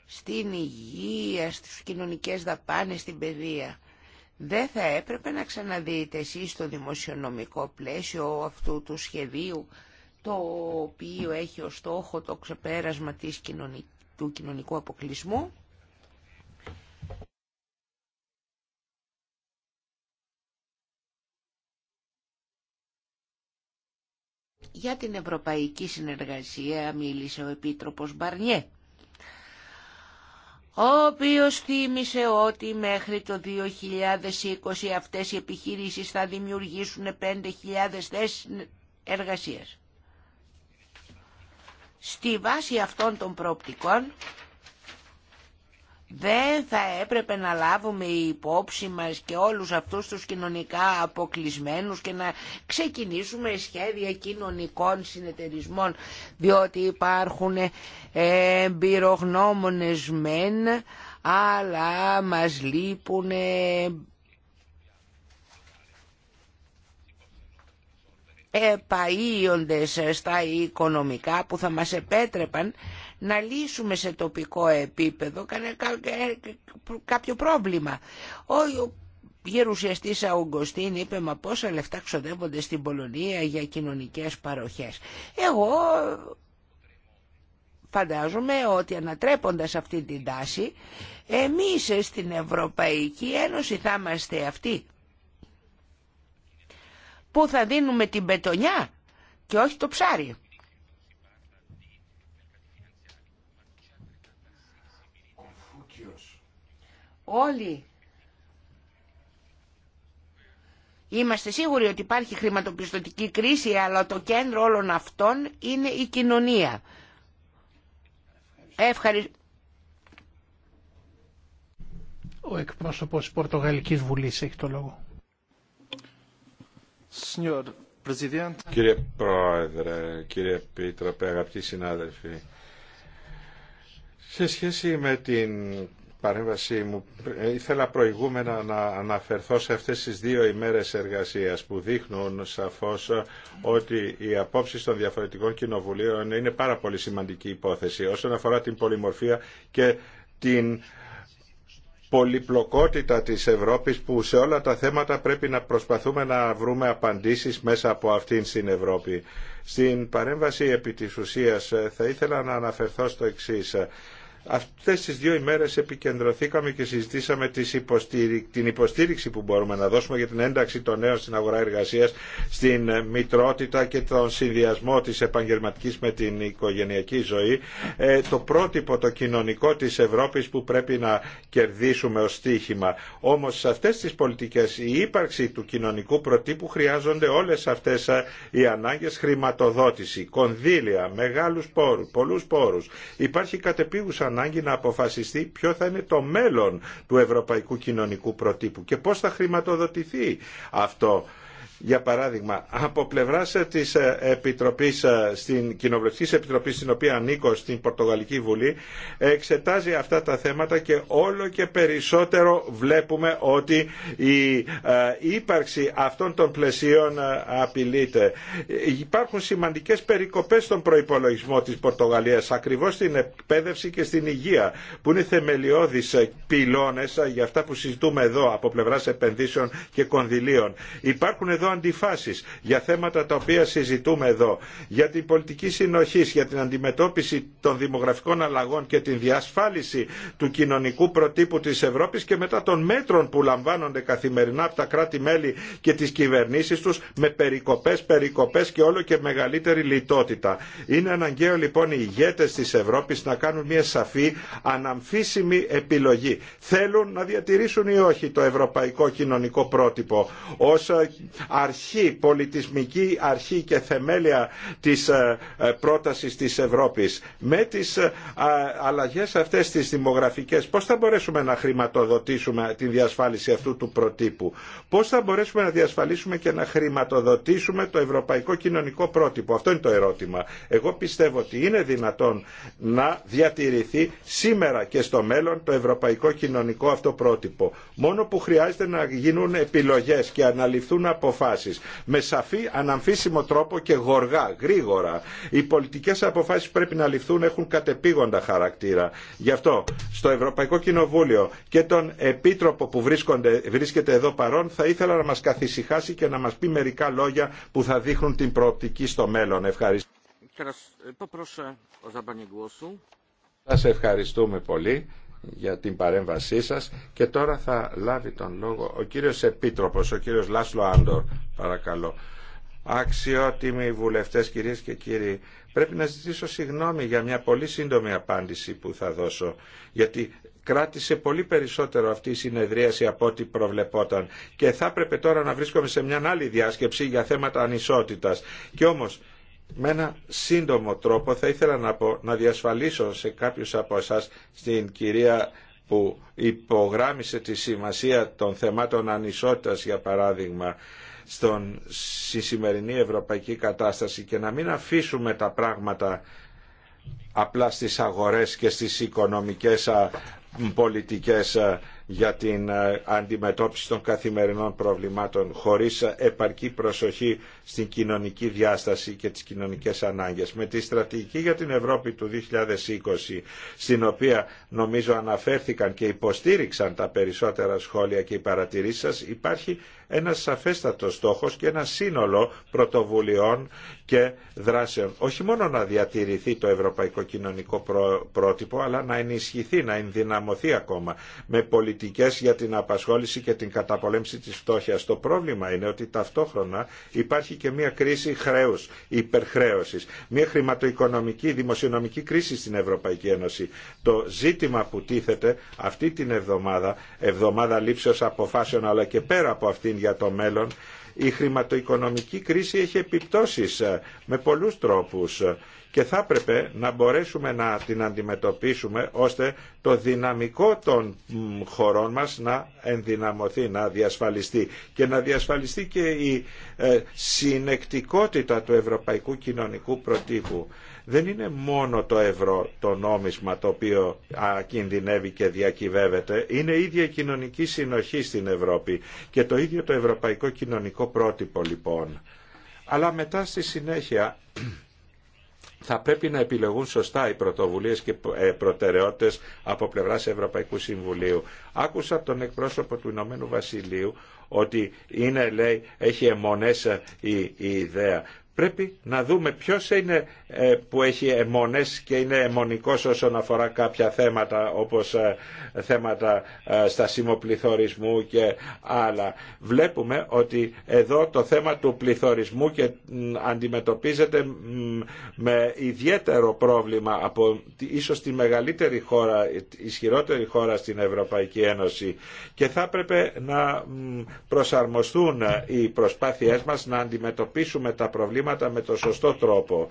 στην υγεία, στις κοινωνικές δαπάνες, στην παιδεία. Δεν θα έπρεπε να ξαναδείτε εσείς το δημοσιονομικό πλαίσιο αυτού του σχεδίου, το οποίο έχει ως στόχο το ξεπέρασμα του κοινωνικού αποκλεισμού. Για την ευρωπαϊκή συνεργασία μίλησε ο Επίτροπος Μπαρνιέ ο οποίος θύμισε ότι μέχρι το 2020 αυτές οι επιχειρήσεις θα δημιουργήσουν 5.000 θέσεις εργασίας. Στη βάση αυτών των προοπτικών δεν θα έπρεπε να λάβουμε υπόψη μας και όλους αυτούς τους κοινωνικά αποκλεισμένους και να ξεκινήσουμε σχέδια κοινωνικών συνεταιρισμών διότι υπάρχουν εμπειρογνώμονες μεν αλλά μας λείπουν επαΐοντες στα οικονομικά που θα μας επέτρεπαν να λύσουμε σε τοπικό επίπεδο ε, κάποιο πρόβλημα. Ο γερουσιαστής Αουγκοστίν είπε «Μα πόσα λεφτά ξοδεύονται στην Πολωνία για κοινωνικές παροχές». Εγώ φαντάζομαι ότι ανατρέποντας αυτή την τάση, εμείς στην Ευρωπαϊκή Ένωση θα είμαστε αυτοί που θα δίνουμε την πετονιά και όχι το ψάρι. Όλοι είμαστε σίγουροι ότι υπάρχει χρηματοπιστωτική κρίση, αλλά το κέντρο όλων αυτών είναι η κοινωνία. Ευχαριστώ. Ο εκπρόσωπος της Πορτογαλικής Βουλής έχει το λόγο. Κύριε Πρόεδρε, κύριε πίτροπε αγαπητοί συνάδελφοι, σε σχέση με την παρέμβασή μου, ε, ήθελα προηγούμενα να αναφερθώ σε αυτές τις δύο ημέρες εργασίας που δείχνουν σαφώς ε, ότι οι απόψεις των διαφορετικών κοινοβουλίων είναι πάρα πολύ σημαντική υπόθεση όσον αφορά την πολυμορφία και την πολυπλοκότητα της Ευρώπης που σε όλα τα θέματα πρέπει να προσπαθούμε να βρούμε απαντήσεις μέσα από αυτήν στην Ευρώπη. Στην παρέμβαση επί της ουσίας ε, θα ήθελα να αναφερθώ στο εξής. Αυτές τις δύο ημέρες επικεντρωθήκαμε και συζητήσαμε την υποστήριξη που μπορούμε να δώσουμε για την ένταξη των νέων στην αγορά εργασίας, στην ε, μητρότητα και τον συνδυασμό της επαγγελματικής με την οικογενειακή ζωή. Ε, το πρότυπο το κοινωνικό της Ευρώπης που πρέπει να κερδίσουμε ως στίχημα. Όμως σε αυτές τις πολιτικές η ύπαρξη του κοινωνικού προτύπου χρειάζονται όλες αυτές ε, οι ανάγκες χρηματοδότηση, κονδύλια, μεγάλους πόρους, πολλούς πόρους. Υπάρχει κατεπίγουσα ανάγκη να αποφασιστεί ποιο θα είναι το μέλλον του ευρωπαϊκού κοινωνικού προτύπου και πώς θα χρηματοδοτηθεί αυτό για παράδειγμα, από πλευρά ε, τη ε, Επιτροπή, ε, στην Κοινοβουλευτική Επιτροπή, στην οποία ανήκω στην Πορτογαλική Βουλή, εξετάζει αυτά τα θέματα και όλο και περισσότερο βλέπουμε ότι η ύπαρξη αυτών των πλαισίων απειλείται. Υπάρχουν σημαντικέ περικοπές στον προπολογισμό τη Πορτογαλίας, ακριβώ στην εκπαίδευση και στην υγεία, που είναι θεμελιώδει πυλώνε για αυτά που συζητούμε εδώ από πλευρά επενδύσεων και κονδυλίων. Υπάρχουν εδώ εδώ αντιφάσεις για θέματα τα οποία συζητούμε εδώ, για την πολιτική συνοχή, για την αντιμετώπιση των δημογραφικών αλλαγών και την διασφάλιση του κοινωνικού προτύπου της Ευρώπης και μετά των μέτρων που λαμβάνονται καθημερινά από τα κράτη-μέλη και τις κυβερνήσεις τους με περικοπές, περικοπές και όλο και μεγαλύτερη λιτότητα. Είναι αναγκαίο λοιπόν οι ηγέτες της Ευρώπης να κάνουν μια σαφή αναμφίσιμη επιλογή. Θέλουν να διατηρήσουν ή όχι το ευρωπαϊκό κοινωνικό πρότυπο ως αρχή, πολιτισμική αρχή και θεμέλια της ε, ε, πρότασης της Ευρώπης. Με τις ε, αλλαγές αυτές τις δημογραφικές πώς θα μπορέσουμε να χρηματοδοτήσουμε τη διασφάλιση αυτού του προτύπου. Πώς θα μπορέσουμε να διασφαλίσουμε και να χρηματοδοτήσουμε το ευρωπαϊκό κοινωνικό πρότυπο. Αυτό είναι το ερώτημα. Εγώ πιστεύω ότι είναι δυνατόν να διατηρηθεί σήμερα και στο μέλλον το ευρωπαϊκό κοινωνικό αυτό πρότυπο. Μόνο που χρειάζεται να γίνουν επιλογές και αναλυθούν αποφάσεις με σαφή αναμφίσιμο τρόπο και γοργά, γρήγορα. Οι πολιτικές αποφάσεις πρέπει να ληφθούν έχουν κατεπήγοντα χαρακτήρα. Γι' αυτό στο Ευρωπαϊκό Κοινοβούλιο και τον Επίτροπο που βρίσκεται εδώ παρόν θα ήθελα να μας καθησυχάσει και να μας πει μερικά λόγια που θα δείχνουν την προοπτική στο μέλλον. Ευχαριστώ. E, Σας ευχαριστούμε πολύ για την παρέμβασή σας και τώρα θα λάβει τον λόγο ο κύριος Επίτροπος, ο κύριος Λάσλο Άντορ, παρακαλώ. Αξιότιμοι βουλευτές κυρίες και κύριοι, πρέπει να ζητήσω συγγνώμη για μια πολύ σύντομη απάντηση που θα δώσω, γιατί κράτησε πολύ περισσότερο αυτή η συνεδρίαση από ό,τι προβλεπόταν και θα έπρεπε τώρα να βρίσκομαι σε μια άλλη διάσκεψη για θέματα ανισότητας. Και όμως με ένα σύντομο τρόπο θα ήθελα να, να διασφαλίσω σε κάποιους από εσάς στην κυρία που υπογράμισε τη σημασία των θεμάτων ανισότητας για παράδειγμα στον, στη σημερινή ευρωπαϊκή κατάσταση και να μην αφήσουμε τα πράγματα απλά στις αγορές και στις οικονομικές πολιτικές για την ε, αντιμετώπιση των καθημερινών προβλημάτων χωρίς ε, επαρκή προσοχή στην κοινωνική διάσταση και τις κοινωνικές ανάγκες. Με τη στρατηγική για την Ευρώπη του 2020, στην οποία νομίζω αναφέρθηκαν και υποστήριξαν τα περισσότερα σχόλια και οι παρατηρήσεις σας, υπάρχει ένας σαφέστατος στόχος και ένα σύνολο πρωτοβουλειών και δράσεων. Όχι μόνο να διατηρηθεί το ευρωπαϊκό κοινωνικό πρότυπο, αλλά να ενισχυθεί, να ενδυναμωθεί ακόμα με πολιτικές για την απασχόληση και την καταπολέμηση της φτώχειας. Το πρόβλημα είναι ότι ταυτόχρονα υπάρχει και μια κρίση χρέους, υπερχρέωσης, μια χρηματοοικονομική, δημοσιονομική κρίση στην Ευρωπαϊκή Ένωση. Το ζήτημα που τίθεται αυτή την εβδομάδα, εβδομάδα λήψεως αποφάσεων αλλά και πέρα από αυτήν για το μέλλον, η χρηματοοικονομική κρίση έχει επιπτώσεις ε, με πολλούς τρόπους ε, και θα έπρεπε να μπορέσουμε να την αντιμετωπίσουμε ώστε το δυναμικό των χωρών μας να ενδυναμωθεί, να διασφαλιστεί και να διασφαλιστεί και η ε, συνεκτικότητα του ευρωπαϊκού κοινωνικού προτύπου δεν είναι μόνο το ευρώ το νόμισμα το οποίο κινδυνεύει και διακυβεύεται, είναι η ίδια η κοινωνική συνοχή στην Ευρώπη και το ίδιο το ευρωπαϊκό κοινωνικό πρότυπο λοιπόν. Αλλά μετά στη συνέχεια θα πρέπει να επιλεγούν σωστά οι πρωτοβουλίες και ε, προτεραιότητες από πλευράς Ευρωπαϊκού Συμβουλίου. Άκουσα τον εκπρόσωπο του Ηνωμένου Βασιλείου ότι είναι, λέει, έχει αιμονές ε, η ιδέα πρέπει να δούμε ποιος είναι ε, που έχει αιμονές και είναι αιμονικός όσον αφορά κάποια θέματα όπως ε, θέματα ε, στασιμοπληθωρισμού και άλλα. Βλέπουμε ότι εδώ το θέμα του πληθωρισμού και αντιμετωπίζεται με ιδιαίτερο πρόβλημα από ίσως τη μεγαλύτερη χώρα, η ισχυρότερη χώρα στην Ευρωπαϊκή Ένωση και θα έπρεπε να προσαρμοστούν οι προσπάθειές μας να αντιμετωπίσουμε τα προβλήματα χρήματα με το σωστό τρόπο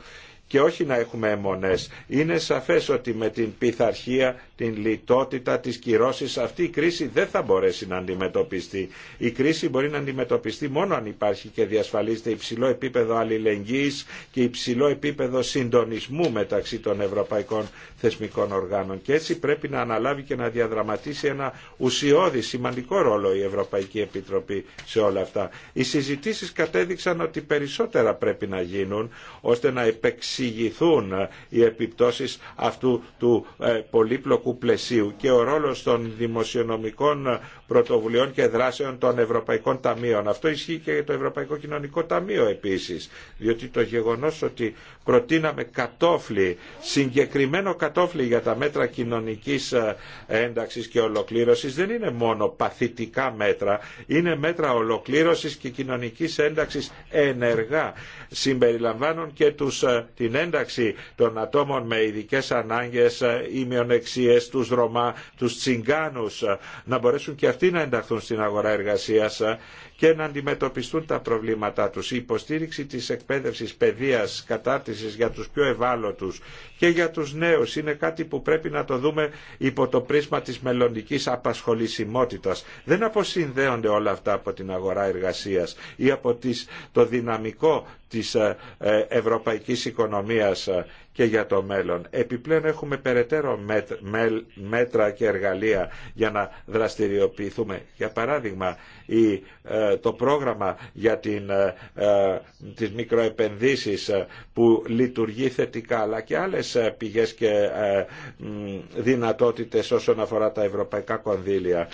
και όχι να έχουμε αιμονές. Είναι σαφές ότι με την πειθαρχία, την λιτότητα, τις κυρώσεις αυτή η κρίση δεν θα μπορέσει να αντιμετωπιστεί. Η κρίση μπορεί να αντιμετωπιστεί μόνο αν υπάρχει και διασφαλίζεται υψηλό επίπεδο αλληλεγγύης και υψηλό επίπεδο συντονισμού μεταξύ των ευρωπαϊκών θεσμικών οργάνων. Και έτσι πρέπει να αναλάβει και να διαδραματίσει ένα ουσιώδη σημαντικό ρόλο η Ευρωπαϊκή Επιτροπή σε όλα αυτά. Οι συζητήσεις κατέδειξαν ότι περισσότερα πρέπει να γίνουν ώστε να επεξεργαστούν εξηγηθούν ε, οι επιπτώσεις αυτού του ε, πολύπλοκου πλαισίου και ο ρόλος των δημοσιονομικών ε, πρωτοβουλειών και δράσεων των Ευρωπαϊκών Ταμείων. Αυτό ισχύει και για το Ευρωπαϊκό Κοινωνικό Ταμείο επίσης, διότι το γεγονός ότι προτείναμε κατόφλι, συγκεκριμένο κατόφλι για τα μέτρα κοινωνικής ένταξης και ολοκλήρωσης δεν είναι μόνο παθητικά μέτρα, είναι μέτρα ολοκλήρωσης και κοινωνικής ένταξης ενεργά, Συμπεριλαμβάνουν και την ένταξη των ατόμων με ειδικέ ανάγκε ή ε, μειονεξίε, του Ρωμά, του Τσιγκάνου, ε, να μπορέσουν και αυτοί να ενταχθούν στην αγορά εργασία ε, και να αντιμετωπιστούν τα προβλήματά τους. Η υποστήριξη της εκπαίδευσης, παιδείας, κατάρτισης για τους πιο ευάλωτους και για τους νέους είναι κάτι που πρέπει να το δούμε υπό το πρίσμα της μελλοντική απασχολησιμότητας. Δεν αποσυνδέονται όλα αυτά από την αγορά εργασίας ή από το δυναμικό της ε, ε, ευρωπαϊκής οικονομίας ε, και για το μέλλον. Επιπλέον έχουμε περαιτέρω μέτρα και εργαλεία για να δραστηριοποιηθούμε. Για παράδειγμα, ε, το πρόγραμμα για την, ε, ε, τις μικροεπενδύσεις που λειτουργεί θετικά, αλλά και άλλες πηγές και δυνατότητες όσον αφορά τα ευρωπαϊκά κονδύλια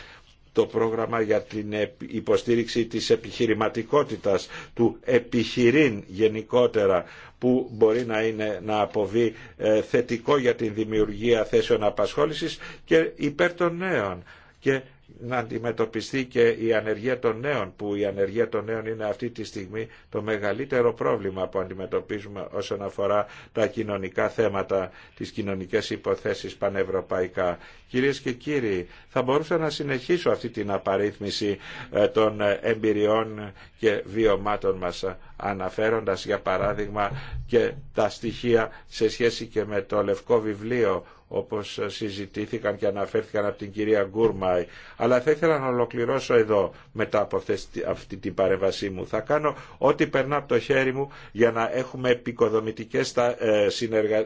το πρόγραμμα για την υποστήριξη της επιχειρηματικότητας του επιχειρήν γενικότερα που μπορεί να, είναι, να αποβεί ε, θετικό για την δημιουργία θέσεων απασχόλησης και υπέρ των νέων. Και να αντιμετωπιστεί και η ανεργία των νέων, που η ανεργία των νέων είναι αυτή τη στιγμή το μεγαλύτερο πρόβλημα που αντιμετωπίζουμε όσον αφορά τα κοινωνικά θέματα, τις κοινωνικές υποθέσεις πανευρωπαϊκά. Κυρίες και κύριοι, θα μπορούσα να συνεχίσω αυτή την απαρίθμηση ε, των εμπειριών και βιωμάτων μας, ε, αναφέροντας για παράδειγμα και τα στοιχεία σε σχέση και με το λευκό βιβλίο όπως συζητήθηκαν και αναφέρθηκαν από την κυρία Γκούρμαϊ. Αλλά θα ήθελα να ολοκληρώσω εδώ μετά από αυτές, αυτή την παρέμβασή μου. Θα κάνω ό,τι περνά από το χέρι μου για να έχουμε, επικοδομητικές, ε,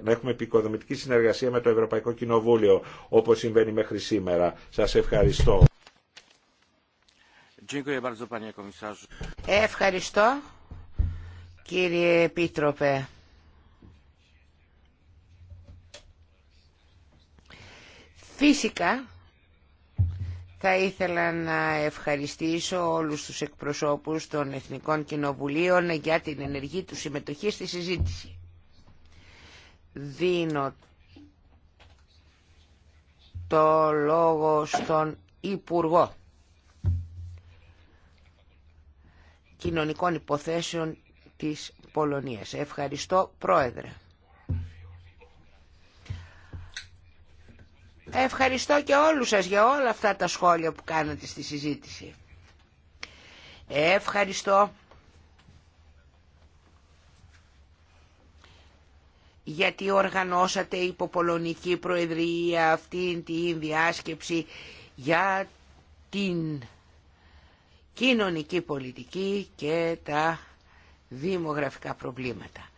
να έχουμε επικοδομητική συνεργασία με το Ευρωπαϊκό Κοινοβούλιο, όπως συμβαίνει μέχρι σήμερα. Σας ευχαριστώ. Ευχαριστώ κύριε Επίτροπε. Φυσικά θα ήθελα να ευχαριστήσω όλους τους εκπροσώπους των Εθνικών Κοινοβουλίων για την ενεργή του συμμετοχή στη συζήτηση. Δίνω το λόγο στον Υπουργό Κοινωνικών Υποθέσεων της Πολωνίας. Ευχαριστώ, Πρόεδρε. Ευχαριστώ και όλους σας για όλα αυτά τα σχόλια που κάνατε στη συζήτηση. Ευχαριστώ. γιατί οργανώσατε υπό Πολωνική Προεδρία αυτήν την διάσκεψη για την κοινωνική πολιτική και τα δημογραφικά προβλήματα.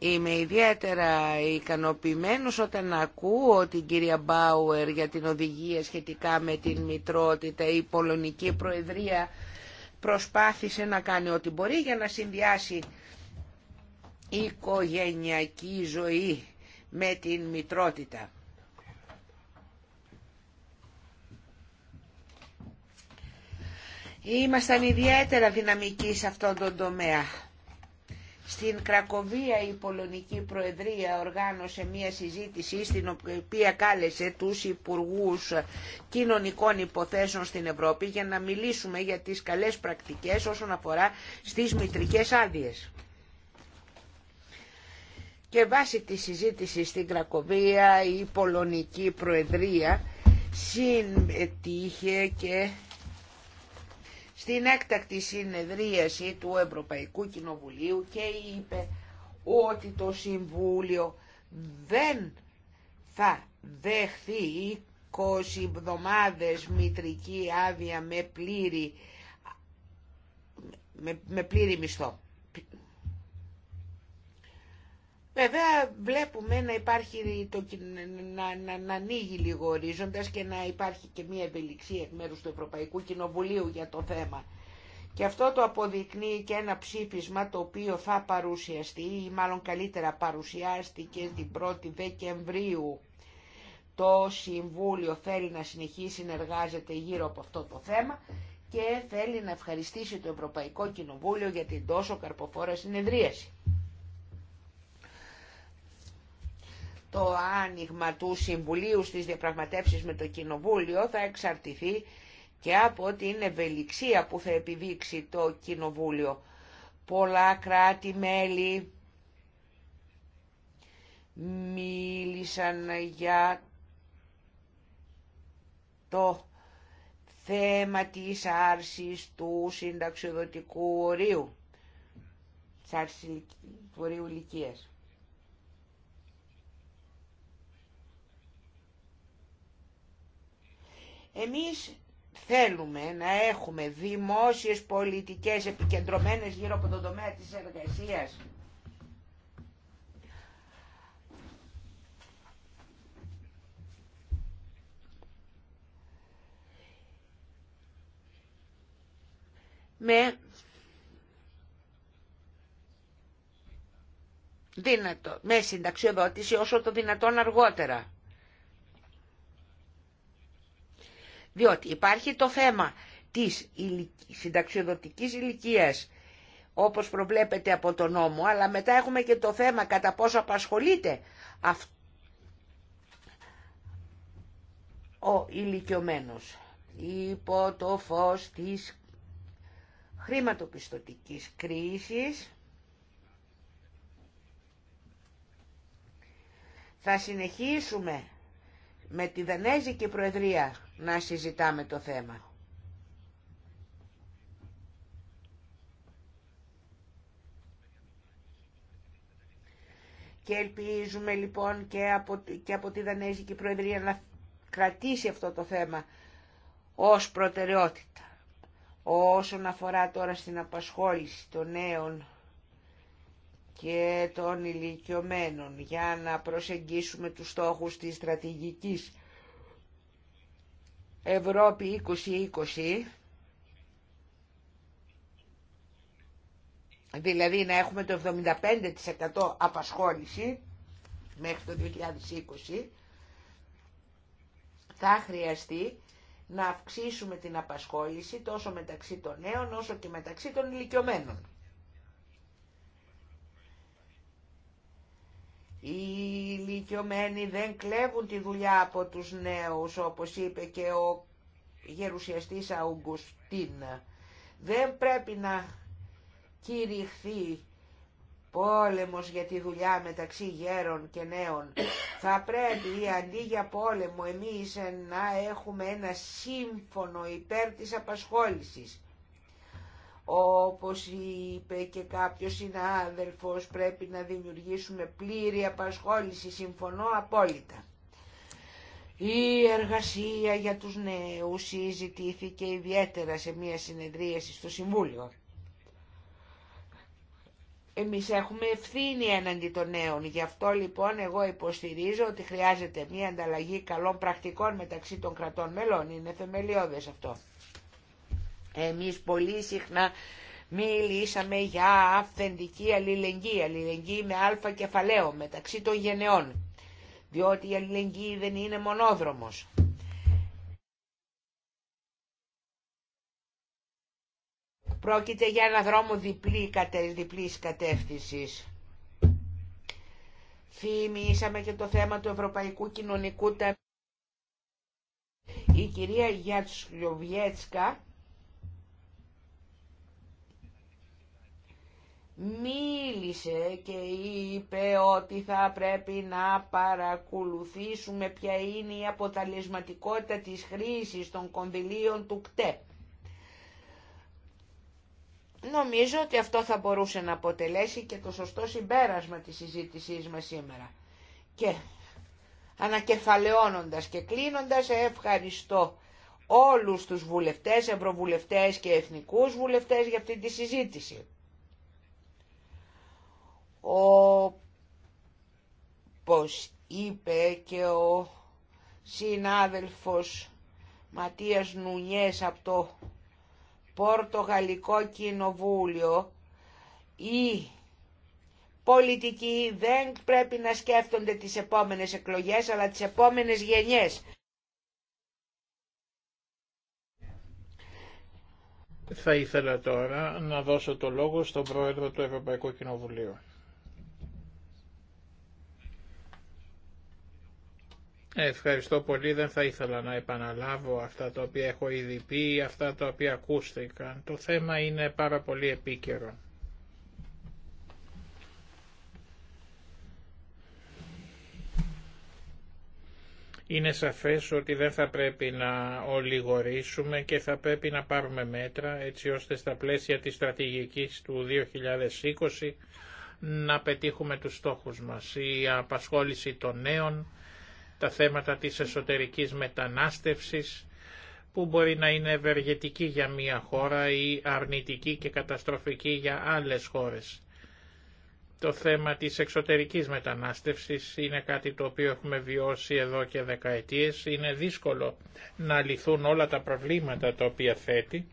Είμαι ιδιαίτερα ικανοποιημένος όταν ακούω την κυρία Μπάουερ για την οδηγία σχετικά με την μητρότητα. Η Πολωνική Προεδρία προσπάθησε να κάνει ό,τι μπορεί για να συνδυάσει οικογενειακή ζωή με την μητρότητα. Ήμασταν ιδιαίτερα δυναμικοί σε αυτόν τον τομέα. Στην Κρακοβία η Πολωνική Προεδρία οργάνωσε μία συζήτηση στην οποία κάλεσε τους Υπουργούς Κοινωνικών Υποθέσεων στην Ευρώπη για να μιλήσουμε για τις καλές πρακτικές όσον αφορά στις μητρικές άδειε. Και βάσει τη συζήτηση στην Κρακοβία η Πολωνική Προεδρία συμμετείχε και την έκτακτη συνεδρίαση του Ευρωπαϊκού Κοινοβουλίου και είπε ότι το Συμβούλιο δεν θα δεχθεί 20 εβδομάδες μητρική άδεια με πλήρη, με πλήρη μισθό. Βέβαια βλέπουμε να υπάρχει το, να, να, να ανοίγει λίγο ορίζοντα και να υπάρχει και μια ευελιξία εκ μέρους του Ευρωπαϊκού Κοινοβουλίου για το θέμα. Και αυτό το αποδεικνύει και ένα ψήφισμα το οποίο θα παρουσιαστεί ή μάλλον καλύτερα παρουσιάστηκε την 1η Δεκεμβρίου. Το Συμβούλιο θέλει να συνεχίσει συνεργάζεται γύρω από αυτό το θέμα και θέλει να ευχαριστήσει το Ευρωπαϊκό Κοινοβούλιο για την τόσο καρποφόρα συνεδρίαση. το άνοιγμα του Συμβουλίου στις διαπραγματεύσεις με το Κοινοβούλιο θα εξαρτηθεί και από την ευελιξία που θα επιδείξει το Κοινοβούλιο. Πολλά κράτη-μέλη μίλησαν για το θέμα της άρσης του συνταξιοδοτικού ορίου, της άρσης του ορίου Εμείς θέλουμε να έχουμε δημόσιες πολιτικές επικεντρωμένες γύρω από τον τομέα της εργασίας. Με δυνατό, με συνταξιοδότηση όσο το δυνατόν αργότερα. Διότι υπάρχει το θέμα της συνταξιοδοτικής ηλικίας, όπως προβλέπεται από τον νόμο, αλλά μετά έχουμε και το θέμα κατά πόσο απασχολείται ο ηλικιωμένος υπό το φως της χρηματοπιστωτικής κρίσης θα συνεχίσουμε με τη Δανέζικη Προεδρία να συζητάμε το θέμα. Και ελπίζουμε λοιπόν και από, και από τη Δανέζικη Προεδρία να κρατήσει αυτό το θέμα ως προτεραιότητα. Όσον αφορά τώρα στην απασχόληση των νέων και των ηλικιωμένων για να προσεγγίσουμε τους στόχους της στρατηγικής Ευρώπη 2020 δηλαδή να έχουμε το 75% απασχόληση μέχρι το 2020 θα χρειαστεί να αυξήσουμε την απασχόληση τόσο μεταξύ των νέων όσο και μεταξύ των ηλικιωμένων. Οι ηλικιωμένοι δεν κλέβουν τη δουλειά από τους νέους, όπως είπε και ο γερουσιαστής Αουγκουστίν. Δεν πρέπει να κηρυχθεί πόλεμος για τη δουλειά μεταξύ γέρων και νέων. Θα πρέπει αντί για πόλεμο εμείς να έχουμε ένα σύμφωνο υπέρ της απασχόλησης. Όπως είπε και κάποιος συνάδελφος πρέπει να δημιουργήσουμε πλήρη απασχόληση, συμφωνώ απόλυτα. Η εργασία για τους νέους συζητήθηκε ιδιαίτερα σε μια συνεδρίαση στο Συμβούλιο. Εμείς έχουμε ευθύνη έναντι των νέων, γι' αυτό λοιπόν εγώ υποστηρίζω ότι χρειάζεται μια ανταλλαγή καλών πρακτικών μεταξύ των κρατών μελών, είναι θεμελιώδες αυτό. Εμείς πολύ συχνά μιλήσαμε για αυθεντική αλληλεγγύη, αλληλεγγύη με αλφα κεφαλαίο μεταξύ των γενεών, διότι η αλληλεγγύη δεν είναι μονόδρομος. Πρόκειται για ένα δρόμο διπλή, διπλής κατεύθυνσης. Θυμήσαμε και το θέμα του Ευρωπαϊκού Κοινωνικού Ταμείου. Η κυρία Γιατσλοβιέτσκα μίλησε και είπε ότι θα πρέπει να παρακολουθήσουμε ποια είναι η αποτελεσματικότητα της χρήσης των κονδυλίων του ΚΤΕ. Νομίζω ότι αυτό θα μπορούσε να αποτελέσει και το σωστό συμπέρασμα της συζήτησής μας σήμερα. Και ανακεφαλαιώνοντας και κλείνοντας ευχαριστώ όλους τους βουλευτές, ευρωβουλευτές και εθνικούς βουλευτές για αυτή τη συζήτηση όπως είπε και ο συνάδελφος Ματίας Νουνιές από το Πορτογαλικό Κοινοβούλιο οι πολιτικοί δεν πρέπει να σκέφτονται τις επόμενες εκλογές αλλά τις επόμενες γενιές. Θα ήθελα τώρα να δώσω το λόγο στον Πρόεδρο του Ευρωπαϊκού Κοινοβουλίου. Ευχαριστώ πολύ. Δεν θα ήθελα να επαναλάβω αυτά τα οποία έχω ήδη πει ή αυτά τα οποία ακούστηκαν. Το θέμα είναι πάρα πολύ επίκαιρο. Είναι σαφές ότι δεν θα πρέπει να ολιγορήσουμε και θα πρέπει να πάρουμε μέτρα έτσι ώστε στα πλαίσια της στρατηγικής του 2020 να πετύχουμε τους στόχους μας. Η απασχόληση των νέων, τα θέματα της εσωτερικής μετανάστευσης που μπορεί να είναι ευεργετική για μία χώρα ή αρνητική και καταστροφική για άλλες χώρες. Το θέμα της εξωτερικής μετανάστευσης είναι κάτι το οποίο έχουμε βιώσει εδώ και δεκαετίες. Είναι δύσκολο να λυθούν όλα τα προβλήματα τα οποία θέτει.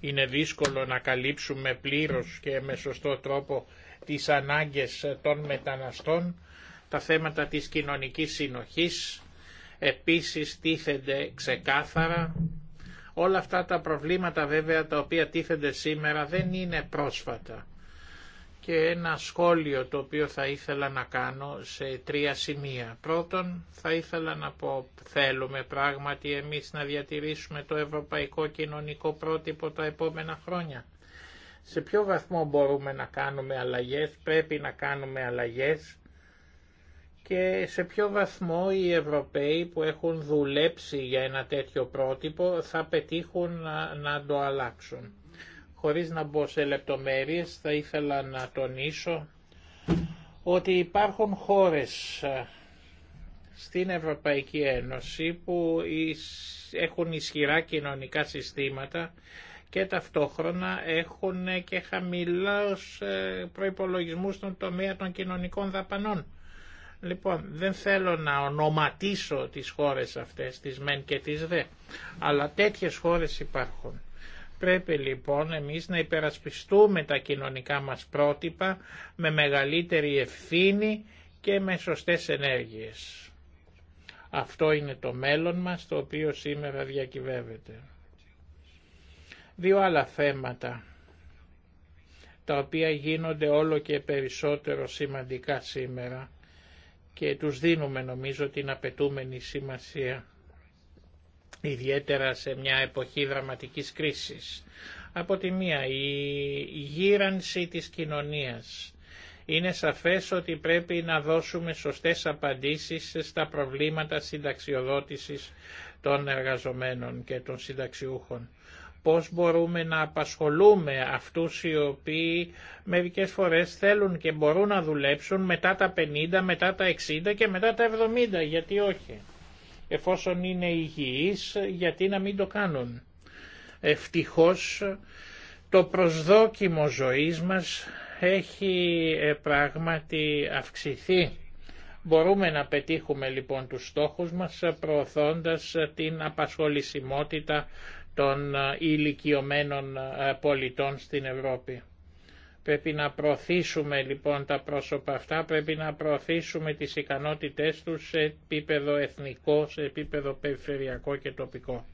Είναι δύσκολο να καλύψουμε πλήρως και με σωστό τρόπο τις ανάγκες των μεταναστών τα θέματα της κοινωνικής συνοχής επίσης τίθενται ξεκάθαρα. Όλα αυτά τα προβλήματα βέβαια τα οποία τίθενται σήμερα δεν είναι πρόσφατα. Και ένα σχόλιο το οποίο θα ήθελα να κάνω σε τρία σημεία. Πρώτον, θα ήθελα να πω θέλουμε πράγματι εμείς να διατηρήσουμε το ευρωπαϊκό κοινωνικό πρότυπο τα επόμενα χρόνια. Σε ποιο βαθμό μπορούμε να κάνουμε αλλαγές, πρέπει να κάνουμε αλλαγές και σε ποιο βαθμό οι Ευρωπαίοι που έχουν δουλέψει για ένα τέτοιο πρότυπο θα πετύχουν να, το αλλάξουν. Χωρίς να μπω σε λεπτομέρειες θα ήθελα να τονίσω ότι υπάρχουν χώρες ε, στην Ευρωπαϊκή Ένωση που έχουν ισχυρά κοινωνικά συστήματα και ταυτόχρονα έχουν και χαμηλά ε, προϋπολογισμούς στον τομέα των κοινωνικών δαπανών. Λοιπόν, δεν θέλω να ονοματίσω τις χώρες αυτές, τις μεν και τις δε, αλλά τέτοιες χώρες υπάρχουν. Πρέπει λοιπόν εμείς να υπερασπιστούμε τα κοινωνικά μας πρότυπα με μεγαλύτερη ευθύνη και με σωστές ενέργειες. Αυτό είναι το μέλλον μας το οποίο σήμερα διακυβεύεται. Δύο άλλα θέματα τα οποία γίνονται όλο και περισσότερο σημαντικά σήμερα και τους δίνουμε νομίζω την απαιτούμενη σημασία, ιδιαίτερα σε μια εποχή δραματικής κρίσης. Από τη μία, η γύρανση της κοινωνίας. Είναι σαφές ότι πρέπει να δώσουμε σωστές απαντήσεις στα προβλήματα συνταξιοδότησης των εργαζομένων και των συνταξιούχων πώς μπορούμε να απασχολούμε αυτούς οι οποίοι μερικές φορές θέλουν και μπορούν να δουλέψουν μετά τα 50, μετά τα 60 και μετά τα 70, γιατί όχι. Εφόσον είναι υγιείς, γιατί να μην το κάνουν. Ευτυχώς το προσδόκιμο ζωής μας έχει ε, πράγματι αυξηθεί. Μπορούμε να πετύχουμε λοιπόν τους στόχους μας προωθώντας την απασχολησιμότητα των ε, ηλικιωμένων ε, πολιτών στην Ευρώπη. Πρέπει να προωθήσουμε λοιπόν τα πρόσωπα αυτά, πρέπει να προωθήσουμε τις ικανότητές τους σε επίπεδο εθνικό, σε επίπεδο περιφερειακό και τοπικό.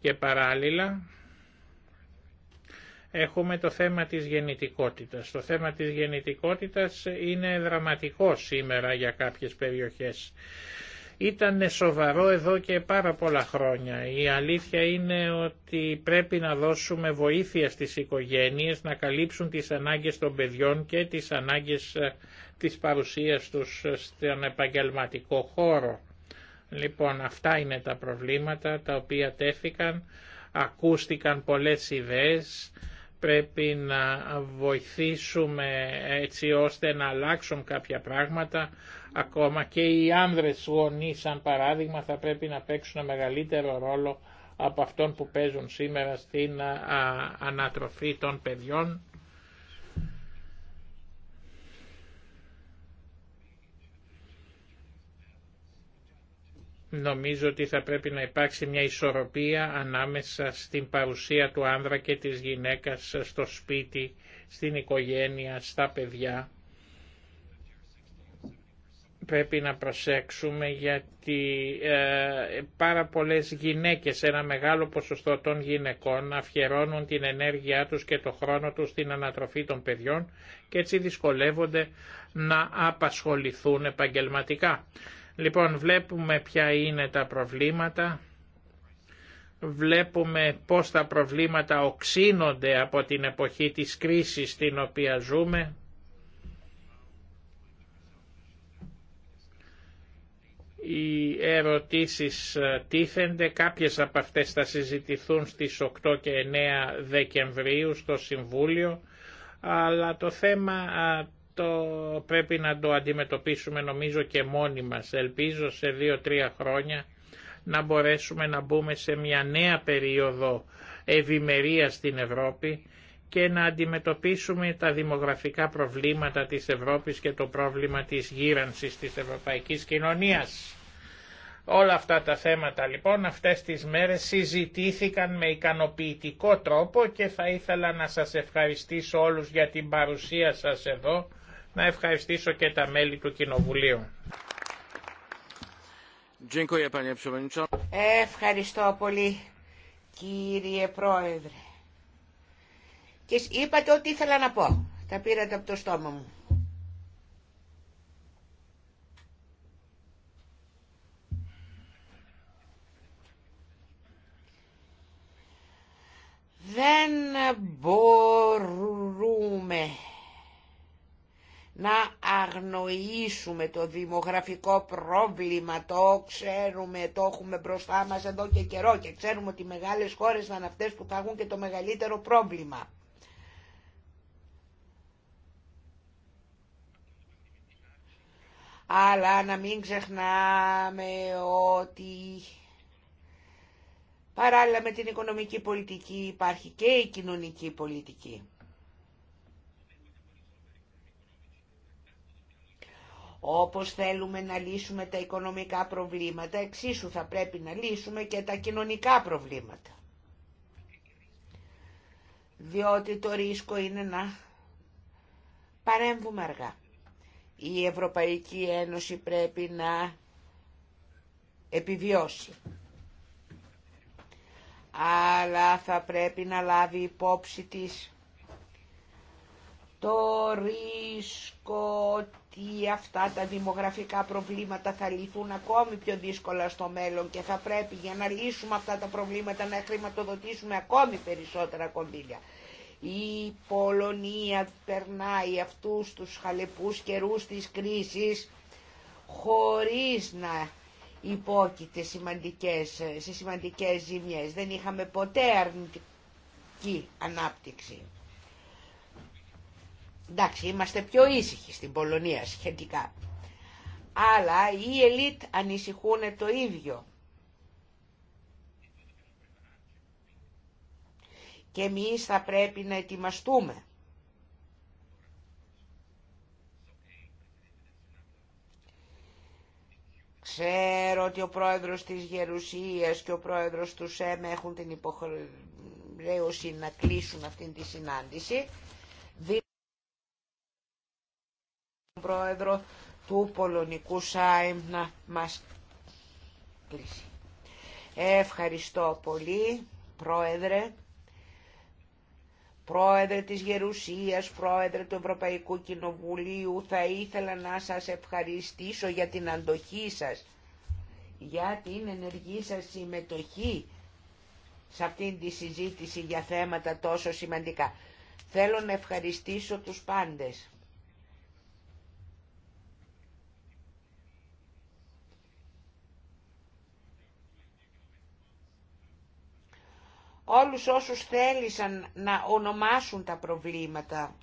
Και παράλληλα έχουμε το θέμα της γεννητικότητας. Το θέμα της γεννητικότητας είναι δραματικό σήμερα για κάποιες περιοχές ήταν σοβαρό εδώ και πάρα πολλά χρόνια. Η αλήθεια είναι ότι πρέπει να δώσουμε βοήθεια στις οικογένειες να καλύψουν τις ανάγκες των παιδιών και τις ανάγκες ε, της παρουσίας τους στον επαγγελματικό χώρο. Λοιπόν, αυτά είναι τα προβλήματα τα οποία τέθηκαν, ακούστηκαν πολλές ιδέες, πρέπει να βοηθήσουμε έτσι ώστε να αλλάξουν κάποια πράγματα, Ακόμα και οι άνδρες γονείς, σαν παράδειγμα, θα πρέπει να παίξουν μεγαλύτερο ρόλο από αυτόν που παίζουν σήμερα στην ανατροφή των παιδιών. Νομίζω ότι θα πρέπει να υπάρξει μια ισορροπία ανάμεσα στην παρουσία του άνδρα και της γυναίκας στο σπίτι, στην οικογένεια, στα παιδιά πρέπει να προσέξουμε γιατί ε, πάρα πολλές γυναίκες, ένα μεγάλο ποσοστό των γυναικών αφιερώνουν την ενέργειά τους και το χρόνο τους στην ανατροφή των παιδιών και έτσι δυσκολεύονται να απασχοληθούν επαγγελματικά. Λοιπόν, βλέπουμε ποια είναι τα προβλήματα, βλέπουμε πώς τα προβλήματα οξύνονται από την εποχή της κρίσης στην οποία ζούμε, οι ερωτήσεις ε, τίθενται, κάποιες από αυτές θα συζητηθούν στις 8 και 9 Δεκεμβρίου στο Συμβούλιο, αλλά το θέμα το πρέπει να το αντιμετωπίσουμε νομίζω και μόνοι μας. Ελπίζω σε 2-3 χρόνια να μπορέσουμε να μπούμε σε μια νέα περίοδο ευημερία στην Ευρώπη και να αντιμετωπίσουμε τα δημογραφικά προβλήματα της Ευρώπης και το πρόβλημα της γύρανσης της ευρωπαϊκής κοινωνίας. Όλα αυτά τα θέματα λοιπόν αυτές τις μέρες συζητήθηκαν με ικανοποιητικό τρόπο και θα ήθελα να σας ευχαριστήσω όλους για την παρουσία σας εδώ, να ευχαριστήσω και τα μέλη του Κοινοβουλίου. Ευχαριστώ πολύ κύριε Πρόεδρε. Και είπατε ό,τι ήθελα να πω. Τα πήρατε από το στόμα μου. δεν μπορούμε να αγνοήσουμε το δημογραφικό πρόβλημα, το ξέρουμε, το έχουμε μπροστά μας εδώ και καιρό και ξέρουμε ότι οι μεγάλες χώρες θα είναι αυτές που θα έχουν και το μεγαλύτερο πρόβλημα. Αλλά να μην ξεχνάμε ότι Παράλληλα με την οικονομική πολιτική υπάρχει και η κοινωνική πολιτική. Όπως θέλουμε να λύσουμε τα οικονομικά προβλήματα, εξίσου θα πρέπει να λύσουμε και τα κοινωνικά προβλήματα. Διότι το ρίσκο είναι να παρέμβουμε αργά. Η Ευρωπαϊκή Ένωση πρέπει να επιβιώσει αλλά θα πρέπει να λάβει υπόψη της το ρίσκο ότι αυτά τα δημογραφικά προβλήματα θα λυθούν ακόμη πιο δύσκολα στο μέλλον και θα πρέπει για να λύσουμε αυτά τα προβλήματα να χρηματοδοτήσουμε ακόμη περισσότερα κονδύλια. Η Πολωνία περνάει αυτούς τους χαλεπούς καιρούς της κρίσης χωρίς να υπόκειται σημαντικές, σε σημαντικές ζημιές. Δεν είχαμε ποτέ αρνητική ανάπτυξη. Εντάξει, είμαστε πιο ήσυχοι στην Πολωνία σχετικά. Αλλά οι ελίτ ανησυχούν το ίδιο. Και εμείς θα πρέπει να ετοιμαστούμε. Ξέρω ότι ο πρόεδρος της Γερουσίας και ο πρόεδρος του ΣΕΜ έχουν την υποχρέωση να κλείσουν αυτή τη συνάντηση. τον πρόεδρο του Πολωνικού ΣΑΕΜ να μας κλείσει. Ευχαριστώ πολύ, πρόεδρε πρόεδρε της Γερουσίας, πρόεδρε του Ευρωπαϊκού Κοινοβουλίου, θα ήθελα να σας ευχαριστήσω για την αντοχή σας, για την ενεργή σας συμμετοχή σε αυτήν τη συζήτηση για θέματα τόσο σημαντικά. Θέλω να ευχαριστήσω τους πάντες. όλους όσους θέλησαν να ονομάσουν τα προβλήματα,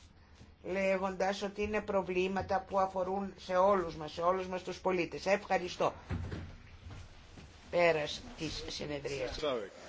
λέγοντας ότι είναι προβλήματα που αφορούν σε όλους μας, σε όλους μας τους πολίτες. Ευχαριστώ. Πέρας της συνεδρίας.